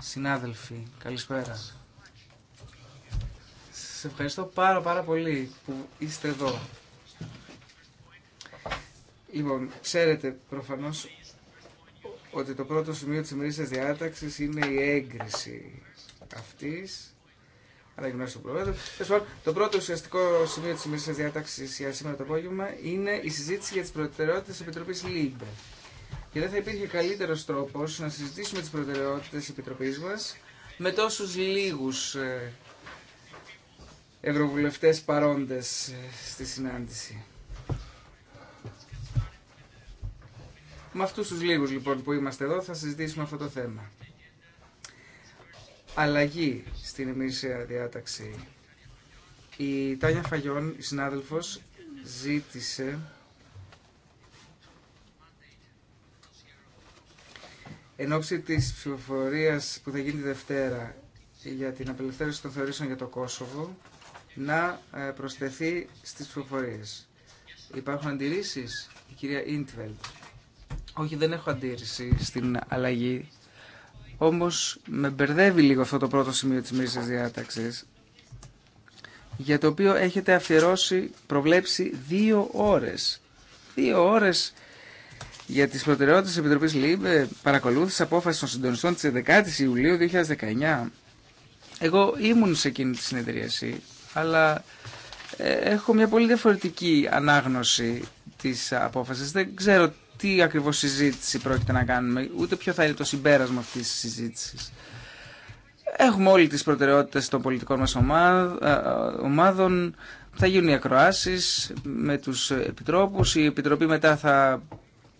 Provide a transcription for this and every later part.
Συνάδελφοι, καλησπέρα. Σα ευχαριστώ πάρα πάρα πολύ που είστε εδώ. Λοιπόν, ξέρετε προφανώς ότι το πρώτο σημείο της ημερήσιας διάταξης είναι η έγκριση αυτής. Αναγνώριση του Προέδρου. Το πρώτο ουσιαστικό σημείο της ημερήσιας διάταξης για σήμερα το απόγευμα είναι η συζήτηση για τις προτεραιότητες της Επιτροπής ΛΥΜΠΕ. Και δεν θα υπήρχε καλύτερο τρόπο να συζητήσουμε τι προτεραιότητε τη Επιτροπή μα με τόσου λίγου ε, ευρωβουλευτές παρόντες ε, στη συνάντηση. Με αυτούς τους λίγους λοιπόν που είμαστε εδώ θα συζητήσουμε αυτό το θέμα. Αλλαγή στην εμίσια διάταξη. Η Τάνια Φαγιόν, η συνάδελφος, ζήτησε εν ώψη της ψηφοφορία που θα γίνει τη Δευτέρα για την απελευθέρωση των θεωρήσεων για το Κόσοβο να ε, προσθεθεί στις ψηφοφορίες. Υπάρχουν αντιρρήσεις, η κυρία Ίντβελτ. Όχι, δεν έχω αντίρρηση στην αλλαγή. Όμως με μπερδεύει λίγο αυτό το πρώτο σημείο της μερικής διάταξης για το οποίο έχετε αφιερώσει, προβλέψει δύο ώρες. Δύο ώρες για τις προτεραιότητες της Επιτροπής ΛΥΜΠΕ παρακολούθησε απόφαση των συντονιστών της 11ης Ιουλίου 2019. Εγώ ήμουν σε εκείνη τη συνεδρίαση, αλλά ε, έχω μια πολύ διαφορετική ανάγνωση της απόφασης. Δεν ξέρω τι ακριβώς συζήτηση πρόκειται να κάνουμε, ούτε ποιο θα είναι το συμπέρασμα αυτής της συζήτησης. Έχουμε όλοι τις προτεραιότητες των πολιτικών μας ε, ομάδων, θα γίνουν οι ακροάσεις με τους επιτρόπους, η επιτροπή μετά θα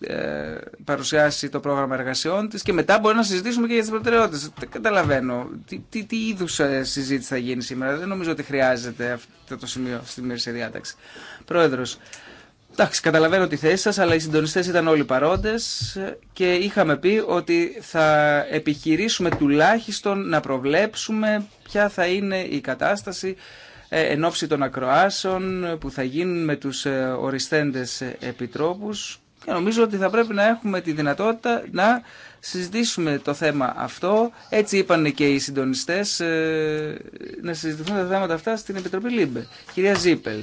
ε, παρουσιάσει το πρόγραμμα εργασιών τη και μετά μπορεί να συζητήσουμε και για τις προτεραιότητες. καταλαβαίνω τι, τι, τι είδους ε, συζήτηση θα γίνει σήμερα. Δεν νομίζω ότι χρειάζεται αυτό το σημείο στη μέρη διάταξη. Πρόεδρο. εντάξει, καταλαβαίνω τη θέση σα, αλλά οι συντονιστέ ήταν όλοι παρόντες και είχαμε πει ότι θα επιχειρήσουμε τουλάχιστον να προβλέψουμε ποια θα είναι η κατάσταση ε, εν ώψη των ακροάσεων που θα γίνουν με τους οριστέντες επιτρόπους και νομίζω ότι θα πρέπει να έχουμε τη δυνατότητα να συζητήσουμε το θέμα αυτό. Έτσι είπαν και οι συντονιστές ε, να συζητηθούν τα θέματα αυτά στην Επιτροπή Λίμπε. Κυρία Ζήπελ.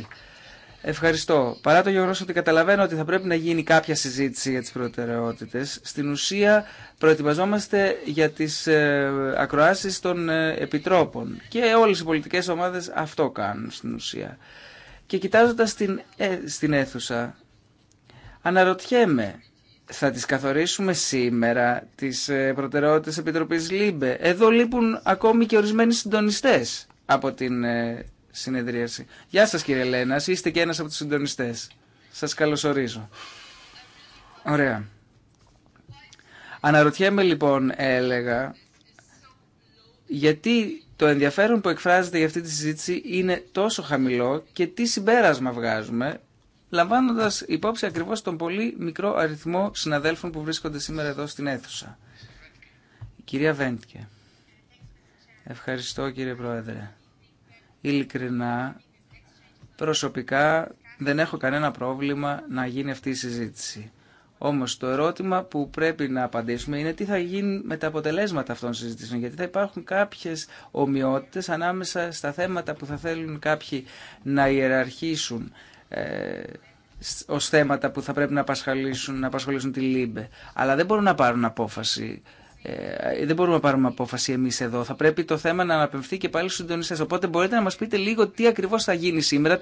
Ευχαριστώ. Παρά το γεγονό ότι καταλαβαίνω ότι θα πρέπει να γίνει κάποια συζήτηση για τι προτεραιότητε, στην ουσία προετοιμαζόμαστε για τι ε, ακροάσει των ε, επιτρόπων. Και όλε οι πολιτικέ ομάδε αυτό κάνουν στην ουσία. Και κοιτάζοντα στην, ε, στην αίθουσα, Αναρωτιέμαι, θα τις καθορίσουμε σήμερα τις ε, προτεραιότητες Επιτροπής ΛΥΜΠΕ. Εδώ λείπουν ακόμη και ορισμένοι συντονιστές από την ε, συνεδρίαση. Γεια σας κύριε Λένας, είστε και ένας από τους συντονιστές. Σας καλωσορίζω. Ωραία. Αναρωτιέμαι λοιπόν, έλεγα, γιατί το ενδιαφέρον που εκφράζεται για αυτή τη συζήτηση είναι τόσο χαμηλό και τι συμπέρασμα βγάζουμε Λαμβάνοντα υπόψη ακριβώς τον πολύ μικρό αριθμό συναδέλφων που βρίσκονται σήμερα εδώ στην αίθουσα. κυρία Βέντκε. Ευχαριστώ κύριε Πρόεδρε. Ειλικρινά, προσωπικά δεν έχω κανένα πρόβλημα να γίνει αυτή η συζήτηση. Όμως το ερώτημα που πρέπει να απαντήσουμε είναι τι θα γίνει με τα αποτελέσματα αυτών των συζητήσεων. Γιατί θα υπάρχουν κάποιες ομοιότητες ανάμεσα στα θέματα που θα θέλουν κάποιοι να ιεραρχήσουν ε, ως θέματα που θα πρέπει να απασχολήσουν, να απασχολήσουν τη ΛΥΜΠΕ. Αλλά δεν μπορούν να πάρουν απόφαση. Ε, δεν μπορούμε να πάρουμε απόφαση εμεί εδώ. Θα πρέπει το θέμα να αναπευθεί και πάλι στου συντονιστέ. Οπότε μπορείτε να μα πείτε λίγο τι ακριβώ θα γίνει σήμερα,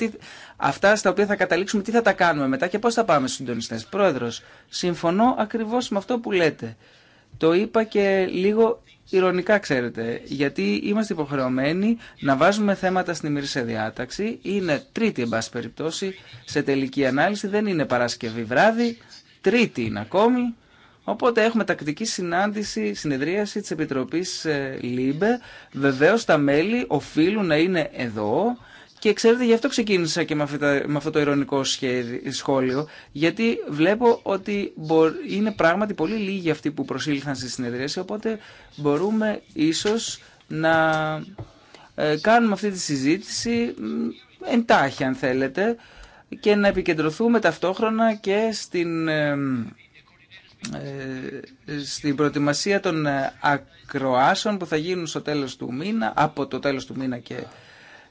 αυτά στα οποία θα καταλήξουμε, τι θα τα κάνουμε μετά και πώ θα πάμε στου συντονιστέ. Πρόεδρο, συμφωνώ ακριβώ με αυτό που λέτε. Το είπα και λίγο ηρωνικά ξέρετε, γιατί είμαστε υποχρεωμένοι να βάζουμε θέματα στην ημερήσια διάταξη. Είναι τρίτη, εν πάση περιπτώσει, σε τελική ανάλυση. Δεν είναι Παρασκευή βράδυ, τρίτη είναι ακόμη. Οπότε έχουμε τακτική συνάντηση, συνεδρίαση της Επιτροπής ε, ΛΥΜΠΕ. Βεβαίως τα μέλη οφείλουν να είναι εδώ και ξέρετε, γι' αυτό ξεκίνησα και με, αυτό το ειρωνικό σχόλιο, γιατί βλέπω ότι είναι πράγματι πολύ λίγοι αυτοί που προσήλθαν στη συνεδρίαση, οπότε μπορούμε ίσως να ε, κάνουμε αυτή τη συζήτηση εντάχει, αν θέλετε, και να επικεντρωθούμε ταυτόχρονα και στην, ε, ε, στην προετοιμασία των ακροάσεων που θα γίνουν στο τέλος του μήνα, από το τέλος του μήνα και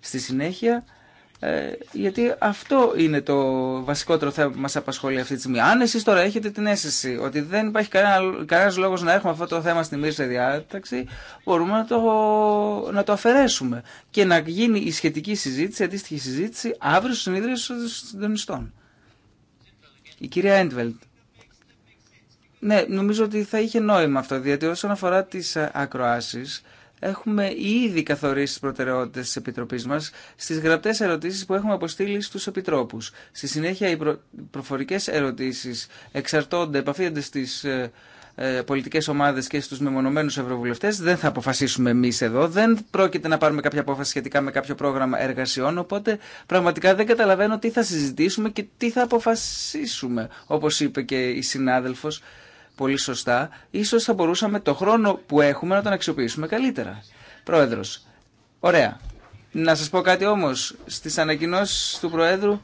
στη συνέχεια ε, γιατί αυτό είναι το βασικότερο θέμα που μας απασχολεί αυτή τη στιγμή. Αν εσείς τώρα έχετε την αίσθηση ότι δεν υπάρχει κανένα, κανένας λόγος να έχουμε αυτό το θέμα στη μύρια διάταξη, μπορούμε να το, να το αφαιρέσουμε και να γίνει η σχετική συζήτηση, η αντίστοιχη συζήτηση, αύριο στους συνείδρες των συντονιστών. Η κυρία Έντβελτ. Ναι, νομίζω ότι θα είχε νόημα αυτό, διότι όσον αφορά τις ε, ακροάσεις, έχουμε ήδη καθορίσει τι προτεραιότητε τη Επιτροπής μα στι γραπτέ ερωτήσει που έχουμε αποστείλει στους Επιτρόπους. Στη συνέχεια οι προ... προφορικές ερωτήσεις εξαρτώνται, επαφίονται στις ε, ε, πολιτικέ ομάδε και στου μεμονωμένου ευρωβουλευτέ. Δεν θα αποφασίσουμε εμεί εδώ. Δεν πρόκειται να πάρουμε κάποια απόφαση σχετικά με κάποιο πρόγραμμα εργασιών. Οπότε πραγματικά δεν καταλαβαίνω τι θα συζητήσουμε και τι θα αποφασίσουμε. Όπω είπε και η συνάδελφο, πολύ σωστά, ίσως θα μπορούσαμε το χρόνο που έχουμε να τον αξιοποιήσουμε καλύτερα. Πρόεδρος, ωραία. Να σας πω κάτι όμως, στις ανακοινώσεις του Προέδρου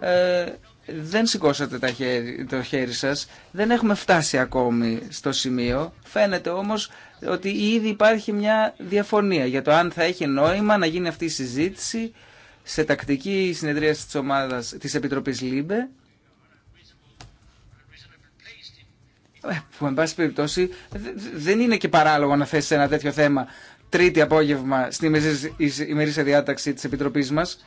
ε, δεν σηκώσατε τα χέρι, το χέρι σας, δεν έχουμε φτάσει ακόμη στο σημείο. Φαίνεται όμως ότι ήδη υπάρχει μια διαφωνία για το αν θα έχει νόημα να γίνει αυτή η συζήτηση σε τακτική συνεδρία της, ομάδας, της Επιτροπής ΛΥΜΠΕ που εν πάση περιπτώσει δεν είναι και παράλογο να θέσει ένα τέτοιο θέμα τρίτη απόγευμα στην ημερήσια διάταξη της Επιτροπής μας.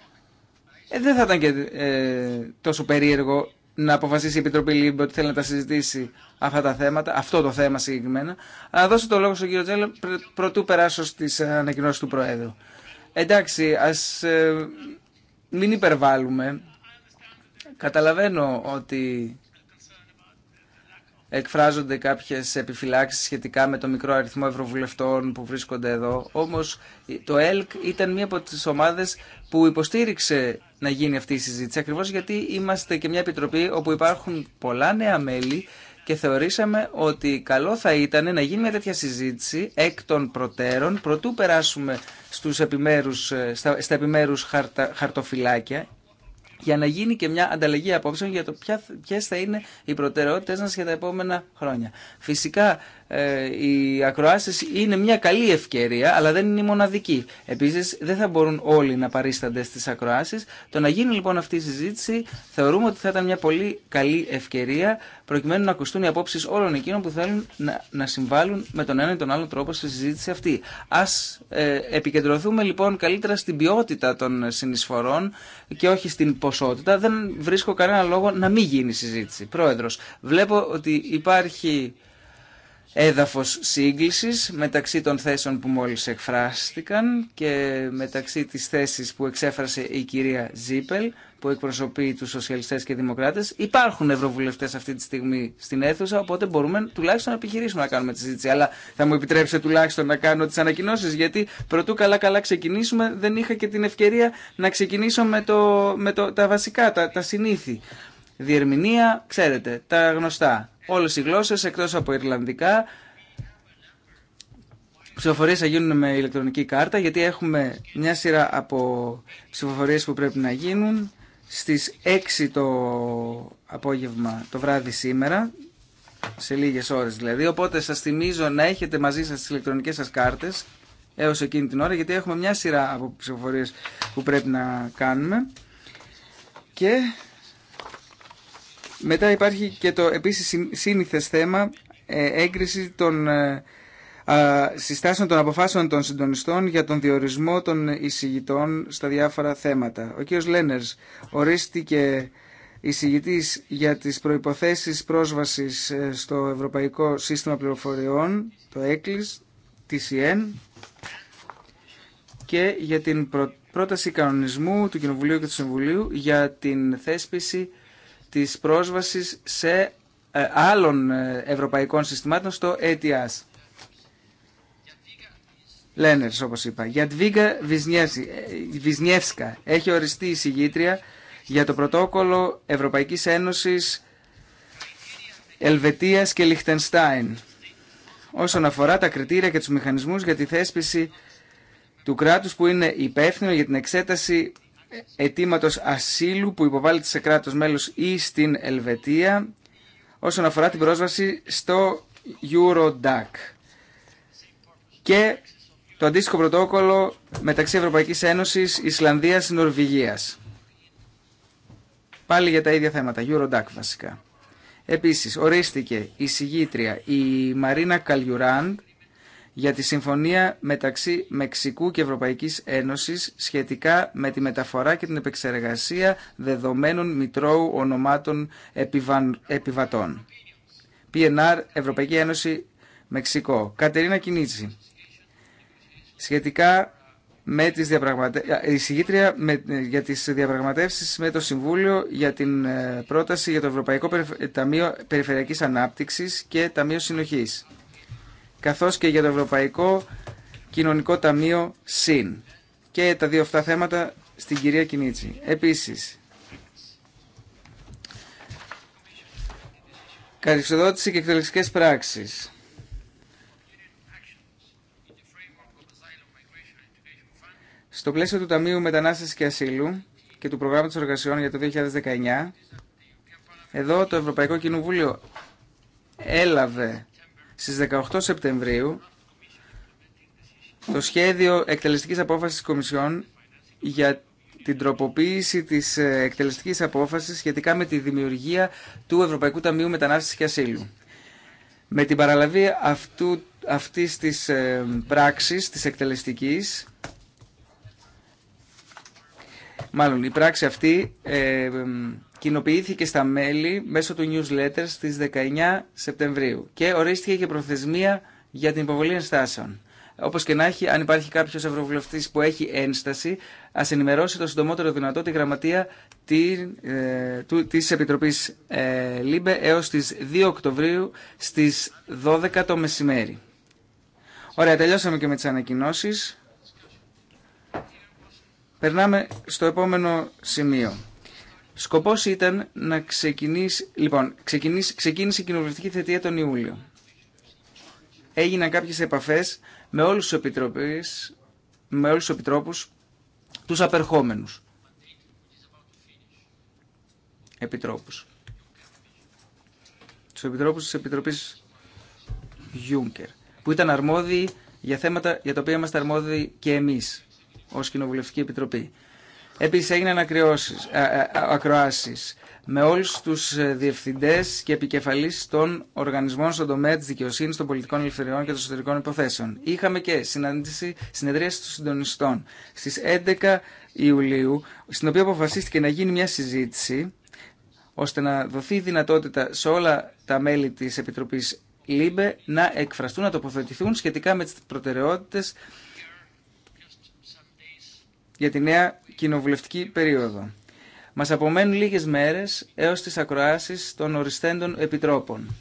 Ε, δεν θα ήταν και ε, τόσο περίεργο να αποφασίσει η Επιτροπή Λίμπη ότι θέλει να τα συζητήσει αυτά τα θέματα, αυτό το θέμα συγκεκριμένα. Αλλά δώσω το λόγο στον κύριο Τζέλο πρωτού περάσω στις ανακοινώσεις του Προέδρου. Εντάξει, ας ε, μην υπερβάλλουμε. Καταλαβαίνω ότι εκφράζονται κάποιες επιφυλάξεις σχετικά με το μικρό αριθμό ευρωβουλευτών που βρίσκονται εδώ. Όμως το ΕΛΚ ήταν μία από τις ομάδες που υποστήριξε να γίνει αυτή η συζήτηση Ακριβώ γιατί είμαστε και μια επιτροπή όπου υπάρχουν πολλά νέα μέλη και θεωρήσαμε ότι καλό θα ήταν να γίνει μια τέτοια συζήτηση εκ των προτέρων προτού περάσουμε στους επιμέρους, ε, στα, στα επιμέρους χαρτοφυλάκια για να γίνει και μια ανταλλαγή απόψεων για το ποιε θα είναι οι προτεραιότητε μα για τα επόμενα χρόνια. Φυσικά ε, οι ακροάσει είναι μια καλή ευκαιρία, αλλά δεν είναι η μοναδική. Επίση, δεν θα μπορούν όλοι να παρίστανται στι ακροάσει. Το να γίνει λοιπόν αυτή η συζήτηση θεωρούμε ότι θα ήταν μια πολύ καλή ευκαιρία προκειμένου να ακουστούν οι απόψει όλων εκείνων που θέλουν να, να συμβάλλουν με τον ένα ή τον άλλο τρόπο στη συζήτηση αυτή. Α ε, επικεντρωθούμε λοιπόν καλύτερα στην ποιότητα των συνεισφορών και όχι στην ποσότητα, δεν βρίσκω κανένα λόγο να μην γίνει συζήτηση. Πρόεδρος, βλέπω ότι υπάρχει έδαφος σύγκλησης μεταξύ των θέσεων που μόλις εκφράστηκαν και μεταξύ της θέσης που εξέφρασε η κυρία Ζίπελ που εκπροσωπεί του σοσιαλιστέ και δημοκράτε. Υπάρχουν ευρωβουλευτέ αυτή τη στιγμή στην αίθουσα, οπότε μπορούμε τουλάχιστον να επιχειρήσουμε να κάνουμε τη συζήτηση. Αλλά θα μου επιτρέψετε τουλάχιστον να κάνω τι ανακοινώσει γιατι γιατί πρωτού καλά-καλά ξεκινήσουμε, δεν είχα και την ευκαιρία να ξεκινήσω με, το, με το, τα βασικά, τα, τα συνήθη. Διερμηνία, ξέρετε, τα γνωστά. Όλε οι γλώσσε, εκτό από Ιρλανδικά, ψηφοφορίες θα γίνουν με ηλεκτρονική κάρτα γιατί έχουμε μια σειρά από ψηφοφορίες που πρέπει να γίνουν στις 6 το απόγευμα το βράδυ σήμερα σε λίγες ώρες δηλαδή οπότε σας θυμίζω να έχετε μαζί σας τις ηλεκτρονικές σας κάρτες έως εκείνη την ώρα γιατί έχουμε μια σειρά από ψηφοφορίες που πρέπει να κάνουμε και μετά υπάρχει και το επίσης σύνηθες θέμα ε, έγκριση των ε, συστάσεων των αποφάσεων των συντονιστών για τον διορισμό των εισηγητών στα διάφορα θέματα. Ο κ. Λένερς ορίστηκε εισηγητή για τις προϋποθέσεις πρόσβασης ε, στο Ευρωπαϊκό Σύστημα Πληροφοριών, το ΕΚΛΙΣ, TCN, και για την πρόταση κανονισμού του Κοινοβουλίου και του Συμβουλίου για την θέσπιση της πρόσβασης σε ε, άλλων ε, ευρωπαϊκών συστημάτων στο ETIAS. Λένερς όπως είπα. Γιαντβίγκα ε, Βυσνιεύσκα έχει οριστεί η συγγήτρια για το πρωτόκολλο Ευρωπαϊκής Ένωσης Ελβετίας και Λιχτενστάιν όσον αφορά τα κριτήρια και τους μηχανισμούς για τη θέσπιση του κράτους που είναι υπεύθυνο για την εξέταση αιτήματος ασύλου που υποβάλλεται σε κράτος μέλος ή στην Ελβετία όσον αφορά την πρόσβαση στο Eurodac. Και το αντίστοιχο πρωτόκολλο μεταξύ Ευρωπαϊκής Ένωσης, Ισλανδίας, Νορβηγίας. Πάλι για τα ίδια θέματα, Eurodac βασικά. Επίσης, ορίστηκε η συγγήτρια η Μαρίνα Καλιουράντ για τη συμφωνία μεταξύ Μεξικού και Ευρωπαϊκής Ένωσης σχετικά με τη μεταφορά και την επεξεργασία δεδομένων μητρώου ονομάτων επιβατών. PNR, Ευρωπαϊκή Ένωση, Μεξικό. Κατερίνα Κινίτσι σχετικά με τις διαπραγματε... με... για τις διαπραγματεύσεις με το Συμβούλιο για την ε, πρόταση για το Ευρωπαϊκό Ταμείο Περιφερειακής Ανάπτυξης και Ταμείο Συνοχής, καθώς και για το Ευρωπαϊκό Κοινωνικό Ταμείο ΣΥΝ. Και τα δύο αυτά θέματα στην κυρία Κινίτση. Επίσης, Καρυξοδότηση και εκτελεστικές πράξεις. Στο πλαίσιο του Ταμείου Μετανάστευση και Ασύλου και του Προγράμματος Εργασιών για το 2019, εδώ το Ευρωπαϊκό Κοινοβούλιο έλαβε στις 18 Σεπτεμβρίου το σχέδιο εκτελεστικής απόφασης της Κομισιόν για την τροποποίηση της ε, εκτελεστικής απόφασης σχετικά με τη δημιουργία του Ευρωπαϊκού Ταμείου Μετανάστευση και Ασύλου. Με την παραλαβή αυτού, αυτής της ε, πράξης, της εκτελεστικής, Μάλλον η πράξη αυτή ε, κοινοποιήθηκε στα μέλη μέσω του newsletter στις 19 Σεπτεμβρίου και ορίστηκε και προθεσμία για την υποβολή ενστάσεων. Όπως και να έχει, αν υπάρχει κάποιος ευρωβουλευτής που έχει ένσταση, ας ενημερώσει το συντομότερο δυνατό τη γραμματεία ε, της Επιτροπής ε, ΛΥΜΠΕ έω τι 2 Οκτωβρίου στις 12 το μεσημέρι. Ωραία, τελειώσαμε και με τις ανακοινώσει. Περνάμε στο επόμενο σημείο. Σκοπός ήταν να ξεκινήσει... Λοιπόν, ξεκινήσει, ξεκίνησε η κοινοβουλευτική θετία τον Ιούλιο. Έγιναν κάποιες επαφές με όλους τους επιτρόπους, με όλους τους επιτρόπους, τους απερχόμενους επιτρόπους. Τους επιτρόπους της Επιτροπής που ήταν αρμόδιοι για θέματα για τα οποία είμαστε αρμόδιοι και εμείς ω Κοινοβουλευτική Επιτροπή. Επίση, έγιναν ακροάσει με όλου του ε, διευθυντέ και επικεφαλεί των οργανισμών στον τομέα της δικαιοσύνη, των πολιτικών ελευθεριών και των εσωτερικών υποθέσεων. Είχαμε και συνάντηση συνεδρίαση των συντονιστών στι 11 Ιουλίου, στην οποία αποφασίστηκε να γίνει μια συζήτηση ώστε να δοθεί δυνατότητα σε όλα τα μέλη της Επιτροπής ΛΥΜΠΕ να εκφραστούν, να τοποθετηθούν σχετικά με τις προτεραιότητες για τη νέα κοινοβουλευτική περίοδο. Μας απομένουν λίγες μέρες έως τις ακροάσει των οριστέντων επιτρόπων.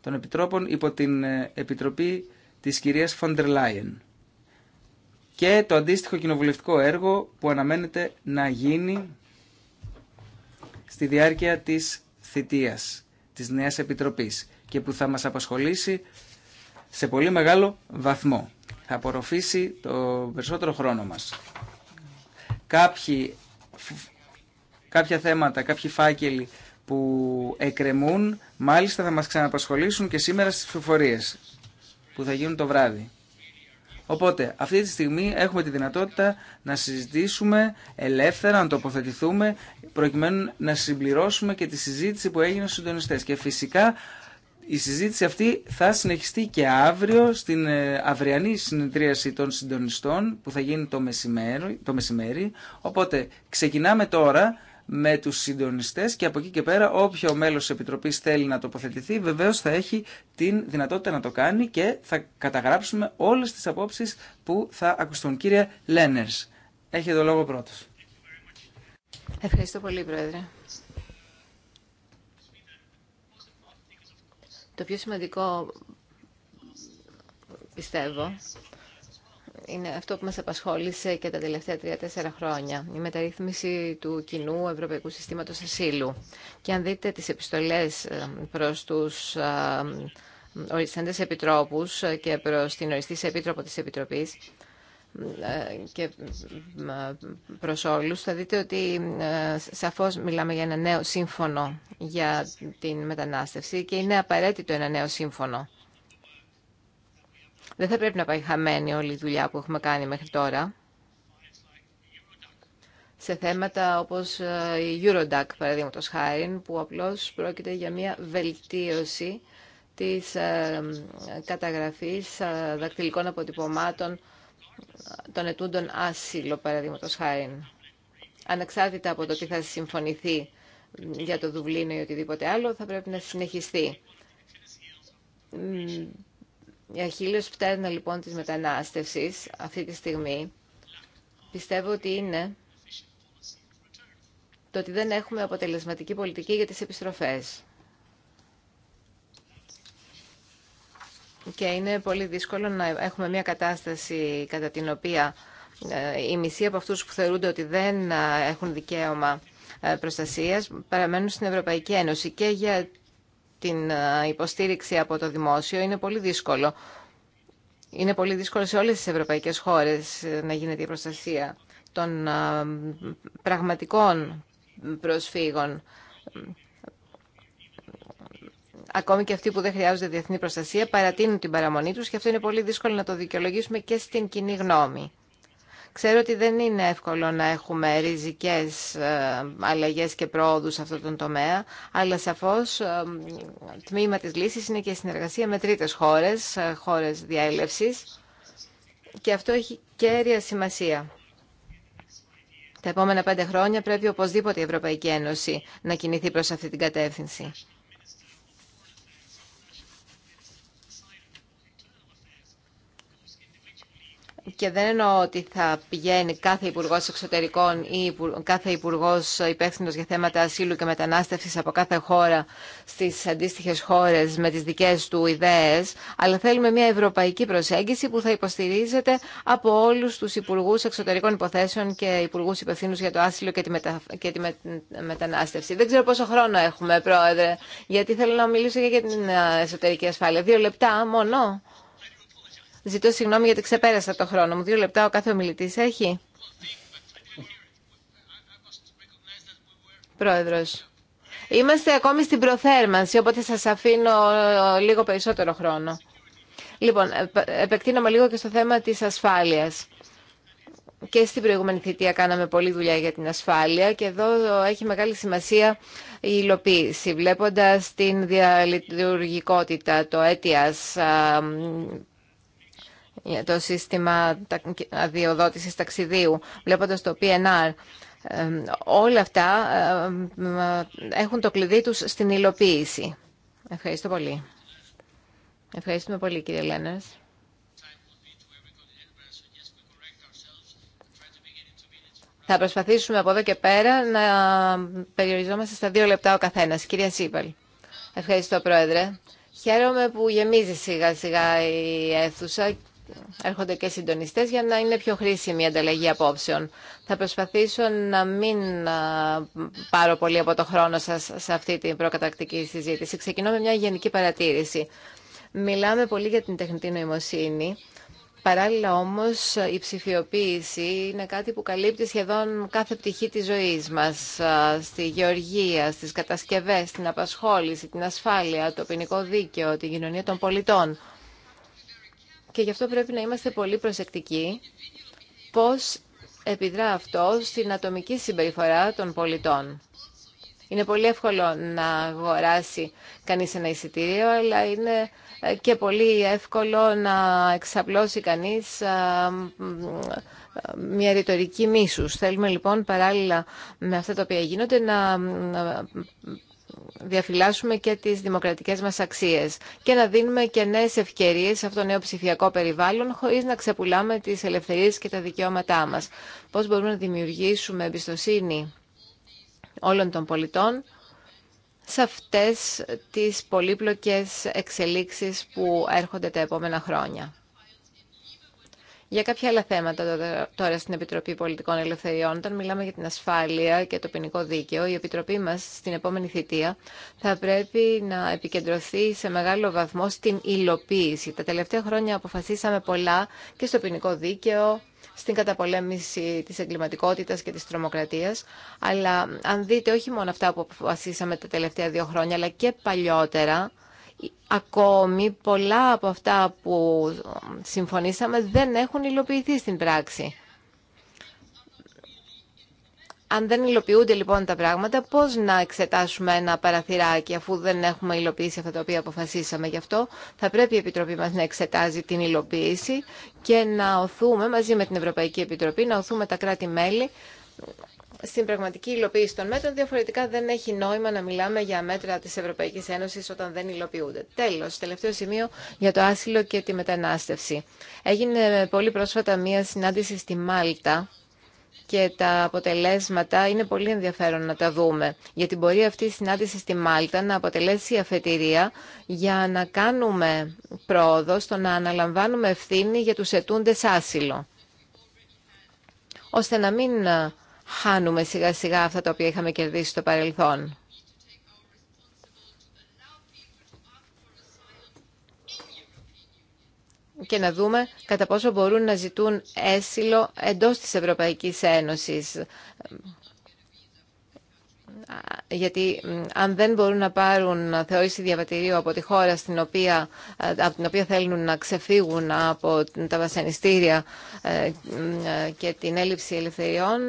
Των επιτρόπων υπό την ε, Επιτροπή της κυρίας Φοντερ Λάιεν. Και το αντίστοιχο κοινοβουλευτικό έργο που αναμένεται να γίνει στη διάρκεια της θητείας της νέας Επιτροπής και που θα μας απασχολήσει σε πολύ μεγάλο βαθμό. Θα απορροφήσει το περισσότερο χρόνο μας κάποια θέματα, κάποιοι φάκελοι που εκκρεμούν, μάλιστα θα μας ξαναπασχολήσουν και σήμερα στις ψηφοφορίες που θα γίνουν το βράδυ. Οπότε, αυτή τη στιγμή έχουμε τη δυνατότητα να συζητήσουμε ελεύθερα, να τοποθετηθούμε, προκειμένου να συμπληρώσουμε και τη συζήτηση που έγινε στους συντονιστές. Και φυσικά η συζήτηση αυτή θα συνεχιστεί και αύριο στην ε, αυριανή συνεδρίαση των συντονιστών που θα γίνει το μεσημέρι, το μεσημέρι. Οπότε ξεκινάμε τώρα με τους συντονιστές και από εκεί και πέρα όποιο μέλος της Επιτροπής θέλει να τοποθετηθεί βεβαίως θα έχει την δυνατότητα να το κάνει και θα καταγράψουμε όλες τις απόψεις που θα ακουστούν. Κύριε Λένερς, έχετε το λόγο πρώτος. Ευχαριστώ πολύ Πρόεδρε. Το πιο σημαντικό, πιστεύω, είναι αυτό που μας απασχόλησε και τα τελευταία τρία-τέσσερα χρόνια, η μεταρρύθμιση του κοινού Ευρωπαϊκού Συστήματος Ασύλου. Και αν δείτε τις επιστολές ε, προς τους ε, οριστέντες επιτρόπους και προς την οριστή σε επίτροπο της Επιτροπής, και ε, προς όλους, θα δείτε ότι ε, σαφώς μιλάμε για ένα νέο σύμφωνο για την μετανάστευση και είναι απαραίτητο ένα νέο σύμφωνο. Δεν θα πρέπει να πάει χαμένη όλη η δουλειά που έχουμε κάνει μέχρι τώρα σε θέματα όπως ε, η Eurodac, παραδείγματος χάρη, που απλώς πρόκειται για μια βελτίωση της καταγραφής δακτυλικών αποτυπωμάτων των ετούντων άσυλο, παραδείγματος χάρη. Ανεξάρτητα από το τι θα συμφωνηθεί για το Δουβλίνο ή οτιδήποτε άλλο, θα πρέπει να συνεχιστεί. Η αχίλιος πτέρνα λοιπόν της μετανάστευσης αυτή τη στιγμή πιστεύω ότι είναι το ότι δεν έχουμε αποτελεσματική πολιτική για τις επιστροφές. και είναι πολύ δύσκολο να έχουμε μια κατάσταση κατά την οποία ε, οι μισοί από αυτούς που θεωρούνται ότι δεν ε, έχουν δικαίωμα ε, προστασίας παραμένουν στην Ευρωπαϊκή Ένωση και για την υποστήριξη από το δημόσιο είναι πολύ δύσκολο. Είναι πολύ δύσκολο σε όλες τις ευρωπαϊκές χώρες να γίνεται η προστασία των πραγματικών προσφύγων ακόμη και αυτοί που δεν χρειάζονται διεθνή προστασία, παρατείνουν την παραμονή του και αυτό είναι πολύ δύσκολο να το δικαιολογήσουμε και στην κοινή γνώμη. Ξέρω ότι δεν είναι εύκολο να έχουμε ριζικές ε, αλλαγέ και πρόοδου σε αυτόν τον τομέα, αλλά σαφώς ε, τμήμα τη λύση είναι και η συνεργασία με τρίτες χώρες, ε, χώρε διέλευση, και αυτό έχει κέρια σημασία. Τα επόμενα πέντε χρόνια πρέπει οπωσδήποτε η Ευρωπαϊκή Ένωση να κινηθεί προς αυτή την κατεύθυνση. και δεν εννοώ ότι θα πηγαίνει κάθε Υπουργό Εξωτερικών ή κάθε Υπουργό υπεύθυνο για θέματα ασύλου και μετανάστευση από κάθε χώρα στι αντίστοιχε χώρε με τι δικέ του ιδέε, αλλά θέλουμε μια ευρωπαϊκή προσέγγιση που θα υποστηρίζεται από όλου του Υπουργού Εξωτερικών Υποθέσεων και Υπουργού Υπευθύνου για το Άσυλο και τη, Μετανάστευση. Δεν ξέρω πόσο χρόνο έχουμε, Πρόεδρε, γιατί θέλω να μιλήσω και για την ε, εσωτερική ασφάλεια. Δύο λεπτά μόνο. Ζητώ συγγνώμη γιατί ξεπέρασα το χρόνο μου. Δύο λεπτά ο κάθε ομιλητής έχει. Πρόεδρος. Είμαστε ακόμη στην προθέρμανση, οπότε σας αφήνω ε, λίγο περισσότερο χρόνο. Λοιπόν, ε, επεκτείνομαι λίγο και στο θέμα της ασφάλειας. Και στην προηγούμενη θητεία κάναμε πολλή δουλειά για την ασφάλεια και εδώ έχει μεγάλη σημασία η υλοποίηση. Βλέποντας την διαλειτουργικότητα, το αίτιας για το σύστημα αδειοδότησης ταξιδίου, βλέποντας το PNR. Όλα αυτά έχουν το κλειδί τους στην υλοποίηση. Ευχαριστώ πολύ. Ευχαριστούμε πολύ, κύριε Λένας. Θα προσπαθήσουμε από εδώ και πέρα να περιοριζόμαστε στα δύο λεπτά ο καθένας. Κυρία Σίπελ. Ευχαριστώ, Πρόεδρε. Χαίρομαι που γεμίζει σιγά σιγά η αίθουσα έρχονται και συντονιστέ για να είναι πιο χρήσιμη η ανταλλαγή απόψεων. Θα προσπαθήσω να μην πάρω πολύ από το χρόνο σας σε αυτή την προκατακτική συζήτηση. Ξεκινώ με μια γενική παρατήρηση. Μιλάμε πολύ για την τεχνητή νοημοσύνη. Παράλληλα όμως η ψηφιοποίηση είναι κάτι που καλύπτει σχεδόν κάθε πτυχή της ζωής μας, στη γεωργία, στις κατασκευές, στην απασχόληση, την ασφάλεια, το ποινικό δίκαιο, την κοινωνία των πολιτών. Και γι' αυτό πρέπει να είμαστε πολύ προσεκτικοί πώς επιδρά αυτό στην ατομική συμπεριφορά των πολιτών. Είναι πολύ εύκολο να αγοράσει κανείς ένα εισιτήριο, αλλά είναι ε, και πολύ εύκολο να εξαπλώσει κανείς μια ρητορική μίσους. Θέλουμε λοιπόν παράλληλα με αυτά τα οποία γίνονται να διαφυλάσσουμε και τις δημοκρατικές μας αξίες και να δίνουμε και νέες ευκαιρίες σε αυτό το νέο ψηφιακό περιβάλλον χωρίς να ξεπουλάμε τις ελευθερίες και τα δικαιώματά μας. Πώς μπορούμε να δημιουργήσουμε εμπιστοσύνη όλων των πολιτών σε αυτές τις πολύπλοκες εξελίξεις που έρχονται τα επόμενα χρόνια. Για κάποια άλλα θέματα τώρα στην Επιτροπή Πολιτικών Ελευθεριών, όταν μιλάμε για την ασφάλεια και το ποινικό δίκαιο, η Επιτροπή μας στην επόμενη θητεία θα πρέπει να επικεντρωθεί σε μεγάλο βαθμό στην υλοποίηση. Τα τελευταία χρόνια αποφασίσαμε πολλά και στο ποινικό δίκαιο, στην καταπολέμηση της εγκληματικότητα και τη τρομοκρατίας. Αλλά αν δείτε όχι μόνο αυτά που αποφασίσαμε τα τελευταία δύο χρόνια, αλλά και παλιότερα, Ακόμη πολλά από αυτά που συμφωνήσαμε δεν έχουν υλοποιηθεί στην πράξη. Αν δεν υλοποιούνται λοιπόν τα πράγματα, πώς να εξετάσουμε ένα παραθυράκι αφού δεν έχουμε υλοποιήσει αυτά τα οποία αποφασίσαμε. Γι' αυτό θα πρέπει η Επιτροπή μας να εξετάζει την υλοποίηση και να οθούμε μαζί με την Ευρωπαϊκή Επιτροπή, να οθούμε τα κράτη-μέλη στην πραγματική υλοποίηση των μέτρων. Διαφορετικά δεν έχει νόημα να μιλάμε για μέτρα της Ευρωπαϊκής Ένωσης όταν δεν υλοποιούνται. Τέλος, τελευταίο σημείο για το άσυλο και τη μετανάστευση. Έγινε πολύ πρόσφατα μία συνάντηση στη Μάλτα και τα αποτελέσματα είναι πολύ ενδιαφέρον να τα δούμε. Γιατί μπορεί αυτή η συνάντηση στη Μάλτα να αποτελέσει αφετηρία για να κάνουμε πρόοδο στο να αναλαμβάνουμε ευθύνη για τους ετούντες άσυλο. Ώστε να μην χάνουμε σιγά σιγά αυτά τα οποία είχαμε κερδίσει στο παρελθόν. και να δούμε κατά πόσο μπορούν να ζητούν έσυλο εντός της Ευρωπαϊκής Ένωσης γιατί αν δεν μπορούν να πάρουν θεώρηση διαβατηρίου από τη χώρα στην οποία, ε, από την οποία θέλουν να ξεφύγουν από τα βασανιστήρια ε, ε, και την έλλειψη ελευθεριών,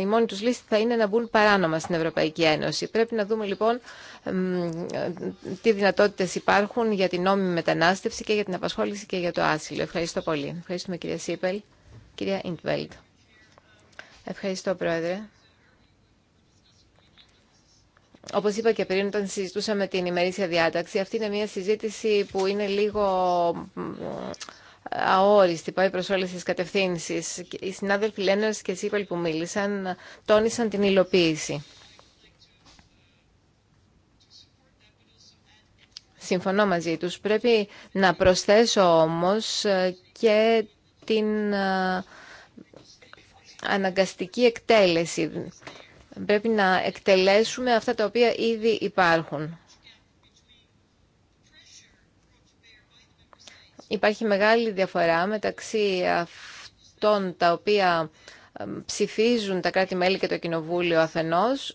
η μόνη τους λύση θα είναι να μπουν παράνομα στην Ευρωπαϊκή Ένωση. Πρέπει να δούμε λοιπόν τι δυνατότητες υπάρχουν για την νόμιμη μετανάστευση και για την απασχόληση και για το άσυλο. Ευχαριστώ πολύ. Ευχαριστούμε κυρία Σίπελ. Κυρία Ιντβέλτ. Ευχαριστώ Πρόεδρε. Όπω είπα και πριν, όταν συζητούσαμε την ημερήσια διάταξη, αυτή είναι μια συζήτηση που είναι λίγο αόριστη, πάει προ όλε τι κατευθύνσει. Οι συνάδελφοι Λένερς και Σίπελ που μίλησαν τόνισαν την υλοποίηση. Συμφωνώ μαζί τους. Πρέπει να προσθέσω όμως και την ε, αναγκαστική εκτέλεση. Πρέπει να εκτελέσουμε αυτά τα οποία ήδη υπάρχουν. Υπάρχει μεγάλη διαφορά μεταξύ αυτών τα οποία ψηφίζουν τα κράτη-μέλη και το Κοινοβούλιο αφενός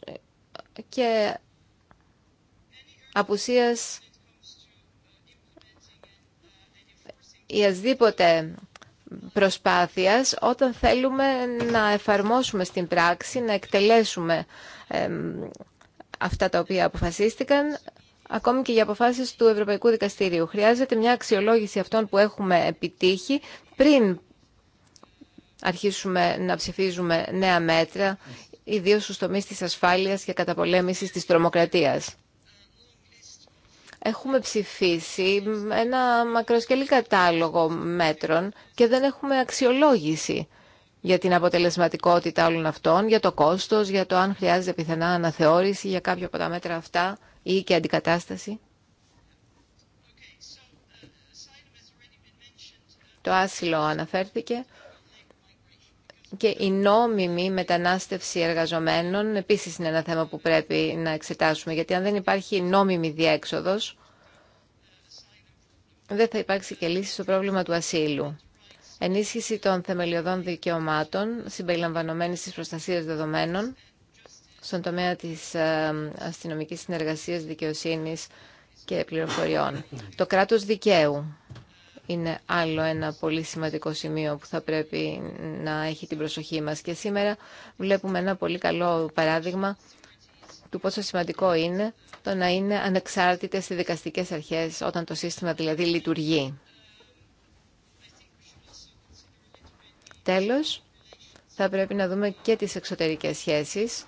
και απουσίας ιασδήποτε προσπάθειας όταν θέλουμε να εφαρμόσουμε στην πράξη, να εκτελέσουμε αυτά τα οποία αποφασίστηκαν, ακόμη και για αποφάσεις του Ευρωπαϊκού Δικαστηρίου. Χρειάζεται μια αξιολόγηση αυτών που έχουμε επιτύχει πριν αρχίσουμε να ψηφίζουμε νέα μέτρα, ιδίως στους τομείς της ασφάλειας και καταπολέμησης της τρομοκρατίας έχουμε ψηφίσει ένα μακροσκελή κατάλογο μέτρων και δεν έχουμε αξιολόγηση για την αποτελεσματικότητα όλων αυτών, για το κόστος, για το αν χρειάζεται πιθανά αναθεώρηση για κάποια από τα μέτρα αυτά ή και αντικατάσταση. Το άσυλο αναφέρθηκε. Και η νόμιμη μετανάστευση εργαζομένων επίσης είναι ένα θέμα που πρέπει να εξετάσουμε, γιατί αν δεν υπάρχει νόμιμη διέξοδος, δεν θα υπάρξει και λύση στο πρόβλημα του ασύλου. Ενίσχυση των θεμελιωδών δικαιωμάτων, συμπεριλαμβανόμένη στις προστασίες δεδομένων, στον τομέα της ε, αστυνομικής συνεργασίας, δικαιοσύνης και πληροφοριών. Το κράτος δικαίου είναι άλλο ένα πολύ σημαντικό σημείο που θα πρέπει να έχει την προσοχή μας. Και σήμερα βλέπουμε ένα πολύ καλό παράδειγμα του πόσο σημαντικό είναι το να είναι ανεξάρτητες οι δικαστικές αρχές όταν το σύστημα δηλαδή λειτουργεί. Τέλος, θα πρέπει να δούμε και τις εξωτερικές σχέσεις,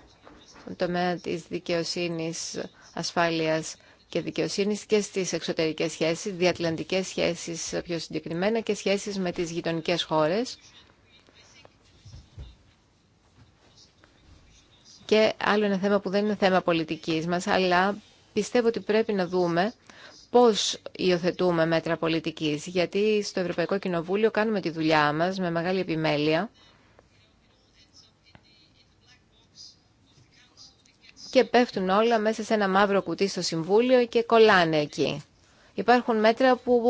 το τομέα της δικαιοσύνης, ασφάλειας και δικαιοσύνη και στις εξωτερικές σχέσεις, διατλαντικές σχέσεις πιο συγκεκριμένα και σχέσεις με τις γειτονικέ χώρες. Και άλλο ένα θέμα που δεν είναι θέμα πολιτικής μα, αλλά πιστεύω ότι πρέπει να δούμε πώς υιοθετούμε μέτρα πολιτικής, γιατί στο Ευρωπαϊκό Κοινοβούλιο κάνουμε τη δουλειά μας με μεγάλη επιμέλεια και πέφτουν όλα μέσα σε ένα μαύρο κουτί στο Συμβούλιο και κολλάνε εκεί. Υπάρχουν μέτρα που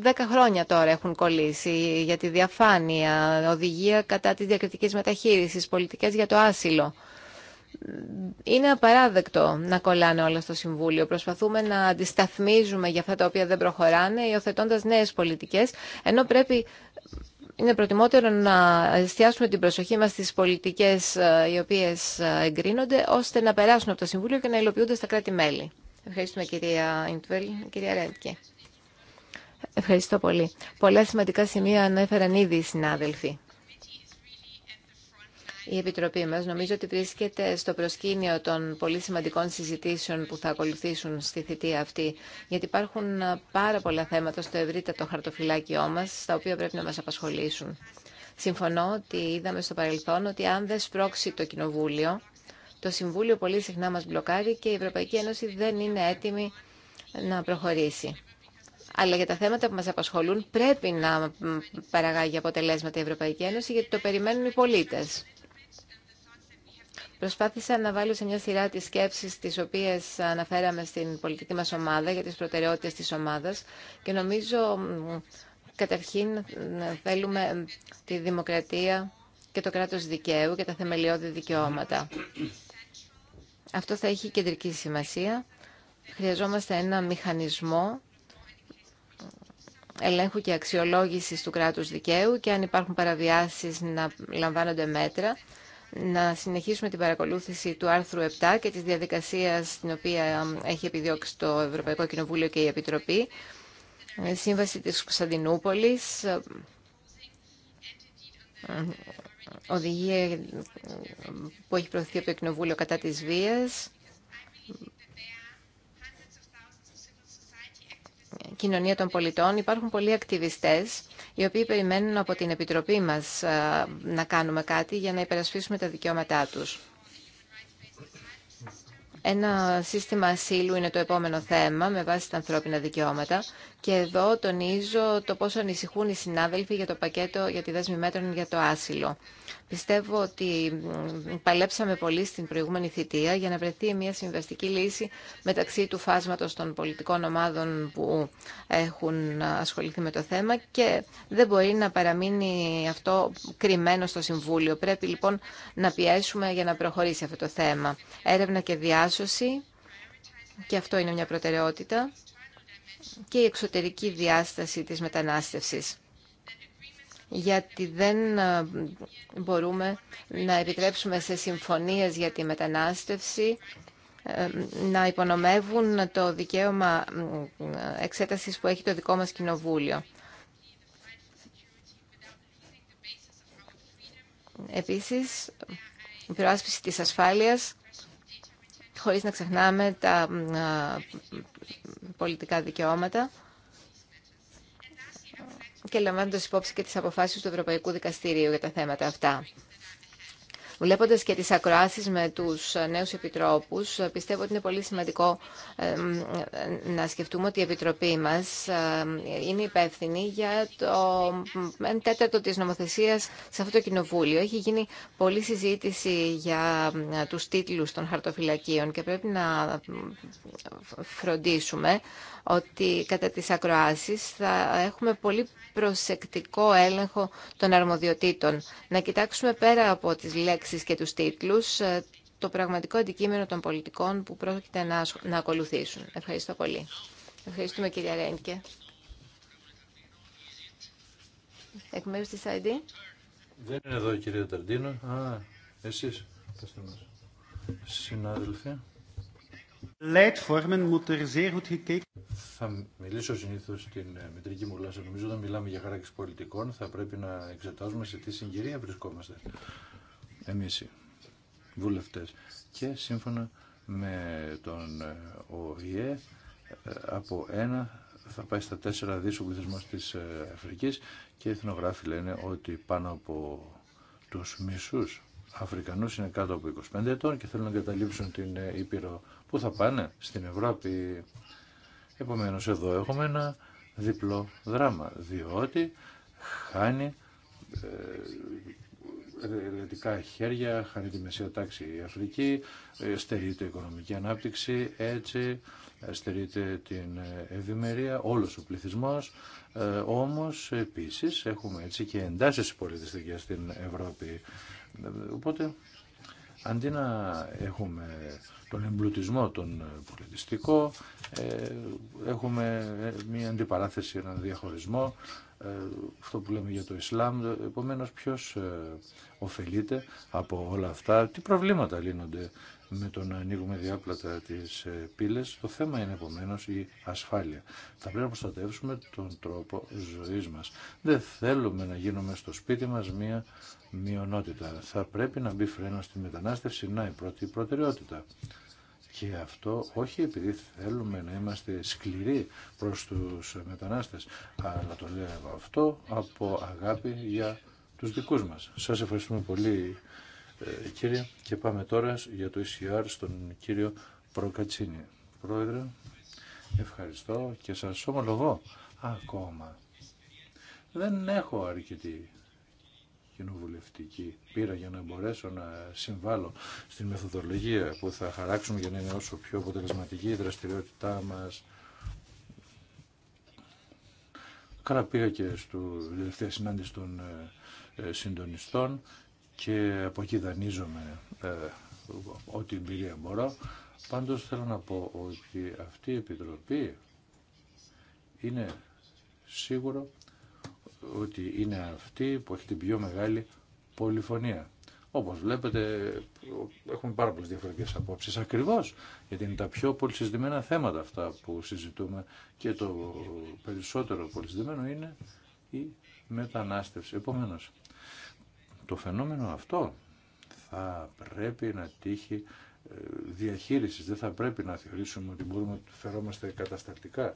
δέκα χρόνια τώρα έχουν κολλήσει για τη διαφάνεια, οδηγία κατά της διακριτικής μεταχείρισης, πολιτικές για το άσυλο. Είναι απαράδεκτο να κολλάνε όλα στο Συμβούλιο. Προσπαθούμε να αντισταθμίζουμε για αυτά τα οποία δεν προχωράνε, υιοθετώντα νέε πολιτικέ, ενώ πρέπει είναι προτιμότερο να εστιάσουμε την προσοχή μας στις πολιτικές ε, οι οποίες ε, εγκρίνονται, ώστε να περάσουν από το Συμβούλιο και να υλοποιούνται στα κράτη-μέλη. Ευχαριστούμε κυρία Ιντουέλ, κυρία Ρέντκε. Ευχαριστώ πολύ. Πολλά σημαντικά σημεία ανέφεραν ήδη οι συνάδελφοι. Η Επιτροπή μας νομίζω ότι βρίσκεται στο προσκήνιο των πολύ σημαντικών συζητήσεων που θα ακολουθήσουν στη θητεία αυτή, γιατί υπάρχουν πάρα πολλά θέματα στο ευρύτατο χαρτοφυλάκιό μας, στα οποία πρέπει να μας απασχολήσουν. Συμφωνώ ότι είδαμε στο παρελθόν ότι αν δεν σπρώξει το Κοινοβούλιο, το Συμβούλιο πολύ συχνά μας μπλοκάρει και η Ευρωπαϊκή Ένωση δεν είναι έτοιμη να προχωρήσει. Αλλά για τα θέματα που μας απασχολούν πρέπει να παραγάγει αποτελέσματα η Ευρωπαϊκή Ένωση γιατί το περιμένουν οι πολίτες. Προσπάθησα να βάλω σε μια σειρά τις σκέψεις τις οποίες αναφέραμε στην πολιτική μας ομάδα για τις προτεραιότητες της ομάδας και νομίζω καταρχήν θέλουμε τη δημοκρατία και το κράτος δικαίου και τα θεμελιώδη δικαιώματα. Αυτό θα έχει κεντρική σημασία. Χρειαζόμαστε ένα μηχανισμό ελέγχου και αξιολόγησης του κράτους δικαίου και αν υπάρχουν παραβιάσεις να λαμβάνονται μέτρα να συνεχίσουμε την παρακολούθηση του άρθρου 7 και της διαδικασίας την οποία έχει επιδιώξει το Ευρωπαϊκό Κοινοβούλιο και η Επιτροπή, ε, Σύμβαση της Κωνσταντινούπολης, οδηγία που έχει προωθεί από το Κοινοβούλιο κατά της βίας, κοινωνία των πολιτών. Υπάρχουν πολλοί ακτιβιστές οι οποίοι περιμένουν από την Επιτροπή μας ε, να κάνουμε κάτι για να υπερασπίσουμε τα δικαιώματά τους. Ένα σύστημα ασύλου είναι το επόμενο θέμα με βάση τα ανθρώπινα δικαιώματα και εδώ τονίζω το πόσο ανησυχούν οι συνάδελφοι για το πακέτο για τη δέσμη μέτρων για το άσυλο. Πιστεύω ότι παλέψαμε πολύ στην προηγούμενη θητεία για να βρεθεί μια συμβαστική λύση μεταξύ του φάσματος των πολιτικών ομάδων που έχουν ασχοληθεί με το θέμα και δεν μπορεί να παραμείνει αυτό κρυμμένο στο Συμβούλιο. Πρέπει λοιπόν να πιέσουμε για να προχωρήσει αυτό το θέμα. Έρευνα και διάσωση, και αυτό είναι μια προτεραιότητα, και η εξωτερική διάσταση της μετανάστευσης γιατί δεν ε, μπορούμε να επιτρέψουμε σε συμφωνίες για τη μετανάστευση ε, να υπονομεύουν το δικαίωμα ε, εξέτασης που έχει το δικό μας κοινοβούλιο. Επίσης, η προάσπιση της ασφάλειας χωρίς να ξεχνάμε τα πολιτικά δικαιώματα και λαμβάνοντα υπόψη και τις αποφάσεις του Ευρωπαϊκού Δικαστηρίου για τα θέματα αυτά. Βλέποντας και τις ακροάσεις με τους νέους επιτρόπους, πιστεύω ότι είναι πολύ σημαντικό να σκεφτούμε ότι η Επιτροπή μας είναι υπεύθυνη για το 1 τέταρτο της νομοθεσίας σε αυτό το Κοινοβούλιο. Έχει γίνει πολλή συζήτηση για ε, τους τίτλους των χαρτοφυλακίων και πρέπει να φροντίσουμε ότι κατά τις ακροάσεις θα έχουμε πολύ προσεκτικό έλεγχο των αρμοδιοτήτων. Να κοιτάξουμε πέρα από τις λέξεις και τους τίτλους ε, το πραγματικό αντικείμενο των πολιτικών που πρόκειται να, ακολουθήσουν. Ευχαριστώ πολύ. Ευχαριστούμε κυρία Ρένκε. Εκ μέρους της ID. Δεν είναι εδώ η κυρία Ταρντίνο. Α, εσείς. Συνάδελφοι. E θα μιλήσω συνήθω στην ε, Μητρική μου γλώσσα. Νομίζω όταν μιλάμε για χάραξη πολιτικών θα πρέπει να εξετάζουμε σε τι συγκυρία βρισκόμαστε εμεί οι βουλευτέ. Και σύμφωνα με τον ε, ΟΗΕ, ε, από ένα θα πάει στα τέσσερα δις ο πληθυσμό της Αφρικής και οι εθνογράφοι λένε ότι πάνω από τους μισούς Αφρικανούς είναι κάτω από 25 ετών και θέλουν να καταλήψουν την Ήπειρο Πού θα πάνε στην Ευρώπη. Επομένως εδώ έχουμε ένα διπλό δράμα, διότι χάνει ελληνικά χέρια, χάνει τη μεσαία τάξη η Αφρική, ε, στερείται οικονομική ανάπτυξη, έτσι ε, στερείται την ευημερία, όλος ο πληθυσμός. Ε, όμως, επίσης, έχουμε έτσι και εντάσεις πολιτιστικές στην Ευρώπη. Ε, οπότε, Αντί να έχουμε τον εμπλουτισμό, τον ε, πολιτιστικό, ε, έχουμε ε, μια αντιπαράθεση, έναν διαχωρισμό, αυτό που λέμε για το Ισλάμ. Επομένως, ποιος ωφελείται από όλα αυτά, τι προβλήματα λύνονται με το να ανοίγουμε διάπλατα τις πύλες. Το θέμα είναι επομένως η ασφάλεια. Θα πρέπει να προστατεύσουμε τον τρόπο ζωής μας. Δεν θέλουμε να γίνουμε στο σπίτι μας μία μειονότητα. Θα πρέπει να μπει φρένο στη μετανάστευση, να η πρώτη προτεραιότητα. Και αυτό όχι επειδή θέλουμε να είμαστε σκληροί προς τους μετανάστες, αλλά το λέω αυτό από αγάπη για τους δικούς μας. Σας ευχαριστούμε πολύ ε, κύριε και πάμε τώρα για το ECR στον κύριο Προκατσίνη. Πρόεδρε, ευχαριστώ και σας ομολογώ ακόμα. Δεν έχω αρκετή κοινοβουλευτική πείρα για να μπορέσω να συμβάλλω στην μεθοδολογία που θα χαράξουμε για να είναι όσο πιο αποτελεσματική η δραστηριότητά μας. Καλά πήγα και στο τελευταία συνάντηση των ε, ε, συντονιστών και από εκεί δανείζομαι ε, ό,τι εμπειρία μπορώ. Πάντως θέλω να πω ότι αυτή η Επιτροπή είναι σίγουρο ότι είναι αυτή που έχει την πιο μεγάλη πολυφωνία. Όπως βλέπετε έχουμε πάρα πολλές διαφορετικές απόψεις ακριβώς γιατί είναι τα πιο πολυσυζητημένα θέματα αυτά που συζητούμε και το περισσότερο πολυσυζητημένο είναι η μετανάστευση. Επομένως, το φαινόμενο αυτό θα πρέπει να τύχει ε, διαχείρισης. Δεν θα πρέπει να θεωρήσουμε ότι μπορούμε να φερόμαστε κατασταλτικά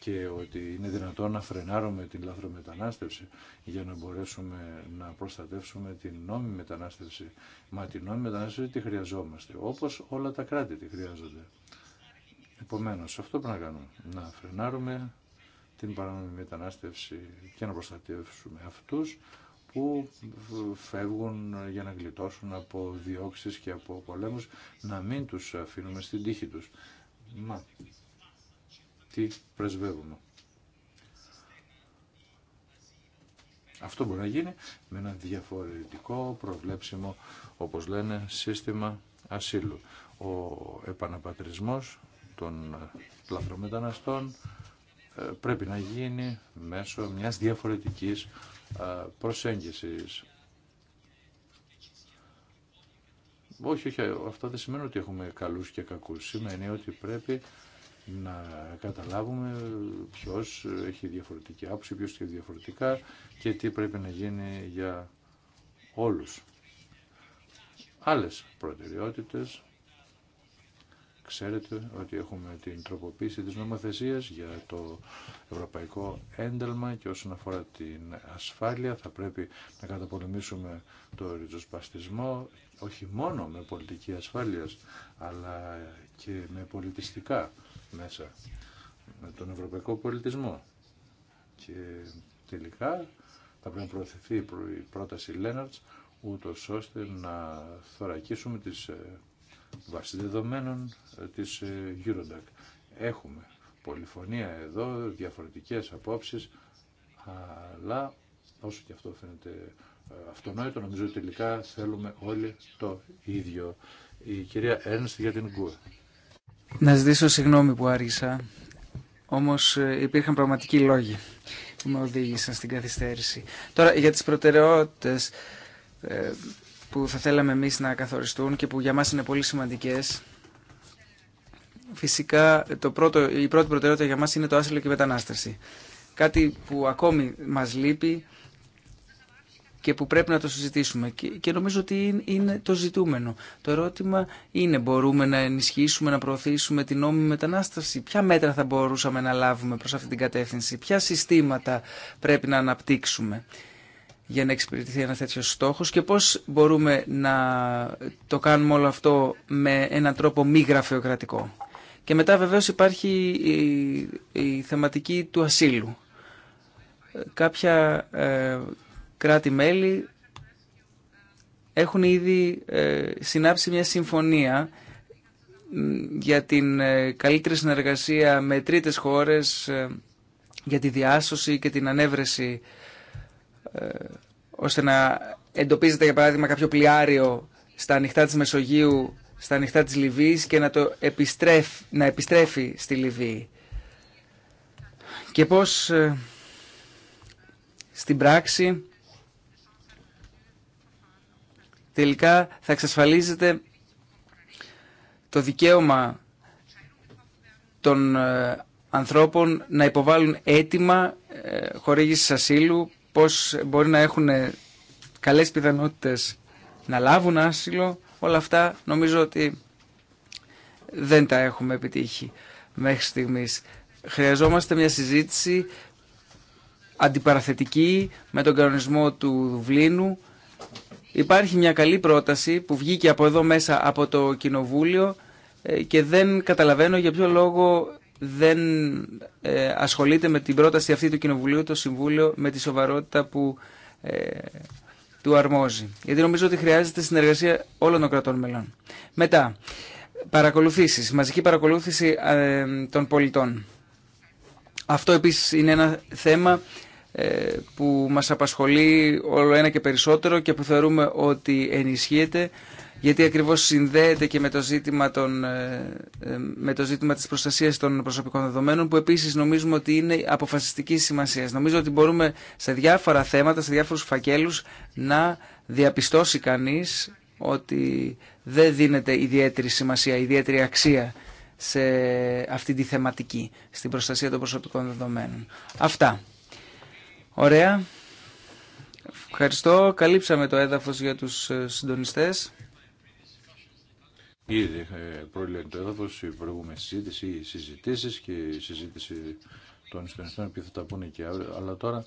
και ότι είναι δυνατόν να φρενάρουμε την λάθρομετανάστευση για να μπορέσουμε να προστατεύσουμε την νόμιμη μετανάστευση. Μα την νόμιμη μετανάστευση τη χρειαζόμαστε, όπως όλα τα κράτη τη χρειάζονται. Επομένως, αυτό πρέπει να κάνουμε, να φρενάρουμε την παράνομη μετανάστευση και να προστατεύσουμε αυτούς που φεύγουν για να γλιτώσουν από διώξεις και από πολέμους, να μην τους αφήνουμε στην τύχη τους τι πρεσβεύουμε. Αυτό μπορεί να γίνει με ένα διαφορετικό προβλέψιμο, όπως λένε, σύστημα ασύλου. Ο επαναπατρισμός των λαθρομεταναστών ε, πρέπει να γίνει μέσω μιας διαφορετικής ε, προσέγγισης. Όχι, όχι, αυτό δεν σημαίνει ότι έχουμε καλούς και κακούς. Σημαίνει ότι πρέπει να καταλάβουμε ποιος έχει διαφορετική άποψη, ποιος έχει διαφορετικά και τι πρέπει να γίνει για όλους. Άλλες προτεραιότητες, ξέρετε ότι έχουμε την τροποποίηση της νομοθεσίας για το ευρωπαϊκό ένταλμα και όσον αφορά την ασφάλεια θα πρέπει να καταπολεμήσουμε το ριζοσπαστισμό όχι μόνο με πολιτική ασφάλειας αλλά και με πολιτιστικά μέσα με τον ευρωπαϊκό πολιτισμό. Και τελικά θα πρέπει να προωθηθεί η πρόταση Λέναρτς ούτω ώστε να θωρακίσουμε τις ε, βάσει δεδομένων ε, της ε, Eurodac. Έχουμε πολυφωνία εδώ, διαφορετικές απόψεις, αλλά όσο και αυτό φαίνεται αυτονόητο, νομίζω τελικά θέλουμε όλοι το ίδιο. Η κυρία Ένστ για την ΚΟΥΕ. Να ζητήσω συγγνώμη που άργησα, όμως ε, υπήρχαν πραγματικοί λόγοι που με οδήγησαν στην καθυστέρηση. Τώρα, για τις προτεραιότητες ε, που θα θέλαμε εμείς να καθοριστούν και που για μας είναι πολύ σημαντικές, φυσικά το πρώτο, η πρώτη προτεραιότητα για μας είναι το άσυλο και η μετανάστευση. Κάτι που ακόμη μας λείπει και που πρέπει να το συζητήσουμε και, και νομίζω ότι είναι το ζητούμενο. Το ερώτημα είναι μπορούμε να ενισχύσουμε, να προωθήσουμε την νόμιμη μετανάσταση. Ποια μέτρα θα μπορούσαμε να λάβουμε προς αυτή την κατεύθυνση. Ποια συστήματα πρέπει να αναπτύξουμε για να εξυπηρετηθεί ένα τέτοιο στόχο και πώ μπορούμε να το κάνουμε όλο αυτό με έναν τρόπο μη γραφειοκρατικό. Και μετά βεβαίω υπάρχει η, θεματική του ασύλου. Κάποια ε, κράτη-μέλη έχουν ήδη ε, συνάψει μια συμφωνία για την ε, καλύτερη συνεργασία με τρίτες χώρες ε, για τη διάσωση και την ανέβρεση ώστε να εντοπίζεται για παράδειγμα κάποιο πλοιάριο στα ανοιχτά της Μεσογείου, στα ανοιχτά της Λιβύης και να το επιστρέφει, να επιστρέφει στη Λιβύη. Και πώς στην πράξη τελικά θα εξασφαλίζεται το δικαίωμα των ε, ανθρώπων να υποβάλουν αίτημα ε, χορήγησης ασύλου, πώς μπορεί να έχουν ε, καλές πιθανότητες να λάβουν άσυλο. Όλα αυτά νομίζω ότι δεν τα έχουμε επιτύχει μέχρι στιγμής. Χρειαζόμαστε μια συζήτηση αντιπαραθετική με τον κανονισμό του Δουβλίνου, Υπάρχει μια καλή πρόταση που βγήκε από εδώ μέσα από το Κοινοβούλιο ε, και δεν καταλαβαίνω για ποιο λόγο δεν ε, ασχολείται με την πρόταση αυτή του Κοινοβουλίου το Συμβούλιο με τη σοβαρότητα που ε, του αρμόζει. Γιατί νομίζω ότι χρειάζεται συνεργασία όλων των κρατών μελών. Μετά, παρακολουθήσεις, μαζική παρακολούθηση των πολιτών. Αυτό επίσης είναι ένα θέμα ε, που μας απασχολεί όλο ένα και περισσότερο και που θεωρούμε ότι ενισχύεται γιατί ακριβώς συνδέεται και με το ζήτημα, των, ε, ε, με το ζήτημα της προστασίας των προσωπικών δεδομένων που επίσης νομίζουμε ότι είναι αποφασιστική σημασία. Νομίζω ότι μπορούμε σε διάφορα θέματα, σε διάφορους φακέλους να διαπιστώσει κανείς ότι δεν δίνεται ιδιαίτερη σημασία, ιδιαίτερη αξία σε αυτή τη θεματική, στην προστασία των προσωπικών δεδομένων. Αυτά. Ωραία. Ευχαριστώ. Καλύψαμε το έδαφος για τους ε, συντονιστές. Ήδη ε, προλέγει το έδαφος, η προηγούμενη συζήτηση, οι συζητήσεις και η συζήτηση των συντονιστών που θα τα πούνε και αύριο. Αλλά τώρα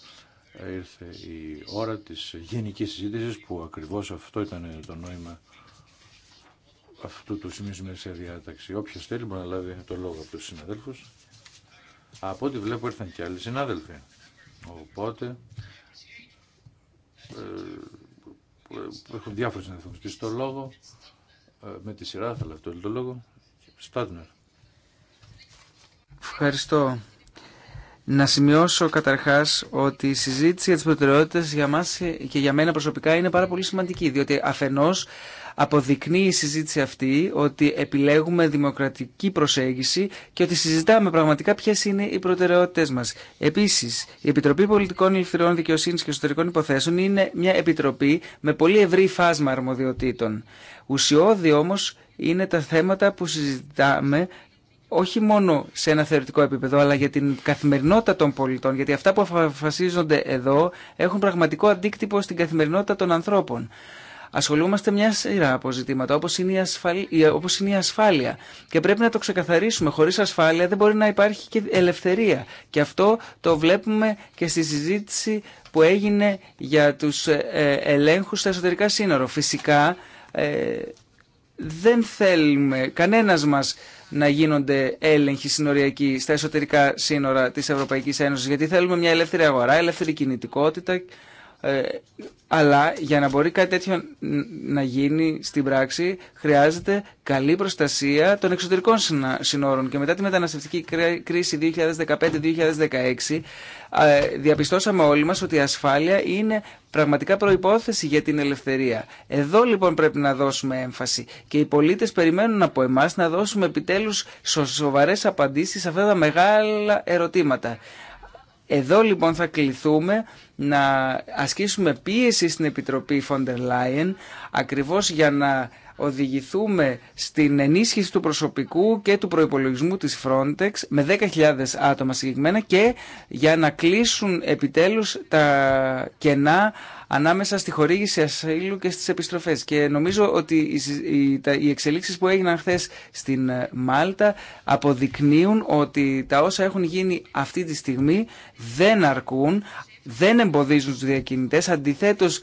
ε, ήρθε η ώρα της γενικής συζήτησης που ακριβώς αυτό ήταν το νόημα αυτού του σημείου σήμερα σε διάταξη. Όποιο θέλει μπορεί να λάβει το λόγο από τους συναδέλφους. Από ό,τι βλέπω ήρθαν και άλλοι συνάδελφοι. Οπότε ε, ε έχουν διάφορες Και στο λόγο, ε, με τη σειρά θα λάβει το λόγο, Στάτνερ. Ευχαριστώ. Να σημειώσω καταρχάς ότι η συζήτηση για τις προτεραιότητες για μας και για μένα προσωπικά είναι πάρα πολύ σημαντική, διότι αφενός Αποδεικνύει η συζήτηση αυτή ότι επιλέγουμε δημοκρατική προσέγγιση και ότι συζητάμε πραγματικά ποιε είναι οι προτεραιότητε μα. Επίση, η Επιτροπή Πολιτικών Ελευθεριών Δικαιοσύνη και Εσωτερικών Υποθέσεων είναι μια επιτροπή με πολύ ευρύ φάσμα αρμοδιοτήτων. Ουσιώδη όμω είναι τα θέματα που συζητάμε όχι μόνο σε ένα θεωρητικό επίπεδο, αλλά για την καθημερινότητα των πολιτών, γιατί αυτά που αποφασίζονται εδώ έχουν πραγματικό αντίκτυπο στην καθημερινότητα των ανθρώπων ασχολούμαστε μια σειρά από ζητήματα, όπως είναι, η ασφάλεια, η ασφάλεια. Και πρέπει να το ξεκαθαρίσουμε. Χωρίς ασφάλεια δεν μπορεί να υπάρχει και ελευθερία. Και αυτό το βλέπουμε και στη συζήτηση που έγινε για τους ε, ε, ελέγχους στα εσωτερικά σύνορα. Φυσικά ε, δεν θέλουμε κανένας μας να γίνονται έλεγχοι συνοριακοί στα εσωτερικά σύνορα της Ευρωπαϊκής Ένωσης γιατί θέλουμε μια ελεύθερη αγορά, ελεύθερη κινητικότητα ε, αλλά για να μπορεί κάτι τέτοιο να γίνει στην πράξη χρειάζεται καλή προστασία των εξωτερικών συνόρων και μετά τη μεταναστευτική κρίση 2015-2016 διαπιστώσαμε όλοι μας ότι η ασφάλεια είναι πραγματικά προϋπόθεση για την ελευθερία. Εδώ λοιπόν πρέπει να δώσουμε έμφαση και οι πολίτες περιμένουν από εμάς να δώσουμε επιτέλους σοβαρές απαντήσεις σε αυτά τα μεγάλα ερωτήματα. Εδώ λοιπόν θα κληθούμε να ασκήσουμε πίεση στην Επιτροπή Φοντερ Λάιεν ακριβώς για να οδηγηθούμε στην ενίσχυση του προσωπικού και του προϋπολογισμού της Frontex με 10.000 άτομα συγκεκριμένα και για να κλείσουν επιτέλους τα κενά ανάμεσα στη χορήγηση ασύλου και στις επιστροφές. Και νομίζω ότι οι εξελίξεις που έγιναν χθε στην ε, Μάλτα αποδεικνύουν ότι τα όσα έχουν γίνει αυτή τη στιγμή δεν αρκούν, δεν εμποδίζουν τους διακινητές, αντιθέτως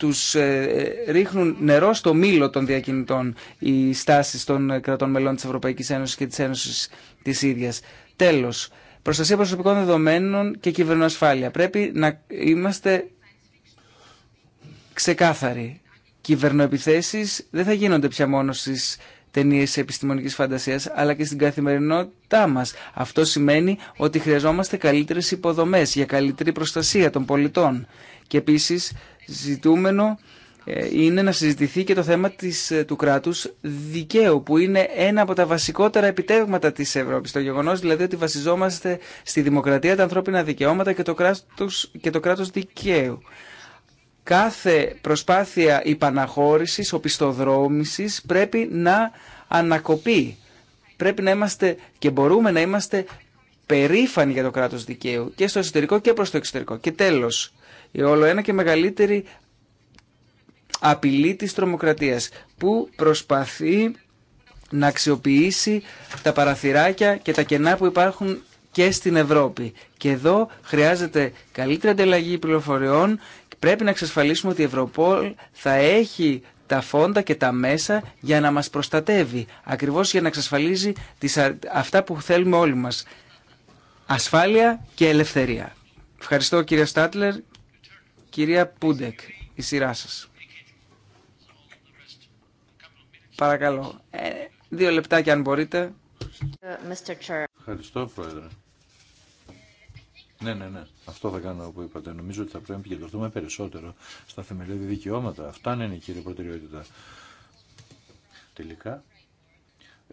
τους ε, ρίχνουν νερό στο μήλο των διακινητών οι στάσεις των ε, κρατών μελών της Ευρωπαϊκής Ένωσης και της Ένωσης της ίδιας. Τέλος, προστασία προσωπικών δεδομένων και κυβερνοασφάλεια. Πρέπει να είμαστε ξεκάθαροι. Κυβερνοεπιθέσεις δεν θα γίνονται πια μόνο στις ταινίε επιστημονική φαντασία, αλλά και στην καθημερινότητά μα. Αυτό σημαίνει ότι χρειαζόμαστε καλύτερε υποδομέ για καλύτερη προστασία των πολιτών. Και επίση ζητούμενο ε, είναι να συζητηθεί και το θέμα της, ε, του κράτους δικαίου που είναι ένα από τα βασικότερα επιτεύγματα της Ευρώπης. Το γεγονός δηλαδή ότι βασιζόμαστε στη δημοκρατία, τα ανθρώπινα δικαιώματα και το κράτος, το κράτος δικαίου. Κάθε προσπάθεια υπαναχώρησης, οπισθοδρόμησης πρέπει να ανακοπεί. Πρέπει να είμαστε και μπορούμε να είμαστε περήφανοι για το κράτος δικαίου και στο εσωτερικό και προς το εξωτερικό. Και τέλος, η όλο ένα και μεγαλύτερη απειλή της τρομοκρατίας που προσπαθεί να αξιοποιήσει τα παραθυράκια και τα κενά που υπάρχουν και στην Ευρώπη. Και εδώ χρειάζεται καλύτερη ανταλλαγή πληροφοριών. Πρέπει να εξασφαλίσουμε ότι η Ευρωπόλ θα έχει τα φόντα και τα μέσα για να μας προστατεύει. Ακριβώς για να εξασφαλίζει τις, αυτά που θέλουμε όλοι μας. Ασφάλεια και ελευθερία. Ευχαριστώ κύριε Στάτλερ Κυρία Πούντεκ, η σειρά σας. Παρακαλώ. Ε, δύο λεπτάκια αν μπορείτε. Ευχαριστώ, Πρόεδρε. Ναι, ναι, ναι. Αυτό θα κάνω που είπατε. Νομίζω ότι θα πρέπει να επικεντρωθούμε περισσότερο στα θεμελιώδη δικαιώματα. Αυτά είναι η κύριε προτεραιότητα. Τελικά,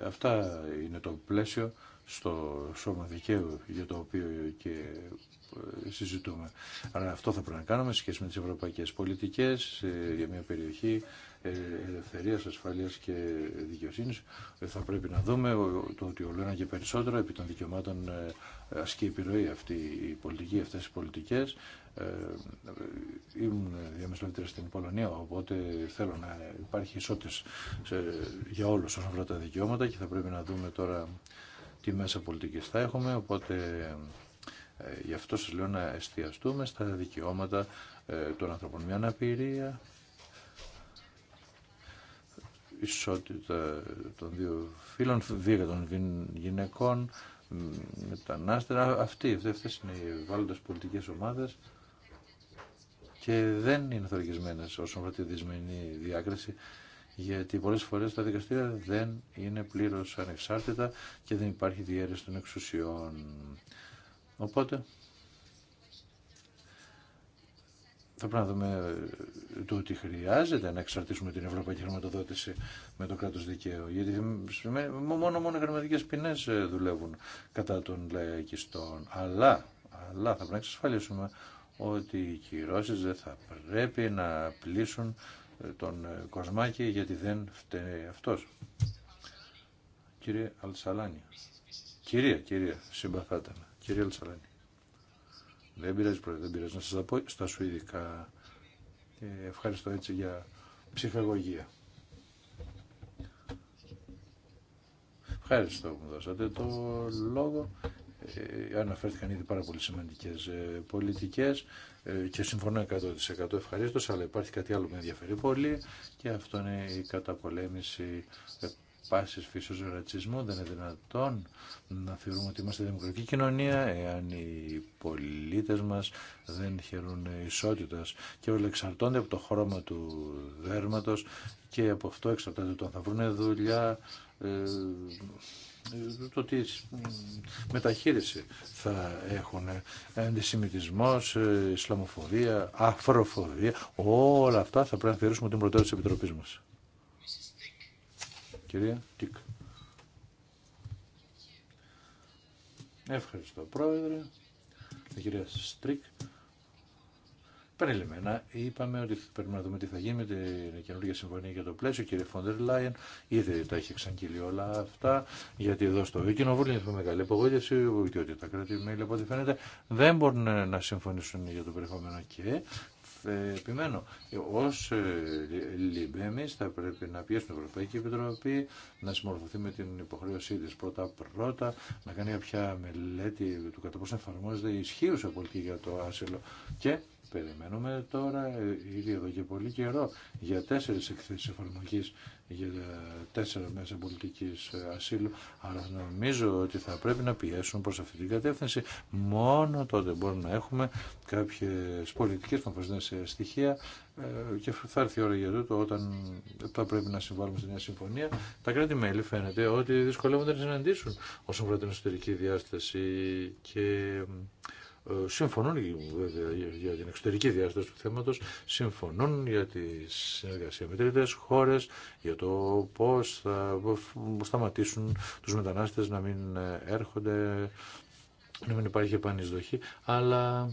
αυτά είναι το πλαίσιο στο σώμα δικαίου για το οποίο και συζητούμε. Αλλά αυτό θα πρέπει να κάνουμε σχέση με τις ευρωπαϊκές πολιτικές ε, για μια περιοχή ε, ελευθερίας, ασφαλείας και δικαιοσύνης. Ε, θα πρέπει να δούμε το ότι όλο ένα και περισσότερο επί των δικαιωμάτων ασκεί επιρροή αυτή η πολιτική, αυτές οι πολιτικές. Ήμουν διαμεσολαβητήρα στην Πολωνία, οπότε θέλω να υπάρχει ισότητα για όλους όσον αφορά τα δικαιώματα και θα πρέπει να δούμε τώρα τι μέσα πολιτικής θα έχουμε, οπότε ε, γι' αυτό σας λέω να εστιαστούμε στα δικαιώματα ε, των ανθρώπων. Μια αναπηρία, ισότητα ε, των δύο φίλων, βία των γυναικών, μετανάστερα. Αυτοί, αυτές είναι οι βάλλοντας πολιτικές ομάδες και δεν είναι θωρακισμένες όσον αφορά τη δυσμενή διάκριση γιατί πολλές φορές τα δικαστήρια δεν είναι πλήρως ανεξάρτητα και δεν υπάρχει διαίρεση των εξουσιών. Οπότε θα πρέπει να δούμε ε, το ότι χρειάζεται να εξαρτήσουμε την ευρωπαϊκή χρηματοδότηση με το κράτος δικαίου. Γιατί μόνο μόνο οι ποινές ε, δουλεύουν κατά των λαϊκιστών. Αλλά, αλλά θα πρέπει να εξασφαλίσουμε ότι οι κυρώσεις δεν θα πρέπει να πλήσουν ε, τον κοσμάκι γιατί δεν φταίει αυτός. Κύριε Αλτσαλάνη. Κυρία, κυρία, συμπαθάτε με. Κύριε Λτσαλάνη. Δεν πειράζει, πρόεδρε, δεν πειράζει να σας τα πω στα σουηδικά. Ε, ευχαριστώ έτσι για ψυχαγωγία. Ευχαριστώ που μου δώσατε το λόγο. Ε, αναφέρθηκαν ήδη πάρα πολύ σημαντικέ ε, πολιτικές ε, και συμφωνώ 100% ευχαρίστω. αλλά υπάρχει κάτι άλλο που με ενδιαφέρει πολύ και αυτό είναι η καταπολέμηση ε, πάσης φύσεως ρατσισμού. Δεν είναι δυνατόν να θεωρούμε ότι είμαστε δημοκρατική κοινωνία εάν οι πολίτες μας δεν χαιρούν ισότητα και όλα εξαρτώνται από το χρώμα του δέρματος και από αυτό εξαρτάται το αν θα βρουν δουλειά, ε, το τι μεταχείριση θα έχουν αντισημιτισμός, ε, ισλαμοφοβία, αφροφοβία όλα αυτά θα πρέπει να θεωρήσουμε την πρωτεύουσα της Επιτροπής μας κυρία Τικ. Ευχαριστώ πρόεδρε, Η κυρία Στρίκ. Περιλημμένα, είπαμε ότι πρέπει να δούμε τι θα γίνει με την καινούργια συμφωνία για το πλαίσιο. Κύριε Φόντερ Λάιεν, ήδη τα έχει εξαγγείλει όλα αυτά. Γιατί εδώ στο Κοινοβούλιο έχουμε μεγάλη απογοήτευση διότι τα κράτη-μέλη, από ό,τι φαίνεται, δεν μπορούν να συμφωνήσουν για το περιεχόμενο. Και επιμένω. Ω ΛΥΜΠΕ, θα πρέπει να πιέσουμε την Ευρωπαϊκή Επιτροπή να συμμορφωθεί με την υποχρέωσή τη πρώτα-πρώτα, να κάνει κάποια μελέτη του κατά πόσο εφαρμόζεται η ισχύουσα πολιτική για το άσυλο και Περιμένουμε τώρα, ήδη εδώ και πολύ καιρό, για τέσσερι εκθέσει εφαρμογή για τέσσερα μέσα πολιτική ασύλου. Άρα νομίζω ότι θα πρέπει να πιέσουν προ αυτή την κατεύθυνση. Μόνο τότε μπορούμε να έχουμε κάποιε πολιτικέ που στοιχεία ε, και θα έρθει η ώρα για τούτο όταν θα πρέπει να συμβάλλουμε σε μια συμφωνία. Τα κράτη-μέλη φαίνεται ότι δυσκολεύονται να συναντήσουν όσον αφορά την εσωτερική διάσταση και ε, συμφωνούν για την εξωτερική διάσταση του θέματος, συμφωνούν για τη συνεργασία με τρίτες χώρες, για το πώς θα σταματήσουν τους μετανάστες να μην ε, έρχονται, να μην υπάρχει επανεισδοχή, αλλά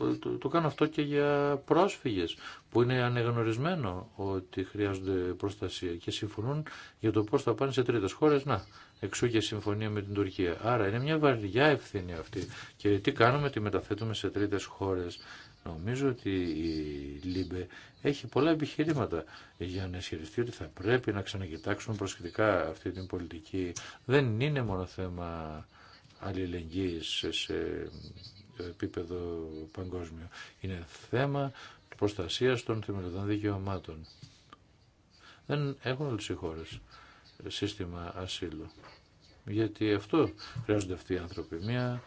ε, το, κάνω αυτό και για πρόσφυγες που είναι ανεγνωρισμένο ότι χρειάζονται προστασία και συμφωνούν για το πώς θα πάνε σε τρίτες χώρε Να, Εξού και συμφωνία με την Τουρκία. Άρα είναι μια βαριά ευθύνη αυτή. Και τι κάνουμε, τη μεταθέτουμε σε τρίτες χώρες. Νομίζω ότι η ΛΥΜΠΕ έχει πολλά επιχειρήματα για να ισχυριστεί ότι θα πρέπει να ξανακοιτάξουμε προσεκτικά αυτή την πολιτική. Δεν είναι μόνο θέμα αλληλεγγύης σε επίπεδο παγκόσμιο. Είναι θέμα προστασία των θεμελιωδών δικαιωμάτων. Δεν έχουν όλε οι χώρε σύστημα ασύλου. Γιατί αυτό χρειάζονται αυτοί οι άνθρωποι. Μια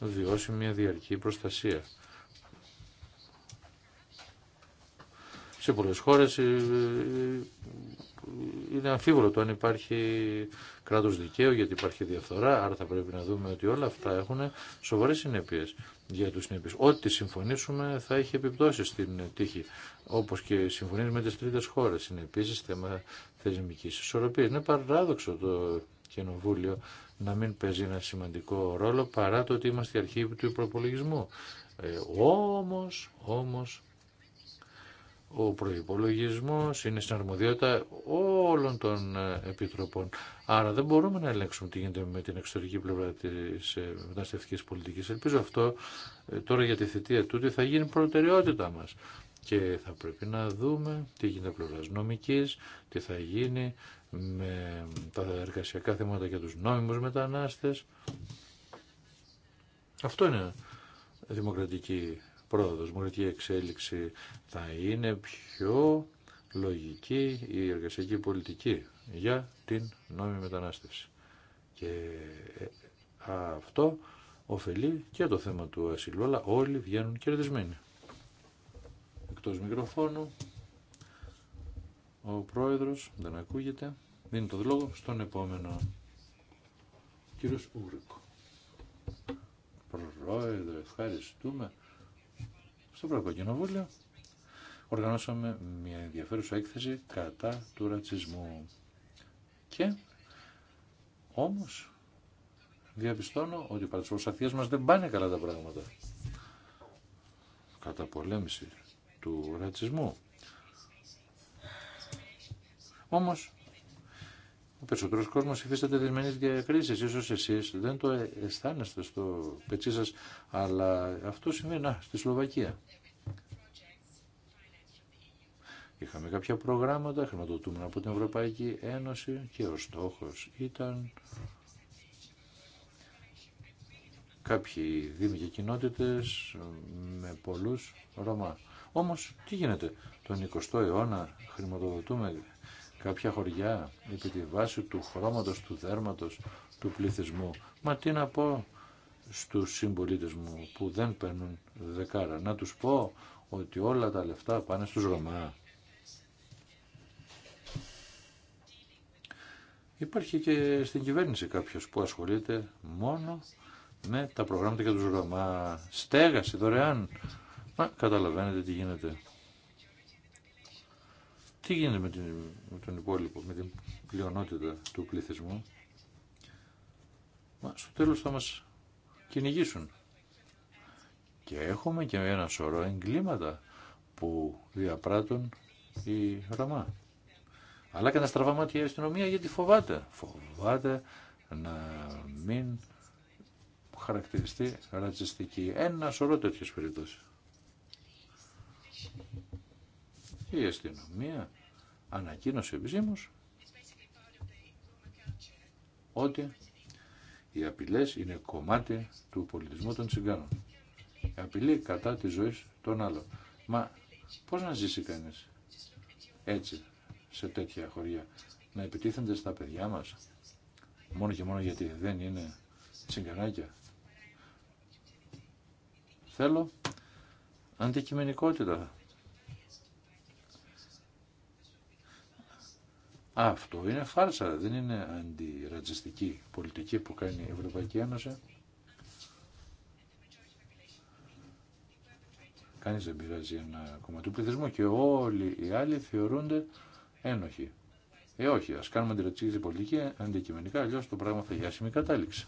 βιώσιμη, μια διαρκή προστασία. Σε πολλές χώρες ε, ε, είναι αμφίβολο το αν υπάρχει κράτος δικαίου γιατί υπάρχει διαφθορά, άρα θα πρέπει να δούμε ότι όλα αυτά έχουν σοβαρές συνέπειες για τους συνέπειες. Ό,τι συμφωνήσουμε θα έχει επιπτώσεις στην τύχη, όπως και συμφωνείς με τις τρίτες χώρες. Είναι επίσης θέμα θεσμική Είναι παράδοξο το Κοινοβούλιο να μην παίζει ένα σημαντικό ρόλο παρά το ότι είμαστε αρχή του προπολογισμού. Ε, όμως, όμως, ο προϋπολογισμός είναι στην αρμοδιότητα όλων των ε, επιτροπών. Άρα δεν μπορούμε να ελέγξουμε τι γίνεται με την εξωτερική πλευρά της ε, μεταναστευτικής πολιτικής. Ελπίζω αυτό ε, τώρα για τη θητεία τούτη θα γίνει προτεραιότητά μας. Και θα πρέπει να δούμε τι γίνεται πλευράς νομικής, τι θα γίνει με τα εργασιακά θέματα για τους νόμιμους μετανάστες. Αυτό είναι δημοκρατική πρόοδος, δημοκρατική εξέλιξη. Θα είναι πιο λογική η εργασιακή πολιτική για την νόμιμη μετανάστευση. Και ε, αυτό ωφελεί και το θέμα του ασύλου, αλλά όλοι βγαίνουν κερδισμένοι. Εκτός μικροφώνου. Ο πρόεδρος δεν ακούγεται. Δίνει το λόγο στον επόμενο. Κύριος Ούρικο. Πρόεδρε, ευχαριστούμε. Στο Ευρωπαϊκό Κοινοβούλιο οργανώσαμε μια ενδιαφέρουσα έκθεση κατά του ρατσισμού. Και όμως διαπιστώνω ότι οι μας δεν πάνε καλά τα πράγματα. Κατά πολέμηση του ρατσισμού. Όμω, ο περισσότερο κόσμο υφίσταται δυσμενή διακρίσει. σω εσεί δεν το αισθάνεστε στο πετσί σα, αλλά αυτό σημαίνει να, στη Σλοβακία. Είχαμε κάποια προγράμματα χρηματοδοτούμενα από την Ευρωπαϊκή Ένωση και ο στόχος ήταν κάποιοι δήμοι και κοινότητες με πολλούς Ρωμά. Όμως τι γίνεται, τον 20ο αιώνα χρηματοδοτούμε κάποια χωριά επί τη βάση του χρώματος, του δέρματος, του πληθυσμού. Μα τι να πω στους συμπολίτες μου που δεν παίρνουν δεκάρα. Να τους πω ότι όλα τα λεφτά πάνε στους Ρωμά. Υπάρχει και στην κυβέρνηση κάποιος που ασχολείται μόνο με τα προγράμματα για τους Ρωμά. Στέγαση δωρεάν. Μα καταλαβαίνετε τι γίνεται. Τι γίνεται με, τον υπόλοιπο, με την πλειονότητα του πληθυσμού. Μα στο τέλος θα μας κυνηγήσουν. Και έχουμε και ένα σωρό εγκλήματα που διαπράττουν η Ρωμά. Αλλά και να στραβαμάτει η αστυνομία γιατί φοβάται. Φοβάται να μην χαρακτηριστεί ρατσιστική. Ένα σωρό τέτοιες περιπτώσεις η αστυνομία ανακοίνωσε επισήμως ότι οι απειλές είναι κομμάτι του πολιτισμού των τσιγκάνων. Η απειλή κατά τη ζωής των άλλων. Μα πώς να ζήσει κανείς έτσι σε τέτοια χωριά. Να επιτίθενται στα παιδιά μας. Μόνο και μόνο γιατί δεν είναι τσιγκανάκια. Θέλω αντικειμενικότητα. Αυτό είναι φάρσα, δεν είναι αντιρατζιστική πολιτική που κάνει η Ευρωπαϊκή Ένωση. Κανείς δεν πειράζει ένα κομμάτι του πληθυσμού και όλοι οι άλλοι θεωρούνται ένοχοι. Ε, όχι, ας κάνουμε αντιρατζιστική πολιτική αντικειμενικά, αλλιώς το πράγμα θα γιάσει μη κατάληξη.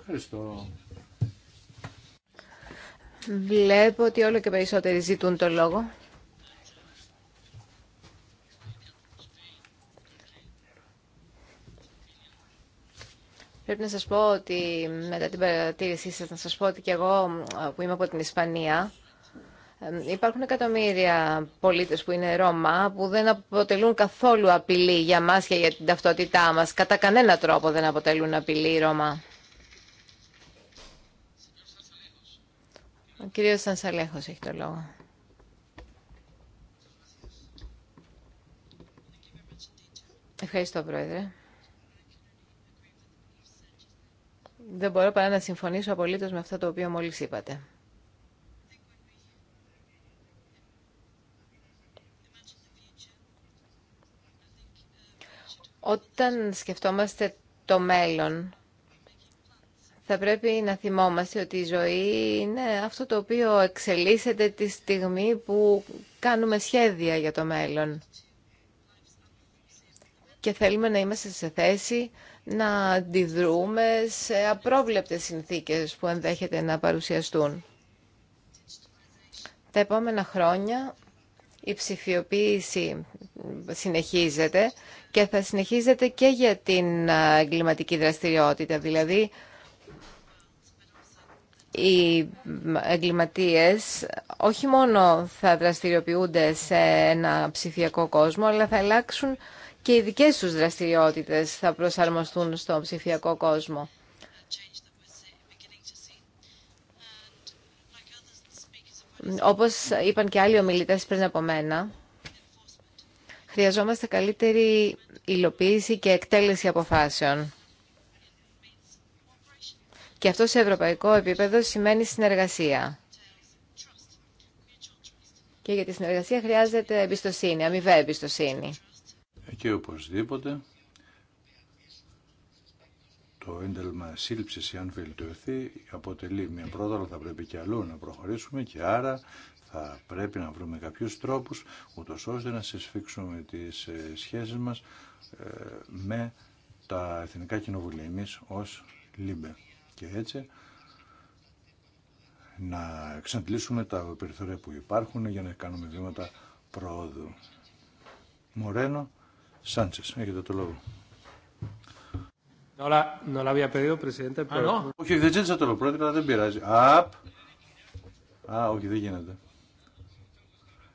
Ευχαριστώ. Βλέπω ότι όλο και περισσότεροι ζητούν το λόγο. Πρέπει να σας πω ότι μετά την παρατήρησή σας, να σας πω ότι και εγώ ε, που είμαι από την Ισπανία, ε, Υπάρχουν εκατομμύρια πολίτες που είναι Ρώμα που δεν αποτελούν καθόλου απειλή για μας και για την ταυτότητά μας. Κατά κανένα τρόπο δεν αποτελούν απειλή οι Ρώμα. Ο κύριος Σανσαλέχος έχει το λόγο. Ευχαριστώ, Πρόεδρε. Δεν μπορώ παρά να συμφωνήσω απολύτως με αυτό το οποίο μόλις είπατε. Όταν σκεφτόμαστε το μέλλον, θα πρέπει να θυμόμαστε ότι η ζωή είναι αυτό το οποίο εξελίσσεται τη στιγμή που κάνουμε σχέδια για το μέλλον και θέλουμε να είμαστε σε θέση να αντιδρούμε σε απρόβλεπτες συνθήκες που ενδέχεται να παρουσιαστούν. Τα επόμενα χρόνια η ψηφιοποίηση συνεχίζεται και θα συνεχίζεται και για την εγκληματική δραστηριότητα. Δηλαδή, οι εγκληματίες όχι μόνο θα δραστηριοποιούνται σε ένα ψηφιακό κόσμο, αλλά θα αλλάξουν και οι δικές τους δραστηριότητες θα προσαρμοστούν στον ψηφιακό κόσμο. Όπως είπαν και άλλοι ομιλητές πριν από μένα, χρειαζόμαστε καλύτερη υλοποίηση και εκτέλεση αποφάσεων. Και αυτό σε ευρωπαϊκό επίπεδο σημαίνει συνεργασία. Και για τη συνεργασία χρειάζεται εμπιστοσύνη, αμοιβαία εμπιστοσύνη. Και οπωσδήποτε το ένταλμα σύλληψης, αν βελτιωθεί, αποτελεί μια πρόοδο, αλλά θα πρέπει και αλλού να προχωρήσουμε και άρα θα πρέπει να βρούμε κάποιους τρόπους, ούτως ώστε να συσφίξουμε τις ε, σχέσεις μας ε, με τα Εθνικά Κοινοβουλία, εμείς ως ΛΥΜΠΕ. Και έτσι να εξαντλήσουμε τα περιθώρια που υπάρχουν για να κάνουμε βήματα προόδου. Μορένο, Σάντσες, έχετε το λόγο. Όχι, δεν ζήτησα το λόγο, πρόεδρε, αλλά δεν πειράζει. Απ. Α, όχι, δεν γίνεται.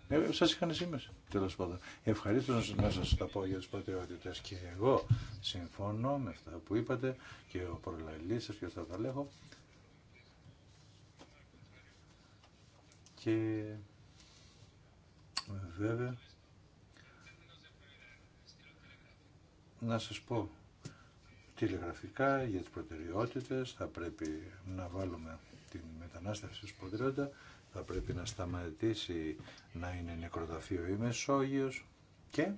Ε, σας είχαν σήμερα, τέλος πάντων. Ευχαρίστω να σας τα πω για τις πατριότητες. Και εγώ συμφωνώ με αυτά που είπατε και ο προλαλής σας και ο λέγω. Και βέβαια να σας πω τηλεγραφικά για τις προτεραιότητες, θα πρέπει να βάλουμε την μετανάστευση στις θα πρέπει να σταματήσει να είναι νεκροταφείο ή Μεσόγειος και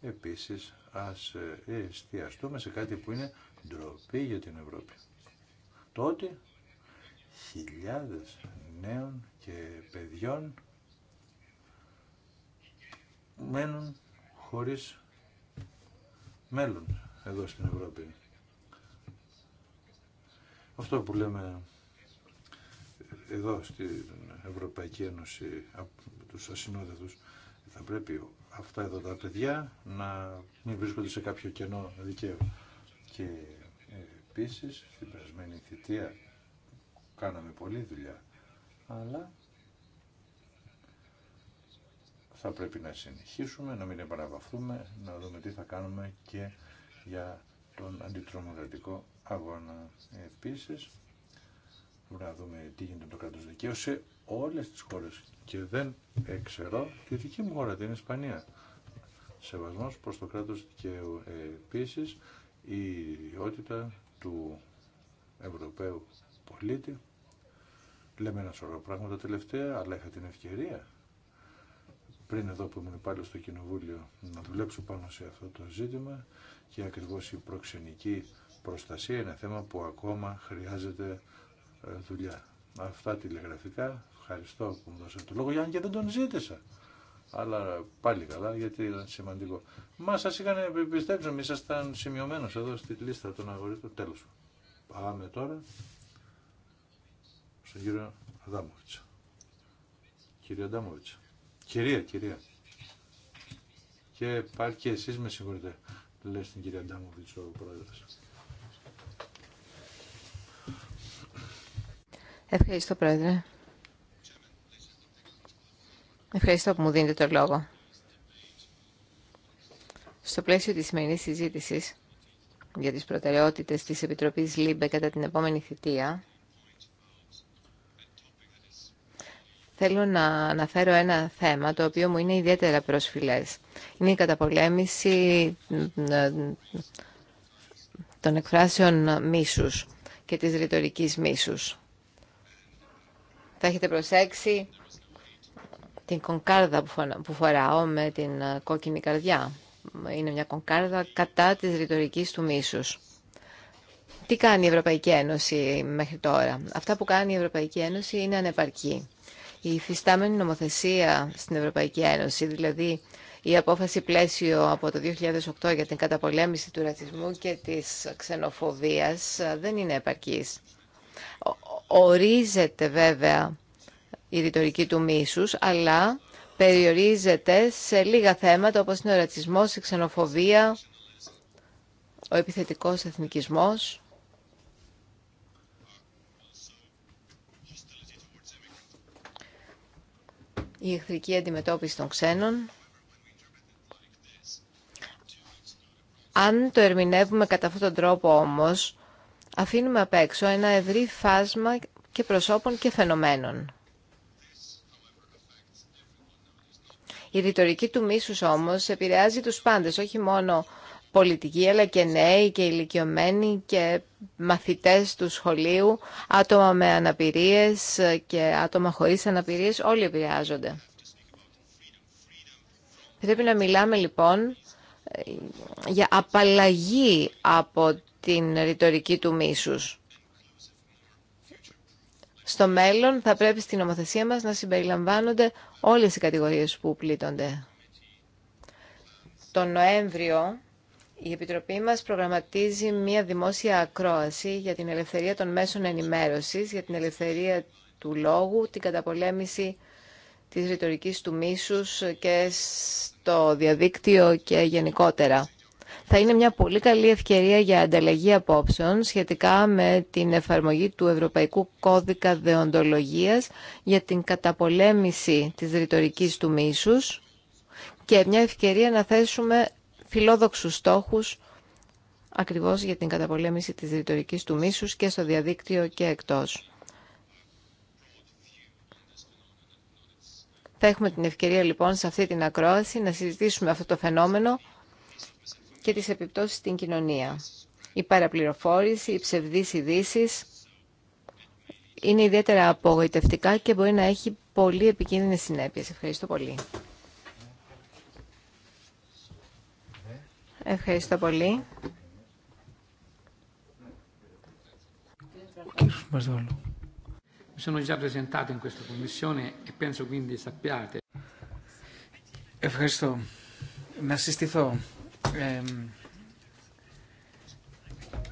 επίσης ας εστιαστούμε σε κάτι που είναι ντροπή για την Ευρώπη. Τότε χιλιάδες νέων και παιδιών μένουν χωρίς μέλλον εδώ στην Ευρώπη. Αυτό που λέμε εδώ στην Ευρωπαϊκή Ένωση από τους ασυνόδευτους θα πρέπει αυτά εδώ τα παιδιά να μην βρίσκονται σε κάποιο κενό δικαίου. Και ε, επίσης στην περασμένη θητεία κάναμε πολλή δουλειά αλλά θα πρέπει να συνεχίσουμε, να μην επαναπαυθούμε, να δούμε τι θα κάνουμε και για τον αντιτρομοκρατικό αγώνα. Επίσης, να δούμε τι γίνεται το κράτος δικαίου σε όλες τις χώρες και δεν εξαιρώ τη δική μου χώρα, την Ισπανία. Σεβασμός προς το κράτος δικαίου επίσης, η ιδιότητα του Ευρωπαίου πολίτη. Λέμε ένα σωρό πράγματα τελευταία, αλλά είχα την ευκαιρία πριν εδώ που ήμουν πάλι στο Κοινοβούλιο να δουλέψω πάνω σε αυτό το ζήτημα και ακριβώς η προξενική προστασία είναι θέμα που ακόμα χρειάζεται ε, δουλειά. Αυτά τηλεγραφικά, ευχαριστώ που μου δώσατε το λόγο, για και δεν τον ζήτησα. Αλλά πάλι καλά, γιατί ήταν σημαντικό. Μα σα είχαν πιστέψει, μη ήσασταν σημειωμένο εδώ στη λίστα των αγορήτων. τέλο. Πάμε τώρα στον κύριο Αδάμοβιτσα. Κύριε Αντάμοβιτσα. Κυρία, κυρία. Και πάλι και εσείς με συγχωρείτε, λέει στην κυρία Ντάμοβιτ ο πρόεδρος. Ευχαριστώ, πρόεδρε. Ευχαριστώ που μου δίνετε το λόγο. Στο πλαίσιο της σημερινής συζήτησης για τις προτεραιότητες της Επιτροπής ΛΥΜΠΕ κατά την επόμενη θητεία, Θέλω να αναφέρω ένα θέμα το οποίο μου είναι ιδιαίτερα προσφυλές. Είναι η καταπολέμηση ε, των εκφράσεων μίσους και της ρητορικής μίσους. Θα έχετε προσέξει την κονκάρδα που φοράω με την ε, κόκκινη καρδιά. Είναι μια κονκάρδα κατά της ρητορικής του μίσους. Τι κάνει η Ευρωπαϊκή Ένωση μέχρι τώρα. Αυτά που κάνει η Ευρωπαϊκή Ένωση είναι ανεπαρκή. Η υφιστάμενη νομοθεσία στην Ευρωπαϊκή Ένωση, δηλαδή η απόφαση πλαίσιο από το 2008 για την καταπολέμηση του ρατσισμού και της ξενοφοβίας ε, δεν είναι επαρκής. Ορίζεται βέβαια η ρητορική του μίσους, αλλά περιορίζεται σε λίγα θέματα όπως είναι ο ρατσισμός, η ξενοφοβία, ο επιθετικός εθνικισμός η εχθρική αντιμετώπιση των ξένων, αν το ερμηνεύουμε κατά αυτόν τον τρόπο όμως, αφήνουμε απ' έξω ένα ευρύ φάσμα και προσώπων και φαινομένων. Η ρητορική του μίσους όμως επηρεάζει τους πάντες, όχι μόνο πολιτικοί αλλά και νέοι και ηλικιωμένοι και μαθητές του σχολείου, άτομα με αναπηρίες και άτομα χωρίς αναπηρίες, όλοι επηρεάζονται. Πρέπει να μιλάμε λοιπόν για απαλλαγή από την ρητορική του μίσους. Στο μέλλον θα πρέπει στην νομοθεσία μας να συμπεριλαμβάνονται όλες οι κατηγορίες που πλήττονται. Το Νοέμβριο η Επιτροπή μας προγραμματίζει μία δημόσια ακρόαση για την ελευθερία των μέσων ενημέρωσης, για την ελευθερία του λόγου, την καταπολέμηση της ρητορικής του μίσους και στο διαδίκτυο και γενικότερα. Θα είναι μια πολύ καλή ευκαιρία για ανταλλαγή απόψεων σχετικά με την εφαρμογή του Ευρωπαϊκού Κώδικα Δεοντολογίας για την καταπολέμηση της ρητορικής του μίσους και μια ευκαιρία να θέσουμε φιλόδοξους στόχους ακριβώς για την καταπολέμηση της ρητορική του μίσους και στο διαδίκτυο και εκτός. Θα έχουμε την ευκαιρία λοιπόν σε αυτή την ακρόαση να συζητήσουμε αυτό το φαινόμενο και τις επιπτώσεις στην κοινωνία. Η παραπληροφόρηση, οι ψευδείς ειδήσει είναι ιδιαίτερα απογοητευτικά και μπορεί να έχει πολύ επικίνδυνες συνέπειες. Ευχαριστώ πολύ. Ευχαριστώ πολύ. Ευχαριστώ. Να συστηθώ. Ε,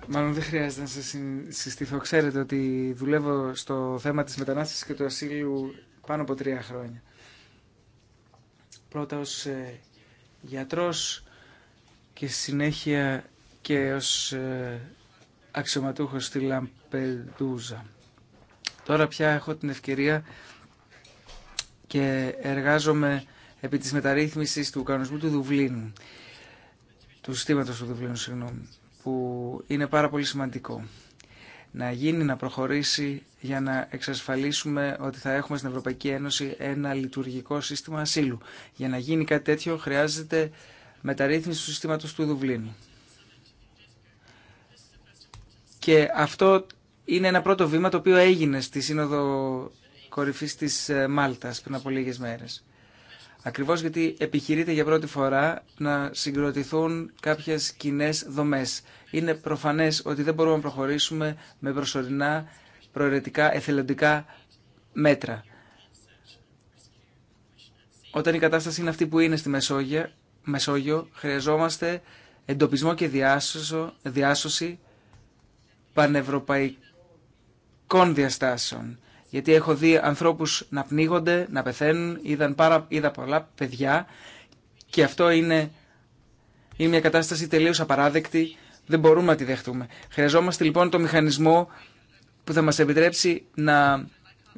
μάλλον δεν χρειάζεται να σας συστηθώ. Ξέρετε ότι δουλεύω στο θέμα της μετανάστευσης και του ασύλου πάνω από τρία χρόνια. Πρώτα ως ε, γιατρός και συνέχεια και ως ε, αξιωματούχος στη Λαμπεδούζα. Τώρα πια έχω την ευκαιρία και εργάζομαι επί της μεταρρύθμισης του κανονισμού του Δουβλίνου, του συστήματος του Δουβλίνου, συγγνώμη, που είναι πάρα πολύ σημαντικό να γίνει, να προχωρήσει για να εξασφαλίσουμε ότι θα έχουμε στην Ευρωπαϊκή Ένωση ένα λειτουργικό σύστημα ασύλου. Για να γίνει κάτι τέτοιο χρειάζεται μεταρρύθμιση του συστήματος του Δουβλίνου. Και αυτό είναι ένα πρώτο βήμα το οποίο έγινε στη Σύνοδο Κορυφής της ε, Μάλτας πριν από λίγες μέρες. Ακριβώς γιατί επιχειρείται για πρώτη φορά να συγκροτηθούν κάποιες κοινέ δομές. Είναι προφανές ότι δεν μπορούμε να προχωρήσουμε με προσωρινά, προαιρετικά, εθελοντικά μέτρα. Όταν η κατάσταση είναι αυτή που είναι στη Μεσόγεια, Μεσόγειο χρειαζόμαστε εντοπισμό και διάσωση πανευρωπαϊκών διαστάσεων. Γιατί έχω δει ανθρώπους να πνίγονται, να πεθαίνουν, είδαν πάρα, είδα πολλά παιδιά και αυτό είναι, είναι μια κατάσταση τελείως απαράδεκτη, δεν μπορούμε να τη δεχτούμε. Χρειαζόμαστε λοιπόν το μηχανισμό που θα μας επιτρέψει να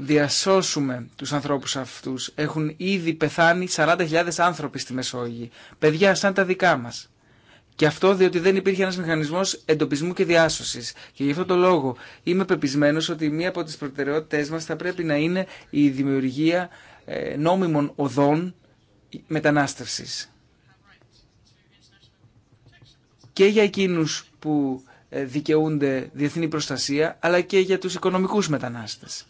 διασώσουμε τους ανθρώπους αυτούς. Έχουν ήδη πεθάνει 40.000 άνθρωποι στη Μεσόγειο. Παιδιά σαν τα δικά μας. Και αυτό διότι δεν υπήρχε ένας μηχανισμός εντοπισμού και διάσωσης. Και γι' αυτό το λόγο είμαι πεπισμένος ότι μία από τις προτεραιότητες μας θα πρέπει να είναι η δημιουργία ε, νόμιμων οδών μετανάστευσης. Και για εκείνους που ε, δικαιούνται διεθνή προστασία, αλλά και για τους οικονομικούς μετανάστες.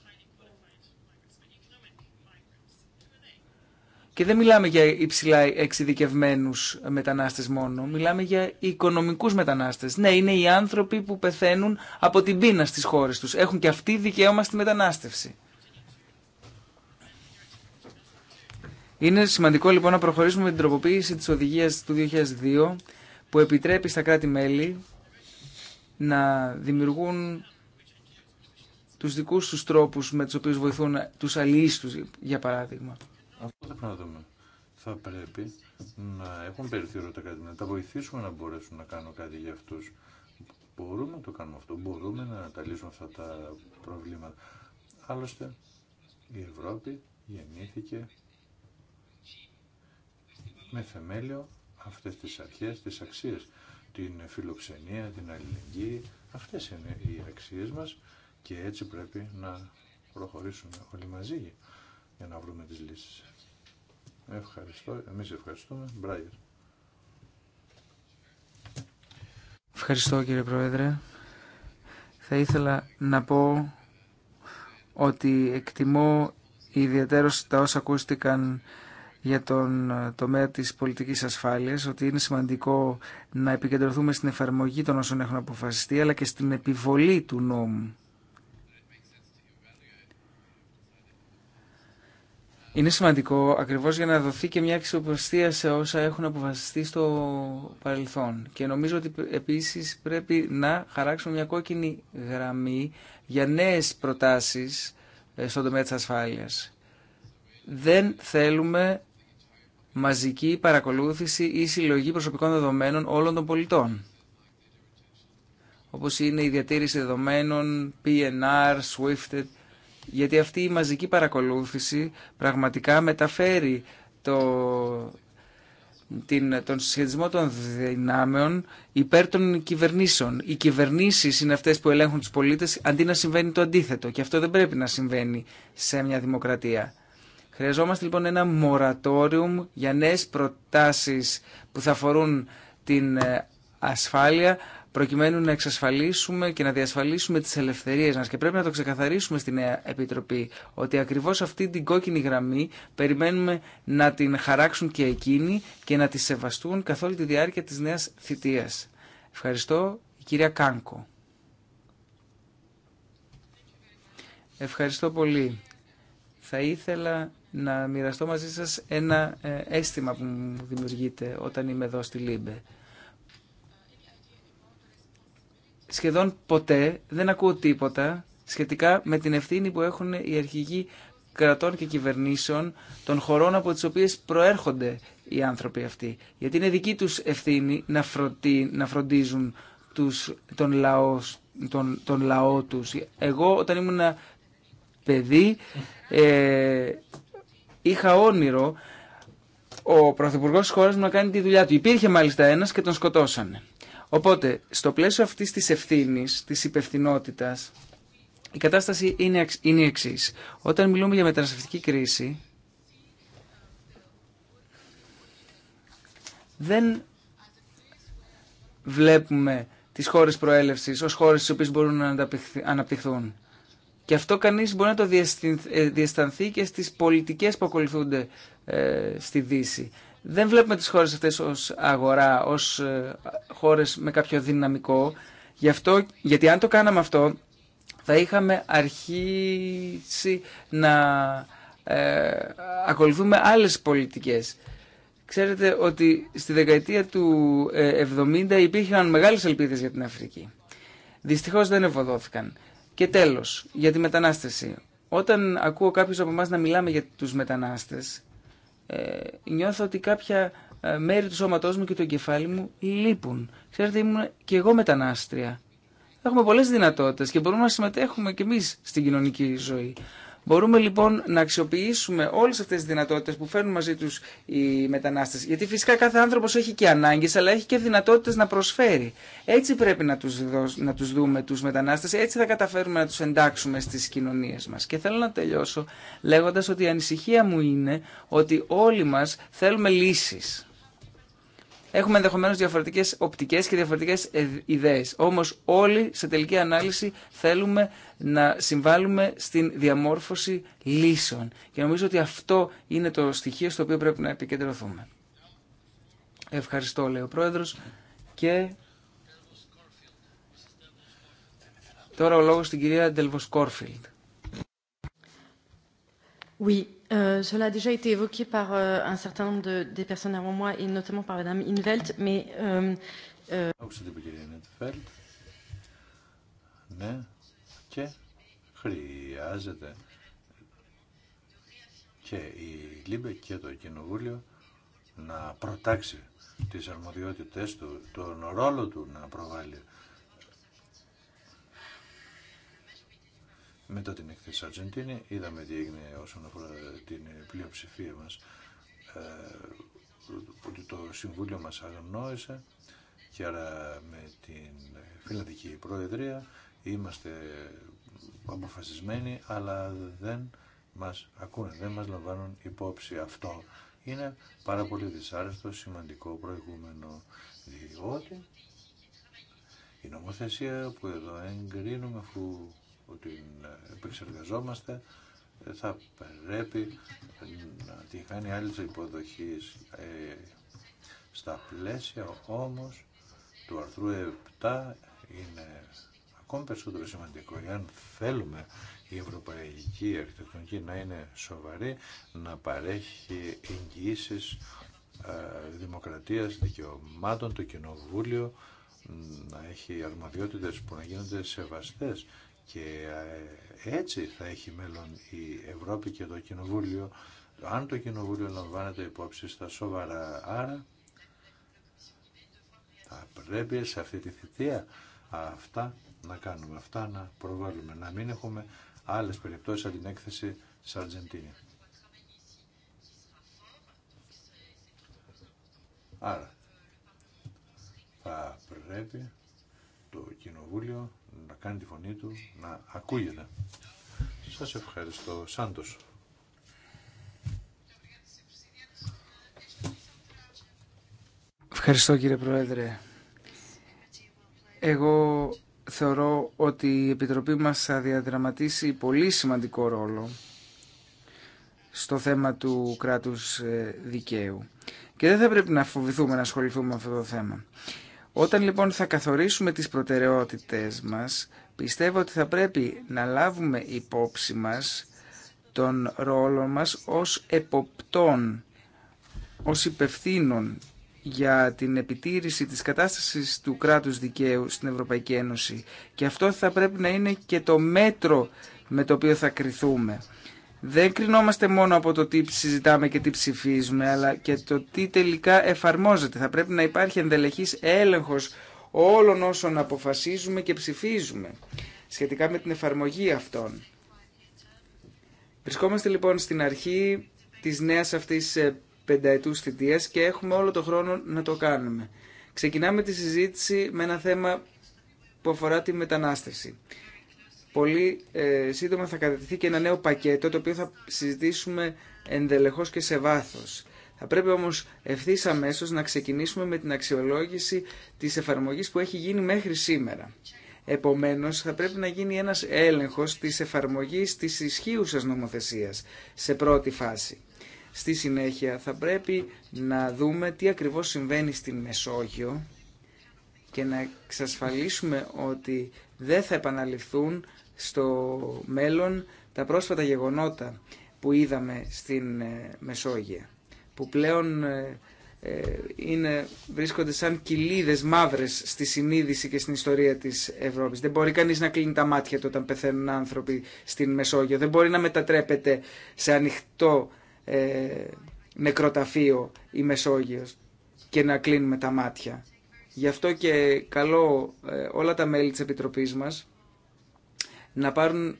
Και δεν μιλάμε για υψηλά εξειδικευμένου μετανάστε μόνο. Μιλάμε για οικονομικού μετανάστε. Ναι, είναι οι άνθρωποι που πεθαίνουν από την πείνα στι χώρε του. Έχουν και αυτοί δικαίωμα στη μετανάστευση. Είναι σημαντικό λοιπόν να προχωρήσουμε με την τροποποίηση της οδηγίας του 2002 που επιτρέπει στα κράτη-μέλη να δημιουργούν τους δικούς τους τρόπους με τους οποίους βοηθούν τους αλληλείς τους, για παράδειγμα. Αυτό δεν πρέπει να δούμε. Θα πρέπει να έχουν περιθώριο τα κράτη, να τα βοηθήσουμε να μπορέσουν να κάνουν κάτι για αυτούς. Μπορούμε να το κάνουμε αυτό, μπορούμε να τα λύσουμε αυτά τα προβλήματα. Άλλωστε, η Ευρώπη γεννήθηκε με θεμέλιο αυτές τις αρχές, τις αξίες, την φιλοξενία, την αλληλεγγύη. Αυτές είναι οι αξίες μας και έτσι πρέπει να προχωρήσουμε όλοι μαζί για να βρούμε τις λύσεις. Ευχαριστώ. Εμείς ευχαριστούμε. Μπράγερ. Ευχαριστώ κύριε Πρόεδρε. Θα ήθελα να πω ότι εκτιμώ ιδιαίτερα τα όσα ακούστηκαν για τον τομέα της πολιτικής ασφάλειας, ότι είναι σημαντικό να επικεντρωθούμε στην εφαρμογή των όσων έχουν αποφασιστεί, αλλά και στην επιβολή του νόμου. Είναι σημαντικό ακριβώς για να δοθεί και μια αξιοπιστία σε όσα έχουν αποφασιστεί στο παρελθόν. Και νομίζω ότι επίσης πρέπει να χαράξουμε μια κόκκινη γραμμή για νέες προτάσεις ε, στον τομέα της ασφάλειας. Δεν θέλουμε μαζική παρακολούθηση ή συλλογή προσωπικών δεδομένων όλων των πολιτών. Όπως είναι η διατήρηση δεδομένων, PNR, SWIFTED γιατί αυτή η μαζική παρακολούθηση πραγματικά μεταφέρει το, τον συσχετισμό των δυνάμεων υπέρ των κυβερνήσεων. Οι κυβερνήσει είναι αυτέ που ελέγχουν του πολίτε αντί να συμβαίνει το αντίθετο. Και αυτό δεν πρέπει να συμβαίνει σε μια δημοκρατία. Χρειαζόμαστε λοιπόν ένα μορατόριουμ για νέε προτάσει που θα αφορούν την ε, ασφάλεια προκειμένου να εξασφαλίσουμε και να διασφαλίσουμε τις ελευθερίες μας. Και πρέπει να το ξεκαθαρίσουμε στη Νέα Επιτροπή, ότι ακριβώς αυτή την κόκκινη γραμμή περιμένουμε να την χαράξουν και εκείνοι και να τη σεβαστούν καθ' όλη τη διάρκεια της νέας θητείας. Ευχαριστώ, η κυρία Κάνκο. Ευχαριστώ πολύ. Θα ήθελα να μοιραστώ μαζί σας ένα ε, αίσθημα που μου δημιουργείται όταν είμαι εδώ στη Λίμπε. σχεδόν ποτέ δεν ακούω τίποτα σχετικά με την ευθύνη που έχουν οι αρχηγοί κρατών και κυβερνήσεων των χωρών από τις οποίες προέρχονται οι άνθρωποι αυτοί. Γιατί είναι δική τους ευθύνη να, φροντί, να φροντίζουν τους, τον, λαό, τον, τον λαό τους. Εγώ όταν ήμουν παιδί ε, είχα όνειρο ο πρωθυπουργός της χώρας μου να κάνει τη δουλειά του. Υπήρχε μάλιστα ένας και τον σκοτώσανε. Οπότε, στο πλαίσιο αυτή της ευθύνη, της υπευθυνότητα, η κατάσταση είναι, είναι η εξή. Όταν μιλούμε για μεταναστευτική κρίση, δεν βλέπουμε τις χώρες προέλευση ως χώρες στι οποίε μπορούν να αναπτυχθούν. Και αυτό κανείς μπορεί να το ε, διαισθανθεί και στις πολιτικές που ακολουθούνται ε, στη Δύση. Δεν βλέπουμε τις χώρες αυτές ως αγορά, ως ε, χώρες με κάποιο δυναμικό. Γι αυτό, γιατί αν το κάναμε αυτό, θα είχαμε αρχίσει να ε, ακολουθούμε άλλες πολιτικές. Ξέρετε ότι στη δεκαετία του 70 ε, υπήρχαν μεγάλες ελπίδες για την Αφρική. Δυστυχώς δεν ευωδόθηκαν. Και τέλος, για τη μετανάστευση. Όταν ακούω κάποιους από εμά να μιλάμε για τους μετανάστες, ε, νιώθω ότι κάποια ε, μέρη του σώματός μου και του εγκεφάλι μου λείπουν. Ξέρετε, ήμουν και εγώ μετανάστρια. Έχουμε πολλές δυνατότητες και μπορούμε να συμμετέχουμε κι εμείς στην κοινωνική ζωή. Μπορούμε λοιπόν να αξιοποιήσουμε όλε αυτέ τι δυνατότητε που φέρνουν μαζί του οι μετανάστε. Γιατί φυσικά κάθε άνθρωπο έχει και ανάγκε, αλλά έχει και δυνατότητε να προσφέρει. Έτσι πρέπει να του τους δούμε του μετανάστε, έτσι θα καταφέρουμε να του εντάξουμε στι κοινωνίε μα. Και θέλω να τελειώσω λέγοντα ότι η ανησυχία μου είναι ότι όλοι μα θέλουμε λύσει. Έχουμε ενδεχομένω διαφορετικέ οπτικέ και διαφορετικέ ε, ιδέε. Όμω όλοι σε τελική ανάλυση θέλουμε να συμβάλλουμε στην διαμόρφωση λύσεων. Και νομίζω ότι αυτό είναι το στοιχείο στο οποίο πρέπει να επικεντρωθούμε. Ευχαριστώ, λέει ο πρόεδρο. Και τώρα ο λόγος στην κυρία Ντελβοσκόρφιλντ. Oui. Euh, cela a déjà été évoqué par κυρία και χρειάζεται και η Λίμπε και το Κοινοβούλιο να προτάξει τις αρμοδιότητες του, τον ρόλο του να προβάλλει Μετά την εκθέση Αργεντίνη είδαμε τι έγινε όσον αφορά την πλειοψηφία μας ε, ότι το Συμβούλιο μας αγνόησε και άρα με την Φιλανδική Προεδρία είμαστε αποφασισμένοι αλλά δεν μας ακούνε, δεν μας λαμβάνουν υπόψη αυτό. Είναι πάρα πολύ δυσάρεστο, σημαντικό προηγούμενο διότι η νομοθεσία που εδώ εγκρίνουμε αφού την επεξεργαζόμαστε ε, θα πρέπει να τη κάνει άλλη υποδοχή ε, στα πλαίσια όμως του αρθρού 7 είναι ακόμη περισσότερο σημαντικό εάν θέλουμε η ευρωπαϊκή αρχιτεκτονική να είναι σοβαρή να παρέχει εγγυήσεις ε, δημοκρατίας, δικαιωμάτων, το κοινοβούλιο να έχει αρμοδιότητες που να γίνονται σεβαστές και ε, έτσι θα έχει μέλλον η Ευρώπη και το Κοινοβούλιο αν το Κοινοβούλιο λαμβάνεται υπόψη στα σοβαρά. Άρα θα πρέπει σε αυτή τη θητεία αυτά να κάνουμε, αυτά να προβάλλουμε, να μην έχουμε άλλες περιπτώσεις από την έκθεση της Αργεντίνη. Άρα θα πρέπει το Κοινοβούλιο να κάνει τη φωνή του να ακούγεται. Σας ευχαριστώ. Σάντος. Ευχαριστώ κύριε Πρόεδρε. Εγώ θεωρώ ότι η Επιτροπή μας θα διαδραματίσει πολύ σημαντικό ρόλο στο θέμα του κράτους ε, δικαίου. Και δεν θα πρέπει να φοβηθούμε να ασχοληθούμε με αυτό το θέμα. Όταν λοιπόν θα καθορίσουμε τις προτεραιότητες μας, πιστεύω ότι θα πρέπει να λάβουμε υπόψη μας τον ρόλο μας ως εποπτών, ως υπευθύνων για την επιτήρηση της κατάστασης του κράτους δικαίου στην Ευρωπαϊκή Ένωση. Και αυτό θα πρέπει να είναι και το μέτρο με το οποίο θα κριθούμε δεν κρινόμαστε μόνο από το τι συζητάμε και τι ψηφίζουμε, αλλά και το τι τελικά εφαρμόζεται. Θα πρέπει να υπάρχει ενδελεχής έλεγχος όλων όσων αποφασίζουμε και ψηφίζουμε σχετικά με την εφαρμογή αυτών. Βρισκόμαστε λοιπόν στην αρχή της νέας αυτής ε, πενταετούς θητείας και έχουμε όλο το χρόνο να το κάνουμε. Ξεκινάμε τη συζήτηση με ένα θέμα που αφορά τη μετανάστευση πολύ ε, σύντομα θα κατατηθεί και ένα νέο πακέτο το οποίο θα συζητήσουμε ενδελεχώς και σε βάθος. Θα πρέπει όμως ευθύ αμέσω να ξεκινήσουμε με την αξιολόγηση της εφαρμογής που έχει γίνει μέχρι σήμερα. Επομένως, θα πρέπει να γίνει ένας έλεγχος της εφαρμογής της ισχύουσας νομοθεσίας σε πρώτη φάση. Στη συνέχεια θα πρέπει να δούμε τι ακριβώς συμβαίνει στην Μεσόγειο και να εξασφαλίσουμε ότι δεν θα επαναληφθούν στο μέλλον τα πρόσφατα γεγονότα που είδαμε στην ε, Μεσόγεια, που πλέον ε, ε, είναι, βρίσκονται σαν κοιλίδες μαύρες στη συνείδηση και στην ιστορία της Ευρώπης. Δεν μπορεί κανείς να κλείνει τα μάτια του όταν πεθαίνουν άνθρωποι στην Μεσόγειο. Δεν μπορεί να μετατρέπεται σε ανοιχτό νεκροταφείο η Μεσόγειος και να κλείνουμε τα μάτια. Γι' αυτό και καλώ όλα τα μέλη της Επιτροπής μας να πάρουν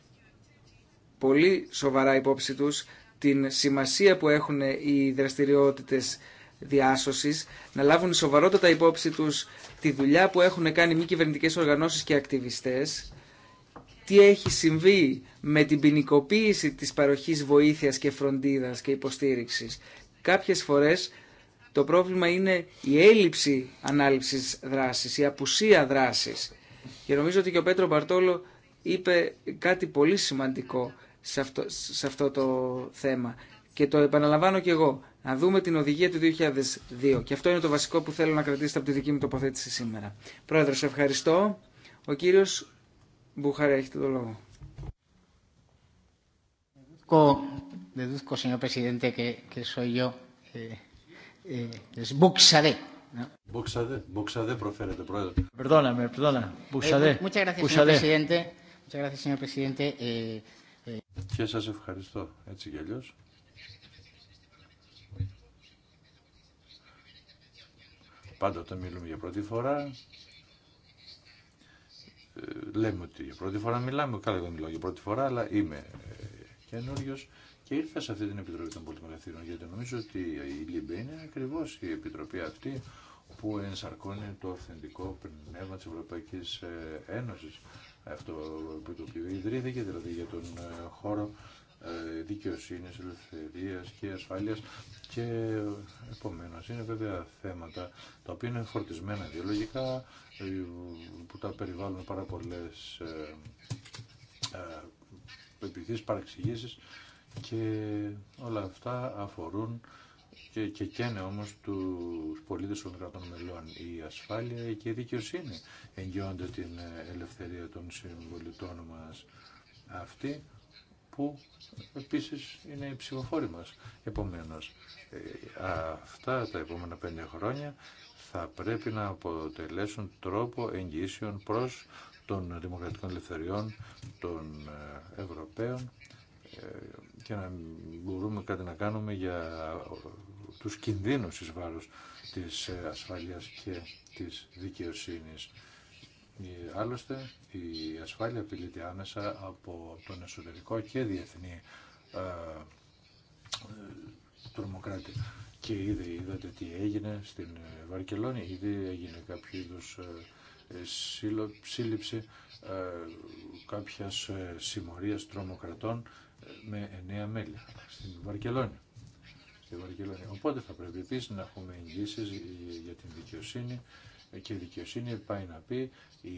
πολύ σοβαρά υπόψη τους την σημασία που έχουν οι δραστηριότητες διάσωσης, να λάβουν σοβαρότατα υπόψη τους τη δουλειά που έχουν κάνει μη κυβερνητικέ οργανώσεις και ακτιβιστές, τι έχει συμβεί με την ποινικοποίηση της παροχής βοήθειας και φροντίδας και υποστήριξης. Κάποιες φορές το πρόβλημα είναι η έλλειψη ανάληψης δράσης, η απουσία δράσης. Και νομίζω ότι και ο Πέτρο Μπαρτόλο είπε κάτι πολύ σημαντικό σε αυτό, σε αυτό το θέμα. Και το επαναλαμβάνω και εγώ. Να δούμε την οδηγία του 2002. Και αυτό είναι το βασικό που θέλω να κρατήσετε από τη δική μου τοποθέτηση σήμερα. Πρόεδρο, σε ευχαριστώ. Ο κύριος Μπουχαρέ, έχετε το λόγο. Deduzco, señor presidente, que, que soy yo. Μπουξαδέ. Μπουξαδέ, προφέρετε, πρόεδρε. Perdóname, perdona. Μπουξαδέ. Eh, muchas gracias, presidente. Eh, eh, και σας ευχαριστώ έτσι κι αλλιώς. Πάντα όταν μιλούμε για πρώτη φορά, ε, λέμε ότι για πρώτη φορά μιλάμε, καλά δεν μιλάω για πρώτη φορά, αλλά είμαι ε, καινούριο και ήρθα σε αυτή την Επιτροπή των Πολιτικών γιατί νομίζω ότι η ΛΥΜΠΕ είναι ακριβώς η Επιτροπή αυτή που ενσαρκώνει το αυθεντικό πνεύμα της Ευρωπαϊκής ε, Ένωσης αυτό που το οποίο ιδρύθηκε, δηλαδή για τον ε, χώρο ε, δικαιοσύνης, ελευθερίας και ασφάλειας και επομένως είναι βέβαια θέματα τα οποία είναι φορτισμένα ιδεολογικά ε, που τα περιβάλλουν πάρα πολλές επιθέσεις, παραξηγήσεις και όλα αυτά αφορούν και, και καίνε όμω του πολίτε των κρατών μελών. Η ασφάλεια και η δικαιοσύνη εγγυώνται την ελευθερία των συμβολιτών μα αυτή που επίση είναι οι ψηφοφόροι μα. Επομένω. Ε, αυτά τα επόμενα πέντε χρόνια θα πρέπει να αποτελέσουν τρόπο εγγυήσεων προς των δημοκρατικών ελευθεριών των ε, Ευρωπαίων ε, και να μπορούμε κάτι να κάνουμε για τους κινδύνους εις βάρος της ε, ασφάλειας και της δικαιοσύνης. Άλλωστε, η ασφάλεια απειλείται άμεσα από τον εσωτερικό και διεθνή ε, ε, τρομοκράτη. Και ήδη είδατε τι έγινε στην Βαρκελόνη, ήδη έγινε κάποιο είδου σύλληψη ε, κάποιας συμμορίας τρομοκρατών με εννέα μέλη στην Βαρκελόνη. Οπότε θα πρέπει επίση να έχουμε εγγύσει για την δικαιοσύνη και η δικαιοσύνη πάει να πει η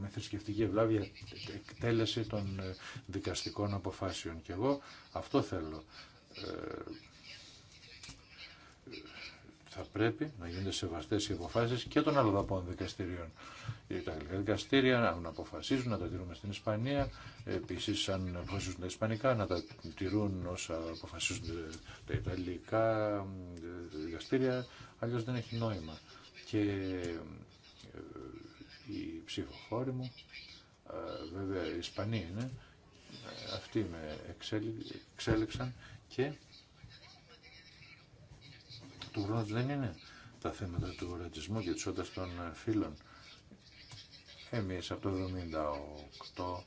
με θρησκευτική ευλάβεια εκτέλεση των ε, δικαστικών αποφάσεων. Και εγώ αυτό θέλω. Ε, θα πρέπει να γίνονται σεβαστέ οι αποφάσει και των αλλοδαπών δικαστηρίων. Τα αγγλικά δικαστήρια να αποφασίζουν να τα τηρούμε στην Ισπανία, επίση αν αποφασίζουν τα Ισπανικά να τα τηρούν όσα αποφασίζουν τα Ιταλικά ε, δικαστήρια, αλλιώ δεν έχει νόημα. Και οι ε, ψηφοφόροι μου, ε, βέβαια οι Ισπανοί είναι, αυτοί με εξέλιξαν και του χρόνου δεν είναι τα θέματα του ρατσισμού και της όντας των ε, φίλων. Εμείς από το 1978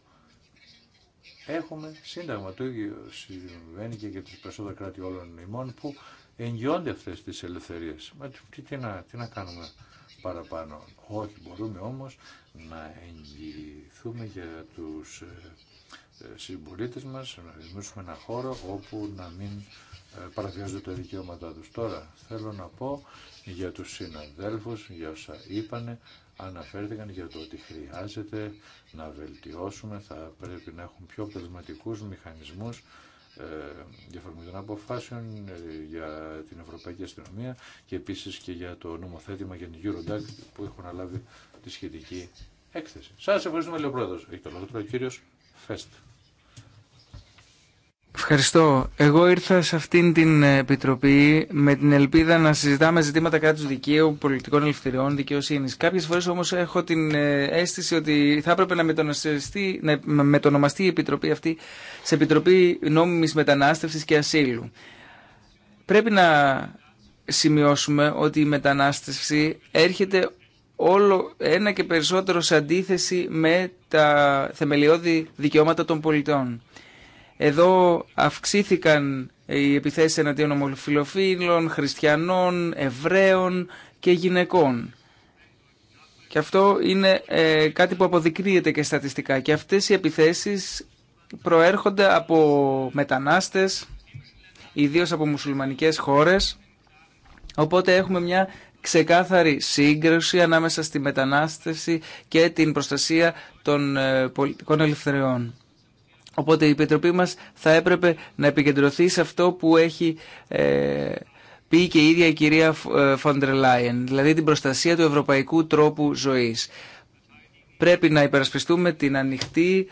έχουμε σύνταγμα. Το ίδιο συμβαίνει και για τις περισσότερα κράτη όλων ημών που εγγυώνται αυτές τις ελευθερίες. Μα τι, τι, να, τι να κάνουμε παραπάνω. Όχι, μπορούμε όμως να εγγυηθούμε για τους ε, ε, συμπολίτε μας, να δημιουργήσουμε ένα χώρο όπου να μην ε, παραβιάζονται τα δικαιώματά τους. Τώρα θέλω να πω για τους συναδέλφους, για όσα είπανε, αναφέρθηκαν για το ότι χρειάζεται να βελτιώσουμε, θα πρέπει να έχουν πιο αποτελεσματικού μηχανισμούς ε, για αποφάσεων ε, για την Ευρωπαϊκή Αστυνομία και επίσης και για το νομοθέτημα για την Eurodac που έχουν αναλάβει τη σχετική έκθεση. Σας ευχαριστούμε, λέει Πρόεδρος. Έχει το λόγο τώρα ο Φέστ. Ευχαριστώ. Εγώ ήρθα σε αυτήν την επιτροπή με την ελπίδα να συζητάμε ζητήματα κράτου δικαίου, πολιτικών ελευθεριών, δικαιοσύνη. Κάποιε φορέ όμω έχω την ε, αίσθηση ότι θα έπρεπε να, να μετονομαστεί η επιτροπή αυτή σε επιτροπή νόμιμη μετανάστευση και ασύλου. Πρέπει να σημειώσουμε ότι η μετανάστευση έρχεται όλο ένα και περισσότερο σε αντίθεση με τα θεμελιώδη δικαιώματα των πολιτών. Εδώ αυξήθηκαν οι επιθέσεις εναντίον ομοφιλοφίλων, χριστιανών, εβραίων και γυναικών. Και αυτό είναι ε, κάτι που αποδεικνύεται και στατιστικά. Και αυτές οι επιθέσεις προέρχονται από μετανάστες, ιδίως από μουσουλμανικές χώρες. Οπότε έχουμε μια ξεκάθαρη σύγκρουση ανάμεσα στη μετανάστευση και την προστασία των ε, πολιτικών ελευθεριών. Οπότε η Επιτροπή μας θα έπρεπε να επικεντρωθεί σε αυτό που έχει ε, πει και η ίδια η κυρία Φόντερ Λάιεν, δηλαδή την προστασία του ευρωπαϊκού τρόπου ζωής. Πρέπει να υπερασπιστούμε την ανοιχτή,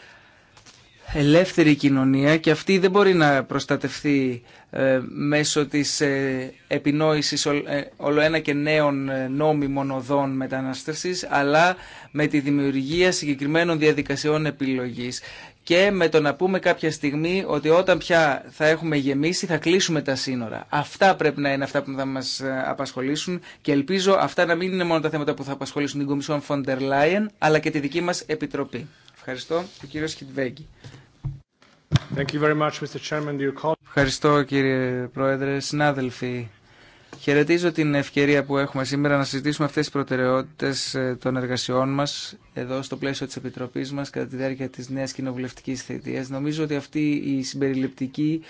ελεύθερη κοινωνία και αυτή δεν μπορεί να προστατευθεί ε, μέσω της ε, επινόησης ε, ένα και νέων ε, νόμιμων οδών μετανάστευσης αλλά με τη δημιουργία συγκεκριμένων διαδικασιών επιλογής και με το να πούμε κάποια στιγμή ότι όταν πια θα έχουμε γεμίσει θα κλείσουμε τα σύνορα. Αυτά πρέπει να είναι αυτά που θα μας ε, απασχολήσουν και ελπίζω αυτά να μην είναι μόνο τα θέματα που θα απασχολήσουν την Κομισιόν Φοντερ Λάιεν αλλά και τη δική μας Επιτροπή. Ευχαριστώ. Ο κύριος Σχιτβέγγι. Ευχαριστώ κύριε Πρόεδρε, συνάδελφοι. Χαιρετίζω την ευκαιρία που έχουμε σήμερα να συζητήσουμε αυτές τις προτεραιότητες ε, των εργασιών μας εδώ στο πλαίσιο της Επιτροπής μας κατά τη διάρκεια της νέας κοινοβουλευτικής θητείας. Νομίζω ότι αυτή η συμπεριληπτική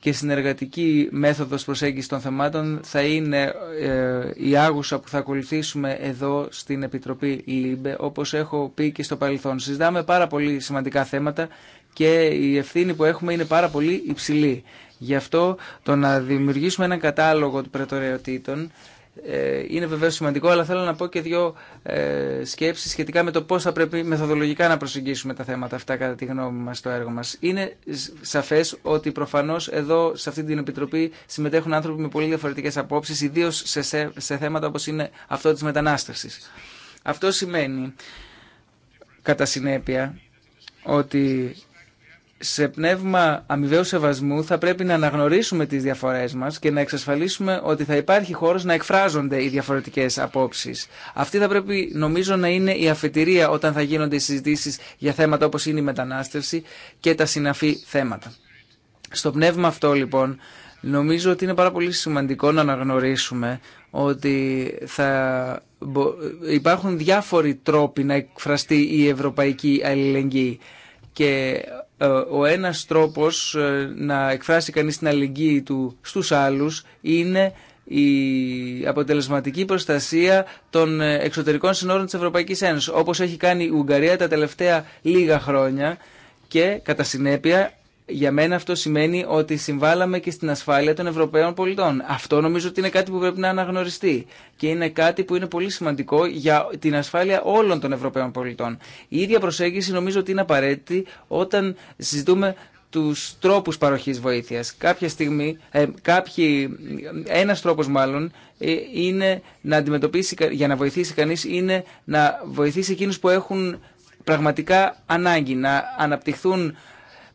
και συνεργατική μέθοδος προσέγγισης των θεμάτων θα είναι ε, η άγουσα που θα ακολουθήσουμε εδώ στην Επιτροπή ΛΥΜΠΕ, όπως έχω πει και στο παρελθόν. Συζητάμε πάρα πολύ σημαντικά θέματα και η ευθύνη που έχουμε είναι πάρα πολύ υψηλή. Γι' αυτό το να δημιουργήσουμε έναν κατάλογο των προτεραιοτήτων ε, είναι βεβαίως σημαντικό, αλλά θέλω να πω και δύο ε, σκέψεις σχετικά με το πώς θα πρέπει μεθοδολογικά να προσεγγίσουμε τα θέματα αυτά κατά τη γνώμη μας στο έργο μας. Είναι σαφές ότι προφανώς εδώ σε αυτή την Επιτροπή συμμετέχουν άνθρωποι με πολύ διαφορετικές απόψεις, ιδίως σε θέματα όπως είναι αυτό της μετανάστευσης. Αυτό σημαίνει κατά συνέπεια ότι σε πνεύμα αμοιβαίου σεβασμού θα πρέπει να αναγνωρίσουμε τις διαφορές μας και να εξασφαλίσουμε ότι θα υπάρχει χώρος να εκφράζονται οι διαφορετικές απόψεις. Αυτή θα πρέπει νομίζω να είναι η αφετηρία όταν θα γίνονται οι συζητήσεις για θέματα όπως είναι η μετανάστευση και τα συναφή θέματα. Στο πνεύμα αυτό λοιπόν νομίζω ότι είναι πάρα πολύ σημαντικό να αναγνωρίσουμε ότι θα υπάρχουν διάφοροι τρόποι να εκφραστεί η ευρωπαϊκή αλληλεγγύη και ε, ο ένας τρόπος ε, να εκφράσει κανείς την αλληλεγγύη του στους άλλους είναι η αποτελεσματική προστασία των ε, εξωτερικών συνόρων της Ευρωπαϊκής Ένωσης, όπως έχει κάνει η Ουγγαρία τα τελευταία λίγα χρόνια και κατά συνέπεια για μένα αυτό σημαίνει ότι συμβάλαμε και στην ασφάλεια των Ευρωπαίων πολιτών. Αυτό νομίζω ότι είναι κάτι που πρέπει να αναγνωριστεί και είναι κάτι που είναι πολύ σημαντικό για την ασφάλεια όλων των Ευρωπαίων πολιτών. Η ίδια προσέγγιση νομίζω ότι είναι απαραίτητη όταν συζητούμε του τρόπου παροχή βοήθεια. Κάποια στιγμή, ε, κάποιοι, ένας τρόπος μάλλον ε, είναι να αντιμετωπίσει, για να βοηθήσει κανείς, είναι να βοηθήσει εκείνους που έχουν πραγματικά ανάγκη, να αναπτυχθούν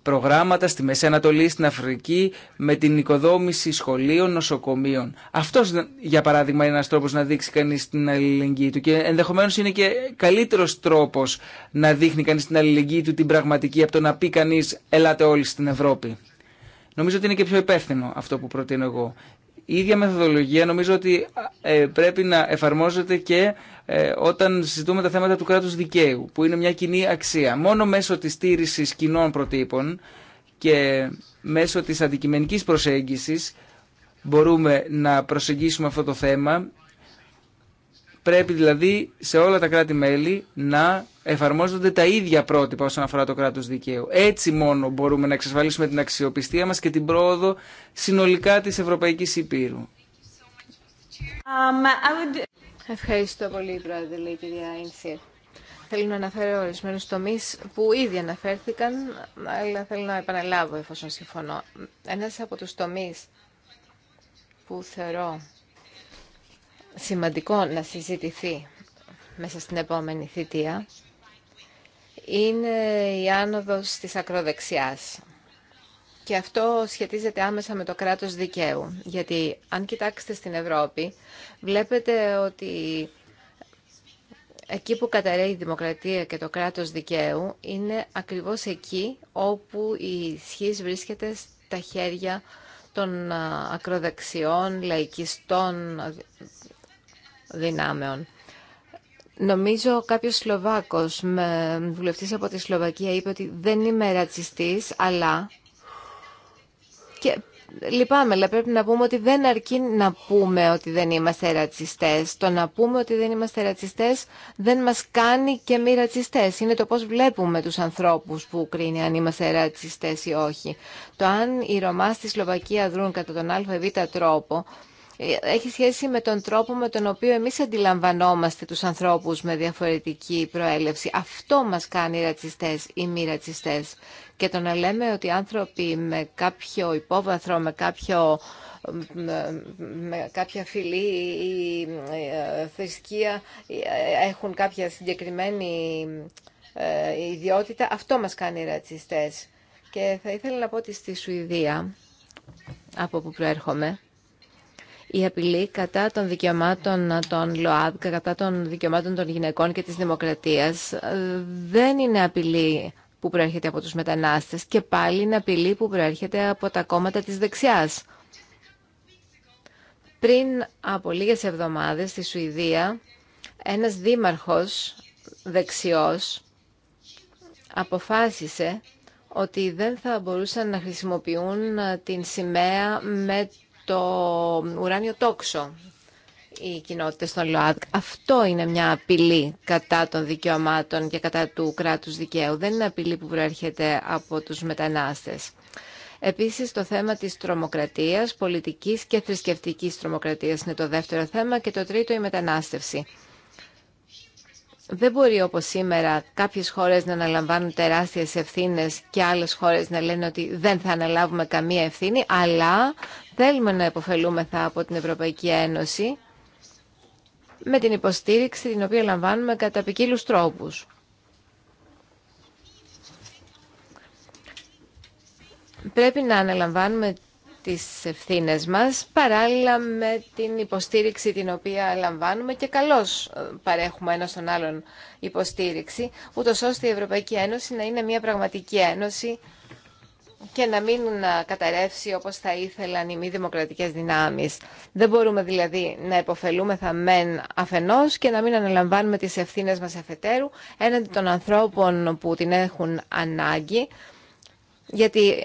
προγράμματα στη Μεσή Ανατολή, στην Αφρική, με την οικοδόμηση σχολείων, νοσοκομείων. Αυτό, για παράδειγμα, είναι ένα τρόπο να δείξει κανεί την αλληλεγγύη του και ενδεχομένω είναι και καλύτερο τρόπο να δείχνει κανεί την αλληλεγγύη του την πραγματική από το να πει κανεί Ελάτε όλοι στην Ευρώπη. Νομίζω ότι είναι και πιο υπεύθυνο αυτό που προτείνω εγώ η ίδια μεθοδολογία νομίζω ότι ε, πρέπει να εφαρμόζεται και ε, όταν συζητούμε τα θέματα του κράτους δικαίου, που είναι μια κοινή αξία. Μόνο μέσω της στήρησης κοινών προτύπων και μέσω της αντικειμενικής προσέγγισης μπορούμε να προσεγγίσουμε αυτό το θέμα. Πρέπει δηλαδή σε όλα τα κράτη-μέλη να εφαρμόζονται τα ίδια πρότυπα όσον αφορά το κράτος δικαίου. Έτσι μόνο μπορούμε να εξασφαλίσουμε την αξιοπιστία μας και την πρόοδο συνολικά της Ευρωπαϊκής Υπήρου. Um, Ευχαριστώ πολύ, Πρόεδρε, κυρία Θέλω να αναφέρω ορισμένου τομεί που ήδη αναφέρθηκαν, αλλά θέλω να επαναλάβω εφόσον συμφωνώ. Ένα από του τομεί που θεωρώ σημαντικό να συζητηθεί μέσα στην επόμενη θητεία είναι η άνοδος της ακροδεξιάς. Και αυτό σχετίζεται άμεσα με το κράτος δικαίου. Γιατί αν κοιτάξετε στην Ευρώπη, βλέπετε ότι εκεί που καταραίει η δημοκρατία και το κράτος δικαίου είναι ακριβώς εκεί όπου η ισχύς βρίσκεται στα χέρια των ακροδεξιών, λαϊκιστών δυνάμεων. Νομίζω κάποιο Σλοβάκο με από τη Σλοβακία, είπε ότι δεν είμαι ρατσιστή, αλλά... Και λυπάμαι, αλλά πρέπει να πούμε ότι δεν αρκεί να πούμε ότι δεν είμαστε ρατσιστές. Το να πούμε ότι δεν είμαστε ρατσιστές δεν μας κάνει και μη ρατσιστέ. Είναι το πώς βλέπουμε τους ανθρώπους που κρίνει αν είμαστε ρατσιστές ή όχι. Το αν οι Ρωμά στη Σλοβακία δρούν κατά τον ΑΒ τρόπο, έχει σχέση με τον τρόπο με τον οποίο εμείς αντιλαμβανόμαστε τους ανθρώπους με διαφορετική προέλευση. Αυτό μας κάνει ρατσιστές ή μη ρατσιστές. Και το να λέμε ότι άνθρωποι με κάποιο υπόβαθρο, με κάποιο κάποια φυλή ή ε, θρησκεία ε, έχουν κάποια συγκεκριμένη ε, ιδιότητα, αυτό μας κάνει ρατσιστές. Και θα ήθελα να πω ότι στη Σουηδία, από που προέρχομαι, η απειλή κατά των δικαιωμάτων των ΛΟΑΔ, κατά των δικαιωμάτων των γυναικών και της δημοκρατίας δεν είναι απειλή που προέρχεται από τους μετανάστες και πάλι είναι απειλή που προέρχεται από τα κόμματα της δεξιάς. Πριν από λίγες εβδομάδες στη Σουηδία, ένας δήμαρχος δεξιός αποφάσισε ότι δεν θα μπορούσαν να χρησιμοποιούν την σημαία με το ουράνιο τόξο οι κοινότητε των ΛΟΑΤΚ, Αυτό είναι μια απειλή κατά των δικαιωμάτων και κατά του κράτους δικαίου. Δεν είναι απειλή που προέρχεται από τους μετανάστες. Επίσης το θέμα της τρομοκρατίας, πολιτικής και θρησκευτικής τρομοκρατίας είναι το δεύτερο θέμα και το τρίτο η μετανάστευση. Δεν μπορεί όπως σήμερα κάποιες χώρες να αναλαμβάνουν τεράστιε ευθύνε και άλλες χώρες να λένε ότι δεν θα αναλάβουμε καμία ευθύνη, αλλά θέλουμε να υποφελούμεθα από την Ευρωπαϊκή Ένωση με την υποστήριξη την οποία λαμβάνουμε κατά ποικίλου τρόπου. Πρέπει να αναλαμβάνουμε τις ευθύνες μας παράλληλα με την υποστήριξη την οποία λαμβάνουμε και καλώς ε, παρέχουμε ένα στον άλλον υποστήριξη ούτως ώστε η Ευρωπαϊκή Ένωση να είναι μια πραγματική ένωση και να μην καταρρεύσει όπως θα ήθελαν οι μη δημοκρατικές δυνάμεις. Δεν μπορούμε δηλαδή να θα μεν αφενός και να μην αναλαμβάνουμε τις ευθύνες μας αφετέρου έναντι των ανθρώπων που την έχουν ανάγκη γιατί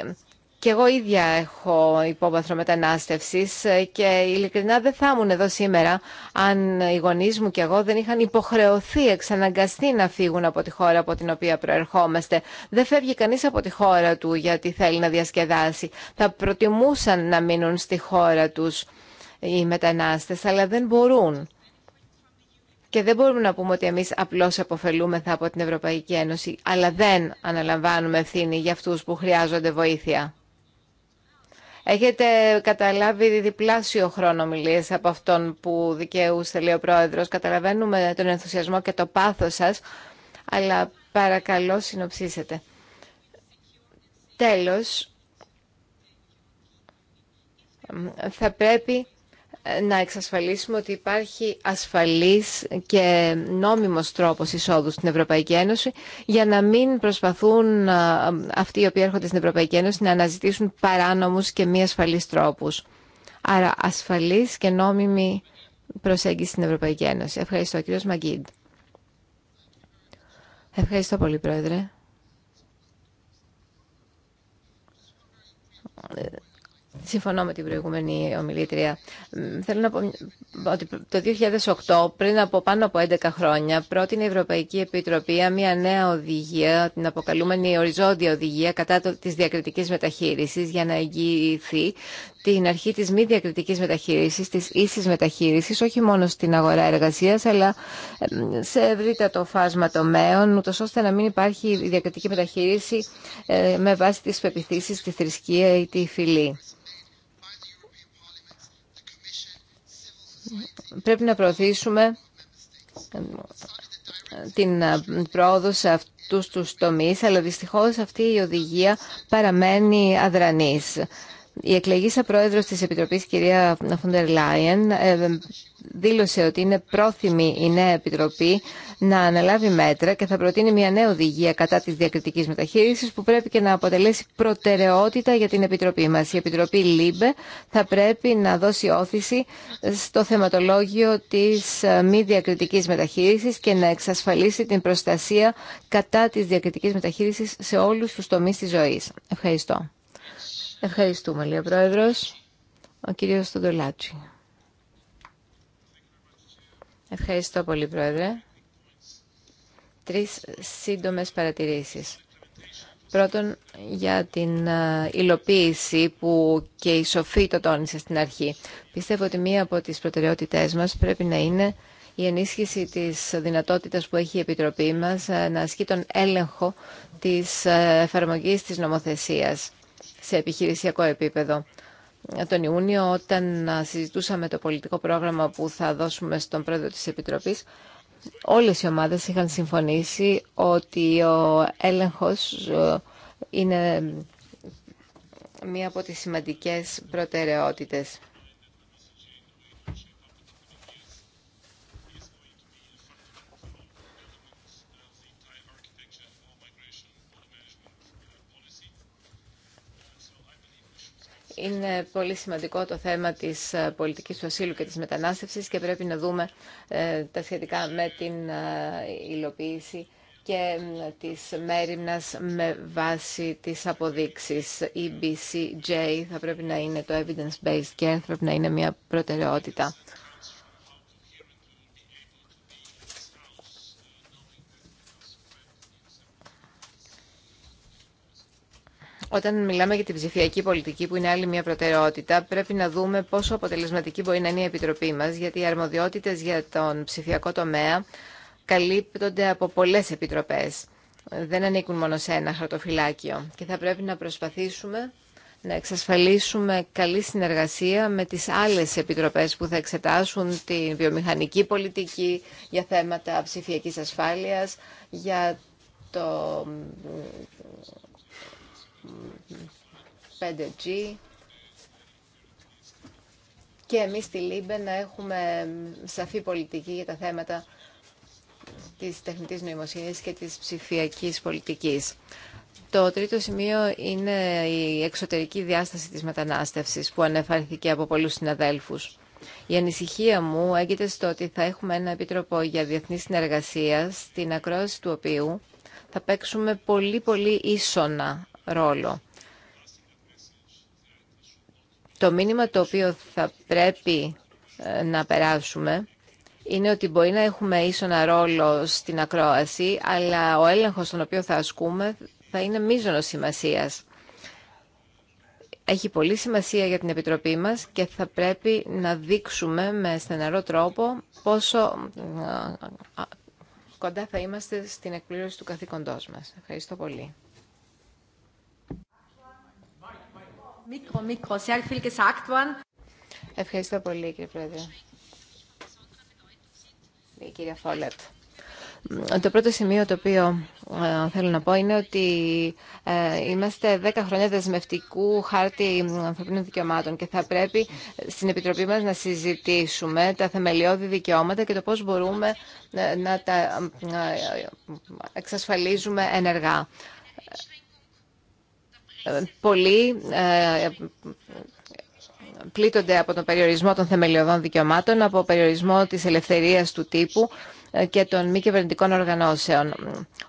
και εγώ ίδια έχω υπόβαθρο μετανάστευση ε, και ειλικρινά δεν θα ήμουν εδώ σήμερα αν οι γονεί μου και εγώ δεν είχαν υποχρεωθεί, εξαναγκαστεί να φύγουν από τη χώρα από την οποία προερχόμαστε. Δεν φεύγει κανεί από τη χώρα του γιατί θέλει να διασκεδάσει. Θα προτιμούσαν να μείνουν στη χώρα του οι μετανάστε, αλλά δεν μπορούν. Και δεν μπορούμε να πούμε ότι εμεί απλώ αποφελούμεθα από την Ευρωπαϊκή Ένωση, αλλά δεν αναλαμβάνουμε ευθύνη για αυτού που χρειάζονται βοήθεια. Έχετε καταλάβει διπλάσιο χρόνο μιλίες από αυτόν που δικαιούσε, λέει ο πρόεδρο. Καταλαβαίνουμε τον ενθουσιασμό και το πάθος σας, αλλά παρακαλώ συνοψίσετε. Τέλος, θα πρέπει ε, να εξασφαλίσουμε ότι υπάρχει ασφαλής και νόμιμος τρόπος εισόδου στην Ευρωπαϊκή Ένωση για να μην προσπαθούν ε, αυτοί οι οποίοι έρχονται στην Ευρωπαϊκή Ένωση να αναζητήσουν παράνομους και μη ασφαλείς τρόπους. Άρα ασφαλής και νόμιμη προσέγγιση στην Ευρωπαϊκή Ένωση. Ευχαριστώ κύριος Μαγκίντ. Ευχαριστώ πολύ πρόεδρε. Ε, Συμφωνώ με την προηγούμενη ομιλήτρια. Θέλω να πω ότι το 2008, πριν από πάνω από 11 χρόνια, πρότεινε η Ευρωπαϊκή Επιτροπή μια νέα οδηγία, την αποκαλούμενη οριζόντια οδηγία κατά της διακριτικής μεταχείρισης, για να εγγυηθεί την αρχή της μη διακριτικής μεταχείρισης, της ίσης μεταχείρισης, όχι μόνο στην αγορά εργασίας, αλλά σε ευρύτατο φάσμα τομέων, ούτως ώστε να μην υπάρχει διακριτική μεταχείριση ε, με βάση τις πεπιθήσεις, τη θρησκεία ή τη φυλή. πρέπει να προωθήσουμε την ε, πρόοδο σε αυτούς τους τομείς, αλλά δυστυχώς αυτή η οδηγία παραμένει αδρανής. Η εκλεγήσα πρόεδρος της Επιτροπής, κυρία Φοντερ Λάιεν, ε, δήλωσε ότι είναι πρόθυμη η νέα Επιτροπή να αναλάβει μέτρα και θα προτείνει μια νέα οδηγία κατά της διακριτικής μεταχείρισης που πρέπει και να αποτελέσει προτεραιότητα για την Επιτροπή μας. Η Επιτροπή ΛΥΜΠΕ θα πρέπει να δώσει όθηση στο θεματολόγιο της ε, μη διακριτικής μεταχείρισης και να εξασφαλίσει την προστασία κατά της διακριτικής μεταχείρισης σε όλους τους τομείς της ζωής. Ευχαριστώ. Ευχαριστούμε, λέει ο ο κύριος Στοντολάτσι. Ευχαριστώ πολύ, Πρόεδρε. Τρεις σύντομες παρατηρήσεις. Πρώτον, για την ε, υλοποίηση που και η Σοφή το τόνισε στην αρχή. Πιστεύω ότι μία από τις προτεραιότητές μας πρέπει να είναι η ενίσχυση της δυνατότητας που έχει η Επιτροπή μας ε, να ασκεί τον έλεγχο της ε, εφαρμογής της νομοθεσίας σε επιχειρησιακό επίπεδο. Τον Ιούνιο, όταν συζητούσαμε το πολιτικό πρόγραμμα που θα δώσουμε στον πρόεδρο της Επιτροπής, όλες οι ομάδες είχαν συμφωνήσει ότι ο έλεγχος ε, είναι μία από τις σημαντικές προτεραιότητες. Είναι πολύ σημαντικό το θέμα της ε, πολιτικής του ασύλου και της μετανάστευσης και πρέπει να δούμε ε, τα σχετικά με την ε, υλοποίηση και της μέρημνας με βάση τις αποδείξεις. EBCJ θα πρέπει να είναι το evidence-based και θα πρέπει να είναι μια προτεραιότητα. Όταν μιλάμε για την ψηφιακή πολιτική, που είναι άλλη μια προτεραιότητα, πρέπει να δούμε πόσο αποτελεσματική μπορεί να είναι η Επιτροπή μα, γιατί οι αρμοδιότητε για τον ψηφιακό τομέα καλύπτονται από πολλέ επιτροπέ. Δεν ανήκουν μόνο σε ένα χαρτοφυλάκιο και θα πρέπει να προσπαθήσουμε να εξασφαλίσουμε καλή συνεργασία με τις άλλες επιτροπές που θα εξετάσουν την βιομηχανική πολιτική για θέματα ψηφιακής ασφάλειας, για το 5G και εμείς στη Λίμπε να έχουμε σαφή πολιτική για τα θέματα της τεχνητής νοημοσύνης και της ψηφιακής πολιτικής. Το τρίτο σημείο είναι η εξωτερική διάσταση της μετανάστευσης που ανεφαρθήκε από πολλούς συναδέλφους. Η ανησυχία μου έγκυται στο ότι θα έχουμε ένα επίτροπο για διεθνή συνεργασία στην ακρόαση του οποίου θα παίξουμε πολύ πολύ ίσονα ρόλο. Το μήνυμα το οποίο θα πρέπει ε, να περάσουμε είναι ότι μπορεί να έχουμε ίσονα ρόλο στην ακρόαση, αλλά ο έλεγχος τον οποίο θα ασκούμε θα είναι μείζονος σημασίας. Έχει πολύ σημασία για την Επιτροπή μας και θα πρέπει να δείξουμε με στεναρό τρόπο πόσο ε, κοντά θα είμαστε στην εκπλήρωση του καθήκοντός μας. Ευχαριστώ πολύ. Ευχαριστώ πολύ, κύριε Πρόεδρε. Η κυρία Φόλετ. Το πρώτο σημείο το οποίο ε, θέλω να πω είναι ότι ε, είμαστε 10 χρόνια δεσμευτικού χάρτη ανθρωπίνων δικαιωμάτων και θα πρέπει στην Επιτροπή μας να συζητήσουμε τα θεμελιώδη δικαιώματα και το πώς μπορούμε ε, να τα εξασφαλίζουμε ενεργά πολλοί ε, πλήττονται από τον περιορισμό των θεμελιωδών δικαιωμάτων, από περιορισμό της ελευθερίας του τύπου ε, και των μη κυβερνητικών οργανώσεων.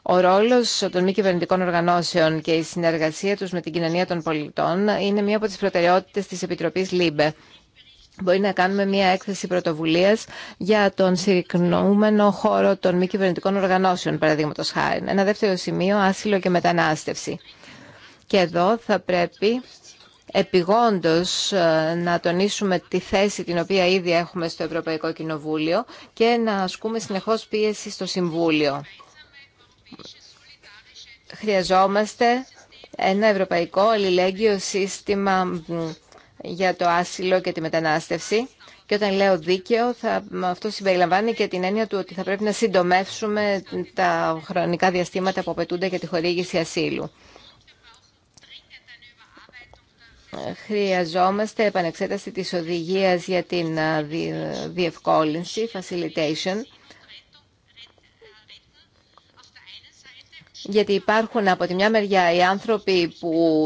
Ο ρόλος των μη κυβερνητικών οργανώσεων και η συνεργασία τους με την κοινωνία των πολιτών είναι μία από τις προτεραιότητες της Επιτροπής ΛΥΜΠΕ. Μπορεί να κάνουμε μία έκθεση πρωτοβουλίας για τον συρρυκνούμενο χώρο των μη κυβερνητικών οργανώσεων, παραδείγματος χάρη. Ένα δεύτερο σημείο, άσυλο και μετανάστευση. Και εδώ θα πρέπει επιγόντως ε, να τονίσουμε τη θέση την οποία ήδη έχουμε στο Ευρωπαϊκό Κοινοβούλιο και να ασκούμε συνεχώς πίεση στο Συμβούλιο. Χρειαζόμαστε ένα ευρωπαϊκό αλληλέγγυο σύστημα για το άσυλο και τη μετανάστευση. Και όταν λέω δίκαιο, θα, αυτό συμπεριλαμβάνει και την έννοια του ότι θα πρέπει να συντομεύσουμε τα χρονικά διαστήματα που απαιτούνται για τη χορήγηση ασύλου χρειαζόμαστε επανεξέταση της οδηγίας για την διευκόλυνση, facilitation, γιατί υπάρχουν από τη μια μεριά οι άνθρωποι που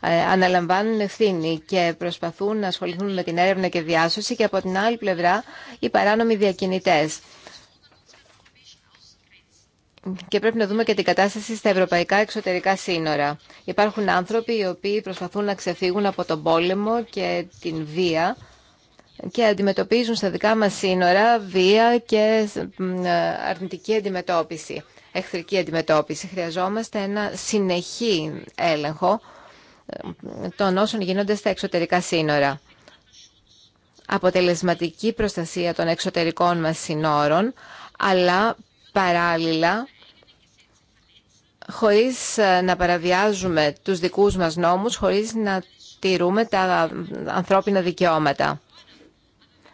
ε, αναλαμβάνουν ευθύνη και προσπαθούν να ασχοληθούν με την έρευνα και διάσωση και από την άλλη πλευρά οι παράνομοι διακινητές και πρέπει να δούμε και την κατάσταση στα ευρωπαϊκά εξωτερικά σύνορα. Υπάρχουν άνθρωποι οι οποίοι προσπαθούν να ξεφύγουν από τον πόλεμο και την βία και αντιμετωπίζουν στα δικά μας σύνορα βία και αρνητική αντιμετώπιση, εχθρική αντιμετώπιση. Χρειαζόμαστε ένα συνεχή έλεγχο των όσων γίνονται στα εξωτερικά σύνορα. Αποτελεσματική προστασία των εξωτερικών μας σύνορων, αλλά παράλληλα χωρίς ε, να παραβιάζουμε τους δικούς μας νόμους, χωρίς να τηρούμε τα ανθρώπινα δικαιώματα.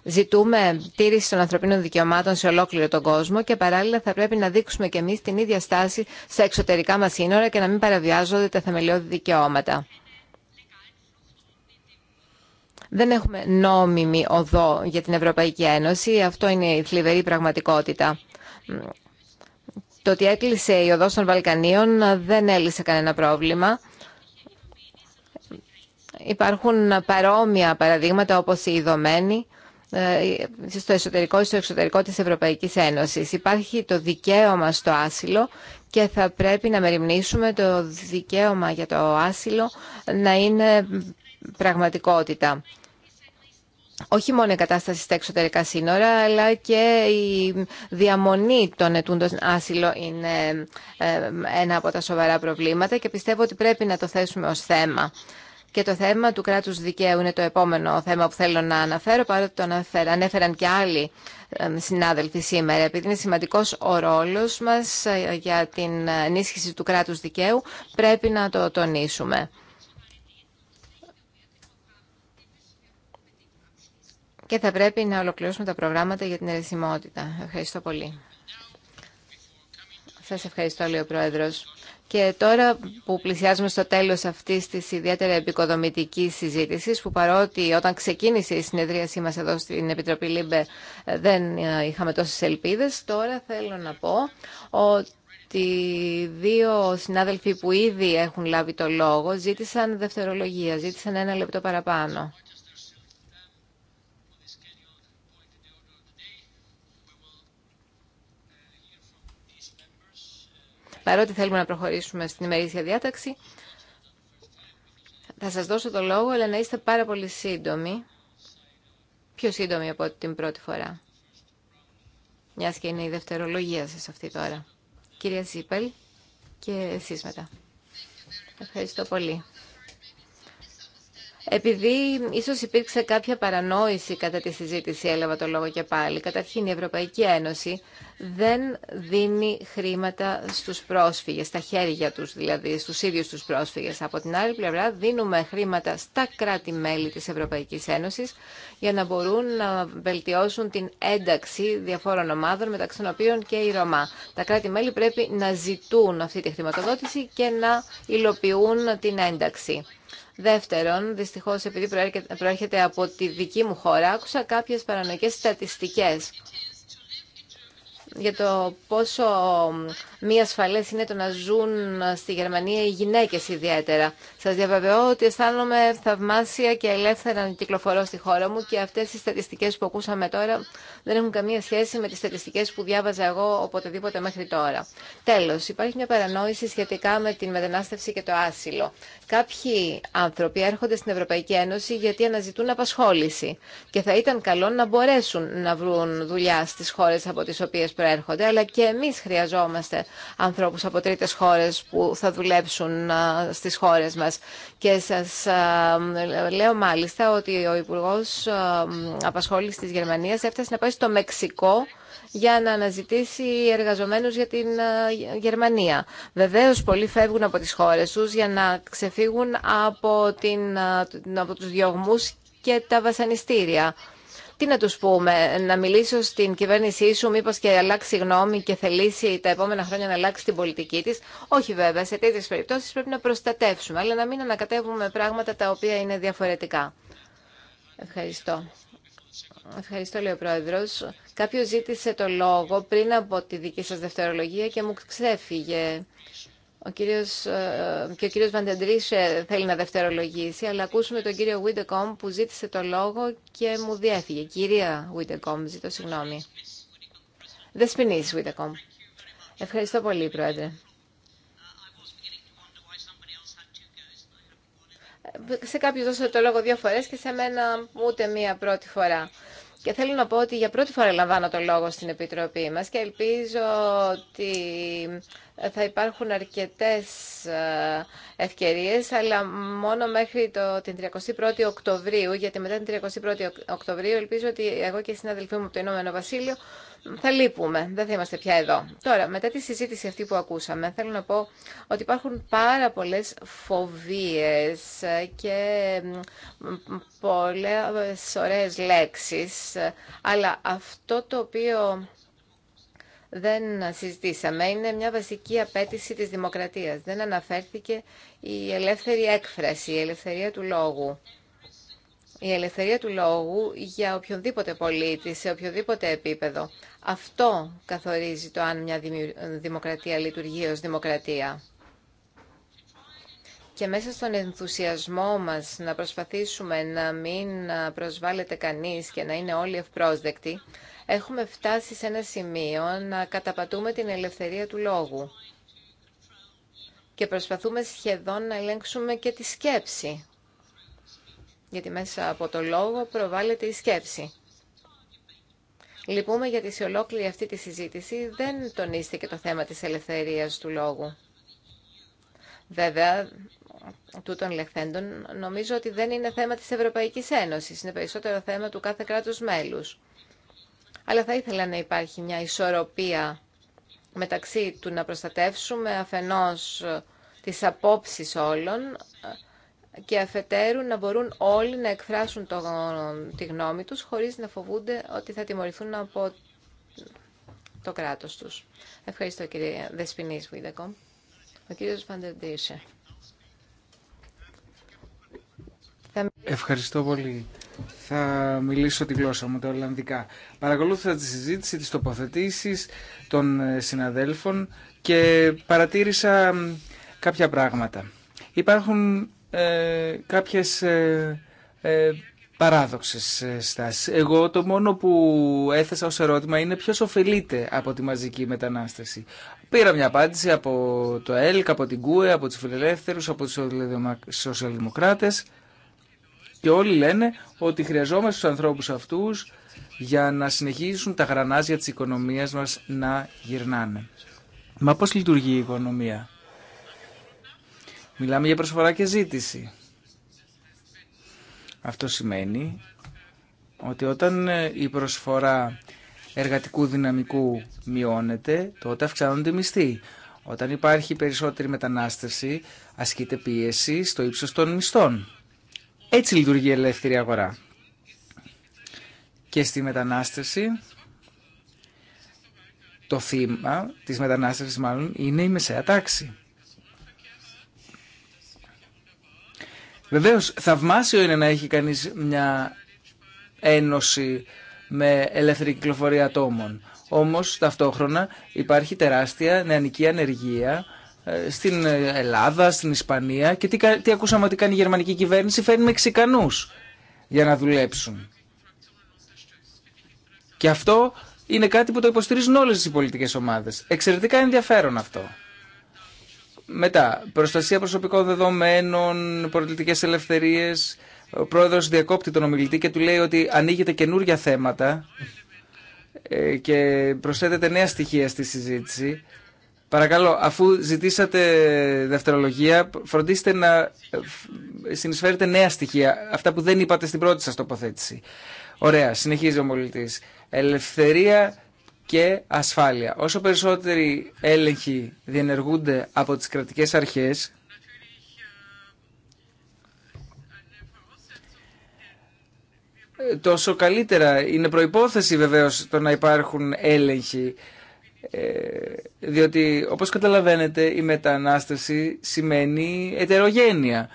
Ζητούμε τήρηση των ανθρωπίνων δικαιωμάτων σε ολόκληρο τον κόσμο και παράλληλα θα πρέπει να δείξουμε και εμείς την ίδια στάση στα εξωτερικά μας σύνορα και να μην παραβιάζονται τα θεμελιώδη δικαιώματα. Δεν έχουμε νόμιμη οδό για την Ευρωπαϊκή Ένωση. Αυτό είναι η θλιβερή πραγματικότητα. Το ότι έκλεισε η οδός των Βαλκανίων ε, δεν έλυσε κανένα πρόβλημα. Υπάρχουν παρόμοια παραδείγματα όπως οι ειδωμένοι ε, στο εσωτερικό ή στο εξωτερικό της Ευρωπαϊκής Ένωσης. Υπάρχει το δικαίωμα στο άσυλο και θα πρέπει να μεριμνήσουμε το δικαίωμα για το άσυλο να είναι πραγματικότητα όχι μόνο η κατάσταση στα εξωτερικά σύνορα, αλλά και η διαμονή των ετούντων άσυλο είναι ε, ένα από τα σοβαρά προβλήματα και πιστεύω ότι πρέπει να το θέσουμε ως θέμα. Και το θέμα του κράτους δικαίου είναι το επόμενο θέμα που θέλω να αναφέρω, παρότι το ανέφεραν και άλλοι ε, συνάδελφοι σήμερα, επειδή είναι σημαντικός ο ρόλος μας ε, για την ενίσχυση του κράτους δικαίου, πρέπει να το τονίσουμε. και θα πρέπει να ολοκληρώσουμε τα προγράμματα για την αιρεσιμότητα. Ευχαριστώ πολύ. Σας ευχαριστώ, λέει Πρόεδρος. Και τώρα που πλησιάζουμε στο τέλος αυτής της ιδιαίτερα επικοδομητικής συζήτησης, που παρότι όταν ξεκίνησε η συνεδρίασή μας εδώ στην Επιτροπή ΛΥΜΠΕ ε, δεν ε, είχαμε τόσες ελπίδες, τώρα θέλω να πω ότι ότι δύο συνάδελφοι που ήδη έχουν λάβει το λόγο ζήτησαν δευτερολογία, ζήτησαν ένα λεπτό παραπάνω. παρότι θέλουμε να προχωρήσουμε στην ημερήσια διάταξη, θα σας δώσω το λόγο, αλλά να είστε πάρα πολύ σύντομοι, πιο σύντομοι από την πρώτη φορά. Μια και είναι η δευτερολογία σας αυτή τώρα. Κυρία Σίπελ και εσείς μετά. Ευχαριστώ πολύ. Επειδή ίσως υπήρξε κάποια παρανόηση κατά τη συζήτηση, έλαβα το λόγο και πάλι. Καταρχήν, η Ευρωπαϊκή Ένωση δεν δίνει χρήματα στους πρόσφυγες, στα χέρια τους δηλαδή, στους ίδιους τους πρόσφυγες. Από την άλλη πλευρά δίνουμε χρήματα στα κράτη-μέλη της Ευρωπαϊκής Ένωσης για να μπορούν να βελτιώσουν την ένταξη διαφόρων ομάδων, μεταξύ των οποίων και η Ρωμά. Τα κράτη-μέλη πρέπει να ζητούν αυτή τη χρηματοδότηση και να υλοποιούν την ένταξη. Δεύτερον, δυστυχώς επειδή προέρχεται από τη δική μου χώρα, άκουσα κάποιες παρανοϊκές στατιστικές για το πόσο μη ασφαλέ είναι το να ζουν ε, στη Γερμανία οι γυναίκε ιδιαίτερα. Σα διαβεβαιώ ότι αισθάνομαι θαυμάσια και ελεύθερα να κυκλοφορώ στη χώρα μου και αυτέ οι στατιστικέ που ακούσαμε τώρα δεν έχουν καμία σχέση με τι στατιστικές που διάβαζα εγώ οποτεδήποτε μέχρι τώρα. Τέλο, υπάρχει μια παρανόηση σχετικά με την μετανάστευση και το άσυλο. Κάποιοι άνθρωποι έρχονται στην Ευρωπαϊκή Ένωση γιατί αναζητούν απασχόληση και θα ήταν καλό να μπορέσουν να βρουν δουλειά στι χώρε από τι οποίες προέρχονται, αλλά και εμείς χρειαζόμαστε ανθρώπους από τρίτες χώρες που θα δουλέψουν στις χώρες μας. Και σας λέω μάλιστα ότι ο Υπουργός Απασχόλησης της Γερμανίας έφτασε να πάει στο Μεξικό για να αναζητήσει εργαζομένους για την Γερμανία. Βεβαίως πολλοί φεύγουν από τις χώρες τους για να ξεφύγουν από, την, από τους διωγμούς και τα βασανιστήρια τι να τους πούμε, να μιλήσω στην κυβέρνησή σου μήπως και αλλάξει γνώμη και θελήσει τα επόμενα χρόνια να αλλάξει την πολιτική της. Όχι βέβαια, σε τέτοιες περιπτώσεις πρέπει να προστατεύσουμε, αλλά να μην ανακατεύουμε πράγματα τα οποία είναι διαφορετικά. Ευχαριστώ. Ευχαριστώ, λέει ο πρόεδρο. Κάποιο ζήτησε το λόγο πριν από τη δική σα δευτερολογία και μου ξέφυγε ο κύριος, ε, ε, και ο κύριος Βαντεντρίσε θέλει να δευτερολογήσει, αλλά ακούσουμε τον κύριο Βίντεκομ που ζήτησε το λόγο και μου διέφυγε. Κυρία Βίντεκομ, ζητώ συγγνώμη. Δεσποινής Βίντεκομ. Ευχαριστώ πολύ, Πρόεδρε. Σε κάποιους δώσατε το λόγο δύο φορές και σε μένα ούτε μία πρώτη φορά. Και θέλω να πω ότι για πρώτη φορά λαμβάνω το λόγο στην Επιτροπή μας και ελπίζω ότι θα υπάρχουν αρκετές ε, ευκαιρίες, αλλά μόνο μέχρι το, την 31η Οκτωβρίου, γιατί μετά την 31η Οκτωβρίου ελπίζω ότι εγώ και οι συναδελφοί μου από το Ηνωμένο Βασίλειο θα λείπουμε, δεν θα είμαστε πια εδώ. Τώρα, μετά τη συζήτηση αυτή που ακούσαμε, θέλω να πω ότι υπάρχουν πάρα πολλές φοβίες και πολλές ωραίες λέξεις, αλλά αυτό το οποίο δεν συζητήσαμε είναι μια βασική απέτηση της δημοκρατίας. Δεν αναφέρθηκε η ελεύθερη έκφραση, η ελευθερία του λόγου η ελευθερία του λόγου για οποιονδήποτε πολίτη, σε οποιοδήποτε επίπεδο. Αυτό καθορίζει το αν μια δημοκρατία λειτουργεί ως δημοκρατία. Και μέσα στον ενθουσιασμό μας να προσπαθήσουμε να μην προσβάλλεται κανείς και να είναι όλοι ευπρόσδεκτοι, έχουμε φτάσει σε ένα σημείο να καταπατούμε την ελευθερία του λόγου. Και προσπαθούμε σχεδόν να ελέγξουμε και τη σκέψη γιατί μέσα από το λόγο προβάλλεται η σκέψη. Λυπούμε γιατί σε ολόκληρη αυτή τη συζήτηση δεν τονίστηκε το θέμα της ελευθερίας του λόγου. Βέβαια, τούτων λεχθέντων, νομίζω ότι δεν είναι θέμα της Ευρωπαϊκής Ένωσης, είναι περισσότερο θέμα του κάθε κράτους μέλους. Αλλά θα ήθελα να υπάρχει μια ισορροπία μεταξύ του να προστατεύσουμε αφενός τις απόψεις όλων, και αφετέρου να μπορούν όλοι να εκφράσουν τη γνώμη τους χωρίς να φοβούνται ότι θα τιμωρηθούν από το κράτος τους. Ευχαριστώ κύριε Δεσποινής Βουίδεκο. Ο κύριος Βαντερντήσε. Ευχαριστώ πολύ. Θα μιλήσω τη γλώσσα μου, τα Ολλανδικά. Παρακολούθησα τη συζήτηση, τις τοποθετήσεις των ε, συναδέλφων και παρατήρησα κάποια πράγματα. Υπάρχουν ε, κάποιες ε, ε παράδοξες ε, στάσεις. Εγώ το μόνο που έθεσα ως ερώτημα είναι ποιος ωφελείται από τη μαζική μετανάστευση. Πήρα μια απάντηση από το ΕΛΚ, από την ΚΟΕ, από τους φιλελεύθερους, από τους σοσιαλδημοκράτες και όλοι λένε ότι χρειαζόμαστε τους ανθρώπους αυτούς για να συνεχίσουν τα γρανάζια της οικονομίας μας να γυρνάνε. Μα πώς λειτουργεί η οικονομία. Μιλάμε για προσφορά και ζήτηση. Αυτό σημαίνει ότι όταν ε, η προσφορά εργατικού δυναμικού μειώνεται, τότε αυξάνονται οι μισθοί. Όταν υπάρχει περισσότερη μετανάστευση, ασκείται πίεση στο ύψος των μισθών. Έτσι λειτουργεί η ελεύθερη αγορά. Και στη μετανάστευση, το θύμα της μετανάστευσης μάλλον είναι η μεσαία τάξη. Βεβαίως θαυμάσιο είναι να έχει κάνει μια ένωση με ελεύθερη κυκλοφορία ατόμων. Όμως ταυτόχρονα υπάρχει τεράστια νεανική ανεργία ε, στην Ελλάδα, στην Ισπανία και τι, τι ακούσαμε ότι κάνει η γερμανική κυβέρνηση φέρνει Μεξικανούς για να δουλέψουν. Και αυτό είναι κάτι που το υποστηρίζουν όλες οι πολιτικές ομάδες. Εξαιρετικά ενδιαφέρον αυτό. Μετά, προστασία προσωπικών δεδομένων, πολιτικές ελευθερίες. Ο πρόεδρος διακόπτει τον ομιλητή και του λέει ότι ανοίγεται καινούργια θέματα ε, και προσθέτεται νέα στοιχεία στη συζήτηση. Παρακαλώ, αφού ζητήσατε δευτερολογία, φροντίστε να ε, συνεισφέρετε νέα στοιχεία, αυτά που δεν είπατε στην πρώτη σας τοποθέτηση. Ωραία, συνεχίζει ο Ελευθερία και ασφάλεια. Όσο περισσότεροι έλεγχοι διενεργούνται από τις κρατικές αρχές, τόσο καλύτερα. Είναι προϋπόθεση βεβαίως το να υπάρχουν έλεγχοι, ε, διότι όπως καταλαβαίνετε η μετανάστευση σημαίνει ετερογένεια.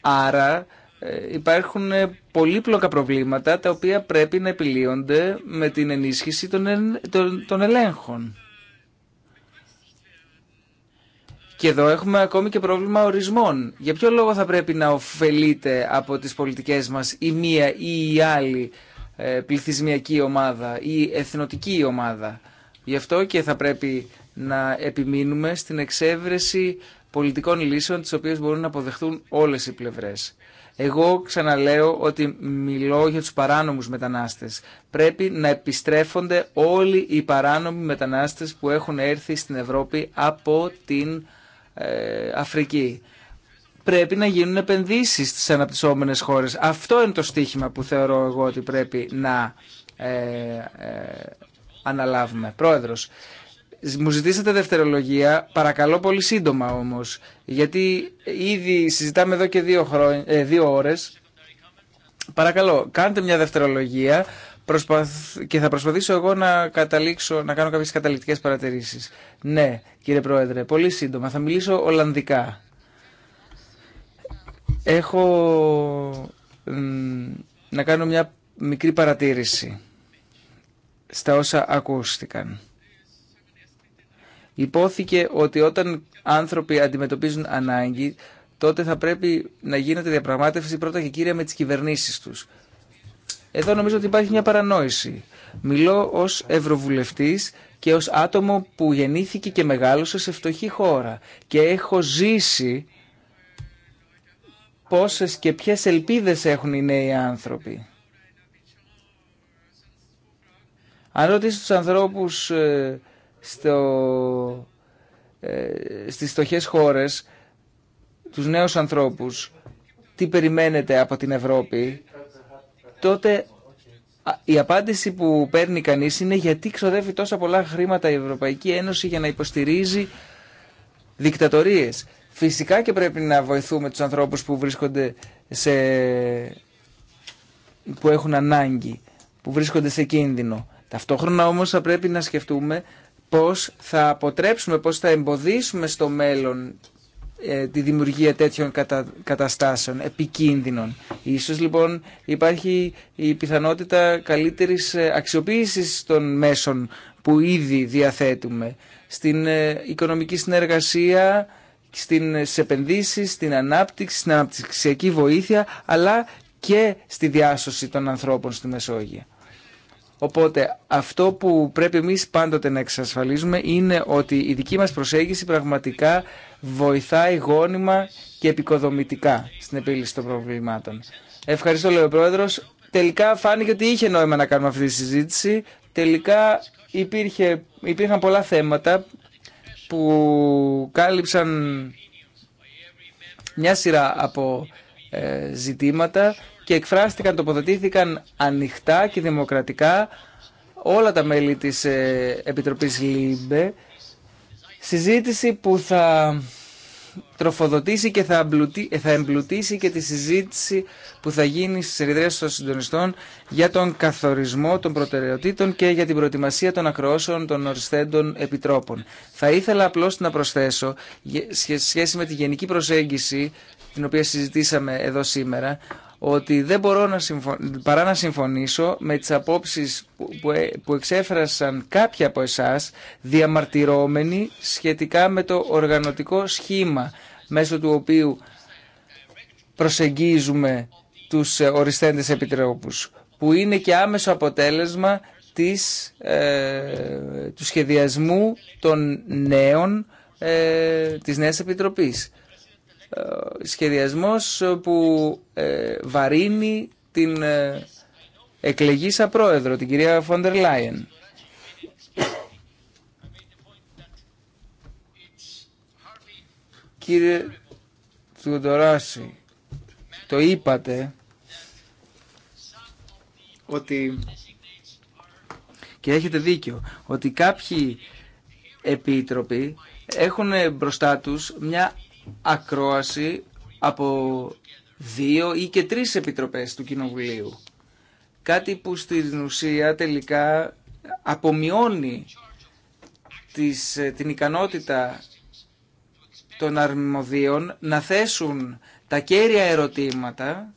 Άρα ε, υπάρχουν πολύπλοκα προβλήματα τα οποία πρέπει να επιλύονται με την ενίσχυση των ελέγχων. Και εδώ έχουμε ακόμη και πρόβλημα ορισμών. Για ποιο λόγο θα πρέπει να ωφελείται από τις πολιτικές μας η μία ή η άλλη ε, πληθυσμιακή ομάδα ή εθνοτική ομάδα. Γι' αυτό και θα πρέπει να επιμείνουμε στην εξέβρεση πολιτικών λύσεων τις οποίες μπορούν να αποδεχτούν όλες οι πλευρές. Εγώ ξαναλέω ότι μιλώ για τους παράνομους μετανάστες. Πρέπει να επιστρέφονται όλοι οι παράνομοι μετανάστες που έχουν έρθει στην Ευρώπη από την ε, Αφρική. Πρέπει να γίνουν επενδύσεις στις αναπτυσσόμενες χώρες. Αυτό είναι το στίχημα που θεωρώ εγώ ότι πρέπει να ε, ε, αναλάβουμε. Πρόεδρος, μου ζητήσατε δευτερολογία, παρακαλώ πολύ σύντομα όμως, γιατί ήδη συζητάμε εδώ και δύο, ε, ώρες. Παρακαλώ, κάντε μια δευτερολογία και θα προσπαθήσω εγώ να καταλήξω, να κάνω κάποιες καταληκτικές παρατηρήσεις. Ναι, κύριε Πρόεδρε, πολύ σύντομα. Θα μιλήσω Ολλανδικά. Έχω να κάνω μια μικρή παρατήρηση στα όσα ακούστηκαν. Υπόθηκε ότι όταν άνθρωποι αντιμετωπίζουν ανάγκη, τότε θα πρέπει να γίνεται διαπραγμάτευση πρώτα και κύρια με τις κυβερνήσεις τους. Εδώ νομίζω ότι υπάρχει μια παρανόηση. Μιλώ ως Ευρωβουλευτής και ως άτομο που γεννήθηκε και μεγάλωσε σε φτωχή χώρα και έχω ζήσει πόσες και ποιες ελπίδες έχουν οι νέοι άνθρωποι. Αν ρωτήσεις τους ανθρώπους ε, στο, ε, στις στοχές χώρες, τους νέους ανθρώπους, τι περιμένετε από την Ευρώπη, τότε η απάντηση που παίρνει κανείς είναι γιατί ξοδεύει τόσα πολλά χρήματα η Ευρωπαϊκή Ένωση για να υποστηρίζει δικτατορίες. Φυσικά και πρέπει να βοηθούμε τους ανθρώπους που βρίσκονται σε... που έχουν ανάγκη, που βρίσκονται σε κίνδυνο. Ταυτόχρονα όμως θα πρέπει να σκεφτούμε πώς θα αποτρέψουμε, πώς θα εμποδίσουμε στο μέλλον ε, τη δημιουργία τέτοιων καταστάσεων επικίνδυνων. Ίσως λοιπόν υπάρχει η πιθανότητα καλύτερης ε, αξιοποίησης των μέσων που ήδη διαθέτουμε στην ε, οικονομική συνεργασία, στην, στις επενδύσεις, στην ανάπτυξη, στην αναπτυξιακή βοήθεια, αλλά και στη διάσωση των ανθρώπων στη Μεσόγειο. Οπότε αυτό που πρέπει εμείς πάντοτε να εξασφαλίζουμε είναι ότι η δική μας προσέγγιση πραγματικά βοηθάει γόνιμα και επικοδομητικά στην επίλυση των προβλημάτων. Ευχαριστώ λέει ο Πρόεδρος. Τελικά φάνηκε ότι είχε νόημα να κάνουμε αυτή τη συζήτηση. Τελικά υπήρχε, υπήρχαν πολλά θέματα που κάλυψαν μια σειρά από ε, ζητήματα και εκφράστηκαν, τοποθετήθηκαν ανοιχτά και δημοκρατικά όλα τα μέλη της ε, Επιτροπής ΛΥΜΠΕ. Συζήτηση που θα τροφοδοτήσει και ε, θα, εμπλουτίσει και τη συζήτηση που θα γίνει στις ερυδρές των συντονιστών για τον καθορισμό των προτεραιοτήτων και για την προετοιμασία των ακροώσεων των οριστέντων επιτρόπων. Θα ήθελα απλώς να προσθέσω, σε σχέση με τη γενική προσέγγιση την οποία συζητήσαμε εδώ σήμερα, ότι δεν μπορώ να παρά να συμφωνήσω με τις απόψεις που, ε, εξέφρασαν κάποια από εσάς διαμαρτυρώμενοι σχετικά με το οργανωτικό σχήμα μέσω του οποίου προσεγγίζουμε τους ε, οριστέντες επιτρόπους που είναι και άμεσο αποτέλεσμα της, ε, του σχεδιασμού των νέων της νέας επιτροπής. Ε, σχεδιασμός που ε, βαρύνει την ε, εκλεγήσα πρόεδρο, την κυρία Φόντερ Λάιεν. Κύριε Τουντοράση, το είπατε ότι και έχετε δίκιο ότι κάποιοι επίτροποι έχουν μπροστά τους μια ακρόαση από δύο ή και τρεις επιτροπές του Κοινοβουλίου. Κάτι που στην ουσία τελικά απομειώνει της, ε, την ικανότητα των αρμοδίων να θέσουν τα κέρια ερωτήματα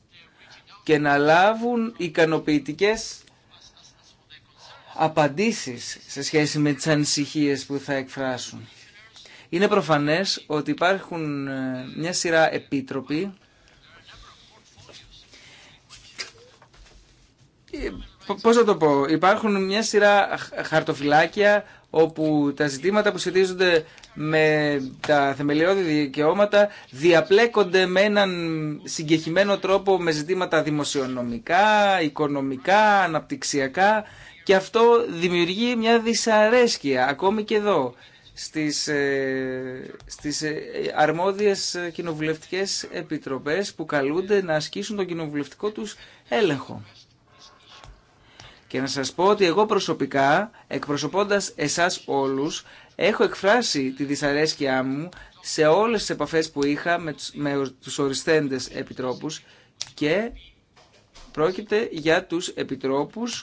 και να λάβουν ικανοποιητικές απαντήσεις σε σχέση με τις ανησυχίες που θα εκφράσουν. Είναι προφανές ότι υπάρχουν ε, μια σειρά επίτροποι ε, Πώς θα το πω, υπάρχουν μια σειρά χαρτοφυλάκια όπου τα ζητήματα που σχετίζονται με τα θεμελιώδη δικαιώματα διαπλέκονται με έναν συγκεχημένο τρόπο με ζητήματα δημοσιονομικά, οικονομικά, αναπτυξιακά και αυτό δημιουργεί μια δυσαρέσκεια ακόμη και εδώ στις, ε, στις ε, αρμόδιες κοινοβουλευτικές επιτροπές που καλούνται να ασκήσουν τον κοινοβουλευτικό τους έλεγχο. Και να σας πω ότι εγώ προσωπικά, εκπροσωπώντας εσάς όλους, έχω εκφράσει τη δυσαρέσκειά μου σε όλες τις επαφές που είχα με τους, με τους οριστέντες επιτρόπους και πρόκειται για τους επιτρόπους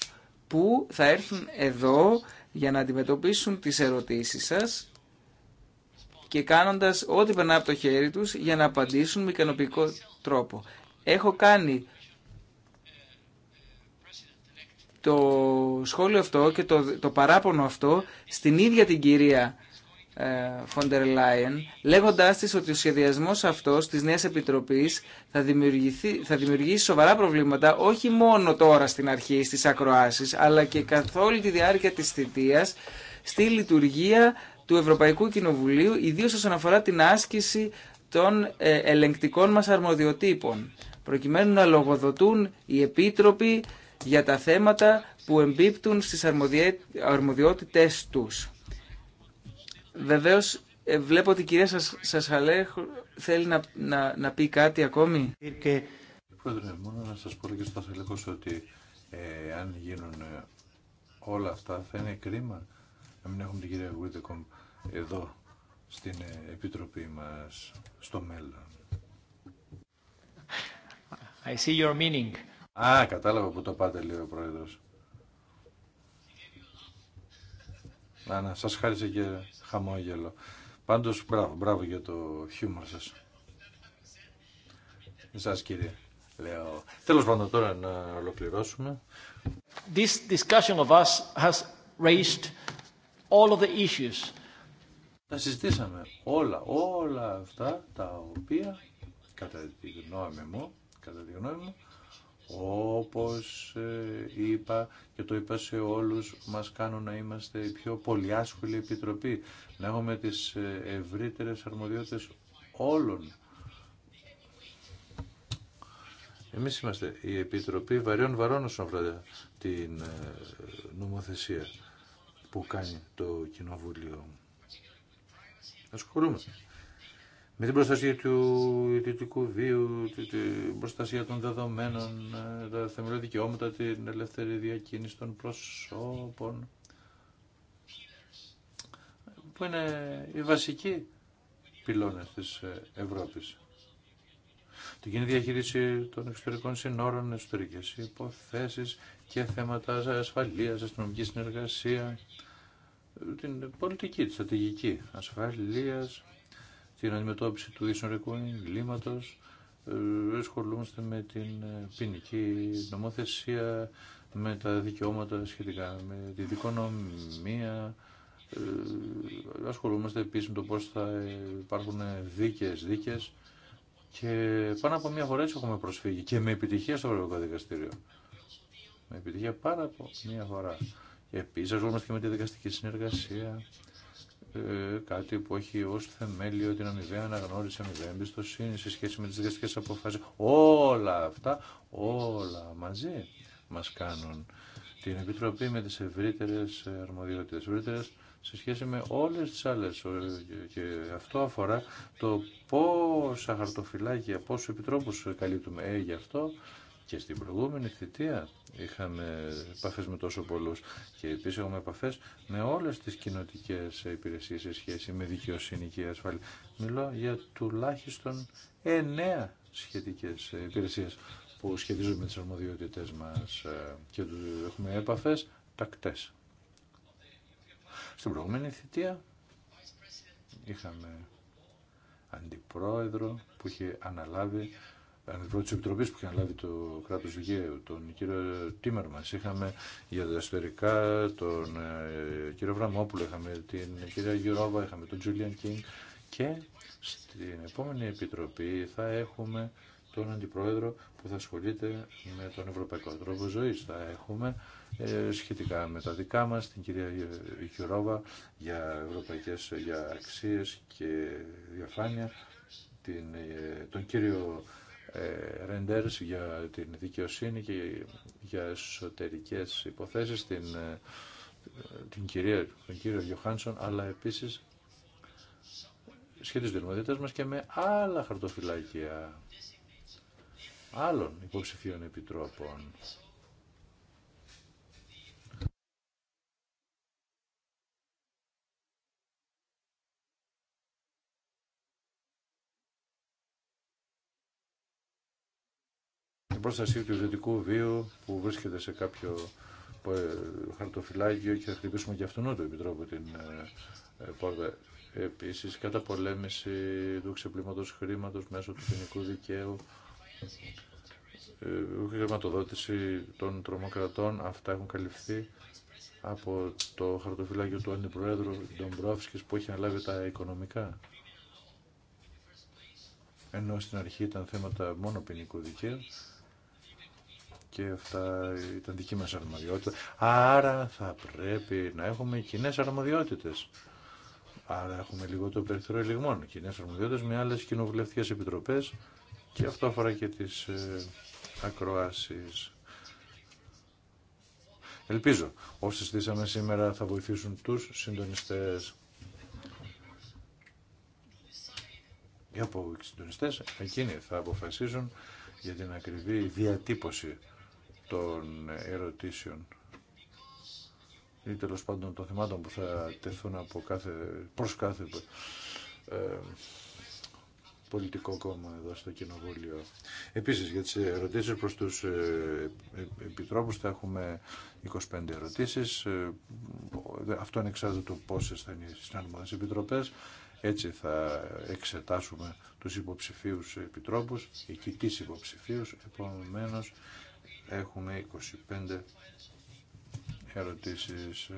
που θα έρθουν εδώ για να αντιμετωπίσουν τις ερωτήσεις σας και κάνοντας ό,τι περνά από το χέρι τους για να απαντήσουν με ικανοποιητικό τρόπο. Έχω κάνει το σχόλιο αυτό και το, το παράπονο αυτό στην ίδια την κυρία Φόντερ Λάιεν, λέγοντάς ότι ο σχεδιασμό αυτός τη Νέα Επιτροπή θα, θα δημιουργήσει σοβαρά προβλήματα όχι μόνο τώρα στην αρχή στις ακροάσεις, αλλά και καθ' όλη τη διάρκεια τη θητεία στη λειτουργία του Ευρωπαϊκού Κοινοβουλίου, ιδίω όσον αφορά την άσκηση των ε, ελεγκτικών μα αρμοδιοτύπων, προκειμένου να λογοδοτούν οι επίτροποι για τα θέματα που εμπίπτουν στι αρμοδιότητε του. Βεβαίως ε, βλέπω ότι η κυρία σας, σας θέλει να, να, να, πει κάτι ακόμη. Και... Πρόεδρε, μόνο να σας πω και στο Σαλέχος ότι ε, αν γίνουν ε, όλα αυτά θα είναι κρίμα να μην έχουμε την κυρία Γουίδεκομ εδώ στην ε, Επιτροπή μας στο μέλλον. I see your meaning. Α, κατάλαβα που το πάτε λέει ο Πρόεδρος. Να, ναι, σας χάρισε και χαμόγελο. Πάντως, μπράβο, μπράβο για το χιούμορ σας. Σας κύριε, λέω. Τέλος πάντων τώρα να ολοκληρώσουμε. This discussion of us has raised all of the issues. Τα συζητήσαμε όλα, όλα αυτά τα οποία, κατά τη γνώμη μου, κατά τη γνώμη μου, όπως ε, είπα και το είπα σε όλους, μας κάνουν να είμαστε η πιο πολυάσχολη επιτροπή, να έχουμε τις ε, ευρύτερες αρμοδιότητες όλων. Εμείς είμαστε η Επιτροπή Βαριών Βαρών όσον αφορά την ε, νομοθεσία που κάνει το Κοινοβούλιο. Ασχολούμαστε με την προστασία του ιδιωτικού βίου, την προστασία των δεδομένων, ε, τα θεμελιώδη δικαιώματα, την ελεύθερη διακίνηση των προσώπων, που είναι οι βασικοί πυλώνες της ε, Ευρώπης. Την κοινή διαχείριση των εξωτερικών συνόρων, εσωτερικές υποθέσεις και θέματα ασφαλείας, αστυνομική συνεργασία, την πολιτική, τη στρατηγική ασφαλείας, την αντιμετώπιση του ισορικού εγκλήματος, ε, ασχολούμαστε με την ε, ποινική νομοθεσία, με τα δικαιώματα σχετικά με τη δικονομία, ε, ασχολούμαστε επίσης με το πώς θα υπάρχουν δίκες, δίκες και πάνω από μία φορά έτσι έχουμε προσφύγει και με επιτυχία στο Ευρωπαϊκό Δικαστήριο. Με επιτυχία πάνω από μία φορά. Επίσης ασχολούμαστε και με τη δικαστική συνεργασία, ε, κάτι που έχει ω θεμέλιο την αμοιβαία αναγνώριση, αμοιβαία εμπιστοσύνη σε σχέση με τι δικαστικέ αποφάσει. Όλα αυτά, όλα μαζί μα κάνουν την Επιτροπή με τι ευρύτερε αρμοδιότητε. Ευρύτερε σε σχέση με όλες τις άλλες και αυτό αφορά το πόσα χαρτοφυλάκια, πόσους επιτρόπους καλύπτουμε. Ε, γι' αυτό και στην προηγούμενη θητεία είχαμε επαφές με τόσο πολλούς και επίσης έχουμε επαφές με όλες τις κοινοτικές υπηρεσίες σε σχέση με δικαιοσύνη και ασφάλεια. Μιλώ για τουλάχιστον εννέα σχετικές υπηρεσίες που σχετίζονται με τις αρμοδιότητες μας ε, και έχουμε επαφές τακτές. Στην προηγούμενη θητεία είχαμε αντιπρόεδρο που είχε αναλάβει Αντιπρόεδρο τη Επιτροπή που είχαν λάβει το κράτο δικαίου, τον κύριο Τίμερ μα, είχαμε για τα εσωτερικά τον ε, κύριο Βραμόπουλο, είχαμε την κυρία Γιουρόβα, είχαμε τον Τζούλιαν Κίνγκ και στην επόμενη επιτροπή θα έχουμε τον αντιπρόεδρο που θα ασχολείται με τον ευρωπαϊκό τρόπο ζωή. Θα έχουμε ε, σχετικά με τα δικά μας, την κυρία Γιουρόβα για ευρωπαϊκέ ε, αξίε και διαφάνεια, την, τον κύριο ε, renders για την δικαιοσύνη και για εσωτερικές υποθέσεις την, ε, την κυρία, τον κύριο Γιωχάνσον αλλά επίσης σχετίζονται οι μας και με άλλα χαρτοφυλάκια άλλων υποψηφίων επιτρόπων. πρόσταση του ιδιωτικού βίου που βρίσκεται σε κάποιο ε, χαρτοφυλάκιο και θα χτυπήσουμε και αυτόν τον Επιτρόπο την ε, ε, πόρτα. κατά πολέμηση του ξεπλήματο χρήματο μέσω του ποινικού δικαίου, χρηματοδότηση των τρομοκρατών, αυτά έχουν καλυφθεί από το χαρτοφυλάκιο του Αντιπροέδρου Ντομπρόφσκη που έχει αναλάβει τα οικονομικά. Ενώ στην αρχή ήταν θέματα μόνο ποινικού δικαίου, και αυτά ήταν δική μας αρμοδιότητα. Άρα θα πρέπει να έχουμε κοινέ αρμοδιότητες. Άρα έχουμε λίγο το περιθώριο λιγμών, κοινέ αρμοδιότητες με άλλες κοινοβουλευτικές επιτροπές και αυτό αφορά και τις ε, ακροάσεις. Ελπίζω όσοι στήσαμε σήμερα θα βοηθήσουν τους συντονιστές. Οι από συντονιστές εκείνοι θα αποφασίζουν για την ακριβή διατύπωση των ερωτήσεων ή τέλο πάντων των θεμάτων που θα τεθούν από κάθε, προς κάθε ε, πολιτικό κόμμα εδώ στο Κοινοβούλιο. Επίσης για τις ερωτήσεις προς τους ε, ε, επιτρόπους θα έχουμε 25 ερωτήσεις. Ε, αυτό είναι εξάρτητο πόσες θα είναι οι συνάνομαδες επιτροπές. Έτσι θα εξετάσουμε τους υποψηφίους επιτρόπους, η τις υποψηφίους, επομένως έχουμε 25 ερωτήσεις ε,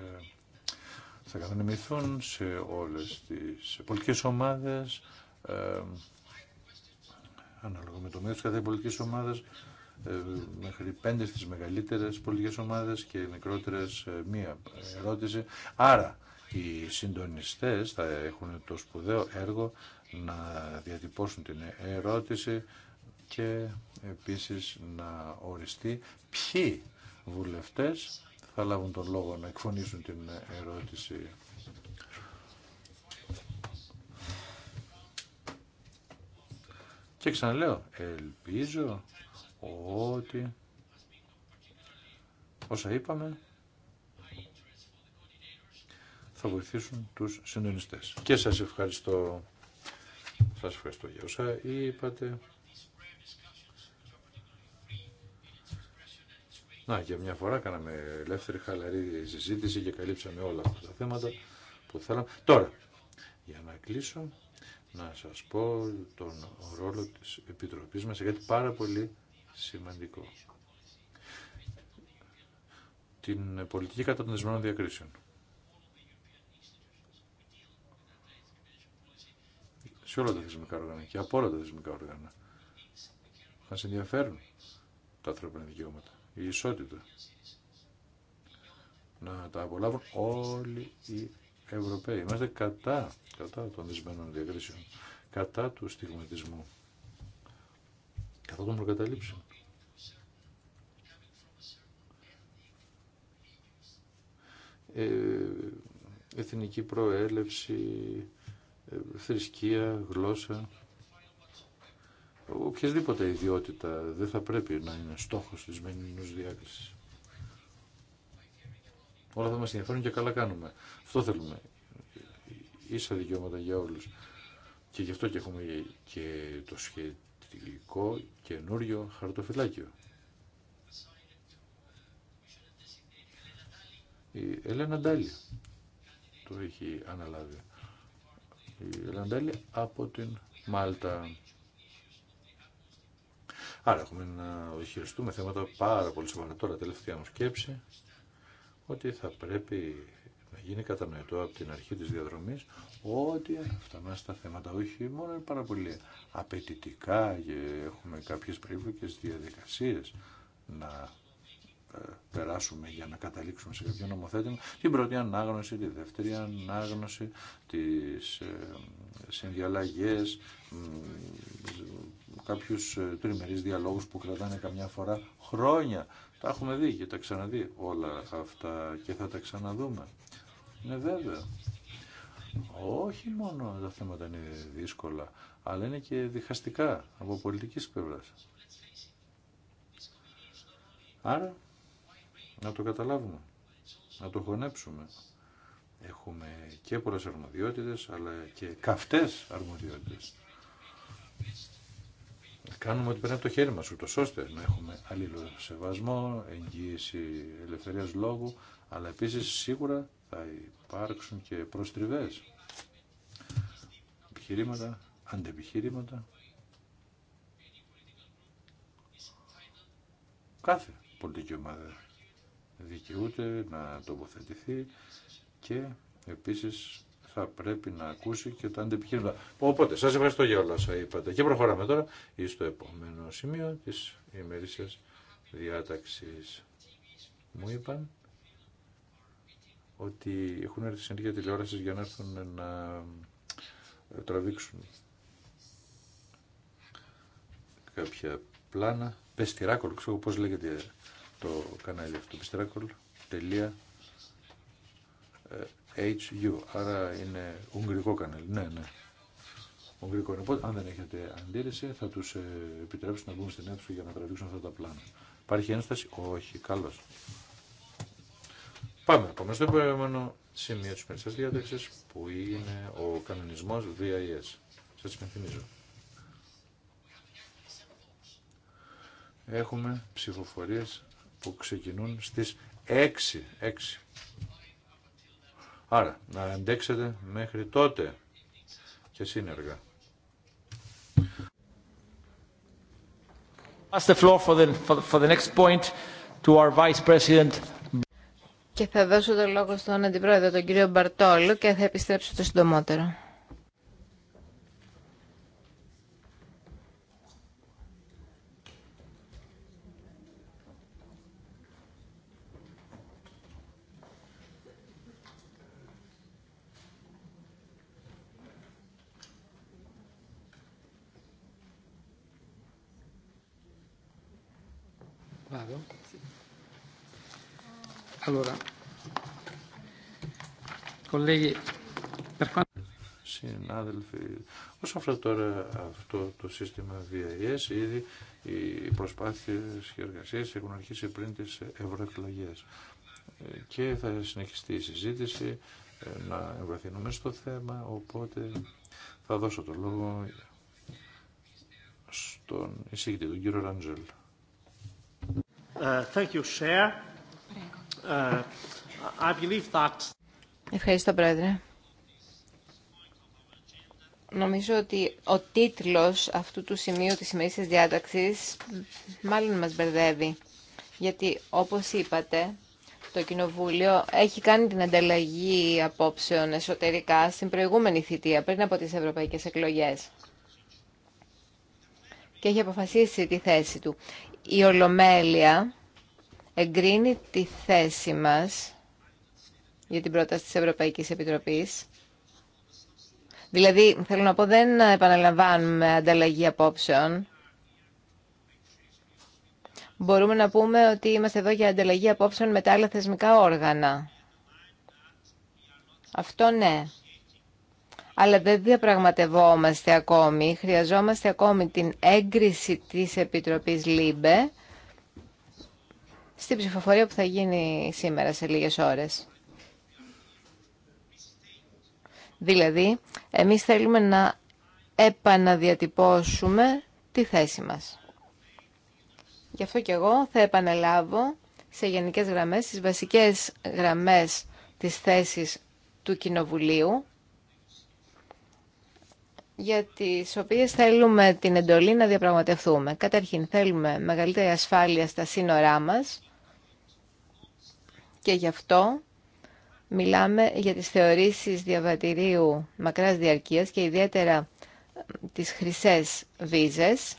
θα κατανεμηθούν σε όλες τις πολιτικές ομάδες ε, ανάλογα με το μέγεθος κάθε πολιτικής ομάδας ε, μέχρι πέντε στις μεγαλύτερες πολιτικές ομάδες και μικρότερες ε, μία ερώτηση. Άρα οι συντονιστές θα έχουν το σπουδαίο έργο να διατυπώσουν την ερώτηση και επίσης να οριστεί ποιοι βουλευτές θα λάβουν τον λόγο να εκφωνήσουν την ερώτηση. Και ξαναλέω, ελπίζω ότι όσα είπαμε θα βοηθήσουν τους συντονιστές. Και σας ευχαριστώ. Σας ευχαριστώ για όσα είπατε. Να, για μια φορά κάναμε ελεύθερη, χαλαρή συζήτηση και καλύψαμε όλα αυτά τα θέματα που θέλαμε. Τώρα, για να κλείσω, να σας πω τον ρόλο της Επιτροπής μας, γιατί πάρα πολύ σημαντικό. Την πολιτική κατά των δεσμενών διακρίσεων. Σε όλα τα θεσμικά όργανα και από όλα τα θεσμικά όργανα. Μας ενδιαφέρουν τα ανθρώπινα δικαιώματα η ισότητα. Να τα απολαύουν όλοι οι Ευρωπαίοι. Είμαστε κατά, κατά των δυσμένων διακρίσεων, κατά του στιγματισμού, κατά των προκαταλήψεων. Ε, εθνική προέλευση, ε, θρησκεία, γλώσσα οποιασδήποτε ιδιότητα δεν θα πρέπει να είναι στόχος της μενινούς διάκρισης. Όλα θα μας ενδιαφέρουν και καλά κάνουμε. Αυτό θέλουμε. Ίσα δικαιώματα για όλους. Και γι' αυτό και έχουμε και το σχετικό καινούριο χαρτοφυλάκιο. Η Ελένα Ντάλι το έχει αναλάβει. Η Ελένα Ντάλι από την Μάλτα. Άρα έχουμε να χειριστούμε θέματα πάρα πολύ σοβαρά. Τώρα τελευταία μου σκέψη ότι θα πρέπει να γίνει κατανοητό από την αρχή της διαδρομής ότι αυτά μέσα στα θέματα όχι μόνο είναι πάρα πολύ απαιτητικά και έχουμε κάποιες περίπλοκες διαδικασίες να ε, περάσουμε για να καταλήξουμε σε κάποιο νομοθέτημα, την πρώτη ανάγνωση, τη δεύτερη ανάγνωση, τις ε, συνδιαλλαγές, κάποιους ε, τριμερείς διαλόγους που κρατάνε καμιά φορά χρόνια. Τα έχουμε δει και τα ξαναδεί όλα αυτά και θα τα ξαναδούμε. Είναι βέβαια. Όχι μόνο τα θέματα είναι δύσκολα, αλλά είναι και διχαστικά από πολιτικής πλευράς. Άρα να το καταλάβουμε, να το χωνέψουμε. Έχουμε και πολλές αρμοδιότητες, αλλά και καυτές αρμοδιότητες. Κάνουμε ό,τι περνάει το χέρι μας, ούτω ώστε να έχουμε αλληλοσεβασμό, εγγύηση ελευθερίας λόγου, αλλά επίσης σίγουρα θα υπάρξουν και προστριβές. Επιχειρήματα, αντεπιχειρήματα. Κάθε πολιτική ομάδα δικαιούται να τοποθετηθεί και επίσης θα πρέπει να ακούσει και τα αντεπιχείρηματα. Οπότε, σας ευχαριστώ για όλα όσα είπατε. Και προχωράμε τώρα στο επόμενο σημείο της ημερήσιας διάταξης. Μου είπαν ότι έχουν έρθει συνέχεια τηλεόραση για να έρθουν να τραβήξουν κάποια πλάνα. Πες τη ξέρω πώς λέγεται το κανάλι αυτό, pisterakol.hu. Άρα είναι ουγγρικό κανάλι. Ναι, ναι. Ουγγρικό. Οπότε, αν δεν έχετε αντίρρηση, θα του ε, επιτρέψουν να μπουν στην αίθουσα για να τραβήξουν αυτά τα πλάνα. Υπάρχει ένσταση. Όχι, καλώ. Πάμε ακόμα στο επόμενο σημείο τη μερική διάταξη που είναι ο κανονισμό VIS. Σα υπενθυμίζω. Έχουμε ψηφοφορίες που ξεκινούν στις 6. 6. Άρα, να αντέξετε μέχρι τότε και σύνεργα. Και θα δώσω το λόγο στον Αντιπρόεδρο, τον κύριο Μπαρτόλου, και θα επιστρέψω το συντομότερο. Allora, Συνάδελφοι, όσο αφορά τώρα αυτό το σύστημα VIS, ήδη οι προσπάθειε και εργασίε έχουν αρχίσει πριν τι ευρωεκλογέ και θα συνεχιστεί η συζήτηση ε, να εμβαθύνουμε στο θέμα, οπότε θα δώσω το λόγο στον εισηγητή, τον κύριο Ραντζέλ. Uh, Uh, Ευχαριστώ, Πρόεδρε. Νομίζω ότι ο τίτλος αυτού του σημείου της σημερινής διάταξης μάλλον μας μπερδεύει. Γιατί, όπως είπατε, το Κοινοβούλιο έχει κάνει την ανταλλαγή απόψεων εσωτερικά στην προηγούμενη θητεία, πριν από τις ευρωπαϊκές εκλογές. Και έχει αποφασίσει τη θέση του. Η Ολομέλεια εγκρίνει τη θέση μας για την πρόταση της Ευρωπαϊκής Επιτροπής. Δηλαδή, θέλω να πω, δεν επαναλαμβάνουμε ανταλλαγή απόψεων. Μπορούμε να πούμε ότι είμαστε εδώ για ανταλλαγή απόψεων με τα άλλα θεσμικά όργανα. Αυτό ναι. Αλλά δεν διαπραγματευόμαστε ακόμη. Χρειαζόμαστε ακόμη την έγκριση της Επιτροπής ΛΥΜΠΕ Στη ψηφοφορία που θα γίνει σήμερα σε λίγες ώρες. Δηλαδή, εμείς θέλουμε να επαναδιατυπώσουμε τη θέση μας. Γι' αυτό και εγώ θα επαναλάβω σε γενικές γραμμές, τις βασικές γραμμές της θέσης του Κοινοβουλίου, για τις οποίες θέλουμε την εντολή να διαπραγματευτούμε. Καταρχήν θέλουμε μεγαλύτερη ασφάλεια στα σύνορά μας και γι' αυτό μιλάμε για τις θεωρήσεις διαβατηρίου μακράς διαρκείας και ιδιαίτερα τις χρυσές βίζες,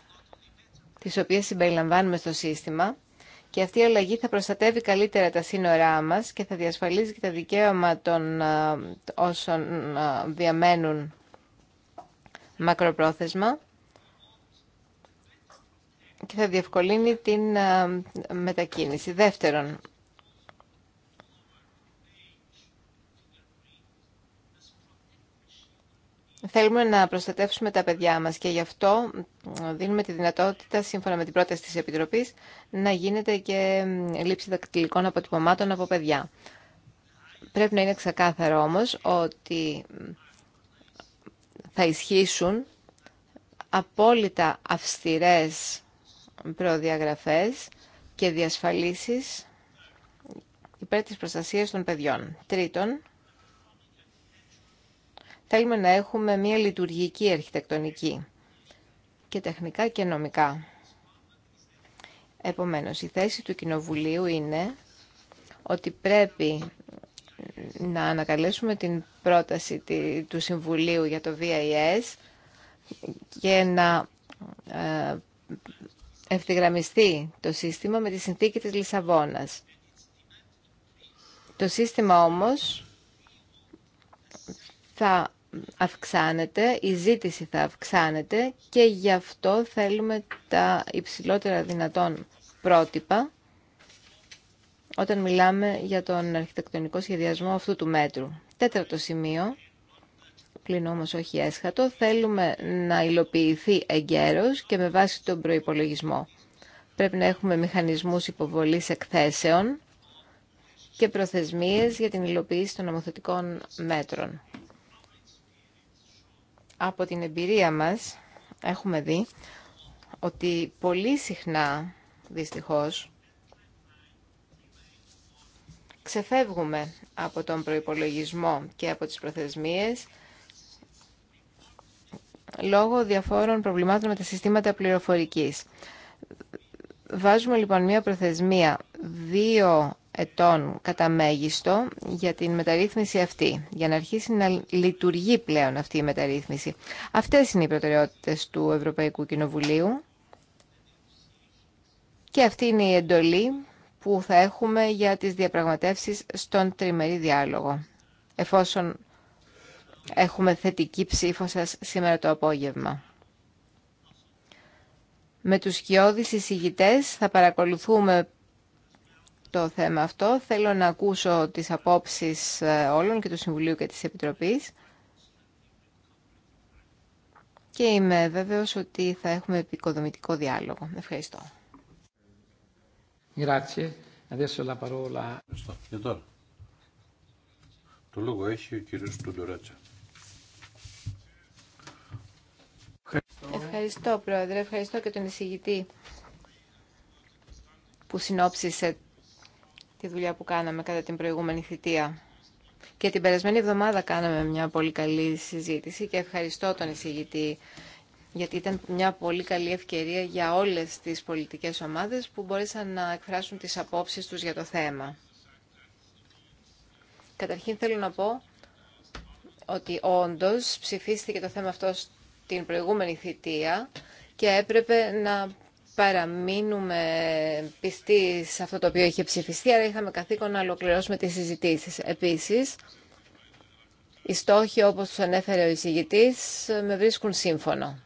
τις οποίες συμπεριλαμβάνουμε στο σύστημα και αυτή η αλλαγή θα προστατεύει καλύτερα τα σύνορά μας και θα διασφαλίζει και τα δικαίωμα των ε, όσων ε, διαμένουν μακροπρόθεσμα και θα διευκολύνει την ε, μετακίνηση. Δεύτερον, Θέλουμε να προστατεύσουμε τα παιδιά μας και γι' αυτό ε, δίνουμε τη δυνατότητα, σύμφωνα με την πρόταση της Επιτροπής, να γίνεται και ε, λήψη δακτυλικών αποτυπωμάτων από παιδιά. Πρέπει να είναι ξεκάθαρο όμως ότι θα ισχύσουν απόλυτα αυστηρές προδιαγραφές και διασφαλίσεις υπέρ της προστασίας των παιδιών. Τρίτον, θέλουμε να έχουμε μια λειτουργική αρχιτεκτονική και τεχνικά και νομικά. Επομένως, η θέση του Κοινοβουλίου είναι ότι πρέπει να ανακαλέσουμε την πρόταση του Συμβουλίου για το VIS και να ε, ευθυγραμμιστεί το σύστημα με τη συνθήκη της Λισαβόνας. Το σύστημα όμως θα αυξάνεται, η ζήτηση θα αυξάνεται και γι' αυτό θέλουμε τα υψηλότερα δυνατόν πρότυπα όταν μιλάμε για τον αρχιτεκτονικό σχεδιασμό αυτού του μέτρου. Τέταρτο σημείο, πλην όμως όχι έσχατο, θέλουμε να υλοποιηθεί εγκαίρως και με βάση τον προϋπολογισμό. Πρέπει να έχουμε μηχανισμούς υποβολής εκθέσεων και προθεσμίες για την υλοποίηση των νομοθετικών μέτρων. Από την εμπειρία μας έχουμε δει ότι πολύ συχνά, δυστυχώς, ξεφεύγουμε από τον προϋπολογισμό και από τις προθεσμίες λόγω διαφόρων προβλημάτων με τα συστήματα πληροφορικής. Βάζουμε λοιπόν μια προθεσμία δύο ετών κατά μέγιστο για την μεταρρύθμιση αυτή, για να αρχίσει να λειτουργεί πλέον αυτή η μεταρρύθμιση. Αυτές είναι οι προτεραιότητες του Ευρωπαϊκού Κοινοβουλίου και αυτή είναι η εντολή που θα έχουμε για τις διαπραγματεύσεις στον τριμερή διάλογο, εφόσον έχουμε θετική ψήφο σας σήμερα το απόγευμα. Με τους σκιώδεις εισηγητές θα παρακολουθούμε το θέμα αυτό. Θέλω να ακούσω τις απόψεις ε, όλων και του Συμβουλίου και της Επιτροπής. Και είμαι βέβαιος ότι θα έχουμε επικοδομητικό διάλογο. Ευχαριστώ. Ευχαριστώ, Πρόεδρε. Ευχαριστώ και τον εισηγητή που συνόψισε τη δουλειά που κάναμε κατά την προηγούμενη θητεία. Και την περασμένη εβδομάδα κάναμε μια πολύ καλή συζήτηση και ευχαριστώ τον εισηγητή γιατί ήταν μια πολύ καλή ευκαιρία για όλες τις πολιτικές ομάδες που μπόρεσαν να εκφράσουν τις απόψεις τους για το θέμα. Καταρχήν θέλω να πω ότι όντως ψηφίστηκε το θέμα αυτό στην προηγούμενη θητεία και έπρεπε να παραμείνουμε πιστοί σε αυτό το οποίο είχε ψηφιστεί, αλλά είχαμε καθήκον να ολοκληρώσουμε τις συζητήσεις. Επίσης, οι στόχοι όπως τους ανέφερε ο εισηγητής με βρίσκουν σύμφωνο.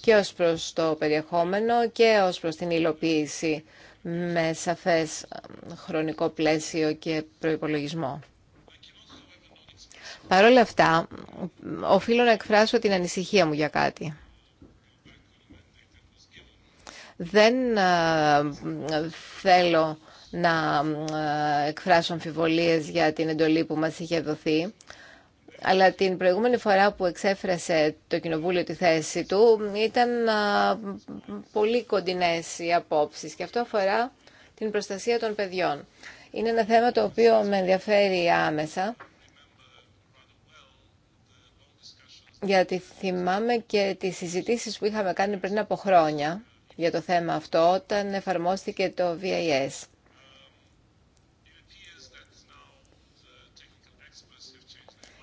και ως προς το περιεχόμενο και ως προς την υλοποίηση με σαφές χρονικό πλαίσιο και προϋπολογισμό. Παρ' όλα αυτά, οφείλω να εκφράσω την ανησυχία μου για κάτι. Δεν ε, θέλω να ε, εκφράσω αμφιβολίες για την εντολή που μας είχε δοθεί, αλλά την προηγούμενη φορά που εξέφρασε το Κοινοβούλιο τη θέση του ήταν πολύ κοντινές οι απόψεις και αυτό αφορά την προστασία των παιδιών. Είναι ένα θέμα το οποίο με ενδιαφέρει άμεσα γιατί θυμάμαι και τις συζητήσεις που είχαμε κάνει πριν από χρόνια για το θέμα αυτό όταν εφαρμόστηκε το VIS.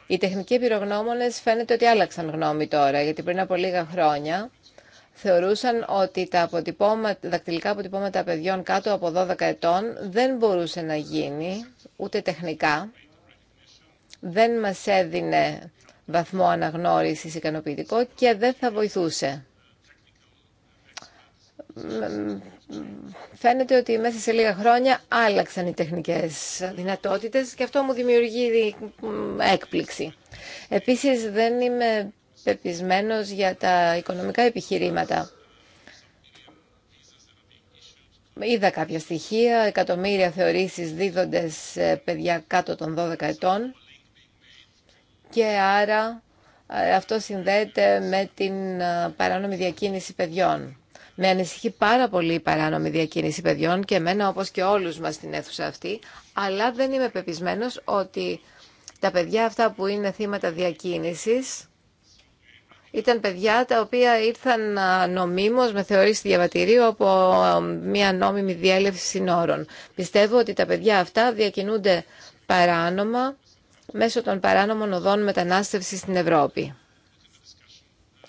Οι τεχνικοί πυρογνώμονες φαίνεται ότι άλλαξαν γνώμη τώρα, γιατί πριν από λίγα χρόνια θεωρούσαν ότι τα αποτυπώματα, δακτυλικά αποτυπώματα παιδιών κάτω από 12 ετών δεν μπορούσε να γίνει, ούτε τεχνικά. Δεν μας έδινε βαθμό αναγνώρισης ικανοποιητικό και δεν θα βοηθούσε φαίνεται ότι μέσα σε λίγα χρόνια άλλαξαν οι τεχνικές δυνατότητες και αυτό μου δημιουργεί έκπληξη. Επίσης δεν είμαι πεπισμένος για τα οικονομικά επιχειρήματα. Είδα κάποια στοιχεία, εκατομμύρια θεωρήσεις δίδονται σε παιδιά κάτω των 12 ετών και άρα ε, αυτό συνδέεται με την ε, παράνομη διακίνηση παιδιών. Με ανησυχεί πάρα πολύ η παράνομη διακίνηση παιδιών και εμένα όπως και όλους μας στην αίθουσα αυτή, αλλά δεν είμαι πεπισμένος ότι τα παιδιά αυτά που είναι θύματα διακίνησης ήταν παιδιά τα οποία ήρθαν νομίμως με θεωρήση διαβατηρίου από μια νόμιμη διέλευση συνόρων. Πιστεύω ότι τα παιδιά αυτά διακινούνται παράνομα μέσω των παράνομων οδών μετανάστευσης στην Ευρώπη.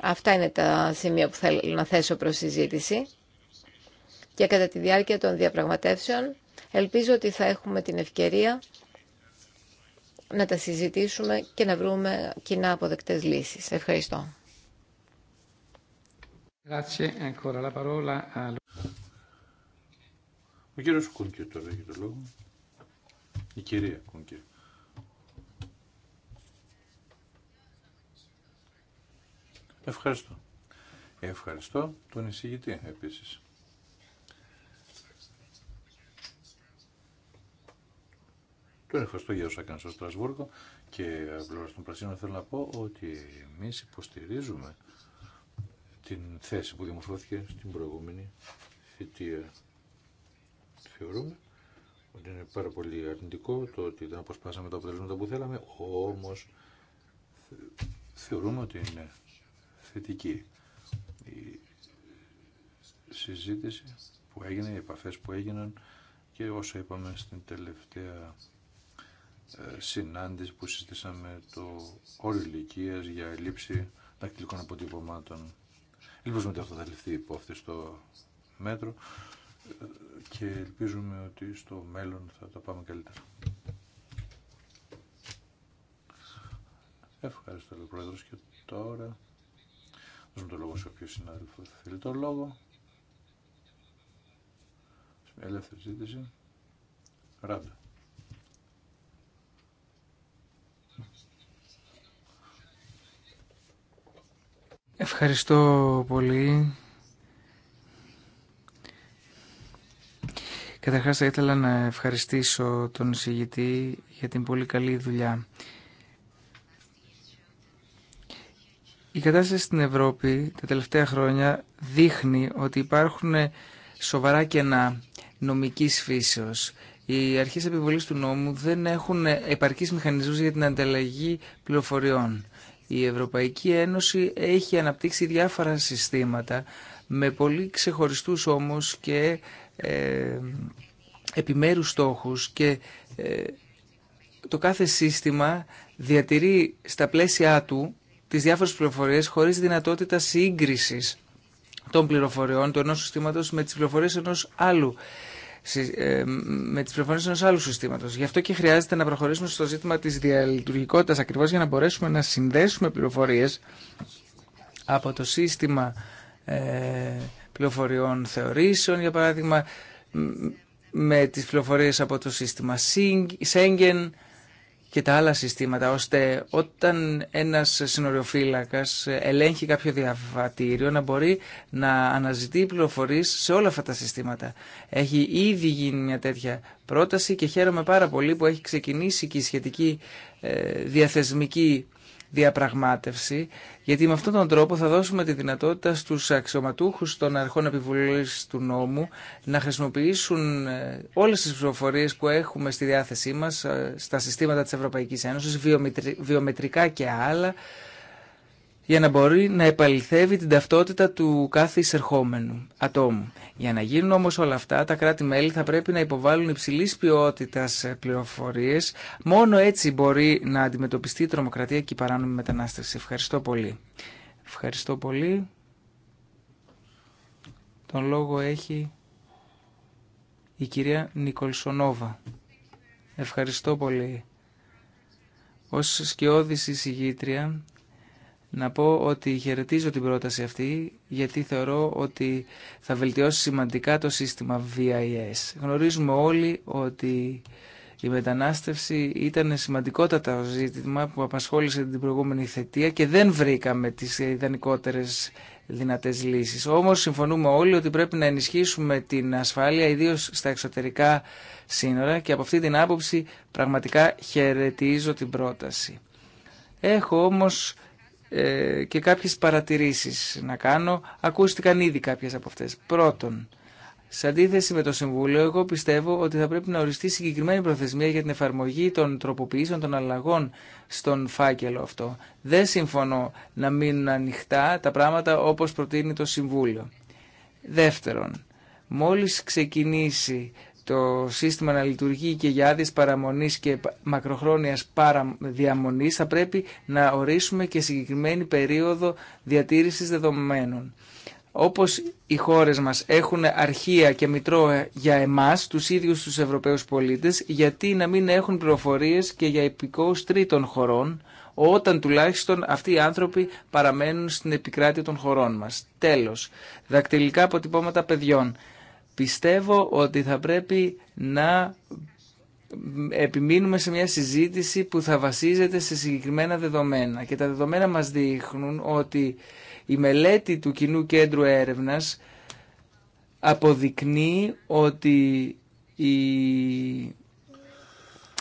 Αυτά είναι τα σημεία που θέλω να θέσω προς συζήτηση. Και κατά τη διάρκεια των διαπραγματεύσεων ελπίζω ότι θα έχουμε την ευκαιρία να τα συζητήσουμε και να βρούμε κοινά αποδεκτές λύσεις. Ευχαριστώ. Ο κύριος τώρα έχει το λόγο. Η κυρία Ευχαριστώ. Ευχαριστώ τον εισηγητή επίσης. Τον ευχαριστώ για όσα έκανε στο Στρασβούργο και απλώ τον Πρασίνων θέλω να πω ότι εμεί υποστηρίζουμε την θέση που δημοσιεύθηκε στην προηγούμενη θητεία. Θεωρούμε ότι είναι πάρα πολύ αρνητικό το ότι δεν αποσπάσαμε τα αποτελέσματα που θέλαμε, όμως θεωρούμε ότι είναι θετική η συζήτηση που έγινε, οι επαφές που έγιναν και όσα είπαμε στην τελευταία ε, συνάντηση που συζητήσαμε το όριο ηλικία για λήψη δακτυλικών αποτυπωμάτων. Ελπίζουμε ότι αυτό θα ληφθεί αυτή στο μέτρο ε, και ελπίζουμε ότι στο μέλλον θα τα πάμε καλύτερα. Ευχαριστώ, Πρόεδρος, και τώρα Δώσουμε το λόγο σε όποιο συνάδελφο θέλει το λόγο. Σε μια ελεύθερη ζήτηση. Ράντα. Ευχαριστώ πολύ. Καταρχάς θα ήθελα να ευχαριστήσω τον εισηγητή για την πολύ καλή δουλειά Η κατάσταση στην Ευρώπη τα τελευταία χρόνια δείχνει ότι υπάρχουν σοβαρά κενά νομικής φύσεως. Οι αρχές επιβολής του νόμου δεν έχουν επαρκείς μηχανισμούς για την ανταλλαγή πληροφοριών. Η Ευρωπαϊκή Ένωση έχει αναπτύξει διάφορα συστήματα με πολύ ξεχωριστούς όμως και ε, επιμέρους στόχους και ε, το κάθε σύστημα διατηρεί στα πλαίσια του τις διάφορες πληροφορίες χωρίς δυνατότητα σύγκρισης των πληροφοριών του ενός συστήματος με τις πληροφορίες ενός άλλου ε, με τις πληροφορίες ενός άλλου συστήματος. Γι' αυτό και χρειάζεται να προχωρήσουμε στο ζήτημα της διαλειτουργικότητας ακριβώς για να μπορέσουμε να συνδέσουμε πληροφορίες από το σύστημα ε, πληροφοριών θεωρήσεων, για παράδειγμα, με τις πληροφορίες από το σύστημα Schengen, και τα άλλα συστήματα, ώστε όταν ένας συνοριοφύλακας ελέγχει κάποιο διαβατήριο να μπορεί να αναζητεί πληροφορίες σε όλα αυτά τα συστήματα. Έχει ήδη γίνει μια τέτοια πρόταση και χαίρομαι πάρα πολύ που έχει ξεκινήσει και η σχετική ε, διαθεσμική διαπραγμάτευση, γιατί με αυτόν τον τρόπο θα δώσουμε τη δυνατότητα στους αξιωματούχους των αρχών επιβουλής του νόμου να χρησιμοποιήσουν ε, όλες τις πληροφορίε που έχουμε στη διάθεσή μας ε, στα συστήματα της Ευρωπαϊκής Ένωσης, βιομετρικά και άλλα, για να μπορεί να επαληθεύει την ταυτότητα του κάθε εισερχόμενου ατόμου. Για να γίνουν όμω όλα αυτά, τα κράτη-μέλη θα πρέπει να υποβάλουν υψηλή ποιότητας πληροφορίε. Μόνο έτσι μπορεί να αντιμετωπιστεί η τρομοκρατία και η παράνομη μετανάστευση. Ευχαριστώ πολύ. Ευχαριστώ πολύ. Τον λόγο έχει η κυρία Νικολσονόβα. Ευχαριστώ πολύ. Ως σκιώδης εισηγήτρια να πω ότι χαιρετίζω την πρόταση αυτή γιατί θεωρώ ότι θα βελτιώσει σημαντικά το σύστημα VIS. Γνωρίζουμε όλοι ότι η μετανάστευση ήταν σημαντικότατα ζήτημα που απασχόλησε την προηγούμενη θετία και δεν βρήκαμε τις ιδανικότερες δυνατές λύσεις. Όμως συμφωνούμε όλοι ότι πρέπει να ενισχύσουμε την ασφάλεια ιδίως στα εξωτερικά σύνορα και από αυτή την άποψη πραγματικά χαιρετίζω την πρόταση. Έχω όμως ε, και κάποιες παρατηρήσεις να κάνω. Ακούστηκαν ήδη κάποιες από αυτές. Πρώτον, σε αντίθεση με το Συμβούλιο, εγώ πιστεύω ότι θα πρέπει να οριστεί συγκεκριμένη προθεσμία για την εφαρμογή των τροποποιήσεων των αλλαγών στον φάκελο αυτό. Δεν συμφωνώ να μείνουν ανοιχτά τα πράγματα όπως προτείνει το Συμβούλιο. Δεύτερον, μόλις ξεκινήσει το σύστημα να λειτουργεί και για άδειε παραμονής και μακροχρόνιας διαμονή θα πρέπει να ορίσουμε και συγκεκριμένη περίοδο διατήρησης δεδομένων. Όπως οι χώρες μας έχουν αρχεία και μητρό για εμάς, τους ίδιους τους Ευρωπαίους πολίτες, γιατί να μην έχουν πληροφορίε και για υπηκόου τρίτων χωρών, όταν τουλάχιστον αυτοί οι άνθρωποι παραμένουν στην επικράτεια των χωρών μας. Τέλος, δακτυλικά αποτυπώματα παιδιών. Πιστεύω ότι θα πρέπει να επιμείνουμε σε μια συζήτηση που θα βασίζεται σε συγκεκριμένα δεδομένα και τα δεδομένα μας δείχνουν ότι η μελέτη του Κοινού Κέντρου Έρευνας αποδεικνύει ότι η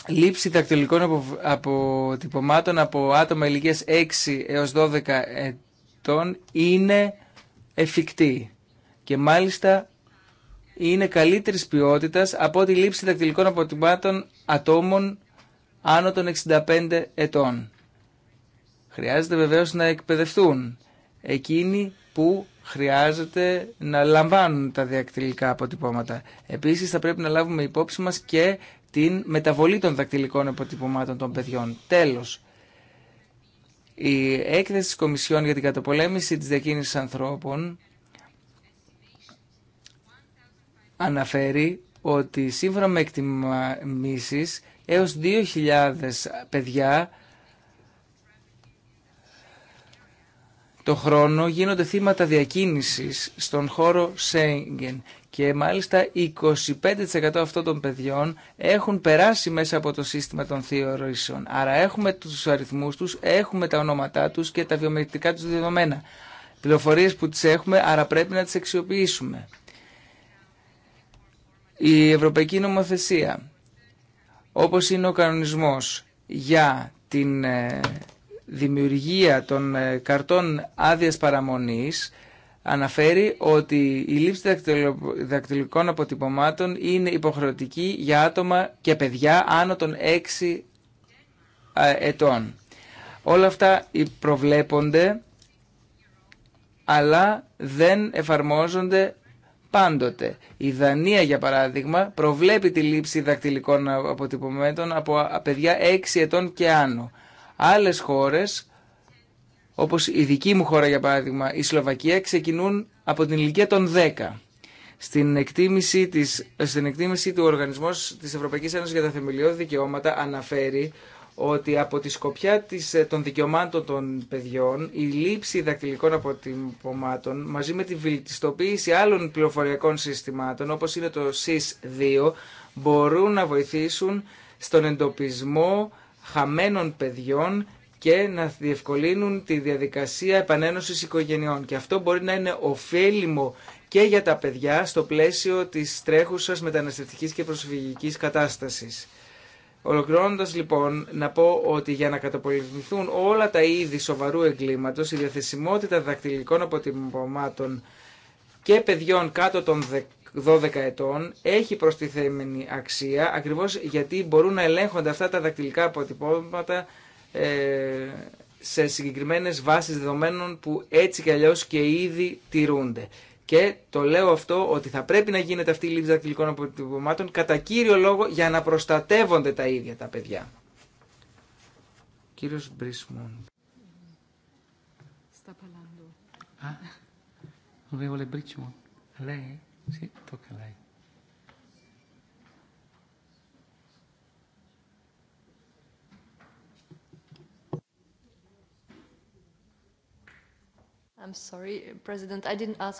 λήψη δακτυλικών αποτυπωμάτων από άτομα ηλικίας 6 έως 12 ετών είναι εφικτή και μάλιστα είναι καλύτερης ποιότητας από τη λήψη δακτυλικών αποτυπωμάτων ατόμων άνω των 65 ετών. Χρειάζεται βεβαίως να εκπαιδευτούν εκείνοι που χρειάζεται να λαμβάνουν τα δακτυλικά αποτυπώματα. Επίσης θα πρέπει να λάβουμε υπόψη μας και την μεταβολή των δακτυλικών αποτυπωμάτων των παιδιών. Τέλος, η έκθεση της Κομισιόν για την καταπολέμηση της διακίνησης ανθρώπων αναφέρει ότι σύμφωνα με εκτιμήσεις έως 2.000 παιδιά το χρόνο γίνονται θύματα διακίνησης στον χώρο Σέγγεν και μάλιστα 25% αυτών των παιδιών έχουν περάσει μέσα από το σύστημα των θεωρήσεων. Άρα έχουμε τους αριθμούς τους, έχουμε τα ονόματά τους και τα βιομετρικά τους δεδομένα. Πληροφορίες που τις έχουμε, άρα πρέπει να τις αξιοποιήσουμε. Η Ευρωπαϊκή Νομοθεσία, όπως είναι ο κανονισμός για την ε, δημιουργία των ε, καρτών άδειας παραμονής, αναφέρει ότι η λήψη δακτυλικών αποτυπωμάτων είναι υποχρεωτική για άτομα και παιδιά άνω των 6 ε, ετών. Όλα αυτά προβλέπονται αλλά δεν εφαρμόζονται πάντοτε. Η Δανία, για παράδειγμα, προβλέπει τη λήψη δακτυλικών αποτυπωμένων από παιδιά 6 ετών και άνω. Άλλε χώρες, όπως η δική μου χώρα, για παράδειγμα, η Σλοβακία, ξεκινούν από την ηλικία των 10 στην εκτίμηση, της, στην εκτίμηση του Οργανισμού της Ευρωπαϊκής Ένωσης για τα Θεμελιώδη Δικαιώματα αναφέρει ότι από τη σκοπιά ε, των δικαιωμάτων των παιδιών η λήψη δακτυλικών αποτυπωμάτων μαζί με τη βελτιστοποίηση άλλων πληροφοριακών συστημάτων όπως είναι το SIS-2 μπορούν να βοηθήσουν στον εντοπισμό χαμένων παιδιών και να διευκολύνουν τη διαδικασία επανένωσης οικογενειών. Και αυτό μπορεί να είναι ωφέλιμο και για τα παιδιά στο πλαίσιο της τρέχουσας μεταναστευτικής και προσφυγικής κατάστασης. Ολοκληρώνοντα λοιπόν, να πω ότι για να καταπολεμηθούν όλα τα είδη σοβαρού εγκλήματο, η διαθεσιμότητα δακτυλικών αποτυπωμάτων και παιδιών κάτω των 12 ετών έχει προστιθέμενη αξία, ακριβώς γιατί μπορούν να ελέγχονται αυτά τα δακτυλικά αποτυπώματα ε, σε συγκεκριμένες βάσεις δεδομένων που έτσι κι αλλιώ και ήδη τηρούνται. Και το λέω αυτό ότι θα πρέπει να γίνεται αυτή η λήψη δακτυλικών αποτυπωμάτων κατά κύριο λόγο για να προστατεύονται τα ίδια τα παιδιά. Κύριος Μπρισμόν. Στα παλάντο. Α, ο Λέει; I'm uh,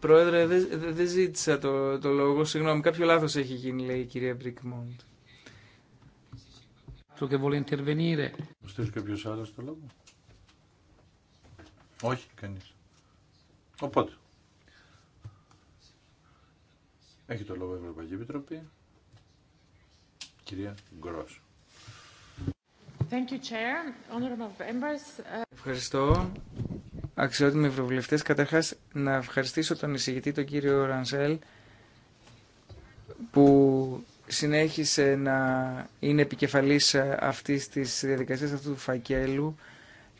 Πρόεδρε, δεν δε ζήτησα το, το λόγο. Συγγνώμη, κάποιο λάθος έχει γίνει, λέει η κυρία Μπρικμόντ. Το και vuole intervenire. Στέλνει κάποιο άλλο το λόγο. Όχι, κανείς. Οπότε. Έχει το λόγο η Ευρωπαϊκή Επιτροπή. Κυρία Γκρός. Uh, Ευχαριστώ αξιότιμοι ευρωβουλευτέ. Καταρχά, να ευχαριστήσω τον εισηγητή, τον κύριο Ρανσέλ, που συνέχισε να είναι επικεφαλής ε, αυτής της διαδικασίας, αυτού του φακέλου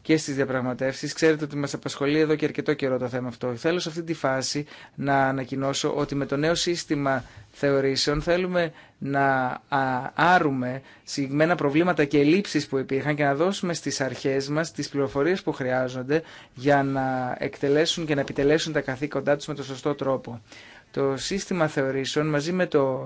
και στις διαπραγματεύσεις. Ξέρετε ότι μας απασχολεί εδώ και αρκετό καιρό το θέμα αυτό. Θέλω σε αυτή τη φάση να ανακοινώσω ότι με το νέο σύστημα θεωρήσεων θέλουμε να άρουμε συγκεκριμένα προβλήματα και ελλείψεις που υπήρχαν και να δώσουμε στις αρχές μας τις πληροφορίες που χρειάζονται για να εκτελέσουν και να επιτελέσουν τα καθήκοντά τους με το σωστό τρόπο. Το σύστημα θεωρήσεων μαζί με το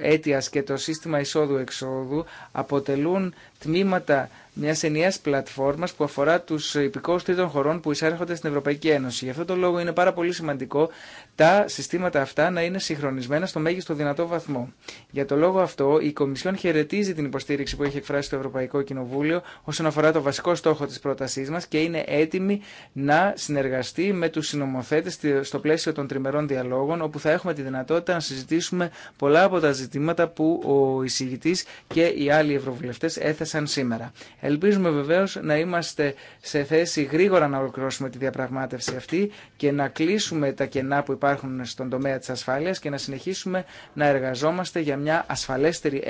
αίτιας και το σύστημα εισόδου-εξόδου αποτελούν τμήματα μια ενιαία πλατφόρμα που αφορά του υπηκόου τρίτων χωρών που εισέρχονται στην Ευρωπαϊκή Ένωση. Γι' αυτό το λόγο είναι πάρα πολύ σημαντικό τα συστήματα αυτά να είναι συγχρονισμένα στο μέγιστο δυνατό βαθμό. Για το λόγο αυτό, η Κομισιόν χαιρετίζει την υποστήριξη που έχει εκφράσει το Ευρωπαϊκό Κοινοβούλιο όσον αφορά το βασικό στόχο τη πρότασή μα και είναι έτοιμη να συνεργαστεί με του συνομοθέτε στο πλαίσιο των τριμερών διαλόγων, όπου θα έχουμε τη δυνατότητα να συζητήσουμε πολλά από τα ζητήματα που ο εισηγητή και οι άλλοι ευρωβουλευτέ έθεσαν σήμερα. Ελπίζουμε βεβαίως να είμαστε σε θέση γρήγορα να ολοκληρώσουμε τη διαπραγμάτευση αυτή και να κλείσουμε τα κενά που υπάρχουν στον τομέα της ασφάλεια και να συνεχίσουμε να εργαζόμαστε για μια ασφαλέστερη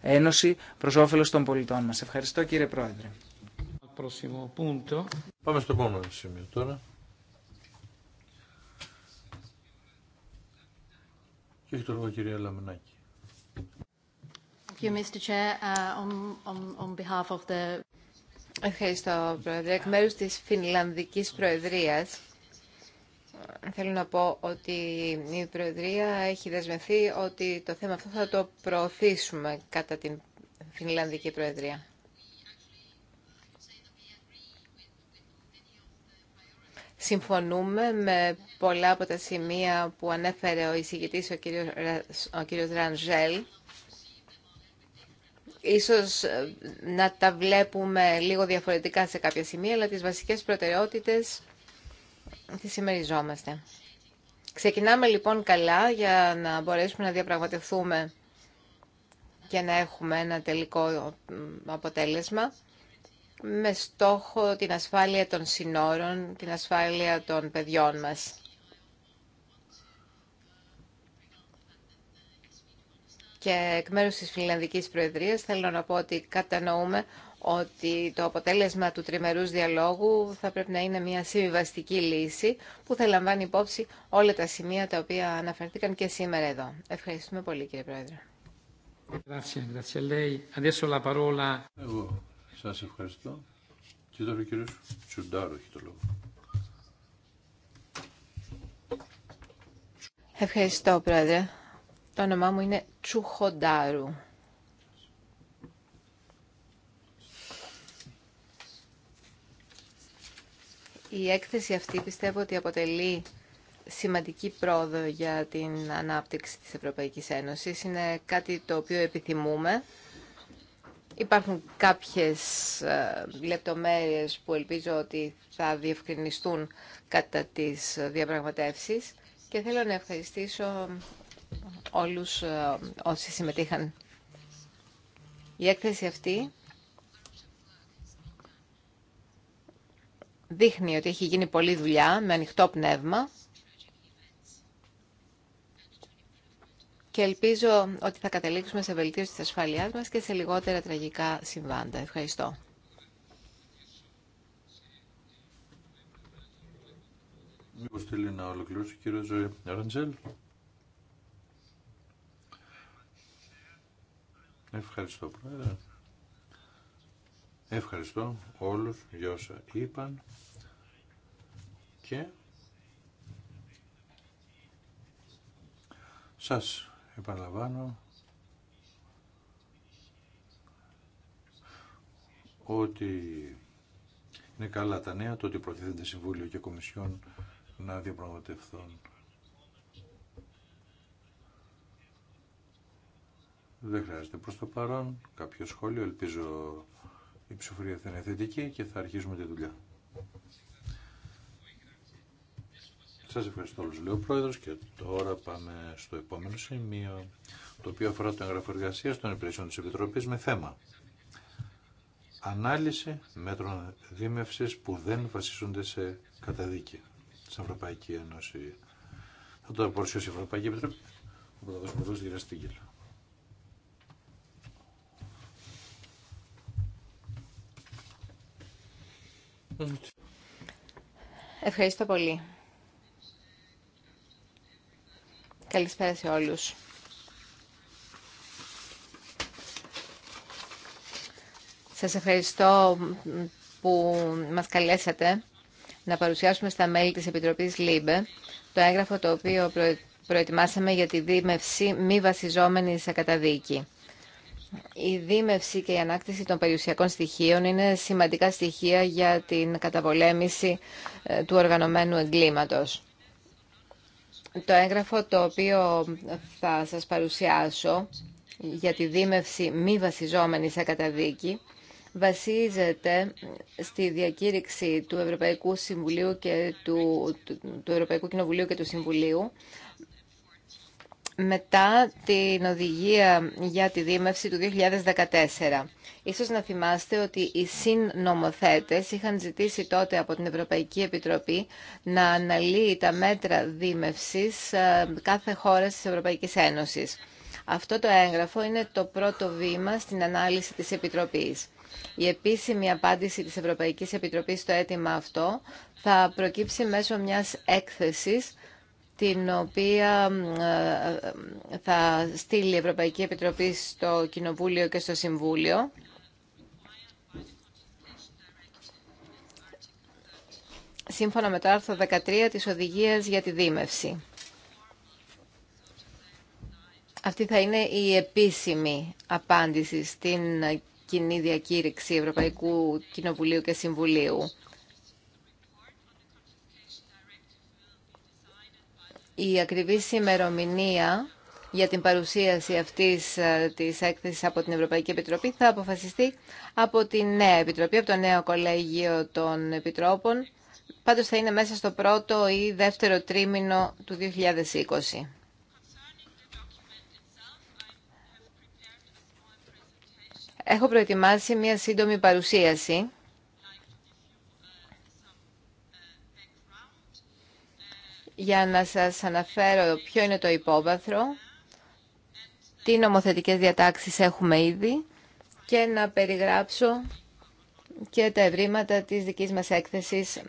ένωση προ όφελο των πολιτών μας. Ευχαριστώ κύριε Πρόεδρε. Πάμε στο επόμενο σημείο τώρα. Uh, Ευχαριστώ, Πρόεδρε. Εκ μέρους της Φινλανδικής Προεδρίας, θέλω να πω ότι η Προεδρία έχει δεσμευθεί ότι το θέμα αυτό θα το προωθήσουμε κατά την Φινλανδική Προεδρία. Συμφωνούμε με πολλά από τα σημεία που ανέφερε ο εισηγητής ο κύριος, ο κύριος ίσως ε, να τα βλέπουμε λίγο διαφορετικά σε κάποια σημεία, αλλά τις βασικές προτεραιότητες τις συμμεριζόμαστε. Ξεκινάμε λοιπόν καλά για να μπορέσουμε να διαπραγματευτούμε και να έχουμε ένα τελικό αποτέλεσμα με στόχο την ασφάλεια των συνόρων, την ασφάλεια των παιδιών μας. και εκ μέρους της Φιλανδικής Προεδρίας θέλω να πω ότι κατανοούμε ότι το αποτέλεσμα του τριμερούς διαλόγου θα πρέπει να είναι μια συμβιβαστική λύση που θα λαμβάνει υπόψη όλα τα σημεία τα οποία αναφερθήκαν και σήμερα εδώ. Ευχαριστούμε πολύ κύριε Πρόεδρε. ευχαριστώ. Και Ευχαριστώ, Πρόεδρε. Το όνομά μου είναι Τσουχοντάρου. Η έκθεση αυτή πιστεύω ότι αποτελεί σημαντική πρόοδο για την ανάπτυξη της Ευρωπαϊκής Ένωσης. Είναι κάτι το οποίο επιθυμούμε. Υπάρχουν κάποιες ε, λεπτομέρειες που ελπίζω ότι θα διευκρινιστούν κατά τις διαπραγματεύσεις και θέλω να ευχαριστήσω όλους ε, όσοι συμμετείχαν. Η έκθεση αυτή δείχνει ότι έχει γίνει πολλή δουλειά με ανοιχτό πνεύμα και ελπίζω ότι θα καταλήξουμε σε βελτίωση της ασφαλείας μας και σε λιγότερα τραγικά συμβάντα. Ευχαριστώ. Μήπως θέλει να ολοκληρώσει κύριος Ευχαριστώ Πρόεδρε. Ευχαριστώ όλους για όσα είπαν και σας επαναλαμβάνω ότι είναι καλά τα νέα το ότι προτίθεται Συμβούλιο και Κομισιόν να διαπραγματευθούν Δεν χρειάζεται προς το παρόν κάποιο σχόλιο. Ελπίζω η ψηφορία θα είναι θετική και θα αρχίσουμε τη δουλειά. Σας ευχαριστώ όλους, λέει ο Πρόεδρος, και τώρα πάμε στο επόμενο σημείο, το οποίο αφορά το έγγραφο εργασία των υπηρεσιών της Επιτροπής με θέμα. Ανάλυση μέτρων δίμευσης που δεν βασίζονται σε καταδίκη στην Ευρωπαϊκή Ένωση. Θα το παρουσιάσει η Ευρωπαϊκή Επιτροπή. Ο Πρόεδρος Ευχαριστώ πολύ. Καλησπέρα σε όλους. Σας ευχαριστώ που μας καλέσατε να παρουσιάσουμε στα μέλη της Επιτροπής ΛΥΜΠΕ το έγγραφο το οποίο προετοιμάσαμε για τη δίμευση μη βασιζόμενη σε καταδίκη. Η δίμευση και η ανάκτηση των περιουσιακών στοιχείων είναι σημαντικά στοιχεία για την καταβολέμηση ε, του οργανωμένου εγκλήματος. Το έγγραφο το οποίο θα σας παρουσιάσω για τη δίμευση μη βασιζόμενη σε καταδίκη βασίζεται στη διακήρυξη του Ευρωπαϊκού Συμβουλίου και του, του, του Ευρωπαϊκού Κοινοβουλίου και του Συμβουλίου μετά την οδηγία για τη δίμευση του 2014. Ίσως να θυμάστε ότι οι συνομοθέτες είχαν ζητήσει τότε από την Ευρωπαϊκή Επιτροπή να αναλύει τα μέτρα δίμευσης ε, κάθε χώρας της Ευρωπαϊκής Ένωσης. Αυτό το έγγραφο είναι το πρώτο βήμα στην ανάλυση της Επιτροπής. Η επίσημη απάντηση της Ευρωπαϊκής Επιτροπής στο αίτημα αυτό θα προκύψει μέσω μιας έκθεσης την οποία ε, ε, θα στείλει η Ευρωπαϊκή Επιτροπή στο Κοινοβούλιο και στο Συμβούλιο. σύμφωνα με το άρθρο 13 της Οδηγίας για τη Δήμευση. Αυτή θα είναι η επίσημη απάντηση στην κοινή διακήρυξη Ευρωπαϊκού Κοινοβουλίου και Συμβουλίου. Η ακριβή ημερομηνία για την παρουσίαση αυτής ε, της έκθεσης από την Ευρωπαϊκή Επιτροπή θα αποφασιστεί από τη νέα Επιτροπή, από το νέο Κολέγιο των Επιτρόπων. Πάντως θα είναι μέσα στο πρώτο ή δεύτερο τρίμηνο του 2020. Έχω προετοιμάσει μία σύντομη παρουσίαση για να σας αναφέρω ποιο είναι το υπόβαθρο, τι νομοθετικές διατάξεις έχουμε ήδη και να περιγράψω και τα ευρήματα της δικής μας έκθεσης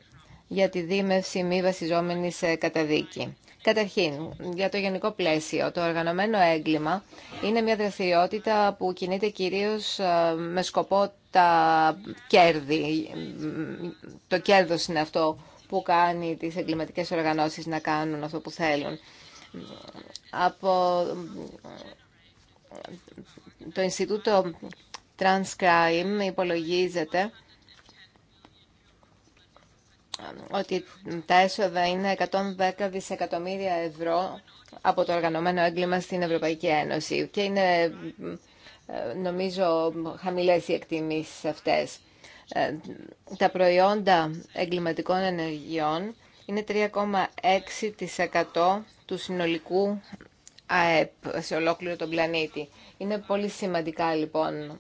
για τη δίμευση μη βασιζόμενη σε καταδίκη. Καταρχήν, για το γενικό πλαίσιο, το οργανωμένο έγκλημα είναι μια δραστηριότητα που κινείται κυρίως ε, με σκοπό τα κέρδη. Το κέρδος είναι αυτό που κάνει τις εγκληματικές οργανώσεις να κάνουν αυτό που θέλουν. Από το Ινστιτούτο Transcrime υπολογίζεται ότι τα έσοδα είναι 110 δισεκατομμύρια ευρώ από το οργανωμένο έγκλημα στην Ευρωπαϊκή Ένωση και είναι ε, νομίζω χαμηλές οι εκτιμήσεις αυτές. Ε, τα προϊόντα εγκληματικών ενεργειών είναι 3,6% του συνολικού ΑΕΠ σε ολόκληρο τον πλανήτη. Είναι πολύ σημαντικά λοιπόν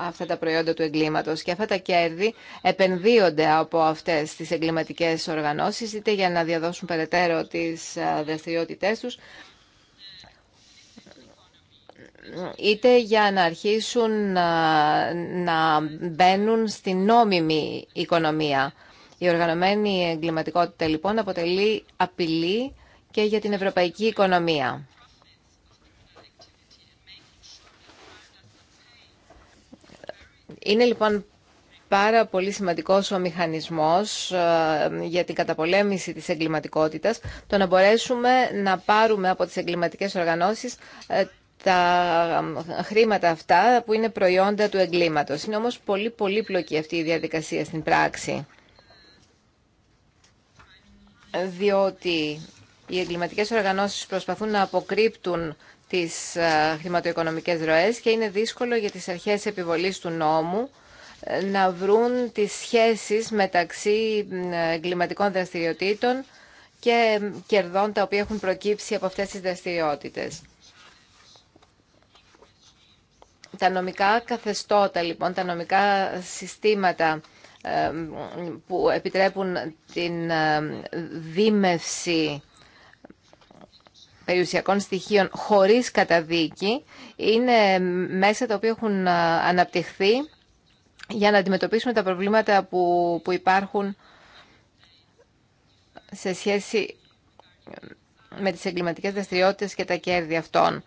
αυτά τα προϊόντα του εγκλήματος και αυτά τα κέρδη επενδύονται από αυτές τις εγκληματικές οργανώσεις είτε για να διαδώσουν περαιτέρω τις ε, δραστηριότητές τους είτε για να αρχίσουν να μπαίνουν στην νόμιμη οικονομία. Η οργανωμένη εγκληματικότητα λοιπόν αποτελεί απειλή και για την ευρωπαϊκή οικονομία. Είναι λοιπόν πάρα πολύ σημαντικός ο μηχανισμός ε, για την καταπολέμηση της εγκληματικότητας, το να μπορέσουμε να πάρουμε από τις εγκληματικές οργανώσεις ε, τα χρήματα αυτά που είναι προϊόντα του εγκλήματος. Είναι όμως πολύ πολύπλοκη αυτή η διαδικασία στην πράξη. Διότι οι εγκληματικές οργανώσεις προσπαθούν να αποκρύπτουν τις ε, χρηματοοικονομικές ροές και είναι δύσκολο για τις αρχές επιβολής του νόμου ε, να βρουν τις σχέσεις μεταξύ ε, εγκληματικών δραστηριοτήτων και κερδών τα οποία έχουν προκύψει από αυτές τις δραστηριότητες. Τα νομικά καθεστώτα, λοιπόν, τα νομικά συστήματα που επιτρέπουν την ε, δίμευση περιουσιακών στοιχείων χωρίς καταδίκη είναι μέσα τα οποία έχουν ε, αναπτυχθεί για να αντιμετωπίσουμε τα προβλήματα που, υπάρχουν σε σχέση με τις εγκληματικές δραστηριότητες και τα κέρδη αυτών.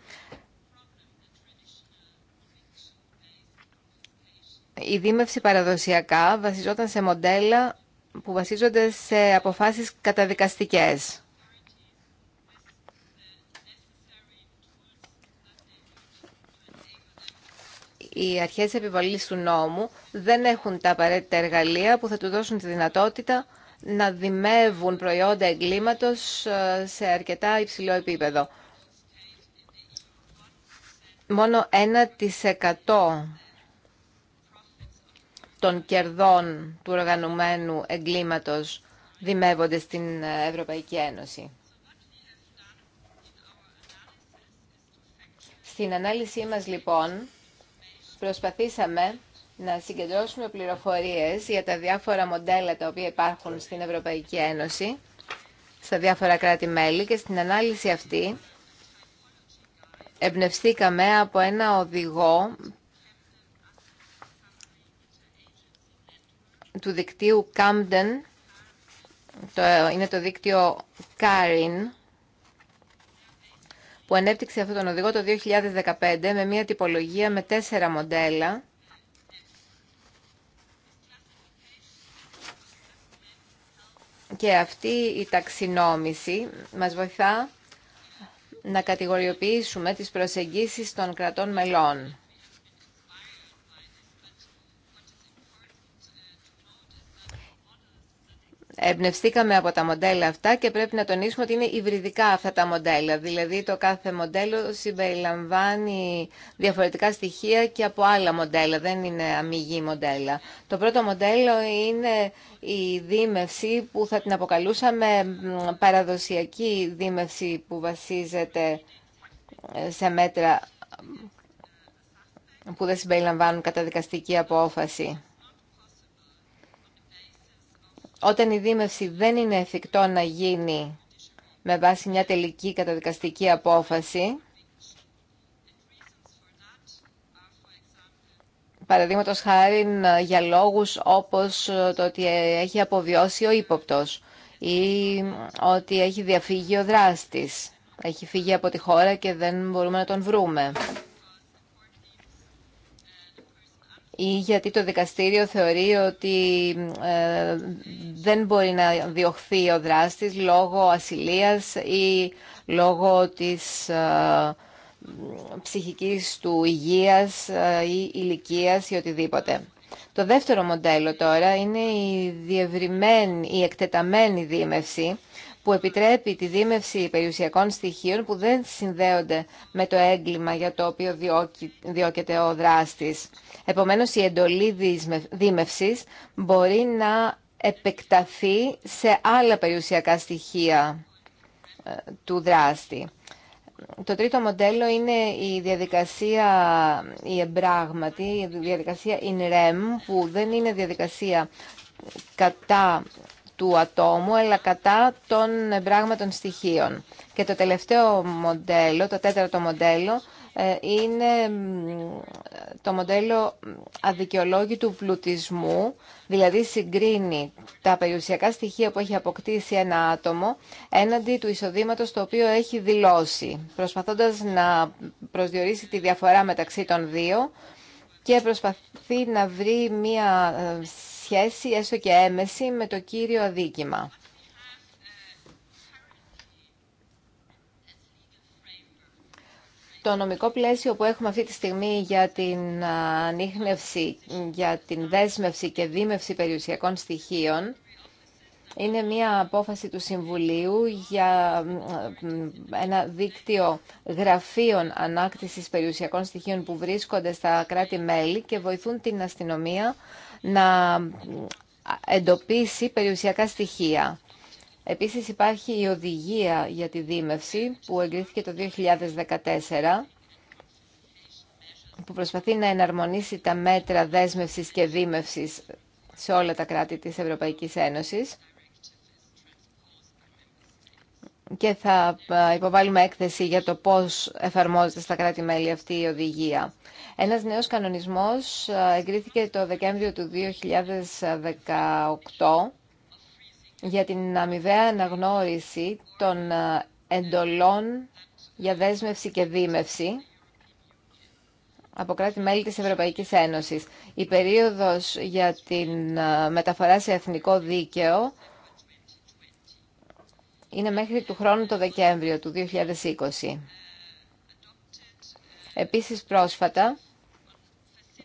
Η δίμευση παραδοσιακά βασιζόταν σε μοντέλα που βασίζονται σε αποφάσεις καταδικαστικές. Οι αρχές επιβολής του νόμου δεν έχουν τα απαραίτητα εργαλεία που θα του δώσουν τη δυνατότητα να δημεύουν προϊόντα εγκλήματος ε, σε αρκετά υψηλό επίπεδο. Μόνο 1% των κερδών του οργανωμένου εγκλήματος δημεύονται στην Ευρωπαϊκή Ένωση. Στην ανάλυση μας λοιπόν προσπαθήσαμε να συγκεντρώσουμε πληροφορίες για τα διάφορα μοντέλα τα οποία υπάρχουν στην Ευρωπαϊκή Ένωση, στα διάφορα κράτη-μέλη και στην ανάλυση αυτή εμπνευστήκαμε από ένα οδηγό του δικτύου Camden, το, είναι το δίκτυο Karin, που ανέπτυξε αυτόν τον οδηγό το 2015 με μια τυπολογία με τέσσερα μοντέλα. Και αυτή η ταξινόμηση μας βοηθά να κατηγοριοποιήσουμε τις προσεγγίσεις των κρατών μελών. Εμπνευστήκαμε από τα μοντέλα αυτά και πρέπει να τονίσουμε ότι είναι υβριδικά αυτά τα μοντέλα. Δηλαδή το κάθε μοντέλο συμπεριλαμβάνει διαφορετικά στοιχεία και από άλλα μοντέλα, δεν είναι αμυγή μοντέλα. Το πρώτο μοντέλο είναι η δίμευση που θα την αποκαλούσαμε παραδοσιακή δίμευση που βασίζεται ε, σε μέτρα που δεν συμπεριλαμβάνουν καταδικαστική απόφαση. Όταν η δίμευση δεν είναι εφικτό να γίνει με βάση μια τελική καταδικαστική απόφαση, παραδείγματο χάρη για λόγους όπως το ότι έχει αποβιώσει ο ύποπτος ή ότι έχει διαφύγει ο δράστης, έχει φύγει από τη χώρα και δεν μπορούμε να τον βρούμε. ή γιατί το δικαστήριο θεωρεί ότι ε, δεν μπορεί να διωχθεί ο δράστης λόγω ασυλίας ή λόγω της ε, ψυχικής του υγείας ε, ή ηλικίας ή οτιδήποτε. Το δεύτερο μοντέλο τώρα είναι η διευρυμένη, η εκτεταμένη δίμευση που επιτρέπει τη δίμευση περιουσιακών στοιχείων που δεν συνδέονται με το έγκλημα για το οποίο διώκεται ο δράστης. Επομένως, η εντολή δίμευσης μπορεί να επεκταθεί σε άλλα περιουσιακά στοιχεία ε, του δράστη το τρίτο μοντέλο είναι η διαδικασία η εμπράγματη, η διαδικασία in rem, που δεν είναι διαδικασία κατά του ατόμου, αλλά κατά των εμπράγματων στοιχείων. Και το τελευταίο μοντέλο, το τέταρτο μοντέλο, ε, είναι το μοντέλο αδικαιολόγητου πλουτισμού, δηλαδή συγκρίνει τα περιουσιακά στοιχεία που έχει αποκτήσει ένα άτομο έναντι του εισοδήματος το οποίο έχει δηλώσει, προσπαθώντας να προσδιορίσει τη διαφορά μεταξύ των δύο και προσπαθεί να βρει μία ε, σχέση έστω και έμεση με το κύριο αδίκημα. το νομικό πλαίσιο που έχουμε αυτή τη στιγμή για την ανείχνευση, για την δέσμευση και δίμευση περιουσιακών στοιχείων είναι μία απόφαση του Συμβουλίου για ε, ένα δίκτυο γραφείων ανάκτησης περιουσιακών στοιχείων που βρίσκονται στα κράτη-μέλη και βοηθούν την αστυνομία να εντοπίσει περιουσιακά στοιχεία. Επίσης υπάρχει η οδηγία για τη δίμευση που εγκρίθηκε το 2014 που προσπαθεί να εναρμονίσει τα μέτρα δέσμευσης και δίμευσης σε όλα τα κράτη της Ευρωπαϊκής Ένωσης και θα υποβάλουμε έκθεση για το πώς εφαρμόζεται στα κράτη-μέλη αυτή η οδηγία. Ένας νέος κανονισμός εγκρίθηκε το Δεκέμβριο του 2018 για την αμοιβαία αναγνώριση των ε, εντολών για δέσμευση και δίμευση από κράτη-μέλη της Ευρωπαϊκής Ένωσης. Η περίοδος για την ε, μεταφορά σε εθνικό δίκαιο είναι μέχρι του χρόνου το Δεκέμβριο του 2020. Επίσης πρόσφατα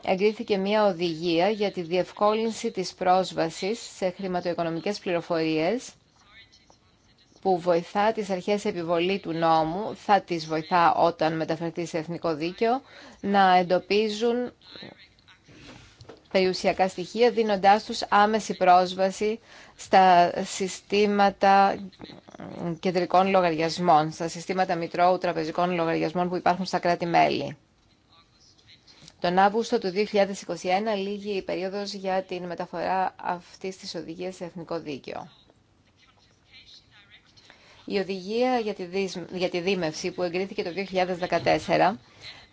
εγκρίθηκε μια οδηγία για τη διευκόλυνση της πρόσβασης σε χρηματοοικονομικές πληροφορίες που βοηθά τις αρχές επιβολή του νόμου, θα τις βοηθά όταν μεταφερθεί σε εθνικό δίκαιο, να εντοπίζουν περιουσιακά στοιχεία, δίνοντάς τους άμεση πρόσβαση στα συστήματα κεντρικών λογαριασμών, στα συστήματα μητρώου τραπεζικών λογαριασμών που υπάρχουν στα κράτη-μέλη. Τον Αύγουστο του 2021 λύγει η περίοδος για την μεταφορά αυτής της οδηγίας σε εθνικό δίκαιο. Η οδηγία για τη, για τη δίμευση που εγκρίθηκε το 2014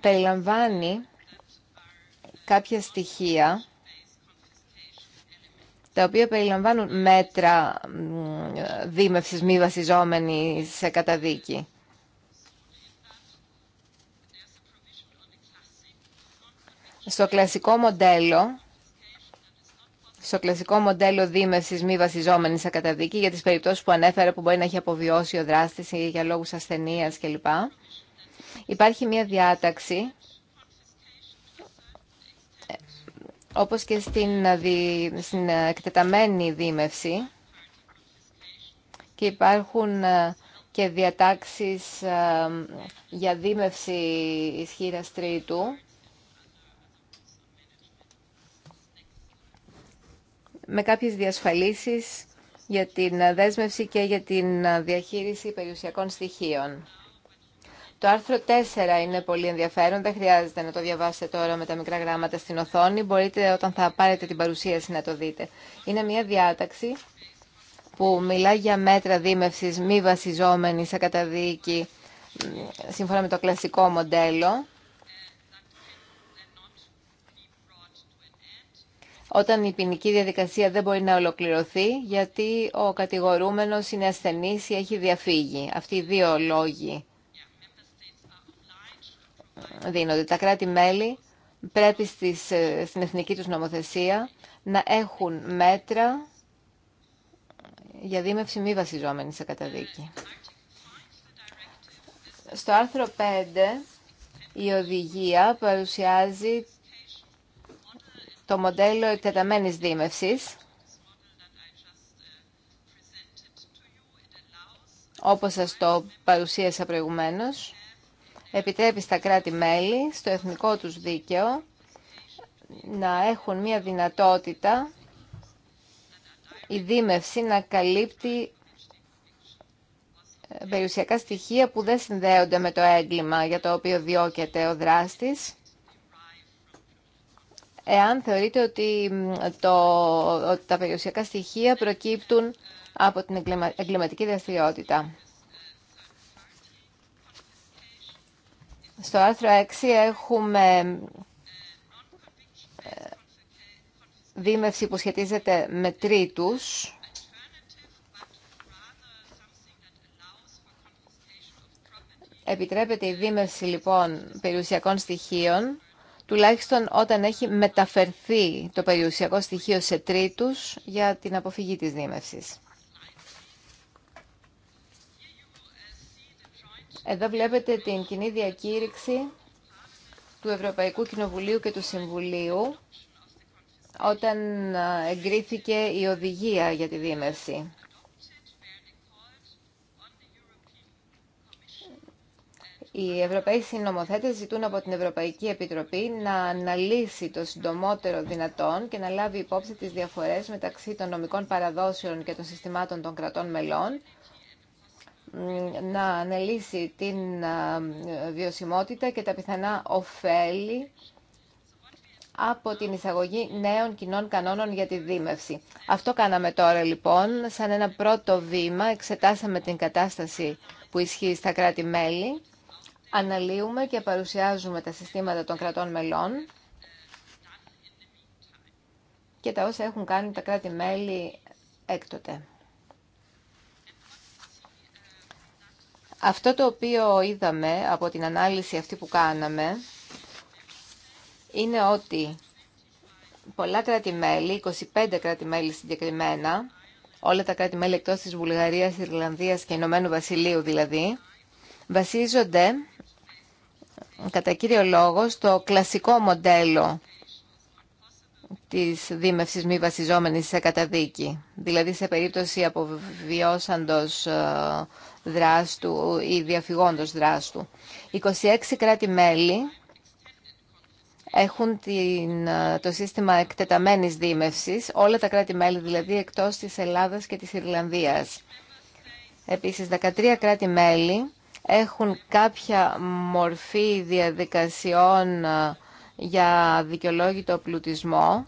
περιλαμβάνει κάποια στοιχεία τα οποία περιλαμβάνουν μέτρα δίμευσης μη βασιζόμενη σε καταδίκη. Στο κλασικό μοντέλο, στο κλασικό μοντέλο δίμευση μη βασιζόμενη σε καταδίκη για τι περιπτώσει που ανέφερε που μπορεί να έχει αποβιώσει ο δράστη ή για λόγου ασθενεία κλπ. Υπάρχει μια διάταξη όπως και στην, στην εκτεταμένη δίμευση και υπάρχουν ε, και διατάξεις ε, για δίμευση ισχύρας τρίτου με κάποιες διασφαλίσεις για την δέσμευση και για την διαχείριση περιουσιακών στοιχείων. Το άρθρο 4 είναι πολύ ενδιαφέρον, δεν χρειάζεται να το διαβάσετε τώρα με τα μικρά γράμματα στην οθόνη, μπορείτε όταν θα πάρετε την παρουσίαση να το δείτε. Είναι μια διάταξη που μιλά για μέτρα δίμευσης μη βασιζόμενη σε σύμφωνα με το κλασικό μοντέλο όταν η ποινική διαδικασία δεν μπορεί να ολοκληρωθεί γιατί ο κατηγορούμενος είναι ασθενής ή έχει διαφύγει. Αυτοί οι δύο λόγοι δίνονται. Τα κράτη-μέλη πρέπει στις, ε, στην εθνική τους νομοθεσία να έχουν μέτρα για δίμευση μη βασιζόμενη σε καταδίκη. Στο άρθρο 5 η οδηγία παρουσιάζει το μοντέλο εκτεταμένης δίμευσης, όπως σας το παρουσίασα προηγουμένως, επιτρέπει στα κράτη-μέλη, στο εθνικό τους δίκαιο, να έχουν μια δυνατότητα η δίμευση να καλύπτει ε, περιουσιακά στοιχεία που δεν συνδέονται με το έγκλημα για το οποίο διώκεται ο δράστης εάν θεωρείτε ότι, το, ότι τα περιουσιακά στοιχεία προκύπτουν από την εγκληματική δραστηριότητα. Στο άρθρο 6 έχουμε ε, δίμευση που σχετίζεται με τρίτους. Επιτρέπεται η δίμευση λοιπόν περιουσιακών στοιχείων τουλάχιστον όταν έχει μεταφερθεί το περιουσιακό στοιχείο σε τρίτους για την αποφυγή της δίμευσης. Εδώ βλέπετε την κοινή διακήρυξη του Ευρωπαϊκού Κοινοβουλίου και του Συμβουλίου όταν ε, εγκρίθηκε η οδηγία για τη δίμευση. Οι Ευρωπαίοι Συνομοθέτες ζητούν από την Ευρωπαϊκή Επιτροπή να αναλύσει το συντομότερο δυνατόν και να λάβει υπόψη τις διαφορές μεταξύ των νομικών παραδόσεων και των συστημάτων των κρατών μελών, να αναλύσει την βιωσιμότητα και τα πιθανά ωφέλη από την εισαγωγή νέων κοινών κανόνων για τη δίμευση. Αυτό κάναμε τώρα λοιπόν. Σαν ένα πρώτο βήμα εξετάσαμε την κατάσταση που ισχύει στα κράτη-μέλη αναλύουμε και παρουσιάζουμε τα συστήματα των κρατών μελών και τα όσα έχουν κάνει τα κράτη-μέλη έκτοτε. Αυτό το οποίο είδαμε από την ανάλυση αυτή που κάναμε είναι ότι πολλά κράτη-μέλη, 25 κράτη-μέλη συγκεκριμένα, όλα τα κράτη-μέλη εκτός της Βουλγαρίας, Ιρλανδίας και Ηνωμένου Βασιλείου δηλαδή, βασίζονται κατά κύριο λόγο στο κλασικό μοντέλο της δίμευσης μη βασιζόμενης σε καταδίκη. Δηλαδή σε περίπτωση αποβιώσαντος ε, δράστου ή διαφυγόντος δράστου. 26 κράτη-μέλη έχουν την, ε, το σύστημα εκτεταμένης δίμευσης, όλα τα κράτη-μέλη δηλαδή εκτός της Ελλάδας και της Ιρλανδίας. Επίσης, 13 κράτη-μέλη έχουν κάποια μορφή διαδικασιών ε, για δικαιολόγητο πλουτισμό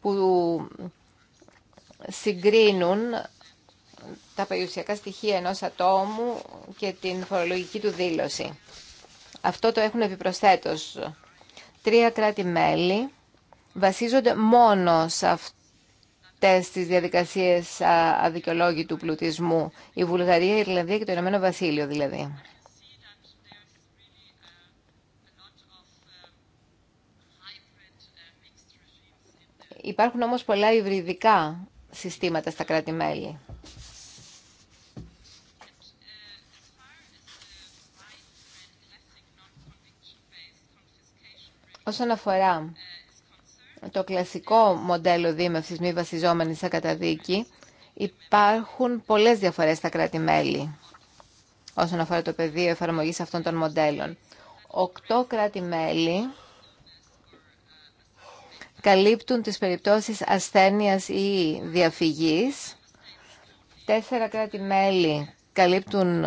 που συγκρίνουν τα περιουσιακά στοιχεία ενός ατόμου και την φορολογική του δήλωση. Αυτό το έχουν επιπροσθέτως. Τρία κράτη-μέλη βασίζονται μόνο σε αυτό αυτές τις διαδικασίες αδικαιολόγητου πλουτισμού. Η Βουλγαρία, η Ιρλανδία και το Ηνωμένο Βασίλειο δηλαδή. Υπάρχουν όμως πολλά υβριδικά συστήματα στα κράτη-μέλη. Όσον αφορά το κλασικό μοντέλο δίμευση μη βασιζόμενη σε καταδίκη, υπάρχουν πολλές διαφορές στα κράτη-μέλη όσον αφορά το πεδίο εφαρμογής αυτών των μοντέλων. Οκτώ κράτη-μέλη καλύπτουν τις περιπτώσεις ασθένειας ή διαφυγής. Τέσσερα κράτη-μέλη καλύπτουν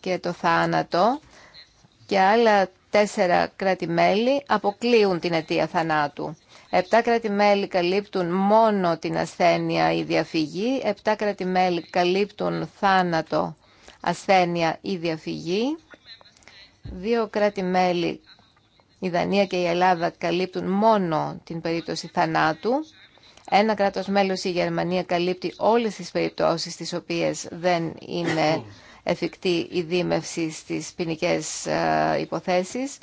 και το θάνατο και άλλα τέσσερα κράτη-μέλη αποκλείουν την αιτία θανάτου. Επτά κράτη-μέλη καλύπτουν μόνο την ασθένεια ή διαφυγή. Επτά κράτη-μέλη καλύπτουν θάνατο, ασθένεια ή διαφυγή. Δύο κράτη-μέλη, η Δανία και η Ελλάδα, καλύπτουν μόνο την περίπτωση θανάτου. Ένα κράτος μέλος, η Γερμανία, καλύπτει όλες τις περιπτώσεις τις οποίες δεν είναι εφικτή η δίμευση στις ποινικέ ε, υποθέσεις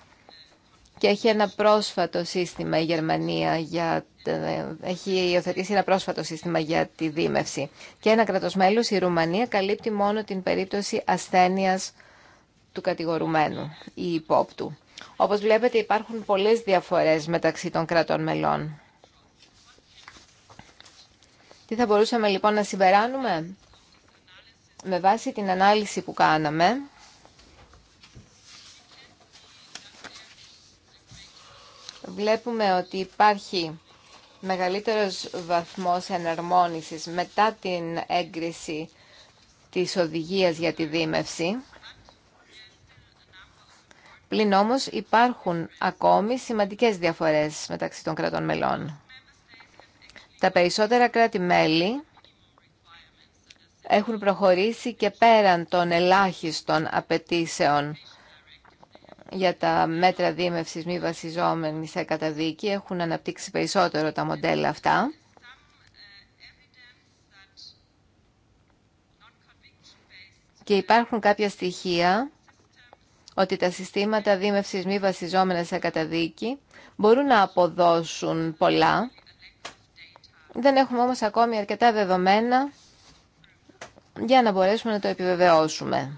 και έχει ένα πρόσφατο σύστημα η Γερμανία για ε, έχει υιοθετήσει ένα πρόσφατο σύστημα για τη δίμευση. Και ένα κρατοσμέλος, η Ρουμανία, καλύπτει μόνο την περίπτωση ασθένειας του κατηγορουμένου ή υπόπτου. Όπως βλέπετε υπάρχουν πολλές διαφορές μεταξύ των κρατών μελών. Τι θα μπορούσαμε λοιπόν να συμπεράνουμε με βάση την ανάλυση που κάναμε βλέπουμε ότι υπάρχει μεγαλύτερος βαθμός εναρμόνισης μετά την έγκριση της οδηγίας για τη δίμευση. Πλην όμως υπάρχουν ακόμη σημαντικές διαφορές μεταξύ των κρατών μελών. Τα περισσότερα κράτη-μέλη έχουν προχωρήσει και πέραν των ελάχιστων απαιτήσεων για τα μέτρα δίμευσης μη βασιζόμενη σε καταδίκη. Έχουν αναπτύξει περισσότερο τα μοντέλα αυτά. Και υπάρχουν κάποια στοιχεία ότι τα συστήματα δίμευσης μη βασιζόμενα σε καταδίκη μπορούν να αποδώσουν πολλά. Δεν έχουμε όμως ακόμη αρκετά δεδομένα για να μπορέσουμε να το επιβεβαιώσουμε.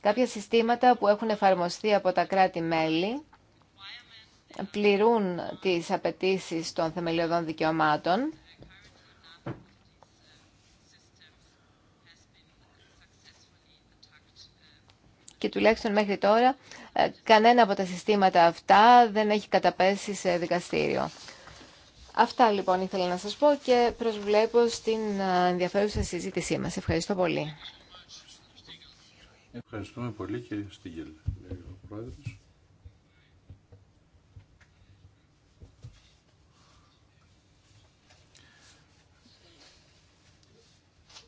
Κάποια συστήματα που έχουν εφαρμοστεί από τα κράτη-μέλη πληρούν τις απαιτήσεις των θεμελιωδών δικαιωμάτων και τουλάχιστον μέχρι τώρα ε, κανένα από τα συστήματα αυτά δεν έχει καταπέσει σε δικαστήριο. Αυτά λοιπόν ήθελα να σας πω και προσβλέπω στην ε, ενδιαφέρουσα συζήτησή μας. Ευχαριστώ πολύ. Ευχαριστούμε πολύ κύριε Στίγελ, λέει ο Πρόεδρος.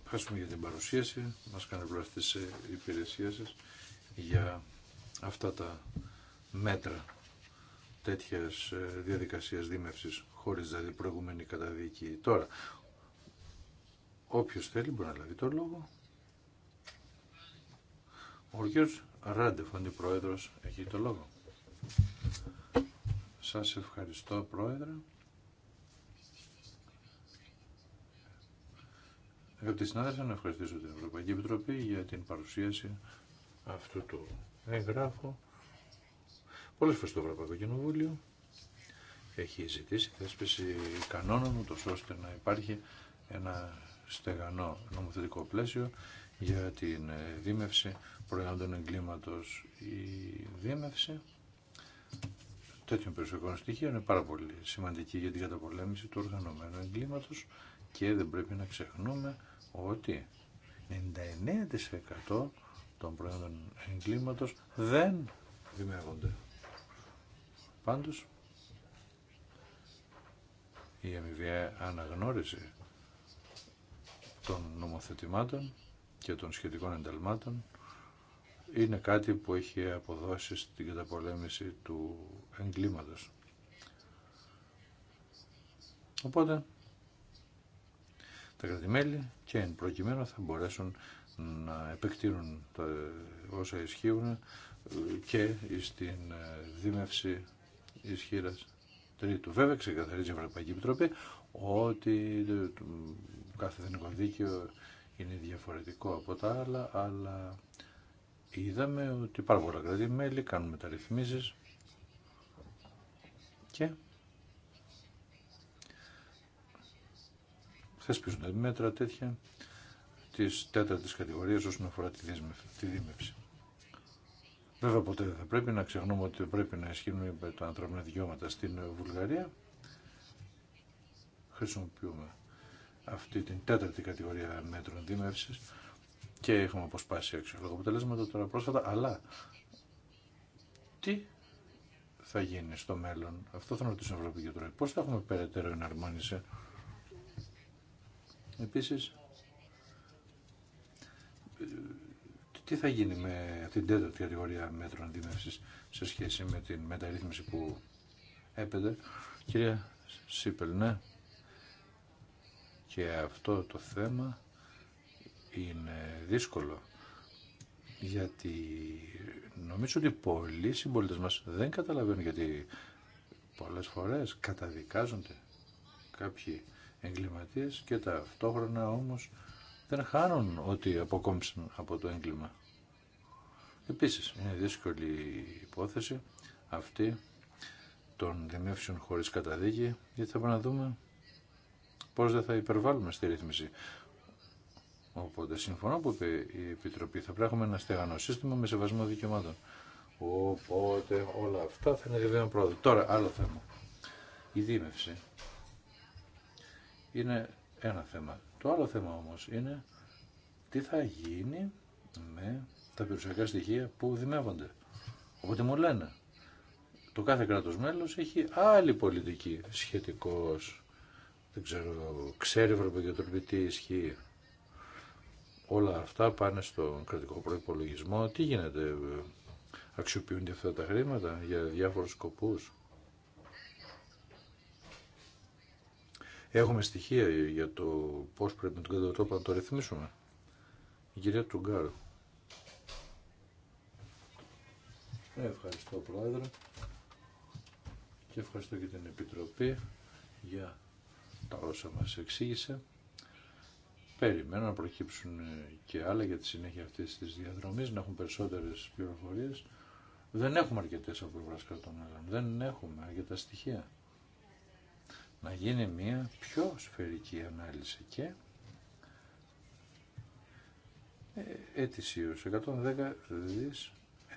Ευχαριστούμε για την παρουσίαση, μας κάνει πλάστη σε υπηρεσία σας για αυτά τα μέτρα τέτοιας ε, διαδικασίας δίμευσης χωρίς δηλαδή προηγούμενη καταδίκη. Τώρα, όποιος θέλει μπορεί να λάβει τον λόγο. Ο κ. Ράντεφ, αντιπρόεδρος, έχει το λόγο. Σας ευχαριστώ, πρόεδρε. Αγαπητοί συνάδελφοι, να ευχαριστήσω την Ευρωπαϊκή Επιτροπή για την παρουσίαση αυτού του εγγράφου. Πολλέ φορέ το Ευρωπαϊκό Κοινοβούλιο έχει ζητήσει θέσπιση κανόνων, ώστε να υπάρχει ένα στεγανό νομοθετικό πλαίσιο για την ε, δίμευση προϊόντων εγκλήματος. Η δίμευση τέτοιων περιουσιακών στοιχείων είναι πάρα πολύ σημαντική για την καταπολέμηση του οργανωμένου εγκλήματος και δεν πρέπει να ξεχνούμε ότι 99% των προϊόντων εγκλήματος δεν δημεύονται. Πάντως, η αμοιβαία αναγνώριση των νομοθετημάτων και των σχετικών ενταλμάτων είναι κάτι που έχει αποδώσει στην καταπολέμηση του εγκλήματος. Οπότε τα κρατημέλη και εν προκειμένου θα μπορέσουν να επεκτείνουν τα όσα ισχύουν ε, και στην ε, δίμευση ισχύρας τρίτου. Βέβαια ξεκαθαρίζει η Ευρωπαϊκή Επιτροπή ότι ε, κάθε εθνικό δίκαιο είναι διαφορετικό από τα άλλα, αλλά είδαμε ότι πάρα πολλά κρατή-μέλη κάνουν μεταρρυθμίσεις και θεσπίζουν μέτρα τέτοια της τέταρτης κατηγορίας όσον αφορά τη, τη δίμευση. Βέβαια ποτέ δεν θα πρέπει να ξεχνούμε ότι πρέπει να ισχύουν τα ανθρώπινα δικαιώματα στην Βουλγαρία. Χρησιμοποιούμε αυτή την τέταρτη κατηγορία μέτρων δίμευσης και έχουμε αποσπάσει αξιολόγο αποτελέσματα τώρα πρόσφατα, αλλά τι θα γίνει στο μέλλον, αυτό θα ρωτήσω Ευρωπαϊκή τώρα πώς θα έχουμε περαιτέρω εναρμόνιση. Επίσης, τι θα γίνει με την τέταρτη κατηγορία μέτρων δίμευσης σε σχέση με την μεταρρύθμιση που έπεται. Κυρία Σίπελ, ναι. Και αυτό το θέμα είναι δύσκολο γιατί νομίζω ότι πολλοί συμπολίτε μας δεν καταλαβαίνουν γιατί πολλές φορές καταδικάζονται κάποιοι εγκληματίες και ταυτόχρονα όμως δεν χάνουν ότι αποκόμψαν από το έγκλημα. Επίσης είναι δύσκολη η υπόθεση αυτή των δημιουργήσεων χωρίς καταδίκη γιατί θα πρέπει να δούμε Πώς δεν θα υπερβάλλουμε στη ρύθμιση. Οπότε συμφωνώ που είπε η Επιτροπή. Θα πρέπει να έχουμε ένα στεγανό σύστημα με σεβασμό δικαιωμάτων. Οπότε όλα αυτά θα είναι βέβαια πρόοδο. Τώρα άλλο θέμα. Η δίμευση είναι ένα θέμα. Το άλλο θέμα όμως είναι τι θα γίνει με τα περιουσιακά στοιχεία που δημεύονται. Οπότε μου λένε, το κάθε κράτος μέλος έχει άλλη πολιτική σχετικώς. Δεν ξέρω, ξέρει η Ευρωπαϊκή Επιτροπή τι ισχύει. Όλα αυτά πάνε στο κρατικό προϋπολογισμό. Τι γίνεται, αξιοποιούνται αυτά τα χρήματα για διάφορους σκοπούς. Έχουμε στοιχεία για το πώς πρέπει με τον τρόπο να το ρυθμίσουμε. Η κυρία Τουγκάρου. Ε, ευχαριστώ Πρόεδρε και ευχαριστώ και την Επιτροπή για τα όσα μας εξήγησε. Περιμένω να προκύψουν και άλλα για τη συνέχεια αυτή τη διαδρομής, να έχουν περισσότερε πληροφορίες. Δεν έχουμε αρκετέ από κρατών άλλων, δεν έχουμε αρκετά στοιχεία. Να γίνει μια πιο σφαιρική ανάλυση και ετησίω 110 δι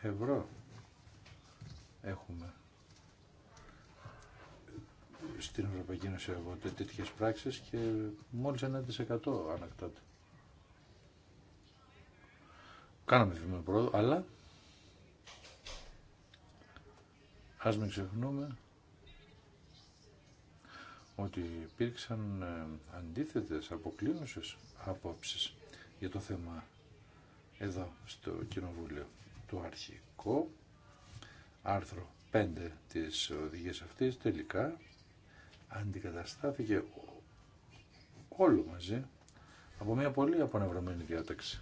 ευρώ έχουμε στην Ευρωπαϊκή Ένωση από τέτοιες πράξεις και μόλις 1% ανακτάται. Κάναμε βήμα πρόοδο, αλλά ας μην ξεχνούμε ότι υπήρξαν ε, αντίθετες αποκλίνωσες απόψεις για το θέμα εδώ στο Κοινοβούλιο. Το αρχικό άρθρο 5 της οδηγίας αυτής τελικά αντικαταστάθηκε όλο μαζί από μια πολύ απονευρωμένη διάταξη.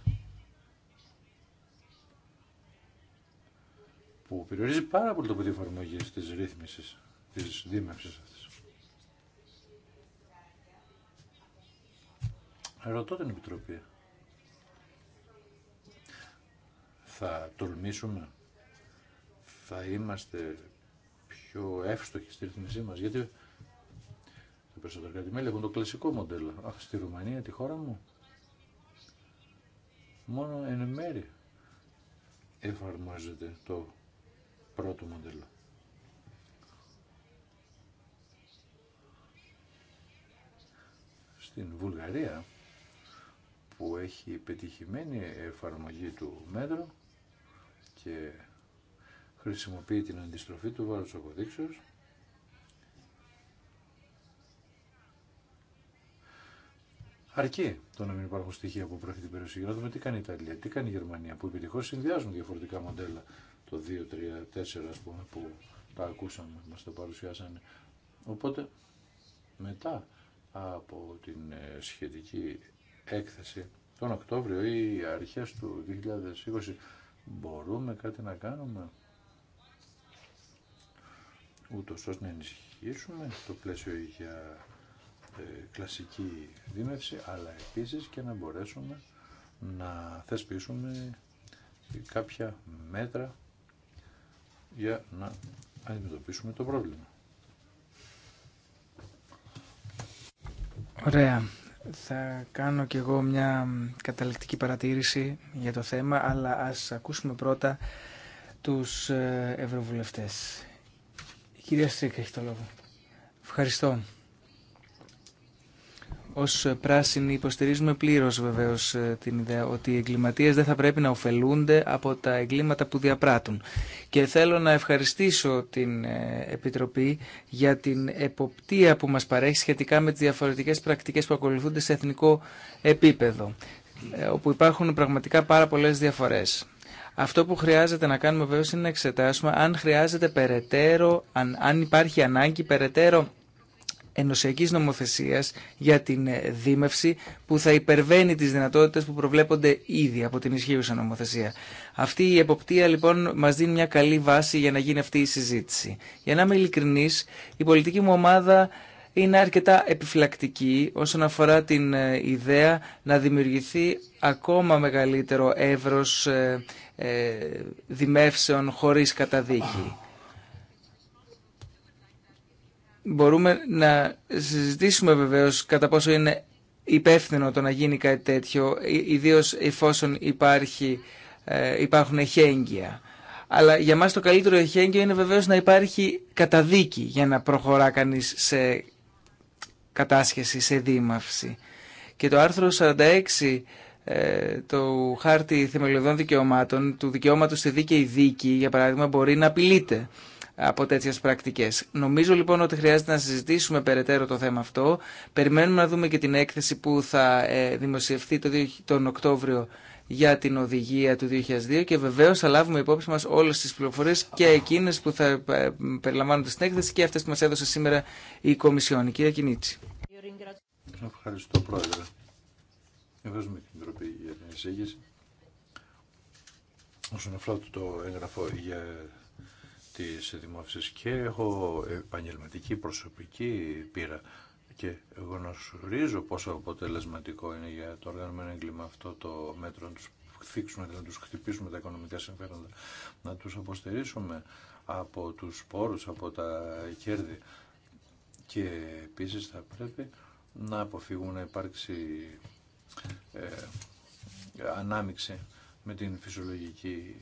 Που περιορίζει πάρα πολύ το πεδίο εφαρμογή τη ρύθμιση, τη δίμευση αυτή. Ρωτώ την Επιτροπή. Θα τολμήσουμε, θα είμαστε πιο εύστοχοι στη ρύθμισή μας, γιατί περισσότερα κράτη-μέλη έχουν το κλασικό μοντέλο. Αχ, στη Ρουμανία, τη χώρα μου, μόνο εν μέρη εφαρμόζεται το πρώτο μοντέλο. Στην Βουλγαρία, που έχει πετυχημένη εφαρμογή του μέτρου και χρησιμοποιεί την αντιστροφή του βάρους αποδείξεως, Αρκεί το να μην υπάρχουν στοιχεία που προέρχεται την περιοχή. Να δούμε τι κάνει η Ιταλία, τι κάνει η Γερμανία, που επιτυχώ συνδυάζουν διαφορετικά μοντέλα. Το 2, 3, 4, α πούμε, που τα ακούσαμε, μα τα παρουσιάσανε. Οπότε, μετά από την ε, σχετική έκθεση τον Οκτώβριο ή αρχές του 2020 μπορούμε κάτι να κάνουμε ούτως ώστε να ενισχύσουμε το πλαίσιο για ε, κλασική δίμευση, αλλά επίσης και να μπορέσουμε να θεσπίσουμε κάποια μέτρα για να αντιμετωπίσουμε το πρόβλημα. Ωραία. Θα κάνω κι εγώ μια καταληκτική παρατήρηση για το θέμα, αλλά ας ακούσουμε πρώτα τους ε, ευρωβουλευτές. Η κυρία Στρίκ έχει το λόγο. Ευχαριστώ. Ως πράσινοι υποστηρίζουμε πλήρως βεβαίω ε, την ιδέα ότι οι εγκληματίε δεν θα πρέπει να ωφελούνται από τα εγκλήματα που διαπράττουν. Και θέλω να ευχαριστήσω την ε, Επιτροπή για την εποπτεία που μας παρέχει σχετικά με τι διαφορετικές πρακτικές που ακολουθούνται σε εθνικό επίπεδο, ε, όπου υπάρχουν πραγματικά πάρα πολλέ διαφορέ. Αυτό που χρειάζεται να κάνουμε βεβαίω είναι να εξετάσουμε αν χρειάζεται περαιτέρω, αν, αν υπάρχει ανάγκη περαιτέρω ενωσιακής νομοθεσίας για την ε, δίμευση που θα υπερβαίνει τις δυνατότητες που προβλέπονται ήδη από την ισχύουσα νομοθεσία. Αυτή η εποπτεία λοιπόν μας δίνει μια καλή βάση για να γίνει αυτή η συζήτηση. Για να είμαι ειλικρινής, η πολιτική μου ομάδα είναι αρκετά επιφυλακτική όσον αφορά την ε, ιδέα να δημιουργηθεί ακόμα μεγαλύτερο εύρος ε, δημεύσεων χωρίς καταδίκη μπορούμε να συζητήσουμε βεβαίως κατά πόσο είναι υπεύθυνο το να γίνει κάτι τέτοιο, ιδίω εφόσον υπάρχει, ε, υπάρχουν εχέγγυα. Αλλά για μας το καλύτερο εχέγγυο είναι βεβαίως να υπάρχει καταδίκη για να προχωρά κανείς σε κατάσχεση, σε δίμαυση. Και το άρθρο 46 ε, του χάρτη θεμελιωδών δικαιωμάτων, του δικαιώματος στη δίκαιη δίκη, για παράδειγμα, μπορεί να απειλείται από τέτοιες πρακτικές. Νομίζω λοιπόν ότι χρειάζεται να συζητήσουμε περαιτέρω το θέμα αυτό. Περιμένουμε να δούμε και την έκθεση που θα ε, δημοσιευθεί τον Οκτώβριο για την οδηγία του 2002 και βεβαίως θα λάβουμε υπόψη μας όλες τις πληροφορίες και εκείνες που θα ε, περιλαμβάνονται στην έκθεση και αυτές που μας έδωσε σήμερα η Κομισιόν. Κύριε Κινίτσι. Ευχαριστώ Πρόεδρε. Ευχαριστούμε την Τροπή για Όσον το έγγραφο για της δημόσιας και έχω επαγγελματική προσωπική πείρα και γνωρίζω πόσο αποτελεσματικό είναι για το οργανωμένο έγκλημα αυτό το μέτρο να τους θίξουμε, να τους χτυπήσουμε τα οικονομικά συμφέροντα, να τους αποστερήσουμε από τους πόρους, από τα κέρδη και επίσης θα πρέπει να αποφύγουν να υπάρξει ε, ανάμιξη με την φυσιολογική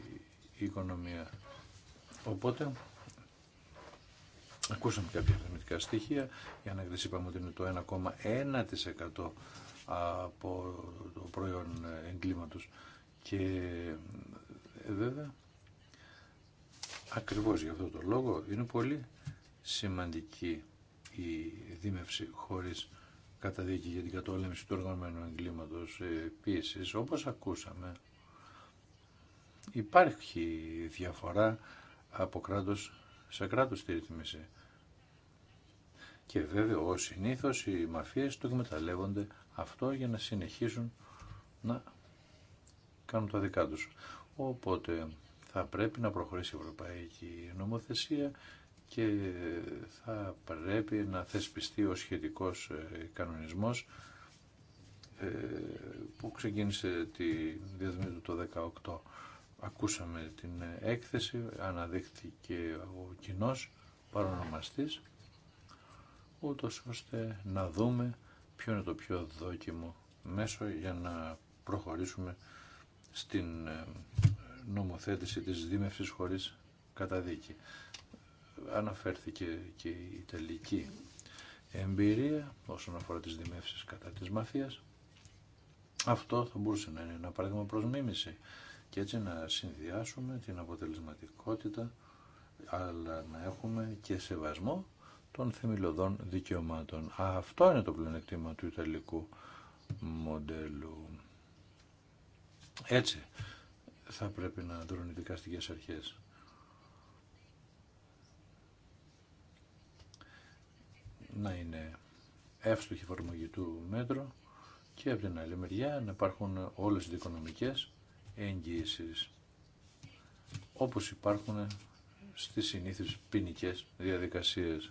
οικονομία. Οπότε, ακούσαμε κάποια αριθμητικά στοιχεία. Η ανακρίση είπαμε ότι είναι το 1,1% από το προϊόν εγκλήματος. Και ε, βέβαια, ακριβώς για αυτό το λόγο είναι πολύ σημαντική η δίμευση χωρίς καταδίκη για την κατόλεμηση του οργανωμένου εγκλήματος. Επίσης, όπως ακούσαμε, υπάρχει διαφορά από κράτο σε κράτο τη ρύθμιση. Και βέβαια, ω συνήθω οι μαφίε το εκμεταλλεύονται αυτό για να συνεχίσουν να κάνουν τα δικά τους. Οπότε θα πρέπει να προχωρήσει η Ευρωπαϊκή Νομοθεσία και θα πρέπει να θεσπιστεί ο σχετικός ε, κανονισμός ε, που ξεκίνησε τη διαδρομή του το 2018. Ακούσαμε την έκθεση, αναδείχθηκε ο κοινό παρονομαστής, ούτω ώστε να δούμε ποιο είναι το πιο δόκιμο μέσο για να προχωρήσουμε στην ε, νομοθέτηση της δίμευσης χωρίς καταδίκη. Αναφέρθηκε και η τελική εμπειρία όσον αφορά τις δημεύσεις κατά της μαφίας. Αυτό θα μπορούσε να είναι ένα παράδειγμα προς και έτσι να συνδυάσουμε την αποτελεσματικότητα αλλά να έχουμε και σεβασμό των θεμελιωδών δικαιωμάτων. Αυτό είναι το πλεονεκτήμα του Ιταλικού μοντέλου. Έτσι θα πρέπει να δρουν οι δικαστικές αρχές. Να είναι εύστοχη εφαρμογή του μέτρου και από την άλλη μεριά να υπάρχουν όλες οι δικονομικές εγγύησης, όπως υπάρχουν στις συνήθεις ποινικέ διαδικασίες.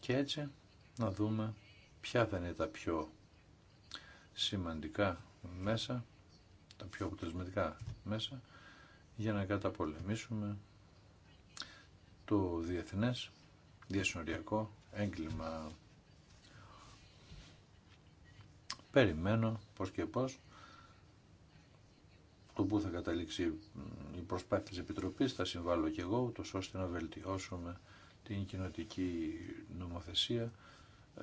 Και έτσι να δούμε ποια θα είναι τα πιο σημαντικά μέσα, τα πιο αποτελεσματικά μέσα, για να καταπολεμήσουμε το διεθνές διασυνοριακό έγκλημα. περιμένω πώς και πώς το που θα καταλήξει η προσπάθεια της Επιτροπής, θα συμβάλλω και εγώ, ούτως ώστε να βελτιώσουμε την κοινοτική νομοθεσία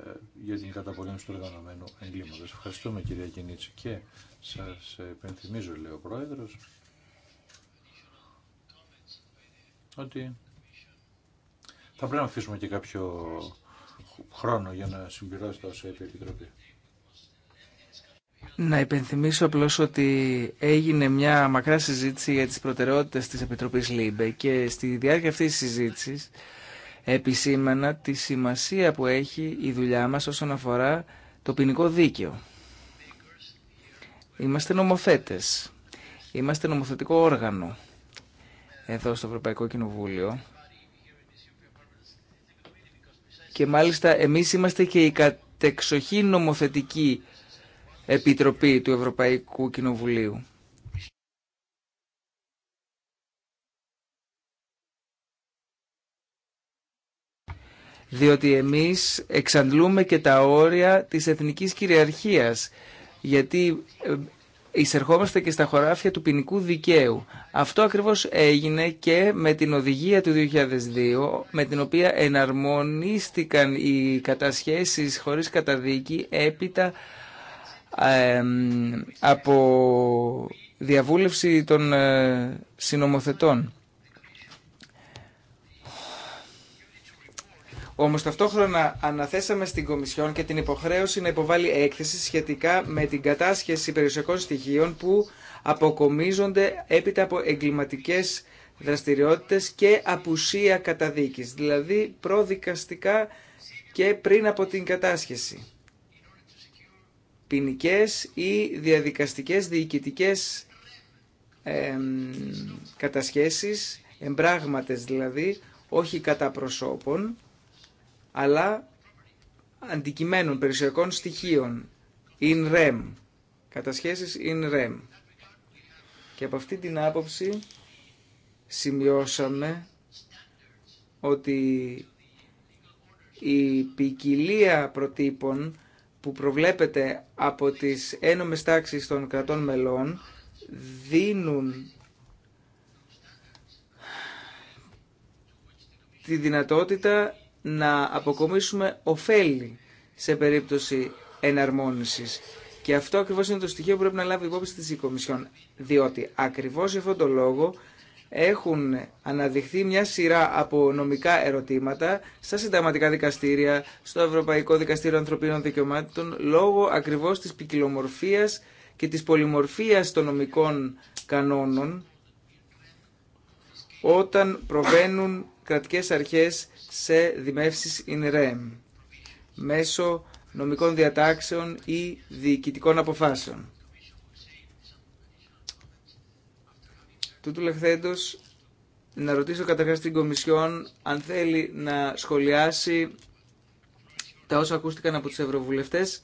ε, για την καταπολέμηση του οργανωμένου εγκλήματος. Ευχαριστούμε κυρία Κινίτση και σας επενθυμίζω λέει ο Πρόεδρος, ότι θα πρέπει να αφήσουμε και κάποιο χρόνο για να συμπληρώσει τα όσα είπε η Επιτροπή. Να υπενθυμίσω απλώ ότι έγινε μια μακρά συζήτηση για τις προτεραιότητε της Επιτροπή ΛΥΜΠΕ και στη διάρκεια αυτής της συζήτηση επισήμανα τη σημασία που έχει η δουλειά μας όσον αφορά το ποινικό δίκαιο. Είμαστε νομοθέτε. Είμαστε νομοθετικό όργανο εδώ στο Ευρωπαϊκό Κοινοβούλιο. Και μάλιστα εμείς είμαστε και η κατεξοχή νομοθετική Επιτροπή του Ευρωπαϊκού Κοινοβουλίου. διότι εμείς εξαντλούμε και τα όρια της εθνικής κυριαρχίας, γιατί ε, εισερχόμαστε και στα χωράφια του ποινικού δικαίου. Αυτό ακριβώς έγινε και με την οδηγία του 2002, με την οποία εναρμονίστηκαν οι κατασχέσεις χωρίς καταδίκη έπειτα από διαβούλευση των ε, συνομοθετών. Όμω ταυτόχρονα αναθέσαμε στην Κομισιόν και την υποχρέωση να υποβάλει έκθεση σχετικά με την κατάσχεση περιουσιακών στοιχείων που αποκομίζονται έπειτα από εγκληματικέ δραστηριότητε και απουσία καταδίκη, δηλαδή προδικαστικά και πριν από την κατάσχεση ποινικέ ή διαδικαστικές διοικητικέ ε, κατασχέσεις, εμπράγματες δηλαδή, όχι κατά προσώπων, αλλά αντικειμένων, περιουσιακών στοιχείων, in rem, κατασχέσεις in rem. Και από αυτή την άποψη σημειώσαμε ότι η ποικιλία προτύπων που προβλέπεται από τις ένομες τάξεις των κρατών μελών δίνουν τη δυνατότητα να αποκομίσουμε ωφέλη σε περίπτωση εναρμόνισης. Και αυτό ακριβώς είναι το στοιχείο που πρέπει να λάβει υπόψη της η Διότι ακριβώς για αυτόν τον λόγο έχουν αναδειχθεί μια σειρά από νομικά ερωτήματα στα συνταγματικά δικαστήρια, στο Ευρωπαϊκό Δικαστήριο Ανθρωπίνων Δικαιωμάτων, λόγω ακριβώς της ποικιλομορφία και της πολυμορφίας των νομικών κανόνων, όταν προβαίνουν κρατικές αρχές σε δημεύσεις in rem, μέσω νομικών διατάξεων ή διοικητικών αποφάσεων. Τούτου λεχθέντος να ρωτήσω καταρχά την Κομισιόν αν θέλει να σχολιάσει τα όσα ακούστηκαν από τους Ευρωβουλευτές.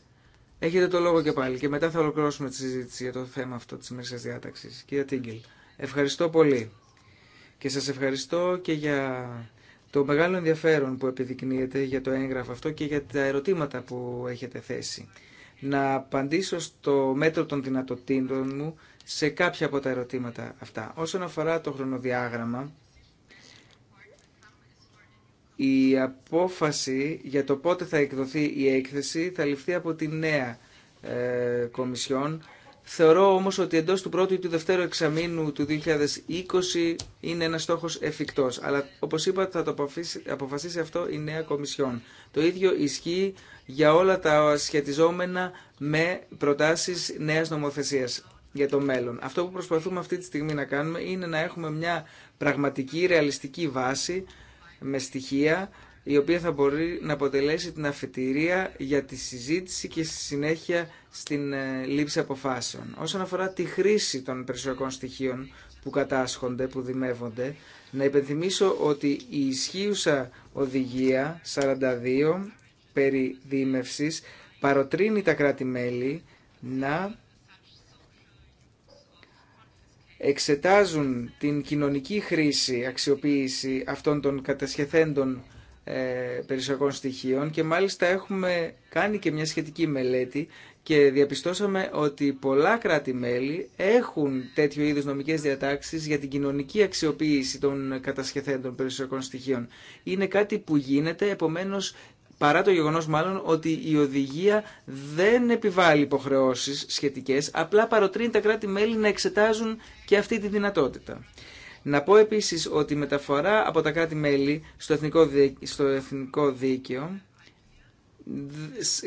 Έχετε το λόγο και πάλι και μετά θα ολοκληρώσουμε τη συζήτηση για το θέμα αυτό της της διάταξης. Κύριε Τίγκελ, ευχαριστώ πολύ και σας ευχαριστώ και για το μεγάλο ενδιαφέρον που επιδεικνύεται για το έγγραφο αυτό και για τα ερωτήματα που έχετε θέσει. Να απαντήσω στο μέτρο των δυνατοτήτων μου σε κάποια από τα ερωτήματα αυτά. Όσον αφορά το χρονοδιάγραμμα, η απόφαση για το πότε θα εκδοθεί η έκθεση θα ληφθεί από τη νέα ε, Κομισιόν. Θεωρώ όμως ότι εντός του πρώτου ή του δευτέρου εξαμήνου του 2020 είναι ένας στόχος εφικτός. Αλλά όπως είπα θα το αποφασίσει αυτό η νέα Κομισιόν. Το ίδιο ισχύει για όλα τα σχετιζόμενα με προτάσεις νέας νομοθεσίας για το μέλλον. Αυτό που προσπαθούμε αυτή τη στιγμή να κάνουμε είναι να έχουμε μια πραγματική, ρεαλιστική βάση με στοιχεία η οποία θα μπορεί να αποτελέσει την αφετηρία για τη συζήτηση και στη συνέχεια στην ε, λήψη αποφάσεων. Όσον αφορά τη χρήση των περισσοκών στοιχείων που κατάσχονται, που δημεύονται, να υπενθυμίσω ότι η ισχύουσα οδηγία 42 περί δίμευσης παροτρύνει τα κράτη-μέλη να εξετάζουν την κοινωνική χρήση αξιοποίηση αυτών των κατασχεθέντων ε, στοιχείων και μάλιστα έχουμε κάνει και μια σχετική μελέτη και διαπιστώσαμε ότι πολλά κράτη-μέλη έχουν τέτοιο είδους νομικές διατάξεις για την κοινωνική αξιοποίηση των κατασχεθέντων περιουσιακών στοιχείων. Είναι κάτι που γίνεται, επομένως παρά το γεγονός μάλλον ότι η οδηγία δεν επιβάλλει υποχρεώσεις σχετικές, απλά παροτρύνει τα κράτη-μέλη να εξετάζουν και αυτή τη δυνατότητα. Να πω επίσης ότι η μεταφορά από τα κράτη-μέλη στο εθνικό, στο εθνικό δίκαιο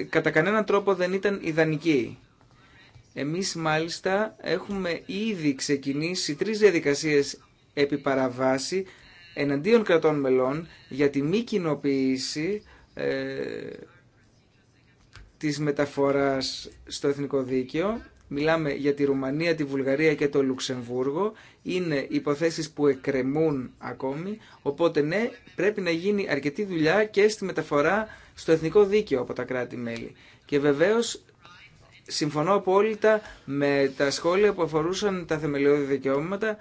κατά κανέναν τρόπο δεν ήταν ιδανική. Εμείς μάλιστα έχουμε ήδη ξεκινήσει τρεις διαδικασίες επί παραβάση εναντίον κρατών μελών για τη μη κοινοποίηση ε, της μεταφοράς στο Εθνικό Δίκαιο. Μιλάμε για τη Ρουμανία, τη Βουλγαρία και το Λουξεμβούργο. Είναι υποθέσεις που εκκρεμούν ακόμη. Οπότε ναι, πρέπει να γίνει αρκετή δουλειά και στη μεταφορά στο Εθνικό Δίκαιο από τα κράτη-μέλη. Και βεβαίως συμφωνώ απόλυτα με τα σχόλια που αφορούσαν τα θεμελιώδη δικαιώματα.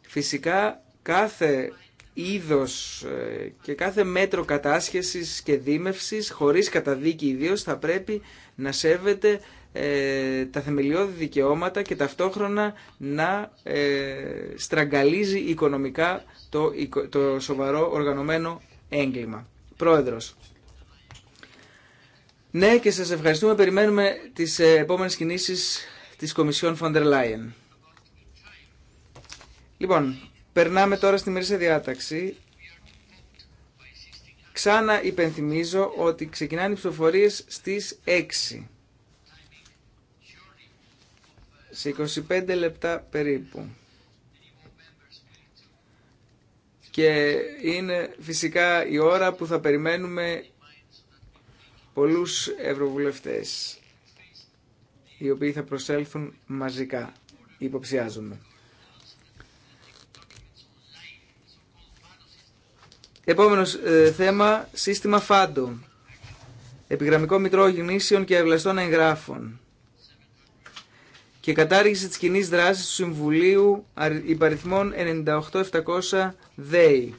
Φυσικά κάθε είδος ε, και κάθε μέτρο κατάσχεσης και δίμευσης, χωρίς καταδίκη ιδίω θα πρέπει να σέβεται ε, τα θεμελιώδη δικαιώματα και ταυτόχρονα να ε, στραγγαλίζει οικονομικά το, σοβαρό οργανωμένο έγκλημα. Πρόεδρος. Ναι και σας ευχαριστούμε. Περιμένουμε τις ε, επόμενες κινήσεις της Κομισιόν Φοντερ Λάιεν. Λοιπόν, Περνάμε τώρα στη μερίσια διάταξη. Ξανά υπενθυμίζω ότι ξεκινάνε οι ψηφοφορίες στις 6. Σε 25 λεπτά περίπου. Και είναι φυσικά η ώρα που θα περιμένουμε πολλούς ευρωβουλευτές οι οποίοι θα προσέλθουν μαζικά, υποψιάζομαι. Επόμενο ε, θέμα, σύστημα φάντο. Επιγραμμικό μητρό Γυνήσεων και ευλαστών εγγράφων. Και κατάργηση τη κοινή δράση του Συμβουλίου 98700 ΔΕΗ.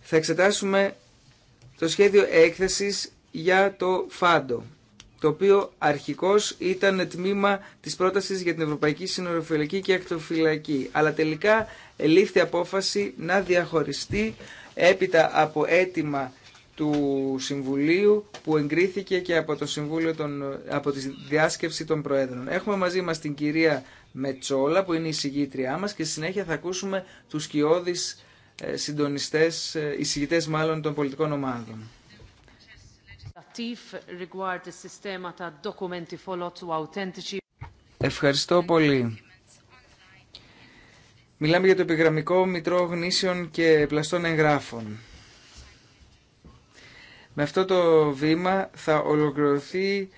Θα εξετάσουμε το σχέδιο έκθεσης για το φάντο το οποίο αρχικώς ήταν τμήμα της πρότασης για την Ευρωπαϊκή Συνοροφυλακή και Ακτοφυλακή. Αλλά τελικά Ελήφθη απόφαση να διαχωριστεί έπειτα από αίτημα του Συμβουλίου που εγκρίθηκε και από, το Συμβούλιο των, από τη διάσκεψη των Προέδρων. Έχουμε μαζί μας την κυρία Μετσόλα που είναι η συγγήτριά μας και στη συνέχεια θα ακούσουμε τους κοιόδης ε, συντονιστές, ε, εισηγητές μάλλον των πολιτικών ομάδων. Ευχαριστώ πολύ. Μιλάμε για το επιγραμμικό μητρό γνήσεων και πλαστών εγγράφων. Με αυτό το βήμα θα ολοκληρωθεί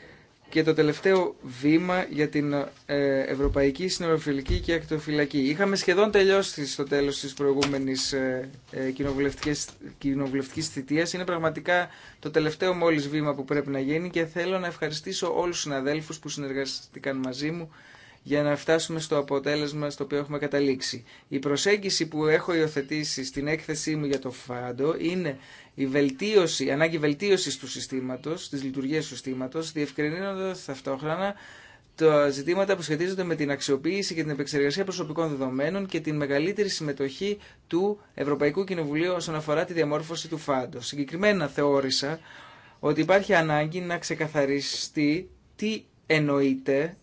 και το τελευταίο βήμα για την ε, Ευρωπαϊκή Συνοροφυλική και Ακτοφυλακή. Είχαμε σχεδόν τελειώσει στο τέλος της προηγούμενης ε, ε, κοινοβουλευτικής, κοινοβουλευτικής θητείας. Είναι πραγματικά το τελευταίο μόλις βήμα που πρέπει να γίνει και θέλω να ευχαριστήσω όλους τους συναδέλφους που συνεργαστήκαν μαζί μου για να φτάσουμε στο αποτέλεσμα στο οποίο έχουμε καταλήξει. Η προσέγγιση που έχω υιοθετήσει στην έκθεσή μου για το ΦΑΝΤΟ είναι η βελτίωση, ανάγκη βελτίωση του συστήματο, τη λειτουργία του συστήματο, διευκρινίζοντα ταυτόχρονα τα ζητήματα που σχετίζονται με την αξιοποίηση και την επεξεργασία προσωπικών δεδομένων και την μεγαλύτερη συμμετοχή του Ευρωπαϊκού Κοινοβουλίου όσον αφορά τη διαμόρφωση του ΦΑΝΤΟ. Συγκεκριμένα θεώρησα ότι υπάρχει ανάγκη να ξεκαθαριστεί τι εννοείται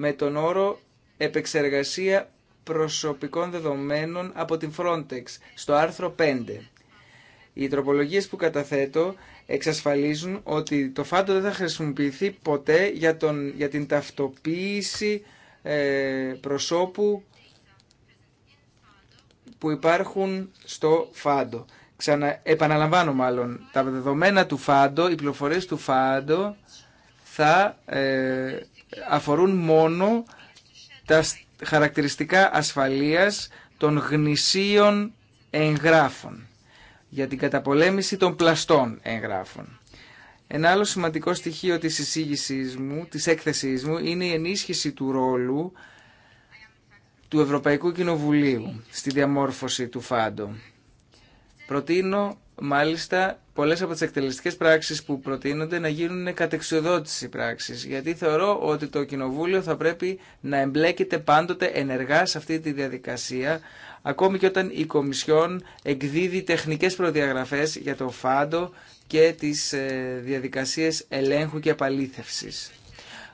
με τον όρο «Επεξεργασία προσωπικών δεδομένων από την Frontex» στο άρθρο 5. Οι τροπολογίες που καταθέτω εξασφαλίζουν ότι το φάντο δεν θα χρησιμοποιηθεί ποτέ για, για την ταυτοποίηση ε, προσώπου που υπάρχουν στο φάντο. Ξανα, επαναλαμβάνω μάλλον, τα δεδομένα του φάντο, οι πληροφορίες του φάντο θα ε, αφορούν μόνο τα χαρακτηριστικά ασφαλείας των γνησίων εγγράφων για την καταπολέμηση των πλαστών εγγράφων. Ένα άλλο σημαντικό στοιχείο της εισήγησής μου, της έκθεσής μου, είναι η ενίσχυση του ρόλου του Ευρωπαϊκού Κοινοβουλίου στη διαμόρφωση του ΦΑΝΤΟ. Προτείνω μάλιστα πολλέ από τι εκτελεστικές πράξει που προτείνονται να γίνουν κατεξοδότηση πράξεις γιατί θεωρώ ότι το Κοινοβούλιο θα πρέπει να εμπλέκεται πάντοτε ενεργά σε αυτή τη διαδικασία ακόμη και όταν η Κομισιόν εκδίδει τεχνικές προδιαγραφές για το φάντο και τις ε, διαδικασίε ελέγχου και επαλήθευση.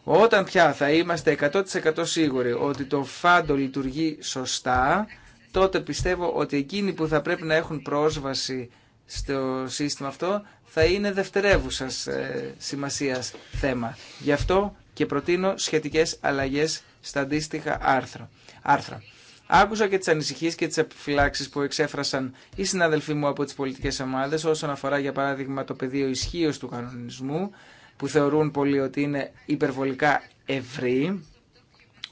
Όταν πια θα είμαστε 100% σίγουροι ότι το φάντο λειτουργεί σωστά τότε πιστεύω ότι εκείνοι που θα πρέπει να έχουν πρόσβαση στο σύστημα αυτό θα είναι δευτερεύουσα ε, σημασία θέμα. Γι' αυτό και προτείνω σχετικέ αλλαγέ στα αντίστοιχα άρθρα. άρθρα. Άκουσα και τι ανησυχίε και τι επιφυλάξεις που εξέφρασαν οι συναδελφοί μου από τι πολιτικέ ομάδε όσον αφορά για παράδειγμα το πεδίο ισχύω του κανονισμού που θεωρούν πολλοί ότι είναι υπερβολικά ευρύ.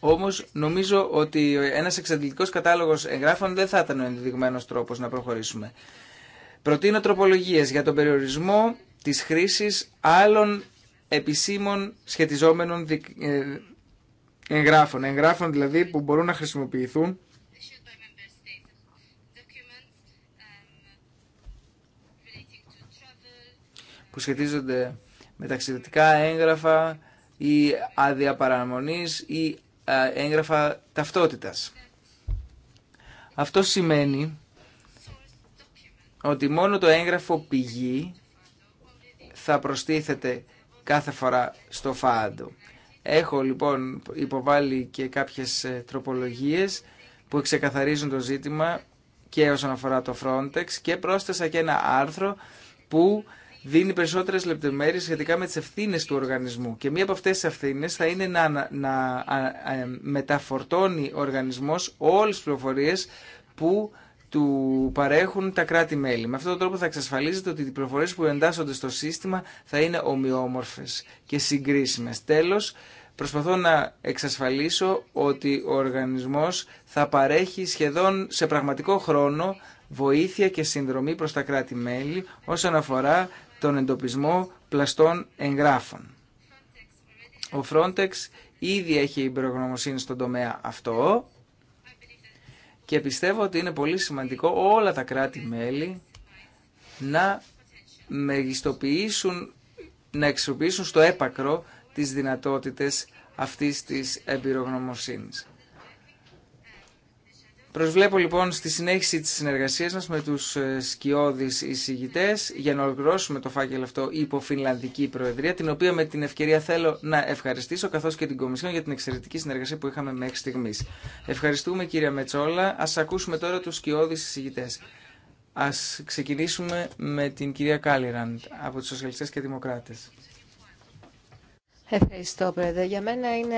Όμω νομίζω ότι ένα εξαντλητικό κατάλογο εγγράφων δεν θα ήταν ο ενδεδειγμένο τρόπο να προχωρήσουμε. Προτείνω τροπολογίες για τον περιορισμό της χρήσης άλλων επισήμων σχετιζόμενων ε, εγγράφων. Εγγράφων δηλαδή που μπορούν να χρησιμοποιηθούν που σχετίζονται με ταξιδιωτικά έγγραφα ή άδεια παραμονής ή ε, έγγραφα ταυτότητας. Αυτό σημαίνει ότι μόνο το έγγραφο πηγή θα προστίθεται κάθε φορά στο φάντο. Έχω λοιπόν υποβάλει και κάποιες ε, τροπολογίες που εξεκαθαρίζουν το ζήτημα και όσον αφορά το Frontex και πρόσθεσα και ένα άρθρο που δίνει περισσότερες λεπτομέρειες σχετικά με τις ευθύνες του οργανισμού. Και μία από αυτές τις ευθύνες θα είναι να, να ε, μεταφορτώνει ο οργανισμός όλες τις πληροφορίες που του παρέχουν τα κράτη-μέλη. Με αυτόν τον τρόπο θα εξασφαλίζεται ότι οι προφορές που εντάσσονται στο σύστημα θα είναι ομοιόμορφες και συγκρίσιμε. Τέλος, προσπαθώ να εξασφαλίσω ότι ο οργανισμός θα παρέχει σχεδόν σε πραγματικό χρόνο βοήθεια και συνδρομή προς τα κράτη-μέλη όσον αφορά τον εντοπισμό πλαστών εγγράφων. Ο Frontex ήδη έχει υπερογνωμοσύνη στον τομέα αυτό και πιστεύω ότι είναι πολύ σημαντικό όλα τα κράτη-μέλη να μεγιστοποιήσουν, να εξοπλίσουν στο έπακρο τις δυνατότητες αυτής της εμπειρογνωμοσύνης. Προσβλέπω λοιπόν στη συνέχιση της συνεργασίας μας με τους ε, σκιώδεις εισηγητέ για να ολοκληρώσουμε το φάκελο αυτό υπό Φινλανδική Προεδρία, την οποία με την ευκαιρία θέλω να ευχαριστήσω καθώς και την Κομισιόν για την εξαιρετική συνεργασία που είχαμε μέχρι στιγμής. Ευχαριστούμε κύριε Μετσόλα. Ας ακούσουμε τώρα τους σκιώδεις εισηγητέ. Ας ξεκινήσουμε με την κυρία Κάλιραντ από τους Σοσιαλιστές και Δημοκράτες. Ευχαριστώ, Πρόεδρε. Για μένα είναι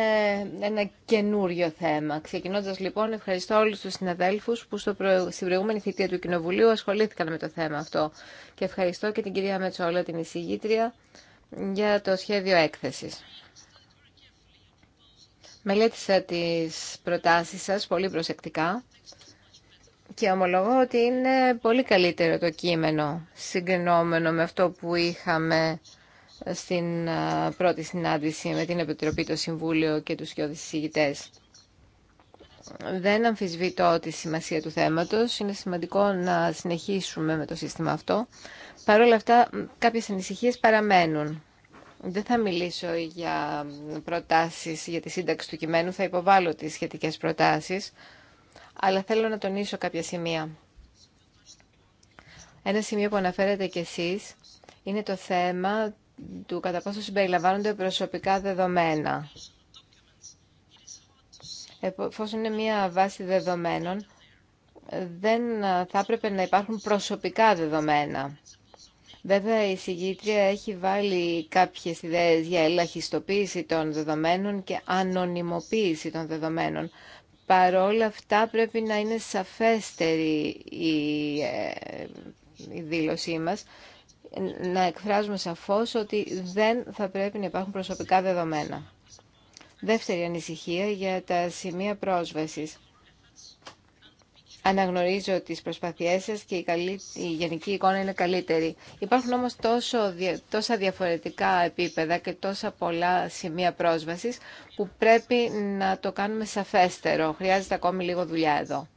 ένα καινούριο θέμα. Ξεκινώντα λοιπόν, ευχαριστώ όλου του συναδέλφου που στο προ... στην προηγούμενη θητεία του Κοινοβουλίου ασχολήθηκαν με το θέμα αυτό. Και ευχαριστώ και την κυρία Μετσόλα, την εισηγήτρια, για το σχέδιο έκθεση. Μελέτησα τις προτάσεις σας πολύ προσεκτικά και ομολογώ ότι είναι πολύ καλύτερο το κείμενο συγκρινόμενο με αυτό που είχαμε στην ε, πρώτη συνάντηση με την Επιτροπή, το Συμβούλιο και τους δυο συζητητές. Δεν αμφισβητώ τη σημασία του θέματος. Είναι σημαντικό να συνεχίσουμε με το σύστημα αυτό. Παρ' όλα αυτά, κάποιες ανησυχίες παραμένουν. Δεν θα μιλήσω για προτάσεις για τη σύνταξη του κειμένου, θα υποβάλω τις σχετικές προτάσεις, αλλά θέλω να τονίσω κάποια σημεία. Ένα σημείο που αναφέρετε κι εσείς είναι το θέμα του κατά πόσο συμπεριλαμβάνονται προσωπικά δεδομένα. Εφόσον είναι μια βάση δεδομένων, δεν θα έπρεπε να υπάρχουν προσωπικά δεδομένα. Βέβαια, η συγγήτρια έχει βάλει κάποιες ιδέες για ελαχιστοποίηση των δεδομένων και ανωνυμοποίηση των δεδομένων. Παρόλα αυτά, πρέπει να είναι σαφέστερη η, ε, η δήλωσή μας να εκφράζουμε σαφώς ότι δεν θα πρέπει να υπάρχουν προσωπικά δεδομένα. Δεύτερη ανησυχία για τα σημεία πρόσβασης. Αναγνωρίζω τις προσπαθειές σας και η, γενική εικόνα είναι καλύτερη. Υπάρχουν όμως τόσα διαφορετικά επίπεδα και τόσα πολλά σημεία πρόσβασης που πρέπει να το κάνουμε σαφέστερο. Χρειάζεται ακόμη λίγο δουλειά εδώ.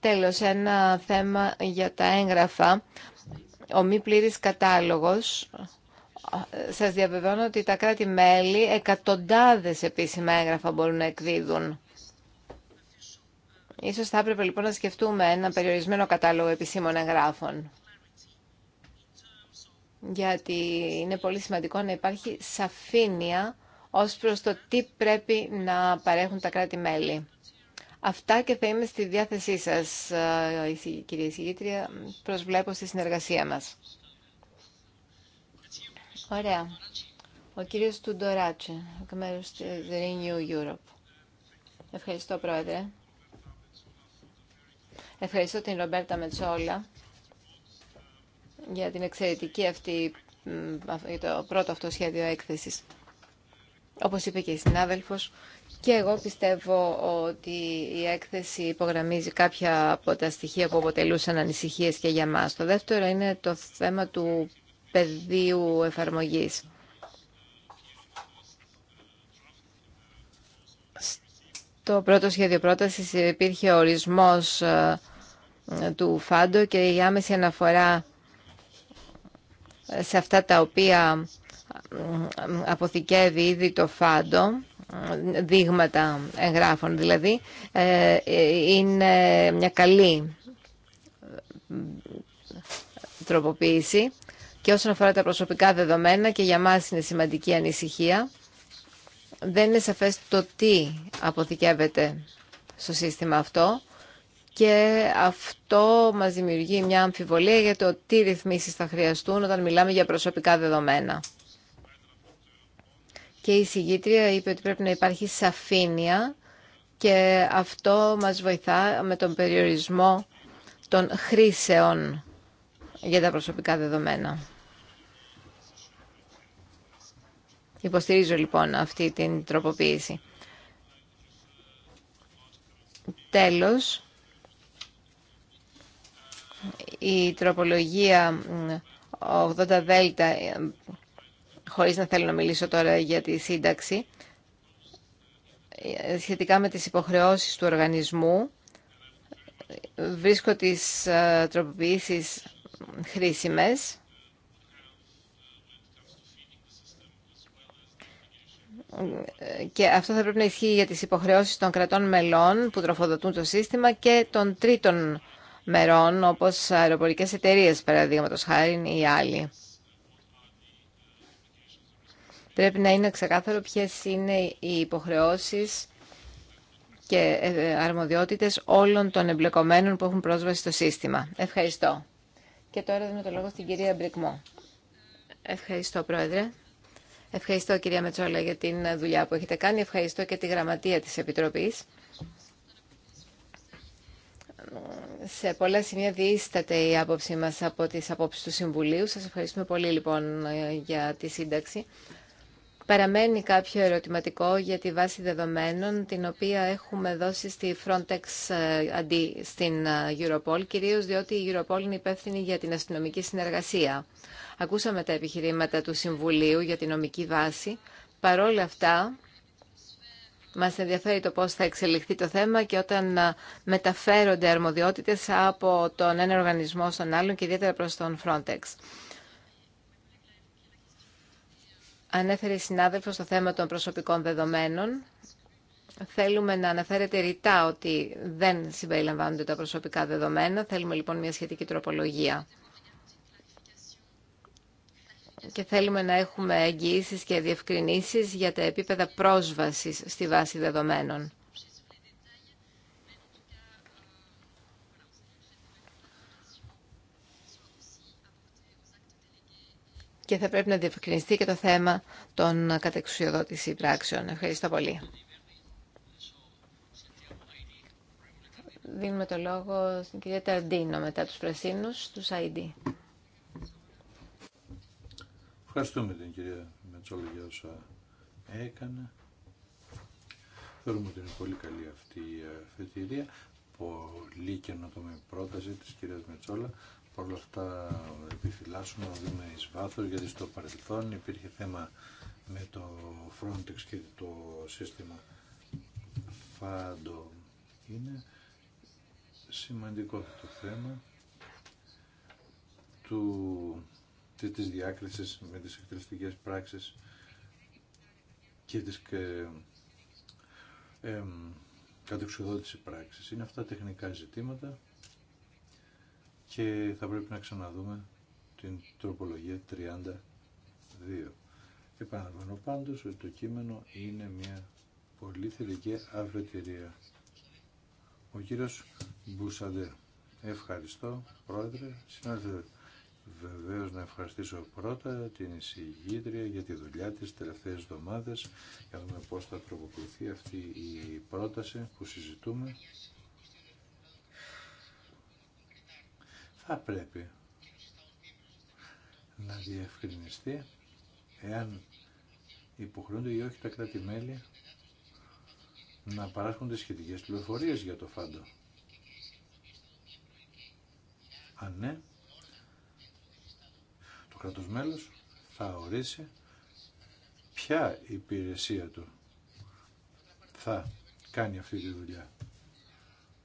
Τέλος, ένα θέμα για τα έγγραφα ο μη πλήρης κατάλογος σας διαβεβαιώνω ότι τα κράτη-μέλη εκατοντάδες επίσημα έγγραφα μπορούν να εκδίδουν. Ίσως θα έπρεπε λοιπόν να σκεφτούμε ένα περιορισμένο κατάλογο επισήμων εγγράφων. Γιατί είναι πολύ σημαντικό να υπάρχει σαφήνεια ως προς το τι πρέπει να παρέχουν τα κράτη-μέλη. Αυτά και θα είμαι στη διάθεσή σας, ε, κυρία Συγήτρια. Προσβλέπω στη συνεργασία μας. Ωραία. Ο κύριος Τουντοράτσε, εκ μέρους της Renew Europe. Ευχαριστώ, Πρόεδρε. Ευχαριστώ την Ρομπέρτα Μετσόλα για την εξαιρετική αυτή, για το πρώτο αυτό σχέδιο έκθεσης. Όπως είπε και η συνάδελφος, και εγώ πιστεύω ότι η έκθεση υπογραμμίζει κάποια από τα στοιχεία που αποτελούσαν ανησυχίες και για μας. Το δεύτερο είναι το θέμα του πεδίου εφαρμογής. Το πρώτο σχέδιο πρότασης υπήρχε ορισμός ε, του Φάντο και η άμεση αναφορά ε, σε αυτά τα οποία ε, αποθηκεύει ήδη το Φάντο δείγματα εγγράφων. Δηλαδή, ε, είναι μια καλή τροποποίηση και όσον αφορά τα προσωπικά δεδομένα και για μας είναι σημαντική ανησυχία, δεν είναι σαφές το τι αποθηκεύεται στο σύστημα αυτό και αυτό μας δημιουργεί μια αμφιβολία για το τι ρυθμίσεις θα χρειαστούν όταν μιλάμε για προσωπικά δεδομένα και η συγγήτρια είπε ότι πρέπει να υπάρχει σαφήνεια και αυτό μας βοηθά με τον περιορισμό των χρήσεων για τα προσωπικά δεδομένα. Υποστηρίζω λοιπόν αυτή την τροποποίηση. Τέλος, η τροπολογία 80 δέλτα χωρίς να θέλω να μιλήσω τώρα για τη σύνταξη, ε, σχετικά με τις υποχρεώσεις του οργανισμού, βρίσκω τις ε, τροποποιήσεις χρήσιμες. Και αυτό θα πρέπει να ισχύει για τις υποχρεώσεις των κρατών μελών που τροφοδοτούν το σύστημα και των τρίτων μερών, όπως αεροπορικές εταιρείες, παραδείγματος χάρη ή άλλοι. Πρέπει να είναι ξεκάθαρο ποιες είναι οι υποχρεώσεις και ε, ε, αρμοδιότητες όλων των εμπλεκομένων που έχουν πρόσβαση στο σύστημα. Ευχαριστώ. Και τώρα δίνω το λόγο στην κυρία Μπρικμό. Ευχαριστώ, Πρόεδρε. Ευχαριστώ, κυρία Μετσόλα, για την δουλειά που έχετε κάνει. Ευχαριστώ και τη γραμματεία της Επιτροπής. Σε πολλά σημεία διείσταται η άποψή μας από τις απόψεις του Συμβουλίου. Σας ευχαριστούμε πολύ, λοιπόν, για τη σύνταξη. Παραμένει κάποιο ερωτηματικό για τη βάση δεδομένων την οποία έχουμε δώσει στη Frontex ε, αντί στην ε, Europol, κυρίως διότι η Europol είναι υπεύθυνη για την αστυνομική συνεργασία. Ακούσαμε τα επιχειρήματα του Συμβουλίου για την νομική βάση. Παρόλα αυτά, μας ενδιαφέρει το πώς θα εξελιχθεί το θέμα και όταν ε, μεταφέρονται αρμοδιότητες από τον ένα οργανισμό στον άλλον και ιδιαίτερα προς τον Frontex. ανέφερε η συνάδελφο στο θέμα των προσωπικών δεδομένων. Θέλουμε να αναφέρεται ρητά ότι δεν συμπεριλαμβάνονται τα προσωπικά δεδομένα. Θέλουμε λοιπόν μια σχετική τροπολογία. Και θέλουμε να έχουμε εγγύησει και διευκρινήσεις για τα επίπεδα πρόσβασης στη βάση δεδομένων. και θα πρέπει να διευκρινιστεί και το θέμα των κατεξουσιοδότηση πράξεων. Ευχαριστώ πολύ. Δίνουμε το λόγο στην κυρία Ταρντίνο μετά τους πρασίνους, του ID. Ευχαριστούμε την κυρία Μετσόλη για όσα έκανε. Θεωρούμε ότι είναι πολύ καλή αυτή η αφετηρία. Πολύ καινοτομή πρόταση της κυρίας Μετσόλα Παρ' όλα αυτά επιφυλάσσουμε να δούμε εις βάθος, γιατί στο παρελθόν υπήρχε θέμα με το Frontex και το σύστημα Φάντο. Είναι σημαντικό το θέμα του, της διάκρισης με τις εκτελεστικές πράξεις και της ε, ε, πράξης. Είναι αυτά τεχνικά ζητήματα και θα πρέπει να ξαναδούμε την τροπολογία 32. Επαναλαμβάνω πάντως ότι το κείμενο είναι μια πολύ θετική αφετηρία. Ο κύριος Μπουσαντέ. Ευχαριστώ, Πρόεδρε. Συνάδελφε, βεβαίως να ευχαριστήσω πρώτα την εισηγήτρια για τη δουλειά της τελευταίες εβδομάδες για να δούμε πώς θα τροποποιηθεί αυτή η πρόταση που συζητούμε. θα πρέπει να διευκρινιστεί εάν υποχρεούνται ή όχι τα κράτη-μέλη να παράσχουν τις σχετικές πληροφορίες για το φάντο. Αν ναι, το κράτος μέλος θα ορίσει ποια υπηρεσία του θα κάνει αυτή τη δουλειά.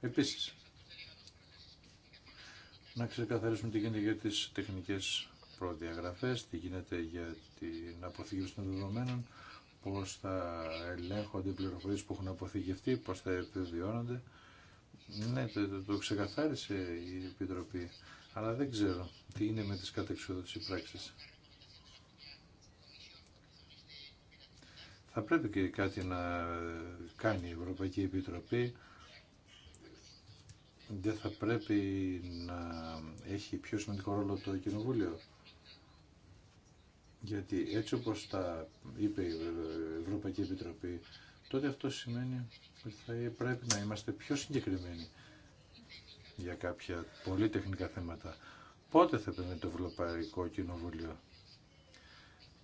Επίσης, να ξεκαθαρίσουμε τι γίνεται για τις τεχνικές προδιαγραφές, τι γίνεται για την αποθήκευση των δεδομένων, πώς θα ελέγχονται οι πληροφορίες που έχουν αποθηκευτεί, πώς θα επιβιώνονται. Ναι, το, το ξεκαθάρισε η Επιτροπή, αλλά δεν ξέρω τι είναι με τις οι πράξεις. Θα πρέπει και κάτι να κάνει η Ευρωπαϊκή Επιτροπή δεν θα πρέπει να έχει πιο σημαντικό ρόλο το Κοινοβούλιο. Γιατί έτσι όπως τα είπε η Ευρωπαϊκή Επιτροπή, τότε αυτό σημαίνει ότι θα πρέπει να είμαστε πιο συγκεκριμένοι για κάποια πολύ τεχνικά θέματα. Πότε θα πρέπει το Ευρωπαϊκό Κοινοβούλιο.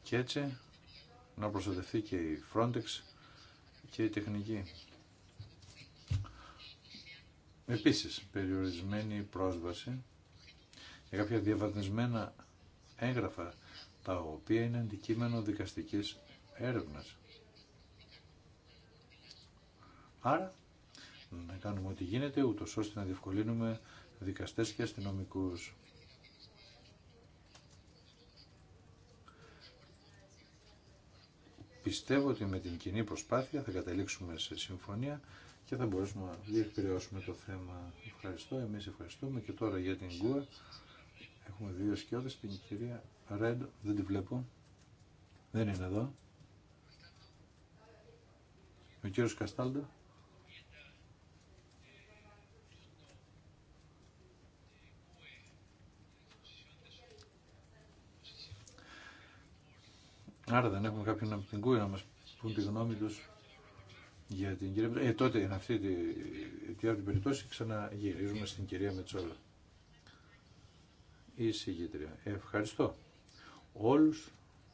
Και έτσι να προστατευτεί και η Frontex και η τεχνική. Επίσης, περιορισμένη πρόσβαση για κάποια διαβαθμισμένα έγγραφα, τα οποία είναι αντικείμενο δικαστικής έρευνας. Άρα, να κάνουμε ό,τι γίνεται, ούτως ώστε να διευκολύνουμε δικαστές και αστυνομικούς. Πιστεύω ότι με την κοινή προσπάθεια θα καταλήξουμε σε συμφωνία και θα μπορέσουμε να διεκπαιρεώσουμε το θέμα. Ευχαριστώ, εμείς ευχαριστούμε και τώρα για την ΚΟΕ. Έχουμε δύο σκιώδες, την κυρία Ρέντ, δεν τη βλέπω, δεν είναι εδώ. Ο κύριος Καστάλντα. Άρα δεν έχουμε κάποιον από την ΚΟΕ να μας πούν τη γνώμη τους για την κυρία Ε, τότε, εν αυτή τη, περιπτώση, ξαναγυρίζουμε στην κυρία Μετσόλα. Η Ε, Ευχαριστώ όλους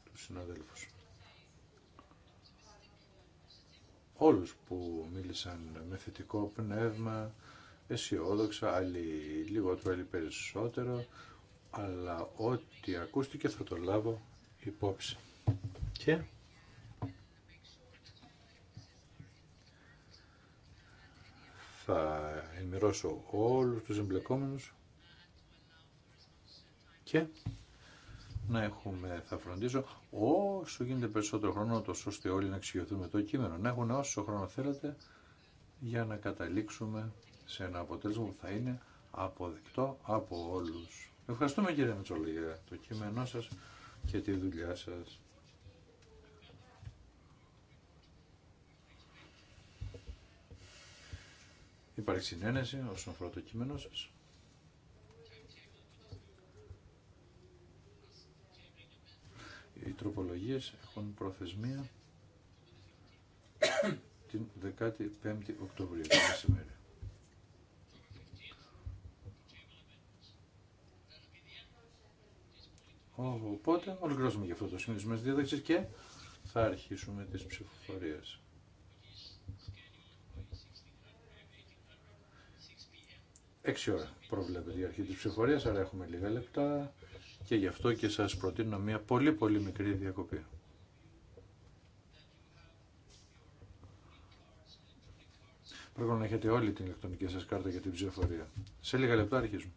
τους συναδέλφους. Όλους που μίλησαν με θετικό πνεύμα, αισιόδοξα, άλλοι λιγότερο, άλλοι περισσότερο, αλλά ό,τι ακούστηκε θα το λάβω υπόψη. Και θα ενημερώσω όλους τους εμπλεκόμενους και να έχουμε, θα φροντίζω όσο γίνεται περισσότερο χρόνο τόσο ώστε όλοι να εξηγηθούν το κείμενο. Να έχουν όσο χρόνο θέλετε για να καταλήξουμε σε ένα αποτέλεσμα που θα είναι αποδεκτό από όλους. Ευχαριστούμε κύριε Μητσολογία για το κείμενό σας και τη δουλειά σας. Υπάρχει συνένεση όσον αφορά το κείμενό σας. Οι τροπολογίες έχουν προθεσμία την 15η Οκτωβρίου, Οπότε ολοκληρώσουμε για αυτό το σημείο της και θα αρχίσουμε τις ψηφοφορίες. Έξι ώρα προβλέπεται η αρχή της ψηφορίας, άρα έχουμε λίγα λεπτά και γι' αυτό και σας προτείνω μια πολύ πολύ μικρή διακοπή. Πρέπει να έχετε όλη την ηλεκτρονική σας κάρτα για την ψηφορία. Σε λίγα λεπτά αρχίζουμε.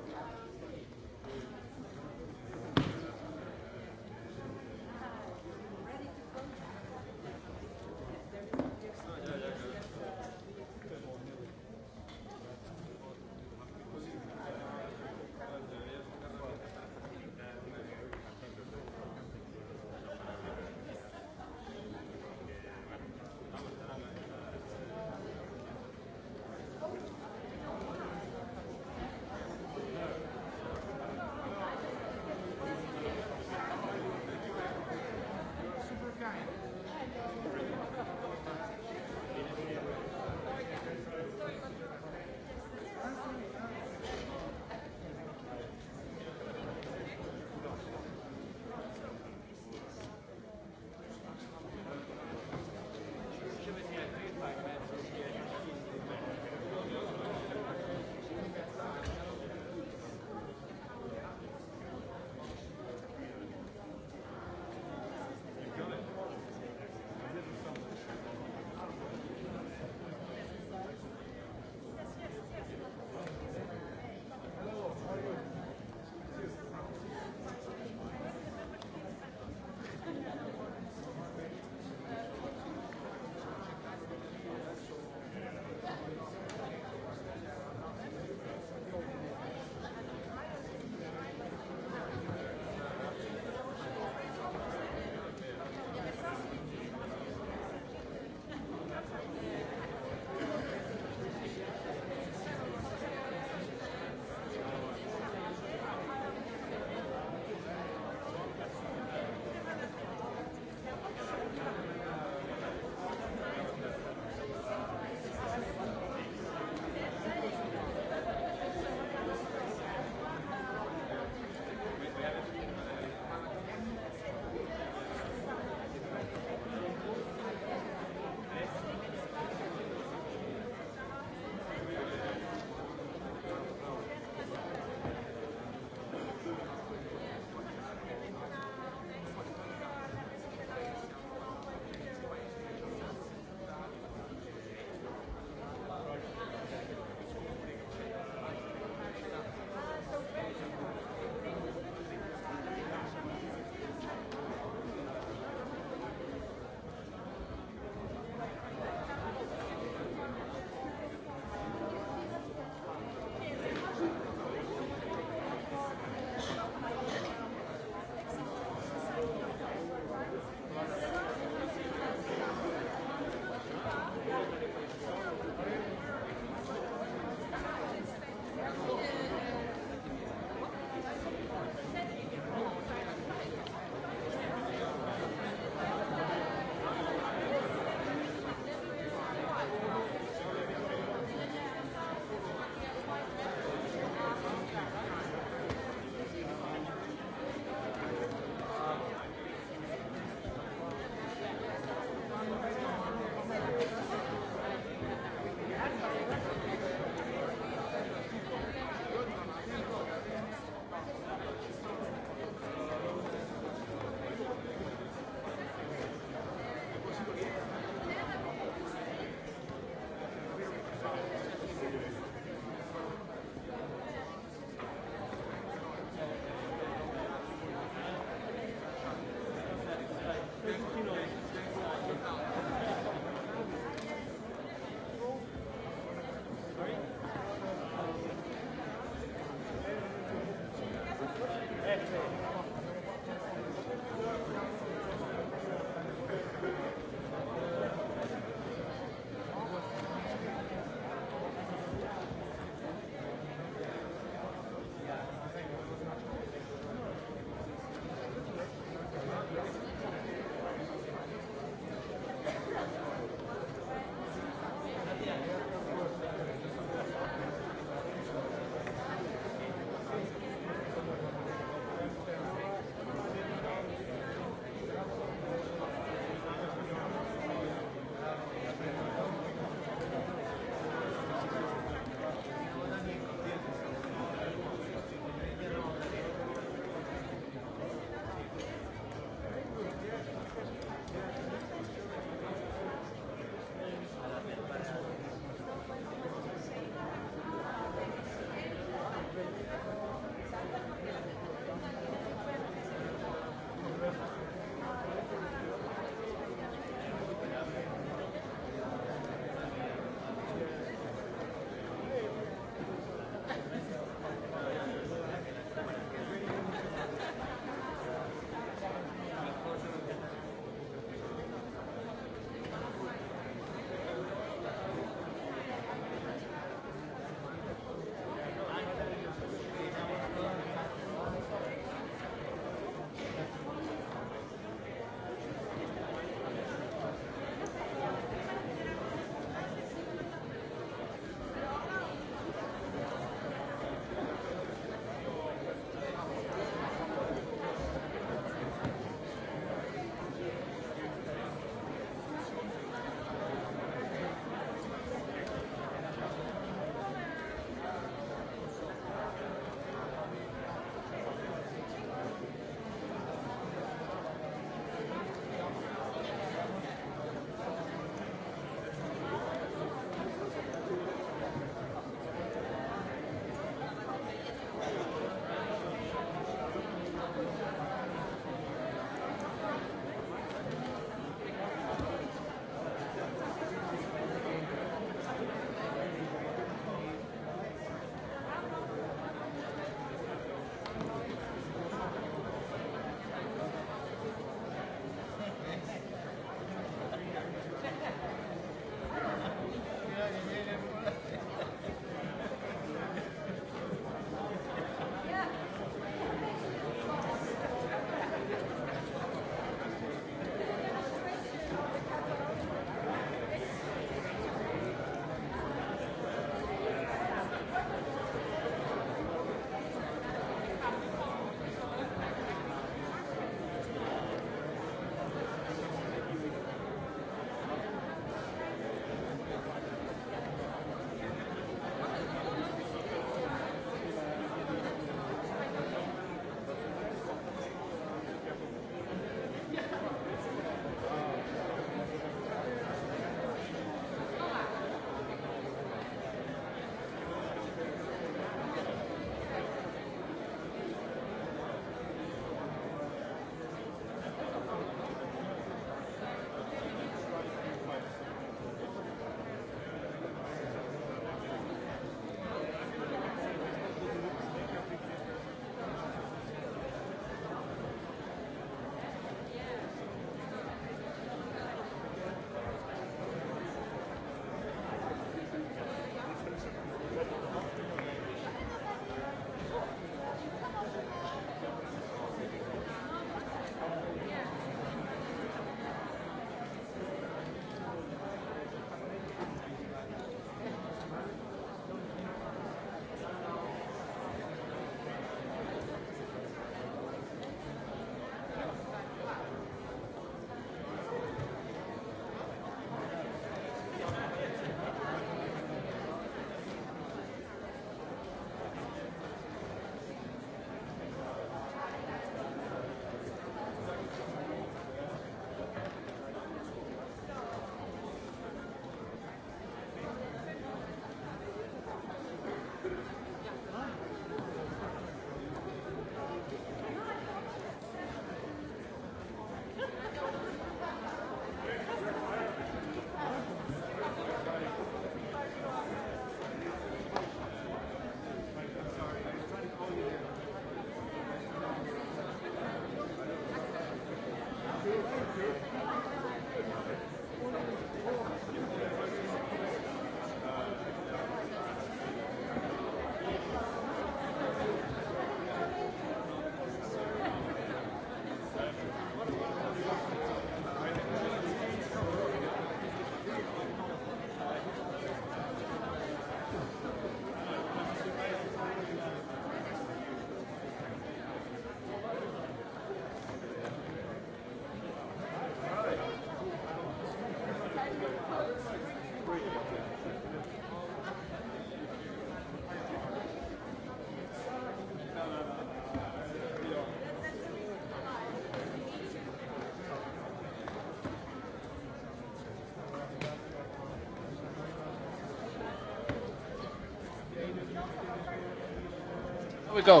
we go.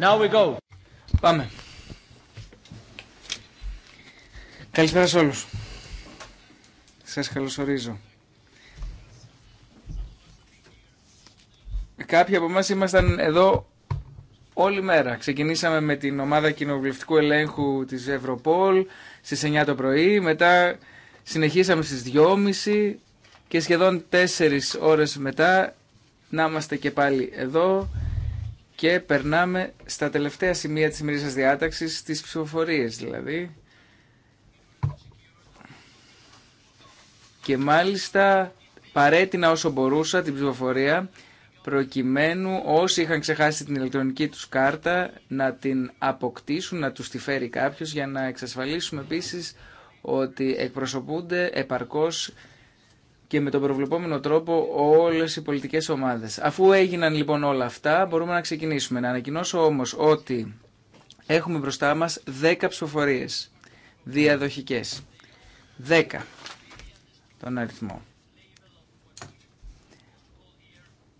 Now we go. Πάμε. Καλησπέρα σε όλους. Σας καλωσορίζω. Κάποιοι από εμάς ήμασταν εδώ όλη μέρα. Ξεκινήσαμε με την ομάδα κοινοβουλευτικού ελέγχου της Ευρωπόλ στις 9 το πρωί, μετά συνεχίσαμε στις 2.30 και σχεδόν 4 ώρες μετά να είμαστε και πάλι εδώ και περνάμε στα τελευταία σημεία της διάταξη διάταξης, στις ψηφοφορίες δηλαδή. Και μάλιστα παρέτεινα όσο μπορούσα την ψηφοφορία, προκειμένου όσοι είχαν ξεχάσει την ηλεκτρονική τους κάρτα να την αποκτήσουν, να τους τη φέρει κάποιος, για να εξασφαλίσουμε επίσης ότι εκπροσωπούνται επαρκώς και με τον προβλεπόμενο τρόπο όλες οι πολιτικές ομάδες. Αφού έγιναν λοιπόν όλα αυτά, μπορούμε να ξεκινήσουμε. Να ανακοινώσω όμως ότι έχουμε μπροστά μας 10 ψηφοφορίες διαδοχικές. 10 τον αριθμό.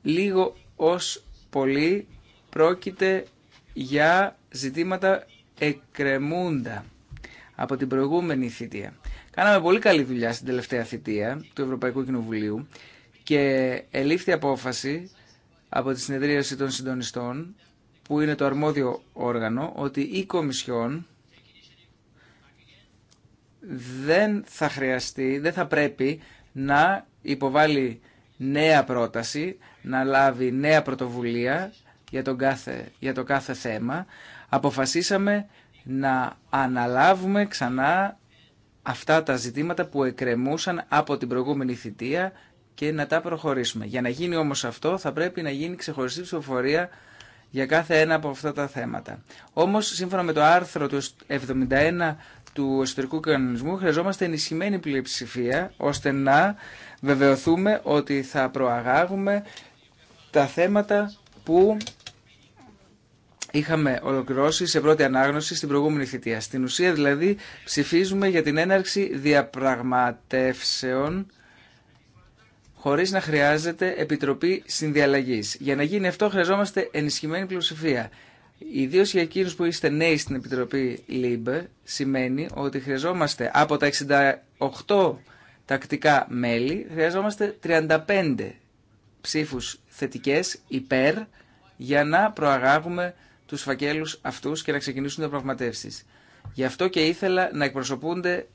Λίγο ως πολύ πρόκειται για ζητήματα εκκρεμούντα από την προηγούμενη θητεία. Κάναμε πολύ καλή δουλειά στην τελευταία θητεία του Ευρωπαϊκού Κοινοβουλίου και ελήφθη απόφαση από τη συνεδρίαση των συντονιστών που είναι το αρμόδιο όργανο ότι η Κομισιόν δεν θα χρειαστεί, δεν θα πρέπει να υποβάλει νέα πρόταση, να λάβει νέα πρωτοβουλία για, τον κάθε, για το κάθε θέμα. Αποφασίσαμε να αναλάβουμε ξανά αυτά τα ζητήματα που εκκρεμούσαν από την προηγούμενη θητεία και να τα προχωρήσουμε. Για να γίνει όμως αυτό θα πρέπει να γίνει ξεχωριστή ψηφοφορία για κάθε ένα από αυτά τα θέματα. Όμως, σύμφωνα με το άρθρο του 71 του εσωτερικού κανονισμού, χρειαζόμαστε ενισχυμένη πλειοψηφία, ώστε να βεβαιωθούμε ότι θα προαγάγουμε τα θέματα που είχαμε ολοκληρώσει σε πρώτη ανάγνωση στην προηγούμενη θητεία. Στην ουσία δηλαδή ψηφίζουμε για την έναρξη διαπραγματεύσεων χωρίς να χρειάζεται επιτροπή συνδιαλλαγής. Για να γίνει αυτό χρειαζόμαστε ενισχυμένη πλειοψηφία. Ιδίω για εκείνου που είστε νέοι στην Επιτροπή ΛΥΜΠ σημαίνει ότι χρειαζόμαστε από τα 68 τακτικά μέλη, χρειαζόμαστε 35 ψήφους θετικές υπέρ για να προαγάγουμε τους φακέλους αυτούς και να ξεκινήσουν διαπραγματεύσει. Γι' αυτό και ήθελα να εκπροσωπούνται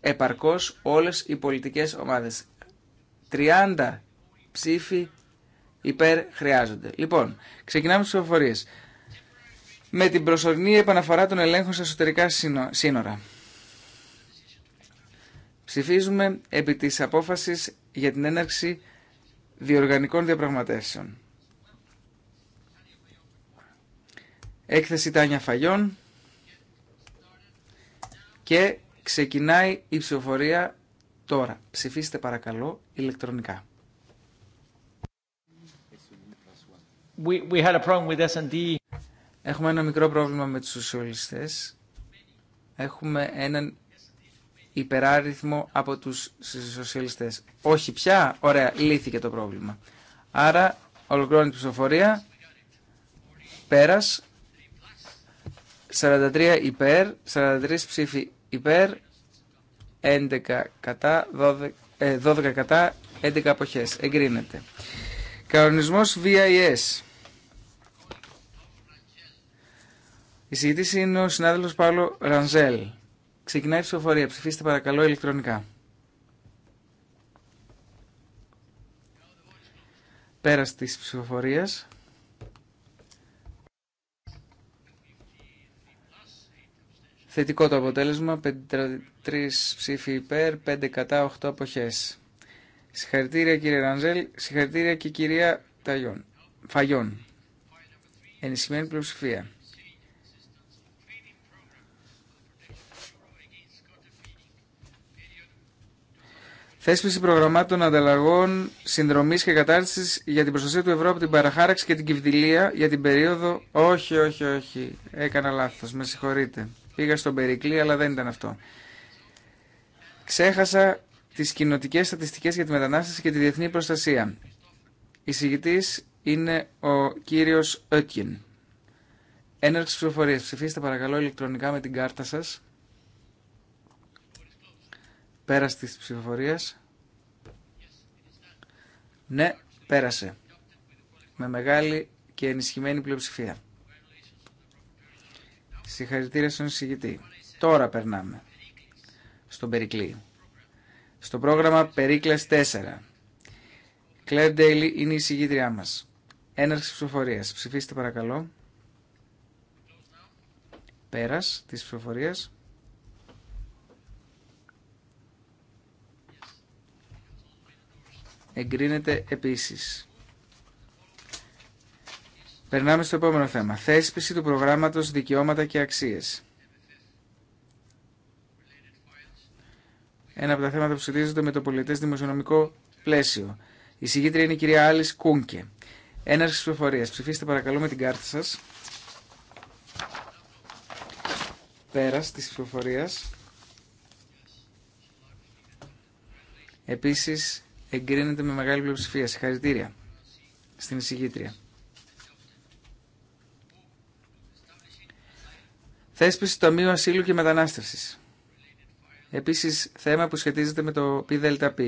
επαρκώς όλες οι πολιτικές ομάδες. 30 ψήφοι υπέρ χρειάζονται. Λοιπόν, ξεκινάμε τι ψηφοφορίε. Με την προσωρινή επαναφορά των ελέγχων σε εσωτερικά σύνορα. Ψηφίζουμε επί της απόφασης για την έναρξη διοργανικών διαπραγματεύσεων. έκθεση Τάνια Φαγιών και ξεκινάει η ψηφοφορία τώρα. Ψηφίστε παρακαλώ ηλεκτρονικά. We, we had a problem with Έχουμε ένα μικρό πρόβλημα με τους σοσιαλιστές. Έχουμε έναν υπεράριθμο από τους σοσιαλιστές. Όχι πια, ωραία, λύθηκε το πρόβλημα. Άρα, ολοκληρώνει η ψηφοφορία. Πέρας, 43 υπέρ, 43 ψήφοι υπέρ, 11 κατά, 12, 12 ε, κατά, 11 αποχές. Εγκρίνεται. Κανονισμός VIS. Η συζήτηση είναι ο συνάδελφος Παύλο Ρανζέλ. Ξεκινάει η ψηφοφορία. Ψηφίστε παρακαλώ ηλεκτρονικά. Πέρας της ψηφοφορίας. Θετικό το αποτέλεσμα, 53 ψήφοι υπέρ, 5 κατά, 8 αποχές. Συγχαρητήρια κύριε Ρανζέλ, συγχαρητήρια και κυρία Ταγιών. Φαγιών. Ενισχυμένη πλειοψηφία. Θέσπιση προγραμμάτων ανταλλαγών συνδρομή και κατάρτιση για την προστασία του ευρώ από την παραχάραξη και την κυβδηλία για την περίοδο. Όχι, όχι, όχι. Έκανα λάθο. Με συγχωρείτε. Πήγα στον Περικλή, αλλά δεν ήταν αυτό. Ξέχασα τι κοινοτικέ στατιστικέ για τη μετανάστευση και τη διεθνή προστασία. Η είναι ο κύριο Ότκιν. Έναρξη ψηφοφορία. Ψηφίστε παρακαλώ ηλεκτρονικά με την κάρτα σα. Πέρα τη ψηφοφορία. Ναι, πέρασε. Με μεγάλη και ενισχυμένη πλειοψηφία. Συγχαρητήρια στον εισηγητή. Τώρα περνάμε στον Περικλή. Στο πρόγραμμα Περίκλες 4. Κλέρ Ντέιλι είναι η εισηγήτριά μας. Έναρξη ψηφοφορίας. Ψηφίστε παρακαλώ. Πέρας της ψηφοφορίας. Εγκρίνεται επίσης. Περνάμε στο επόμενο θέμα. Θέσπιση του προγράμματος Δικαιώματα και Αξίες. Ένα από τα θέματα που σχετίζονται με το πολιτέ δημοσιονομικό πλαίσιο. Η συγγήτρια είναι η κυρία Άλλη Κούνκε. Έναρξη ψηφοφορία. Ψηφίστε παρακαλώ με την κάρτα σας. Πέρα τη ψηφοφορίας. Επίσης εγκρίνεται με μεγάλη πλειοψηφία. Συγχαρητήρια στην εισηγήτρια. Θέσπιση τομείου Ασύλου και Μετανάστευση. Επίση, θέμα που σχετίζεται με το ΠΔΠ.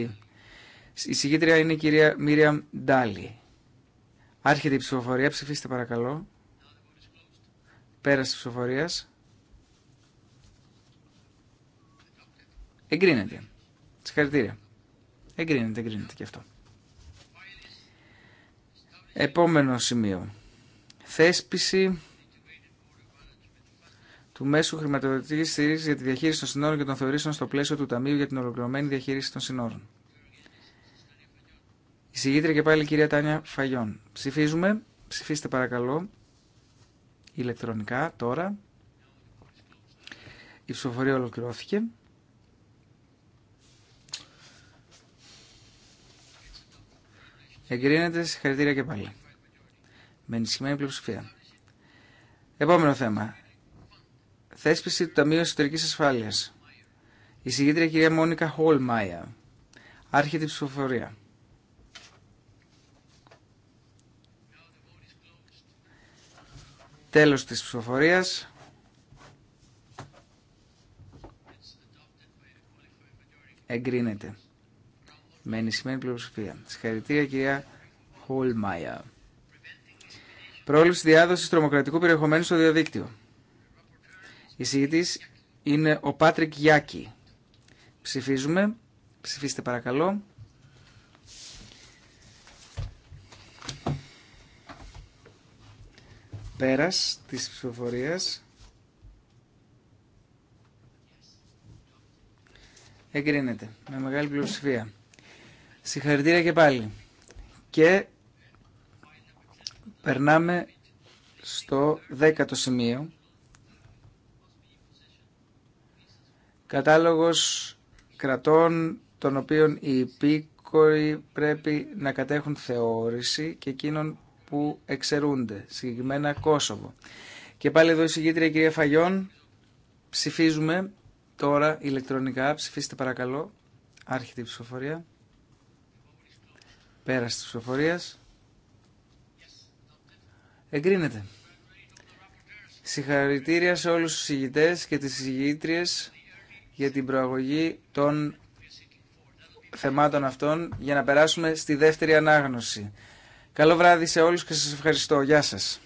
Η συγκίτρια είναι η κυρία Μίριαμ Ντάλι. Άρχεται η ψηφοφορία. Ψηφίστε παρακαλώ. Πέραση ψηφοφορία. Εγκρίνεται. Συγχαρητήρια. Εγκρίνεται, εγκρίνεται και αυτό. Επόμενο σημείο. Θέσπιση του μέσου χρηματοδοτική στήριξη για τη διαχείριση των συνόρων και των θεωρήσεων στο πλαίσιο του Ταμείου για την Ολοκληρωμένη Διαχείριση των Συνόρων. Η και πάλι κυρία Τάνια Φαγιών. Ψηφίζουμε. Ψηφίστε παρακαλώ ηλεκτρονικά τώρα. Η ψηφοφορία ολοκληρώθηκε. Εγκρίνεται συγχαρητήρια και πάλι. Με ενισχυμένη πλειοψηφία. Επόμενο θέμα θέσπιση του Ταμείου Εσωτερικής Ασφάλειας. Η συγγήτρια κυρία Μόνικα Χολμάια. Άρχεται η ψηφοφορία. Τέλος της ψηφοφορίας. Εγκρίνεται. Με ενισχυμένη πλειοψηφία. Συγχαρητήρια κυρία Χολμάια. Πρόληψη διάδοσης τρομοκρατικού περιεχομένου στο διαδίκτυο. Εισηγητής είναι ο Πάτρικ Γιάκη. Ψηφίζουμε. Ψηφίστε παρακαλώ. Πέρας της ψηφοφορίας. Εγκρίνεται με μεγάλη πλειοψηφία. Συγχαρητήρια και πάλι. Και περνάμε στο δέκατο σημείο κατάλογος κρατών των οποίων οι υπήκοοι πρέπει να κατέχουν θεώρηση και εκείνων που εξαιρούνται, συγκεκριμένα Κόσοβο. Και πάλι εδώ η συγκήτρια κυρία Φαγιών, ψηφίζουμε τώρα ηλεκτρονικά, ψηφίστε παρακαλώ, άρχιτη η ψηφοφορία, τους της ψηφοφορίας, εγκρίνεται. Συγχαρητήρια σε όλους τους συγητές και τις συγητρίες για την προαγωγή των θεμάτων αυτών για να περάσουμε στη δεύτερη ανάγνωση. Καλό βράδυ σε όλους και σας ευχαριστώ. Γεια σας.